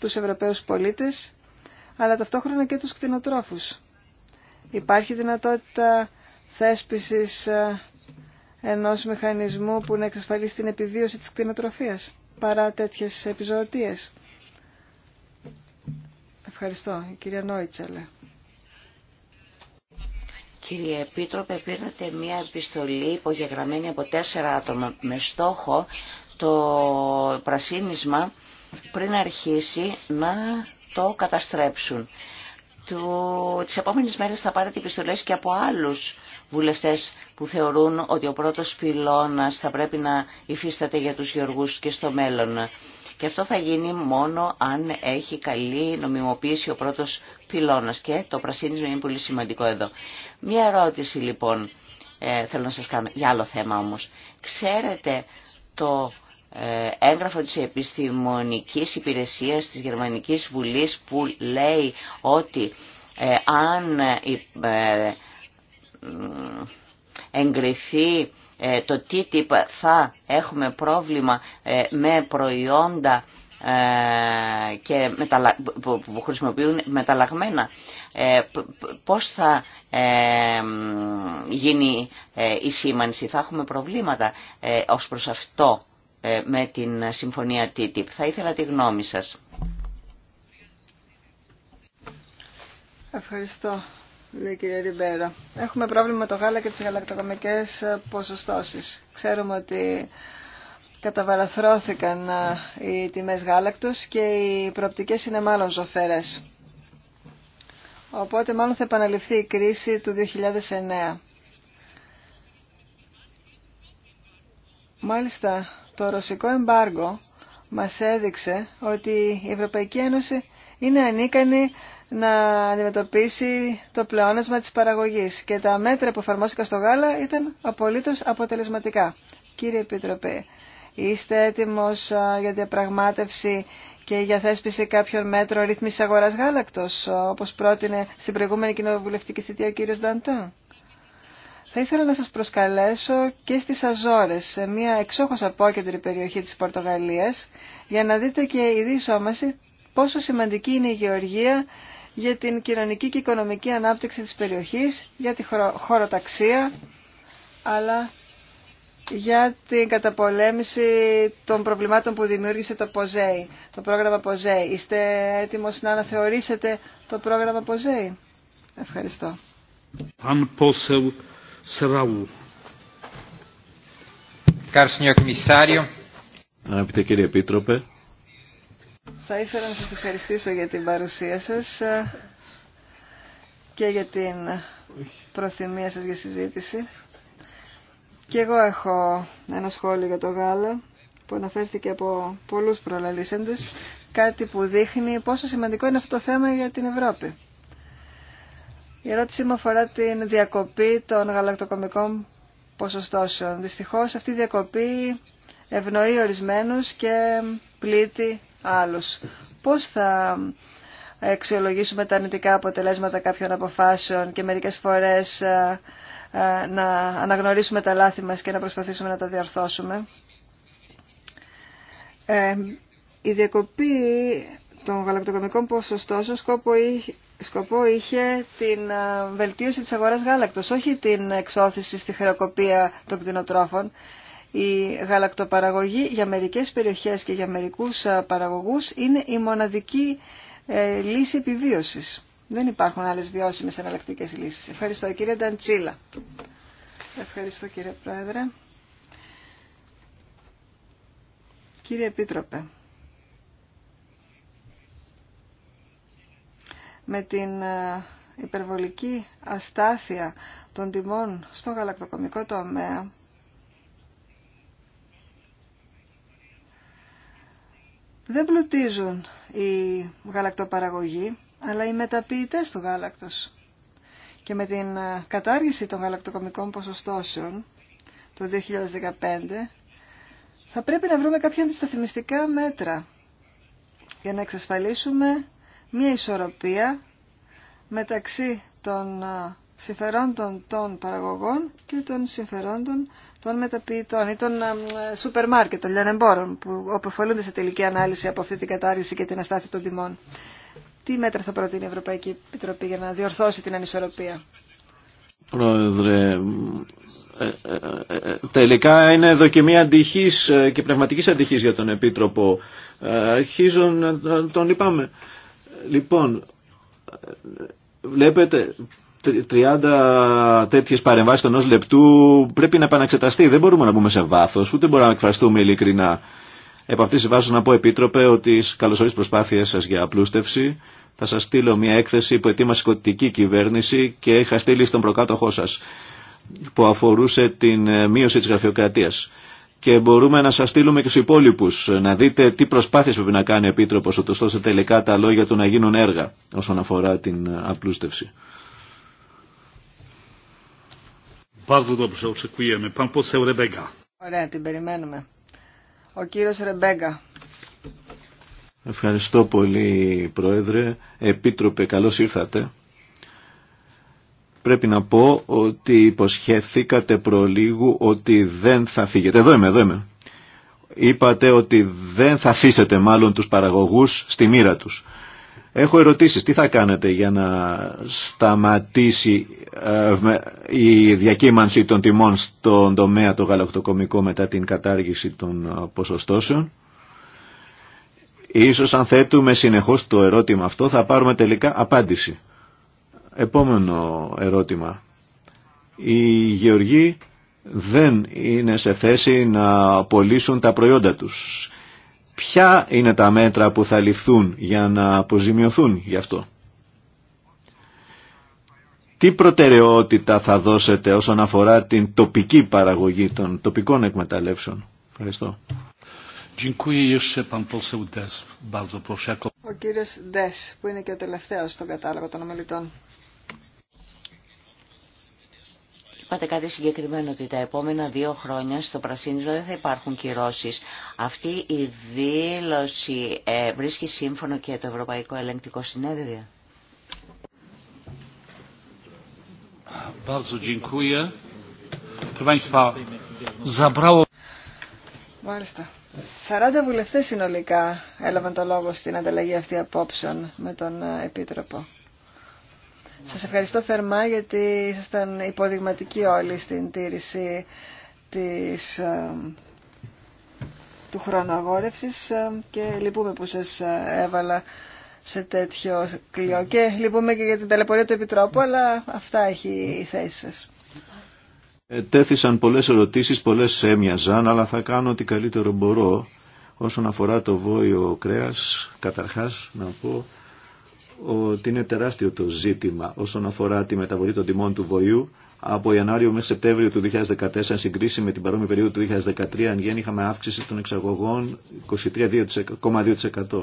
τους Ευρωπαίους πολίτες, αλλά ταυτόχρονα και τους κτηνοτρόφους. Υπάρχει δυνατότητα θέσπισης ε, ενός μηχανισμού που να εξασφαλίσει την επιβίωση της κτηνοτροφίας παρά τέτοιες επιζωοτίες. Ευχαριστώ. Η κυρία Νόιτσελε. Κύριε Επίτροπε, πήρατε μία επιστολή υπογεγραμμένη από τέσσερα άτομα με στόχο το πρασίνισμα πριν αρχίσει να το καταστρέψουν. Του... Τις επόμενες μέρες θα πάρετε επιστολές και από άλλους βουλευτές που θεωρούν ότι ο πρώτος πυλώνας θα πρέπει να υφίσταται για τους γεωργούς και στο μέλλον. Και αυτό θα γίνει μόνο αν έχει καλή νομιμοποίηση ο πρώτος πυλώνας. Και το πρασίνισμα είναι πολύ σημαντικό εδώ. Μία ερώτηση λοιπόν ε, θέλω να σας κάνω για άλλο θέμα όμως. Ξέρετε το ε, έγγραφο της επιστημονικής υπηρεσίας της Γερμανικής Βουλής που λέει ότι ε, αν ε, εγκριθεί ε, το TTIP θα έχουμε πρόβλημα ε, με προϊόντα ε, και που χρησιμοποιούν μεταλλαγμένα. Πώς θα γίνει η σήμανση. Θα έχουμε προβλήματα ως προς αυτό με την συμφωνία TTIP. Θα ήθελα τη γνώμη σας. Ευχαριστώ λέει κυρία Ριμπέρα. Έχουμε πρόβλημα με το γάλα και τις γαλακτοκομικές ποσοστώσεις. Ξέρουμε ότι καταβαραθρώθηκαν οι τιμές γάλακτος και οι προοπτικές είναι μάλλον ζωφέρες. Οπότε μάλλον θα επαναληφθεί η κρίση του 2009. Μάλιστα, το ρωσικό εμπάργο μας έδειξε ότι η Ευρωπαϊκή Ένωση είναι ανίκανη να αντιμετωπίσει το πλεόνασμα της παραγωγής και τα μέτρα που εφαρμόστηκαν στο γάλα ήταν απολύτως αποτελεσματικά. Κύριε Επίτροπε, είστε έτοιμος για διαπραγμάτευση και για θέσπιση κάποιων μέτρων ρύθμισης αγοράς γάλακτος, όπως πρότεινε στην προηγούμενη κοινοβουλευτική θητεία ο κύριος Νταντά. Θα ήθελα να σας προσκαλέσω και στις Αζόρες, σε μια εξόχως απόκεντρη περιοχή της Πορτογαλίας, για να δείτε και η πόσο σημαντική είναι η γεωργία για την κοινωνική και οικονομική ανάπτυξη της περιοχής, για τη χωροταξία, αλλά για την καταπολέμηση των προβλημάτων που δημιούργησε το ΠΟΖΕΙ, το πρόγραμμα ΠΟΖΕΙ. Είστε έτοιμος να αναθεωρήσετε το πρόγραμμα ΠΟΖΕΙ. Ευχαριστώ. Αγαπητέ κύριε Επίτροπε, θα ήθελα να σας ευχαριστήσω για την παρουσία σας ε, και για την προθυμία σας για συζήτηση. Και εγώ έχω ένα σχόλιο για το γάλα που αναφέρθηκε από πολλούς προλαλήσεντες. κάτι που δείχνει πόσο σημαντικό είναι αυτό το θέμα για την Ευρώπη. Η ερώτησή μου αφορά την διακοπή των γαλακτοκομικών ποσοστώσεων. Δυστυχώς αυτή η διακοπή ευνοεί ορισμένους και πλήττει άλλους. Πώς θα αξιολογήσουμε τα αρνητικά αποτελέσματα κάποιων αποφάσεων και μερικές φορές ε, ε, να αναγνωρίσουμε τα λάθη μας και να προσπαθήσουμε να τα διορθώσουμε. Ε, η διακοπή των γαλακτοκομικών ποσοστώσεων σκόπο, σκοπό είχε την βελτίωση της αγοράς γάλακτος, όχι την εξώθηση στη χρεοκοπία των κτηνοτρόφων. Η γαλακτοπαραγωγή για μερικές περιοχές και για μερικούς παραγωγούς είναι η μοναδική ε, λύση επιβίωσης. Δεν υπάρχουν άλλες βιώσιμες εναλλακτικέ λύσεις. Ευχαριστώ κύριε Νταντσίλα. Ευχαριστώ κύριε Πρόεδρε. Κύριε Επίτροπε, με την ε, υπερβολική αστάθεια των τιμών στο γαλακτοκομικό τομέα δεν πλουτίζουν οι γαλακτοπαραγωγοί, αλλά οι μεταποιητές του γάλακτος. Και με την ε, κατάργηση των γαλακτοκομικών ποσοστώσεων το 2015, θα πρέπει να βρούμε κάποια αντισταθμιστικά μέτρα για να εξασφαλίσουμε μια ισορροπία μεταξύ των ε, συμφερόντων των παραγωγών και των συμφερόντων των μεταποιητών ή των ε, σούπερ μάρκετ, των λιανεμπόρων που αποφελούνται σε τελική ανάλυση από αυτή την κατάργηση και την αστάθεια των τιμών. Τι μέτρα θα προτείνει η Ευρωπαϊκή Επιτροπή για να διορθώσει την ανισορροπία. Πρόεδρε, ε, ε, τελικά είναι δοκιμή αντυχής και πνευματικής αντυχής για τον Επίτροπο. Αρχίζω να τον λυπάμαι. Λοιπόν, βλέπετε 30 τέτοιε παρεμβάσει των λεπτού πρέπει να επαναξεταστεί. Δεν μπορούμε να μπούμε σε βάθο, ούτε μπορούμε να εκφραστούμε ειλικρινά. Επ' αυτή τη βάση να πω επίτροπε ότι καλωσορίζω προσπάθειες σα για απλούστευση. Θα σα στείλω μια έκθεση που ετοίμασε η κοτική κυβέρνηση και είχα στείλει στον προκάτοχό σα που αφορούσε την ε, μείωση της γραφειοκρατίας. Και μπορούμε να σας στείλουμε και στους υπόλοιπους ε, να δείτε τι προσπάθειες πρέπει να κάνει ο Επίτροπος ώστε τελικά τα λόγια του να γίνουν έργα όσον αφορά την ε, απλούστευση. Ευχαριστώ πολύ, Πρόεδρε. Επίτροπε, καλώς ήρθατε. Πρέπει να πω ότι υποσχέθηκατε προλίγου ότι δεν θα φύγετε. Εδώ είμαι, εδώ είμαι. Είπατε ότι δεν θα αφήσετε μάλλον τους παραγωγούς στη μοίρα τους. Έχω ερωτήσεις. Τι θα κάνετε για να σταματήσει ε, η διακύμανση των τιμών στον τομέα το γαλακτοκομικό μετά την κατάργηση των ε, ποσοστώσεων. Ίσως αν θέτουμε συνεχώς το ερώτημα αυτό θα πάρουμε τελικά απάντηση. Επόμενο ερώτημα. Οι γεωργοί δεν είναι σε θέση να πωλήσουν τα προϊόντα τους ποια είναι τα μέτρα που θα ληφθούν για να αποζημιωθούν γι' αυτό. Τι προτεραιότητα θα δώσετε όσον αφορά την τοπική παραγωγή των τοπικών εκμεταλλεύσεων. Ευχαριστώ. Ο κύριος Δες που είναι και ο τελευταίος στον κατάλογο των ομιλητών. Είπατε κάτι συγκεκριμένο ότι τα επόμενα δύο χρόνια στο πρασίνισμα δεν θα υπάρχουν κυρώσεις. Αυτή η δήλωση ε, βρίσκει σύμφωνο και το Ευρωπαϊκό Ελεγκτικό Συνέδριο. Μάλιστα. 40 βουλευτές συνολικά έλαβαν το λόγο στην ανταλλαγή αυτή απόψεων με τον ε, Επίτροπο. Σας ευχαριστώ θερμά γιατί ήσασταν υποδειγματικοί όλοι στην τήρηση της, ε, του χρόνου ε, και λυπούμε που σας ε, έβαλα σε τέτοιο κλειό και λυπούμε και για την ταλαιπωρία του Επιτρόπου αλλά αυτά έχει η θέση σας. Τέθησαν πολλές ερωτήσεις, πολλές έμοιαζαν αλλά θα κάνω ότι καλύτερο μπορώ όσον αφορά το βόηο κρέας καταρχάς να πω ότι είναι τεράστιο το ζήτημα όσον αφορά τη μεταβολή των τιμών του βοηού από Ιανουάριο μέχρι Σεπτέμβριο του 2014 συγκρίση με την παρόμοια περίοδο του 2013 αν γέννη είχαμε αύξηση των εξαγωγών 23,2%. Ε,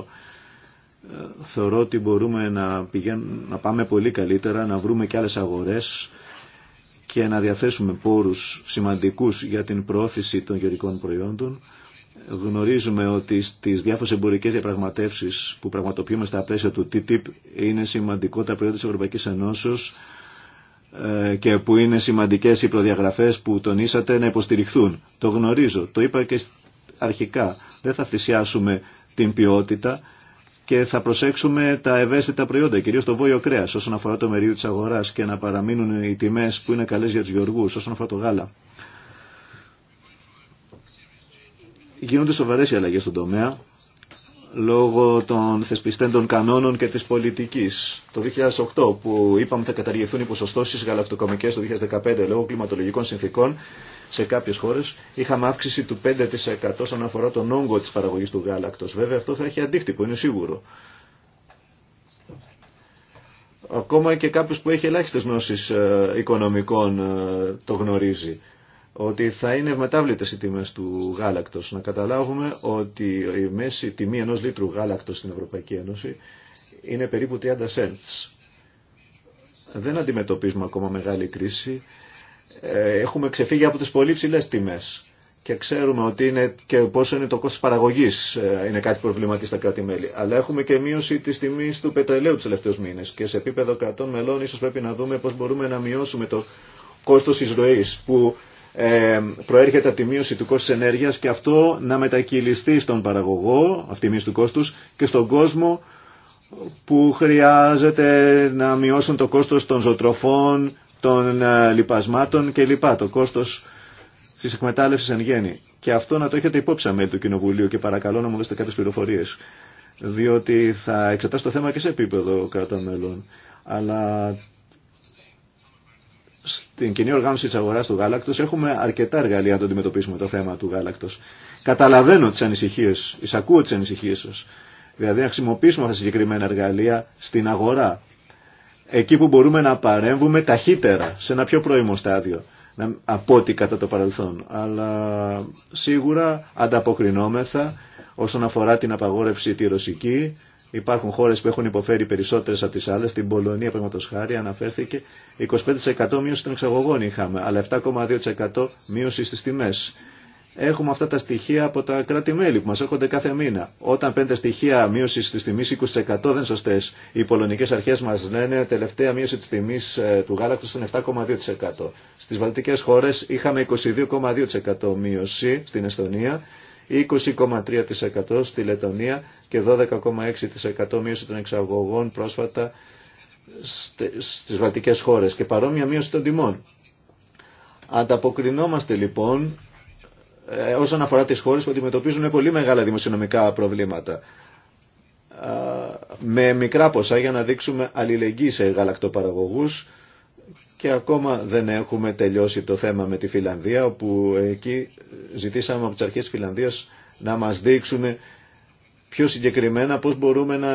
θεωρώ ότι μπορούμε να, πηγαίνουμε, να πάμε πολύ καλύτερα, να βρούμε και άλλες αγορές και να διαθέσουμε πόρους σημαντικούς για την πρόθεση των γεωρικών προϊόντων γνωρίζουμε ότι στις διάφορες εμπορικέ διαπραγματεύσεις που πραγματοποιούμε στα πλαίσια του TTIP είναι σημαντικό τα προϊόντα της Ευρωπαϊκής Ενώσεως ε, και που είναι σημαντικές οι προδιαγραφές που τονίσατε να υποστηριχθούν. Το γνωρίζω, το είπα και αρχικά. Δεν θα θυσιάσουμε την ποιότητα και θα προσέξουμε τα ευαίσθητα προϊόντα, κυρίω το βόλιο κρέα, όσον αφορά το μερίδιο τη αγορά και να παραμείνουν οι τιμέ που είναι καλέ για του γεωργού, όσον αφορά το γάλα. γίνονται σοβαρές οι αλλαγές στον τομέα λόγω των θεσπιστέντων κανόνων και της πολιτικής. Το 2008 που είπαμε θα καταργηθούν οι ποσοστώσεις γαλακτοκομικές το 2015 λόγω κλιματολογικών συνθήκων σε κάποιες χώρες είχαμε αύξηση του 5% όσον αφορά τον όγκο της παραγωγής του γάλακτος. Βέβαια αυτό θα έχει αντίκτυπο, είναι σίγουρο. Ακόμα και κάποιος που έχει ελάχιστες γνώσεις ε, οικονομικών ε, το γνωρίζει ότι θα είναι ευμετάβλητες οι τιμές του γάλακτος. Να καταλάβουμε ότι η μέση τιμή ενός λίτρου γάλακτος στην Ευρωπαϊκή Ένωση είναι περίπου 30 cents. Δεν αντιμετωπίζουμε ακόμα μεγάλη κρίση. Ε, έχουμε ξεφύγει από τις πολύ ψηλέ τιμές και ξέρουμε ότι είναι και πόσο είναι το κόστος παραγωγής ε, είναι κάτι προβληματικό στα κράτη-μέλη. Αλλά έχουμε και μείωση της τιμής του πετρελαίου τους τελευταίους μήνες και σε επίπεδο κρατών μελών ίσως πρέπει να δούμε πώς μπορούμε να μειώσουμε το κόστος εισρωής που ε, προέρχεται από τη μείωση του κόστου ενέργεια και αυτό να μετακυλιστεί στον παραγωγό, αυτή η μείωση του κόστου, και στον κόσμο που χρειάζεται να μειώσουν το κόστος των ζωτροφών, των ε, λοιπασμάτων κλπ. Το κόστος τη εκμετάλλευση εν γέννη. Και αυτό να το έχετε υπόψη μέλη του Κοινοβουλίου και παρακαλώ να μου δώσετε κάποιε πληροφορίε, Διότι θα εξετάσει το θέμα και σε επίπεδο κρατών μελών. Αλλά στην κοινή οργάνωση της αγοράς του γάλακτος έχουμε αρκετά εργαλεία να το αντιμετωπίσουμε το θέμα του γάλακτος. Καταλαβαίνω τις ανησυχίες, εισακούω τις ανησυχίες σας. Δηλαδή να χρησιμοποιήσουμε αυτά τα συγκεκριμένα εργαλεία στην αγορά. Εκεί που μπορούμε να παρέμβουμε ταχύτερα, σε ένα πιο πρώιμο στάδιο από ό,τι κατά το παρελθόν. Αλλά σίγουρα ανταποκρινόμεθα όσον αφορά την απαγόρευση τη ρωσική Υπάρχουν χώρες που έχουν υποφέρει περισσότερες από τις άλλες. Στην Πολωνία, πραγματος χάρη, αναφέρθηκε 25% μείωση των εξαγωγών είχαμε, αλλά 7,2% μείωση στις τιμές. Έχουμε αυτά τα στοιχεία από τα κράτη-μέλη που μας έρχονται κάθε μήνα. Όταν πέντε στοιχεία μείωση της τιμής 20% δεν είναι σωστές. Οι πολωνικές αρχές μας λένε τελευταία μείωση της τιμής ε, του γάλακτος ήταν 7,2%. Στις βαλτικές χώρες είχαμε 22,2% μείωση στην Εστονία 20,3% στη Λετωνία και 12,6% μείωση των εξαγωγών πρόσφατα στις βαλτικές χώρες και παρόμοια μείωση των τιμών. Ανταποκρινόμαστε λοιπόν ε, όσον αφορά τις χώρες που αντιμετωπίζουν πολύ μεγάλα δημοσιονομικά προβλήματα με μικρά ποσά για να δείξουμε αλληλεγγύη σε γαλακτοπαραγωγούς και ακόμα δεν έχουμε τελειώσει το θέμα με τη Φιλανδία όπου εκεί ζητήσαμε από τις αρχές της Φιλανδίας να μας δείξουν πιο συγκεκριμένα πώς μπορούμε να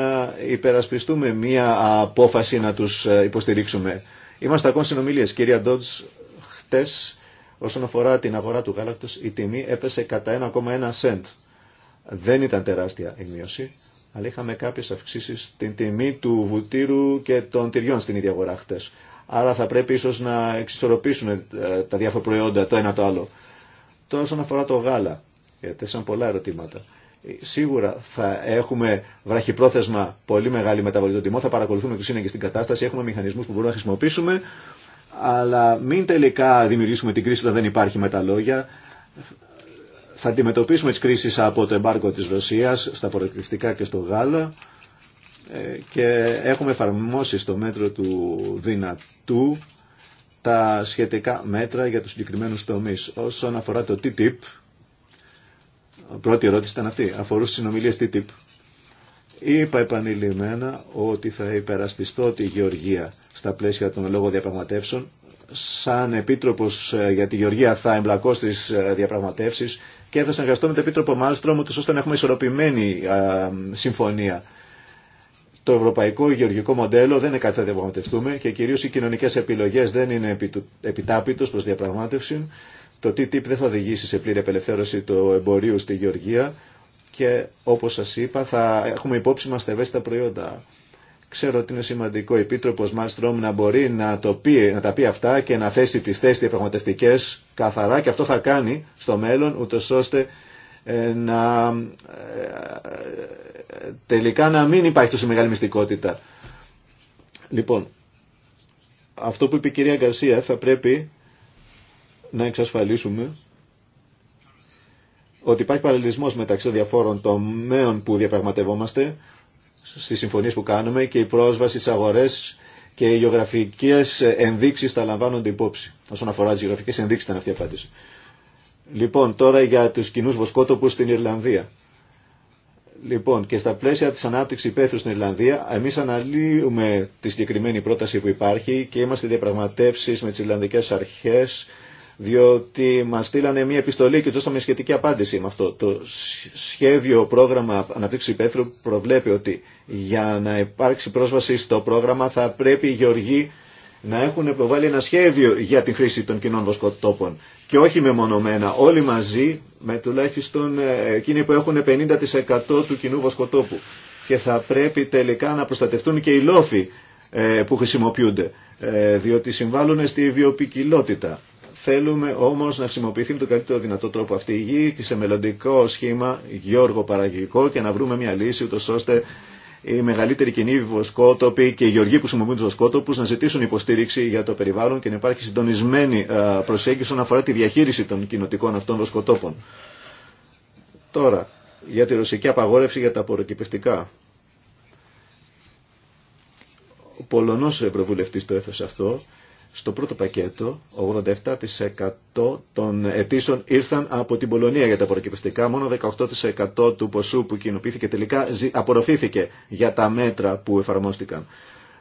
υπερασπιστούμε μία απόφαση να τους υποστηρίξουμε. Είμαστε ακόμα συνομιλίες. Κυρία Ντότς, χτες όσον αφορά την αγορά του γάλακτος η τιμή έπεσε κατά 1,1 σέντ. Δεν ήταν τεράστια η μείωση, αλλά είχαμε κάποιες αυξήσεις στην τιμή του βουτύρου και των τυριών στην ίδια αγορά Άρα θα πρέπει ίσως να εξισορροπήσουν ε, τα διάφορα προϊόντα το ένα το άλλο. Τώρα όσον αφορά το γάλα, γιατί σαν πολλά ερωτήματα. Ε, σίγουρα θα έχουμε βραχυπρόθεσμα πολύ μεγάλη μεταβολή των τιμών, θα παρακολουθούμε και είναι και στην κατάσταση, έχουμε μηχανισμούς που μπορούμε να χρησιμοποιήσουμε, αλλά μην τελικά δημιουργήσουμε την κρίση όταν δεν υπάρχει με τα λόγια. Θα αντιμετωπίσουμε τι κρίσει από το εμπάρκο της Ρωσίας στα προεκριστικά και στο γάλα. Ε, και έχουμε εφαρμόσει στο μέτρο του δυνατού τα σχετικά μέτρα για τους συγκεκριμένους τομείς. Όσον αφορά το TTIP, πρώτη ερώτηση ήταν αυτή, αφορούσε τις συνομιλίες TTIP. Είπα επανειλημμένα ότι θα υπερασπιστώ τη Γεωργία στα πλαίσια των λόγων διαπραγματεύσεων. Σαν Επίτροπος ε, για τη Γεωργία θα εμπλακώ στις ε, διαπραγματεύσεις και θα συνεργαστώ με τον Επίτροπο Μάλστρομ ώστε να έχουμε ισορροπημένη συμφωνία το ευρωπαϊκό γεωργικό μοντέλο δεν είναι κάτι θα διαπραγματευτούμε και κυρίως οι κοινωνικές επιλογές δεν είναι επιτάπητος προς διαπραγμάτευση. Το TTIP δεν θα οδηγήσει σε πλήρη απελευθέρωση του εμπορίου στη γεωργία και όπως σας είπα θα έχουμε υπόψη μας τα ευαίσθητα προϊόντα. Ξέρω ότι είναι σημαντικό ο Επίτροπο Μάστρομ να μπορεί να, το πει, να τα πει αυτά και να θέσει τι θέσει διαπραγματευτικέ καθαρά και αυτό θα κάνει στο μέλλον, ούτω ώστε ε, να ε, τελικά να μην υπάρχει τόσο μεγάλη μυστικότητα. Λοιπόν, αυτό που είπε η κυρία Γκαρσία θα πρέπει να εξασφαλίσουμε ότι υπάρχει παραλληλισμός μεταξύ των διαφόρων τομέων που διαπραγματευόμαστε στις συμφωνίες που κάνουμε και η πρόσβαση στις αγορές και οι γεωγραφικές ενδείξεις θα λαμβάνονται υπόψη. Όσον αφορά τις γεωγραφικές ενδείξεις ήταν αυτή η απάντηση. Λοιπόν, τώρα για τους κοινούς βοσκότοπους στην Ιρλανδία. Λοιπόν, και στα πλαίσια της ανάπτυξης υπαίθρου στην Ιρλανδία, εμείς αναλύουμε τη συγκεκριμένη πρόταση που υπάρχει και είμαστε διαπραγματεύσεις με τις Ιρλανδικές αρχές, διότι μας στείλανε μια επιστολή και δώσαμε σχετική απάντηση με αυτό. Το σχέδιο πρόγραμμα αναπτύξης υπαίθρου προβλέπει ότι για να υπάρξει πρόσβαση στο πρόγραμμα θα πρέπει οι γεωργοί να έχουν προβάλει ένα σχέδιο για την χρήση των κοινών βοσκοτόπων και όχι μεμονωμένα, όλοι μαζί με τουλάχιστον ε, εκείνοι που έχουν 50% του κοινού βοσκοτόπου και θα πρέπει τελικά να προστατευτούν και οι λόφοι ε, που χρησιμοποιούνται ε, διότι συμβάλλουν στη βιοπικιλότητα. Θέλουμε όμως να χρησιμοποιηθεί με τον καλύτερο δυνατό τρόπο αυτή η γη και σε μελλοντικό σχήμα γεώργο παραγωγικό και να βρούμε μια λύση ούτως ώστε οι μεγαλύτεροι κοινοί βοσκότοποι και οι γεωργοί που χρησιμοποιούν του βοσκότοπου να ζητήσουν υποστήριξη για το περιβάλλον και να υπάρχει συντονισμένη προσέγγιση όσον αφορά τη διαχείριση των κοινοτικών αυτών βοσκοτόπων. Τώρα, για τη ρωσική απαγόρευση για τα απορροκυπευτικά. Ο Πολωνός Ευρωβουλευτής το έθεσε αυτό στο πρώτο πακέτο, 87% των αιτήσεων ήρθαν από την Πολωνία για τα προκυπηστικά. Μόνο 18% του ποσού που κοινοποιήθηκε τελικά απορροφήθηκε για τα μέτρα που εφαρμόστηκαν.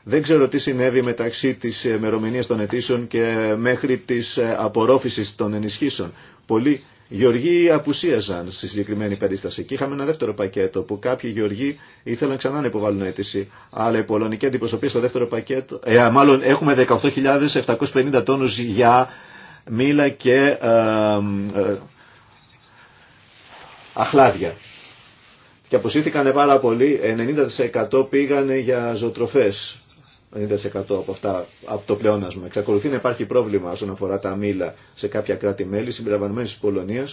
Δεν ξέρω τι συνέβη μεταξύ της ημερομηνία των αιτήσεων και μέχρι της απορρόφησης των ενισχύσεων. Πολλοί γεωργοί απουσίαζαν στη συγκεκριμένη περίσταση. Και είχαμε ένα δεύτερο πακέτο που κάποιοι γεωργοί ήθελαν ξανά να υποβάλουν αίτηση. Αλλά η πολωνική αντιπροσωπεία στο δεύτερο πακέτο. Ε, μάλλον έχουμε 18.750 τόνους για μήλα και ε, ε, αχλάδια. Και αποσύρθηκαν πάρα πολύ, 90% πήγανε για ζωοτροφές 90% από αυτά, από το πλεόνασμα. Εξακολουθεί να υπάρχει πρόβλημα όσον αφορά τα μήλα σε κάποια κράτη-μέλη, συμπεριλαμβανομένη τη Πολωνία.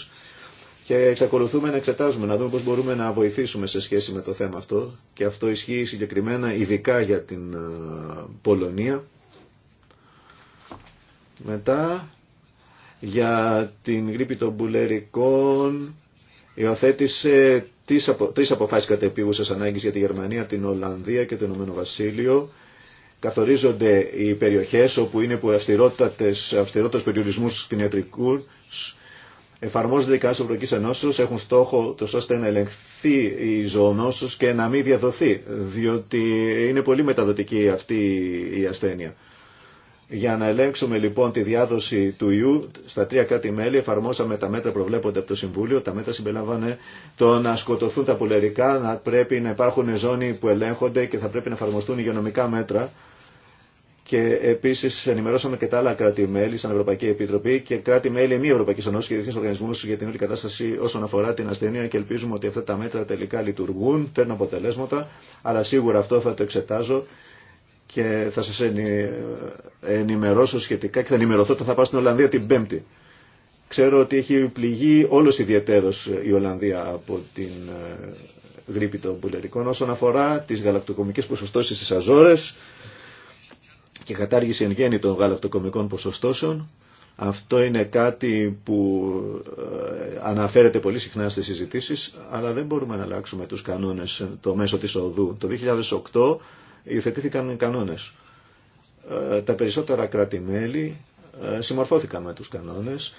Και εξακολουθούμε να εξετάζουμε, να δούμε πώ μπορούμε να βοηθήσουμε σε σχέση με το θέμα αυτό. Και αυτό ισχύει συγκεκριμένα ειδικά για την ε, Πολωνία. Μετά, για την γρήπη των πουλερικών, υιοθέτησε τρει αποφάσεις κατεπίγουσας ανάγκη για τη Γερμανία, την Ολλανδία και το Ηνωμένο Βασίλειο καθορίζονται οι περιοχές όπου είναι που περιορισμού στην κτηνιατρικού εφαρμόζονται οι κανόνες Ευρωπαϊκής Ενώσεως, έχουν στόχο το ώστε να ελεγχθεί η ζωονόσος και να μην διαδοθεί, διότι είναι πολύ μεταδοτική αυτή η ασθένεια. Για να ελέγξουμε λοιπόν τη διάδοση του ιού, στα τρία κάτι μέλη εφαρμόσαμε τα μέτρα προβλέπονται από το Συμβούλιο. Τα μέτρα συμπεριλαμβάνε το να σκοτωθούν τα πουλερικά, να πρέπει να υπάρχουν ζώνη που ελέγχονται και θα πρέπει να εφαρμοστούν υγειονομικά μέτρα και επίση ενημερώσαμε και τα άλλα κράτη-μέλη σαν Ευρωπαϊκή Επιτροπή και κράτη-μέλη μη Ευρωπαϊκή Ενώση και διεθνεί οργανισμού για την όλη κατάσταση όσον αφορά την ασθενεία και ελπίζουμε ότι αυτά τα μέτρα τελικά λειτουργούν, φέρνουν αποτελέσματα, αλλά σίγουρα αυτό θα το εξετάζω και θα σα ενημερώσω σχετικά και θα ενημερωθώ όταν θα πάω στην Ολλανδία την Πέμπτη. Ξέρω ότι έχει πληγεί όλο ιδιαίτερο η Ολλανδία από την ε, γρήπη των πουλερικών όσον αφορά τι γαλακτοκομικέ ποσοστώσει στι Αζόρε και κατάργηση εν γέννη των γαλακτοκομικών ποσοστώσεων. Αυτό είναι κάτι που ε, αναφέρεται πολύ συχνά στις συζητήσεις, αλλά δεν μπορούμε να αλλάξουμε τους κανόνες ε, το μέσο της οδού. Το 2008 υιοθετήθηκαν οι κανόνες. Ε, τα περισσότερα κράτη-μέλη συμμορφώθηκαν με τους κανόνες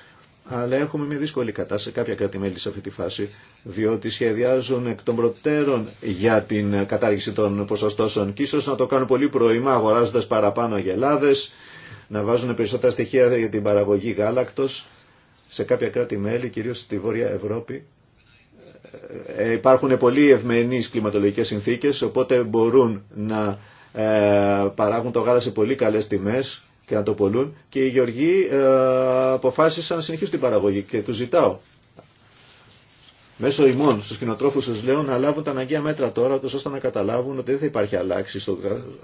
αλλά έχουμε μια δύσκολη κατάσταση κάποια κράτη-μέλη σε αυτή τη φάση, διότι σχεδιάζουν εκ των προτέρων για την κατάργηση των ποσοστώσεων και ίσως να το κάνουν πολύ πρωιμά αγοράζοντας παραπάνω γελάδες, να βάζουν περισσότερα στοιχεία για την παραγωγή γάλακτος. Σε κάποια κράτη-μέλη, κυρίως στη Βόρεια Ευρώπη, ε, υπάρχουν πολύ ευμενείς κλιματολογικές συνθήκες, οπότε μπορούν να ε, παράγουν το γάλα σε πολύ καλές τιμές και να το πολλούν και οι γεωργοί ε, αποφάσισαν να συνεχίσουν την παραγωγή και τους ζητάω. Μέσω ημών στους κοινοτρόφους σας λέω να λάβουν τα αναγκαία μέτρα τώρα ώστε να καταλάβουν ότι δεν θα υπάρχει αλλάξη στο,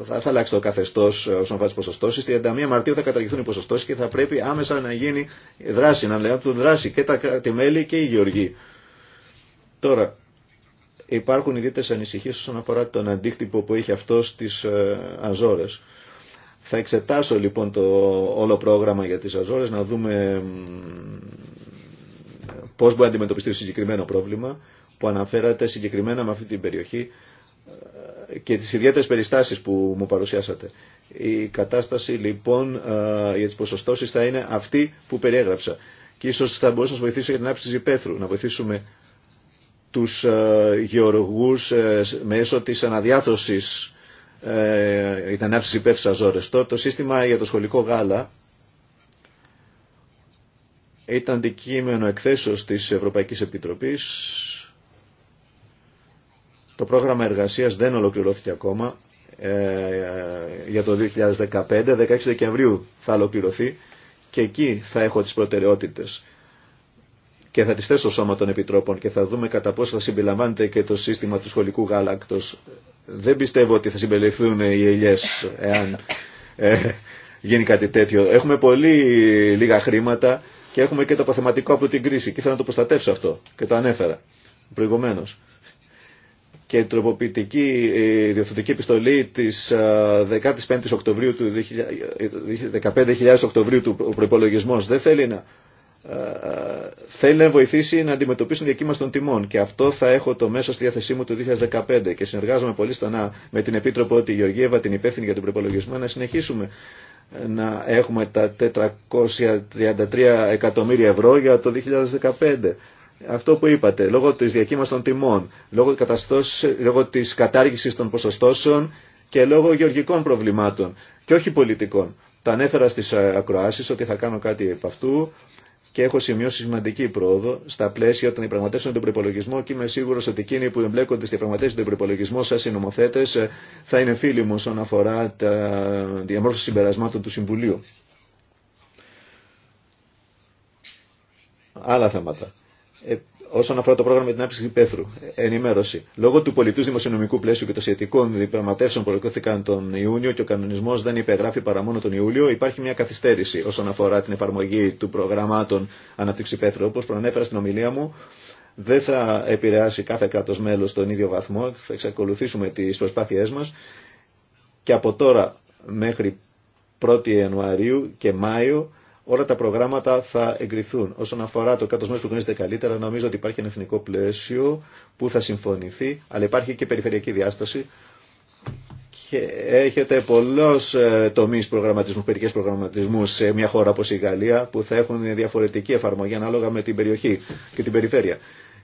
θα, αλλάξει το καθεστώς ε, όσον αφορά τις ποσοστώσεις. 31 Μαρτίου θα καταργηθούν οι ποσοστώσεις και θα πρέπει άμεσα να γίνει δράση, να λέω του δράση και τα κράτη-μέλη και οι γεωργοί. Τώρα, υπάρχουν ιδιαίτερες ανησυχίες όσον αφορά τον αντίκτυπο που είχε αυτό στις ε, Αζόρες. Θα εξετάσω λοιπόν το όλο πρόγραμμα για τις Αζόρες να δούμε πώς μπορεί να αντιμετωπιστεί το συγκεκριμένο πρόβλημα που αναφέρατε συγκεκριμένα με αυτή την περιοχή ε, και τις ιδιαίτερες περιστάσεις που μου παρουσιάσατε. Η κατάσταση λοιπόν ε, για τις ποσοστώσεις θα είναι αυτή που περιέγραψα. Και ίσως θα μπορούσα να σας βοηθήσω για την άψη της υπαίθρου, να βοηθήσουμε τους ε, γεωργούς μέσω της αναδιάθρωσης ε, ήταν αύξηση πέφτου αζόρεστο. το σύστημα για το σχολικό γάλα ήταν αντικείμενο εκθέσεως της Ευρωπαϊκής Επιτροπής. Το πρόγραμμα εργασίας δεν ολοκληρώθηκε ακόμα ε, για το 2015. 16 Δεκεμβρίου θα ολοκληρωθεί και εκεί θα έχω τις προτεραιότητες και θα τις θέσω σώμα των επιτρόπων και θα δούμε κατά πόσο θα συμπεριλαμβάνεται και το σύστημα του σχολικού γάλακτος δεν πιστεύω ότι θα συμπεριληφθούν οι ελιές εάν ε, γίνει κάτι τέτοιο. Έχουμε πολύ λίγα χρήματα και έχουμε και το αποθεματικό από την κρίση και ήθελα να το προστατεύσω αυτό και το ανέφερα προηγουμένω. Και η τροποποιητική η διορθωτική επιστολή της 15 ε, Οκτωβρίου του 2015 ε, Οκτωβρίου του προπολογισμό δεν θέλει να ε, ε, θέλει να βοηθήσει να αντιμετωπίσουν διακύμαση των τιμών και αυτό θα έχω το μέσο στη διάθεσή μου το 2015 και συνεργάζομαι πολύ στενά με την Επίτροπο τη Γεωργίευα, την υπεύθυνη για τον προπολογισμό να συνεχίσουμε να έχουμε τα 433 εκατομμύρια ευρώ για το 2015 αυτό που είπατε, λόγω της διακύμασης των τιμών, λόγω, λόγω της κατάργησης των ποσοστώσεων και λόγω γεωργικών προβλημάτων και όχι πολιτικών. Τα ανέφερα στις ακροάσεις ότι θα κάνω κάτι από αυτού, και έχω σημειώσει σημαντική πρόοδο στα πλαίσια των διαπραγματεύσεων του προπολογισμού και είμαι σίγουρο ότι εκείνοι που εμπλέκονται στι διαπραγματεύσει του προπολογισμού, σα οι νομοθέτε, θα είναι φίλοι μου όσον αφορά τα διαμόρφωση συμπερασμάτων του Συμβουλίου. Άλλα θέματα. Ε, όσον αφορά το πρόγραμμα για την άψη πέθρου, ενημέρωση. Λόγω του πολιτού δημοσιονομικού πλαίσιου και των σχετικών διαπραγματεύσεων που ολοκληρώθηκαν τον Ιούνιο και ο κανονισμό δεν υπεγράφει παρά μόνο τον Ιούλιο, υπάρχει μια καθυστέρηση όσον αφορά την εφαρμογή του προγραμμάτων ανάπτυξη πέθρου. Όπω προανέφερα στην ομιλία μου, δεν θα επηρεάσει κάθε κράτο μέλο στον ίδιο βαθμό. Θα εξακολουθήσουμε τι προσπάθειέ μα και από τώρα μέχρι 1η Ιανουαρίου και Μάιο όλα τα προγράμματα θα εγκριθούν. Όσον αφορά το κάτω μέσο που γνωρίζετε καλύτερα, νομίζω ότι υπάρχει ένα εθνικό πλαίσιο που θα συμφωνηθεί, αλλά υπάρχει και περιφερειακή διάσταση και έχετε πολλούς ε, τομεί προγραμματισμού, περιοχέ προγραμματισμού σε μια χώρα όπω η Γαλλία που θα έχουν διαφορετική εφαρμογή ανάλογα με την περιοχή και την περιφέρεια.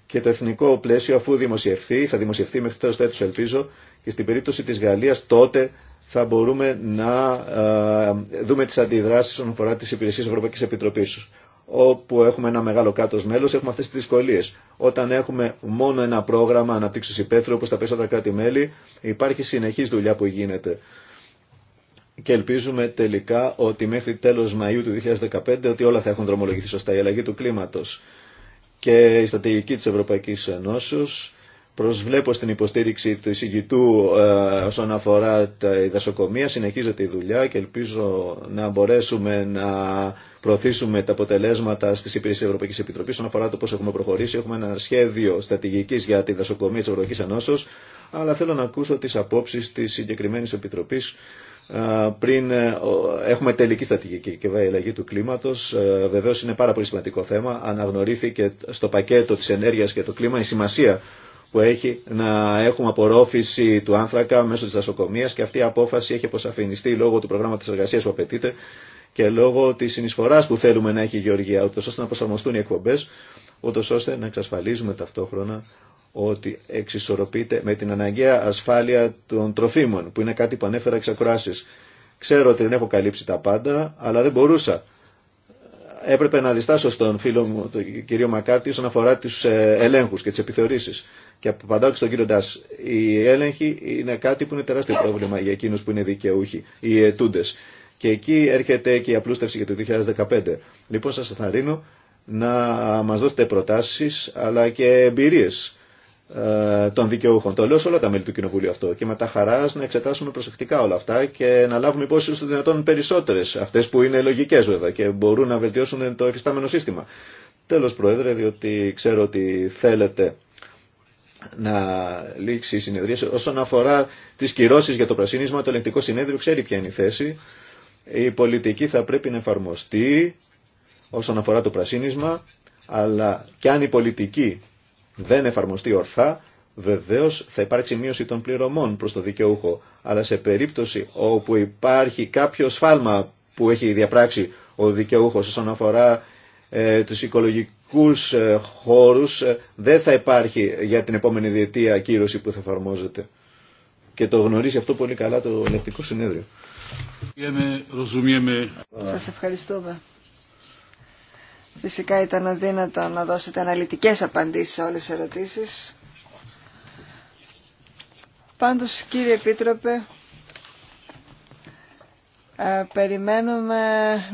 Και το εθνικό πλαίσιο αφού δημοσιευθεί, θα δημοσιευθεί μέχρι τέλο του έτου, ελπίζω και στην περίπτωση τη Γαλλία τότε θα μπορούμε να ε, δούμε τις αντιδράσεις όσον αφορά τις υπηρεσίες της Ευρωπαϊκής Επιτροπής. Όπου έχουμε ένα μεγάλο κάτω μέλος έχουμε αυτές τις δυσκολίες. Όταν έχουμε μόνο ένα πρόγραμμα αναπτύξεως υπαίθρου όπως τα περισσότερα κράτη-μέλη υπάρχει συνεχής δουλειά που γίνεται. Και ελπίζουμε τελικά ότι μέχρι τέλος Μαΐου του 2015 ότι όλα θα έχουν δρομολογηθεί σωστά η αλλαγή του κλίματος και η στατηγική της Ευρωπαϊκής Ενώσεως Προσβλέπω στην υποστήριξη του εισηγητού ε, όσον αφορά τα δασοκομεία. Συνεχίζεται η δουλειά και ελπίζω να μπορέσουμε να προωθήσουμε τα αποτελέσματα στις υπηρεσίες της Ευρωπαϊκής Επιτροπής όσον αφορά το πώς έχουμε προχωρήσει. Έχουμε ένα σχέδιο στρατηγικής για τη δασοκομεία της Ευρωπαϊκής Ενώσεως, αλλά θέλω να ακούσω τις απόψεις της συγκεκριμένης Επιτροπής ε, πριν ε, έχουμε τελική στρατηγική και βέβαια η αλλαγή του κλίματος ε, Βεβαίω είναι πάρα πολύ σημαντικό θέμα αναγνωρίθηκε στο πακέτο της ενέργειας και το κλίμα η σημασία που έχει να έχουμε απορρόφηση του άνθρακα μέσω της δασοκομείας και αυτή η απόφαση έχει αποσαφινιστεί λόγω του προγράμματος εργασίας που απαιτείται και λόγω της συνεισφοράς που θέλουμε να έχει η Γεωργία, ούτως ώστε να προσαρμοστούν οι εκπομπές, ούτως ώστε να εξασφαλίζουμε ταυτόχρονα ότι εξισορροπείται με την αναγκαία ασφάλεια των τροφίμων, που είναι κάτι που ανέφερα εξ Ξέρω ότι δεν έχω καλύψει τα πάντα, αλλά δεν μπορούσα. Έπρεπε να διστάσω στον φίλο μου, τον κύριο Μακάρτη, όσον αφορά του ε, ελέγχου και τι επιθεωρήσεις. Και απαντάω και στον κύριο Ντά. η έλεγχη είναι κάτι που είναι τεράστιο πρόβλημα για εκείνου που είναι δικαιούχοι, οι ετούντε. Και εκεί έρχεται και η απλούστευση για το 2015. Λοιπόν, σα εθαρρύνω να μα δώσετε προτάσει, αλλά και εμπειρίες ε, των δικαιούχων. Το λέω σε όλα τα μέλη του Κοινοβουλίου αυτό και με τα χαρά να εξετάσουμε προσεκτικά όλα αυτά και να λάβουμε υπόψη όσο δυνατόν περισσότερε, αυτέ που είναι λογικέ βέβαια και μπορούν να βελτιώσουν το εφιστάμενο σύστημα. Τέλο, Πρόεδρε, διότι ξέρω ότι θέλετε να λήξει η συνεδρία. Όσον αφορά τις κυρώσει για το πρασίνισμα, το ελεγκτικό συνέδριο ξέρει ποια είναι η θέση. Η πολιτική θα πρέπει να εφαρμοστεί όσον αφορά το πρασίνισμα, αλλά και αν η πολιτική δεν εφαρμοστεί ορθά, Βεβαίω θα υπάρξει μείωση των πληρωμών προ το δικαιούχο, αλλά σε περίπτωση όπου υπάρχει κάποιο σφάλμα που έχει διαπράξει ο δικαιούχο όσον αφορά ε, του ποινικούς ε, χώρους ε, δεν θα υπάρχει για την επόμενη διετία ακύρωση που θα εφαρμόζεται. Και το γνωρίζει αυτό πολύ καλά το ελεκτικό συνέδριο. Σας ευχαριστούμε. Φυσικά ήταν αδύνατο να δώσετε αναλυτικές απαντήσεις σε όλες τις ερωτήσεις. Πάντως κύριε Επίτροπε, ε, περιμένουμε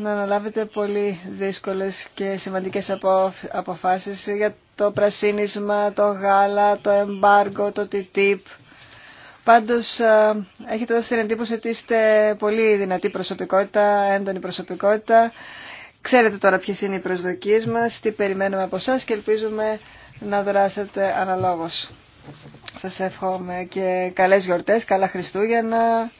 να αναλάβετε πολύ δύσκολες και σημαντικές αποφάσεις για το πρασίνισμα, το γάλα, το εμπάργκο, το TTIP. Πάντως ε, έχετε δώσει την εντύπωση ότι είστε πολύ δυνατή προσωπικότητα, έντονη προσωπικότητα. Ξέρετε τώρα ποιες είναι οι προσδοκίες μας, τι περιμένουμε από εσά και ελπίζουμε να δράσετε αναλόγως. Σας εύχομαι και καλές γιορτές, καλά Χριστούγεννα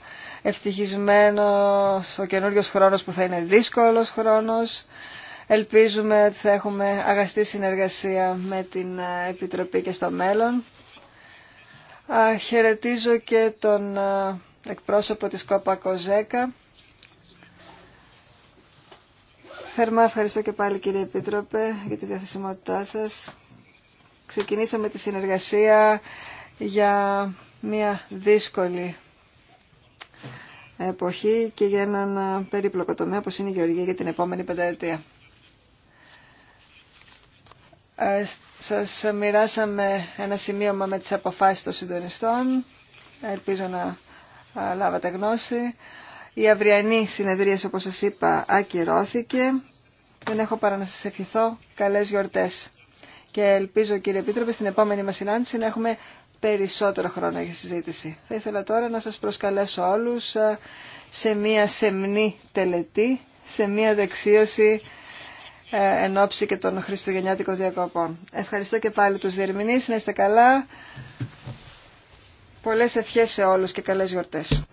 ευτυχισμένος ο καινούριος χρόνος που θα είναι δύσκολος χρόνος. Ελπίζουμε ότι θα έχουμε αγαστή συνεργασία με την Επιτροπή και στο μέλλον. Χαιρετίζω και τον εκπρόσωπο της ΚΟΠΑ ΚΟΖΕΚΑ. Θερμά ευχαριστώ και πάλι κύριε Επίτροπε για τη διαθεσιμότητά σας. Ξεκινήσαμε τη συνεργασία για μια δύσκολη εποχή και για έναν περίπλοκο τομέα όπως είναι η γεωργία για την επόμενη πενταετία. Ε, σας μοιράσαμε ένα σημείωμα με τις αποφάσεις των συντονιστών. Ελπίζω να λάβατε γνώση. Η αυριανή συνεδρία, όπως σας είπα, ακυρώθηκε. Δεν έχω παρά να σας ευχηθώ καλές γιορτές. Και ελπίζω, κύριε Επίτροπε, στην επόμενη μας συνάντηση να έχουμε περισσότερο χρόνο για συζήτηση. Θα ήθελα τώρα να σας προσκαλέσω όλους ε, σε μία σεμνή τελετή, σε μία δεξίωση ε, εν ώψη και των Χριστουγεννιάτικων διακοπών. Ευχαριστώ και πάλι τους διερμηνείς, να είστε καλά. Πολλές ευχές σε όλους και καλές γιορτές.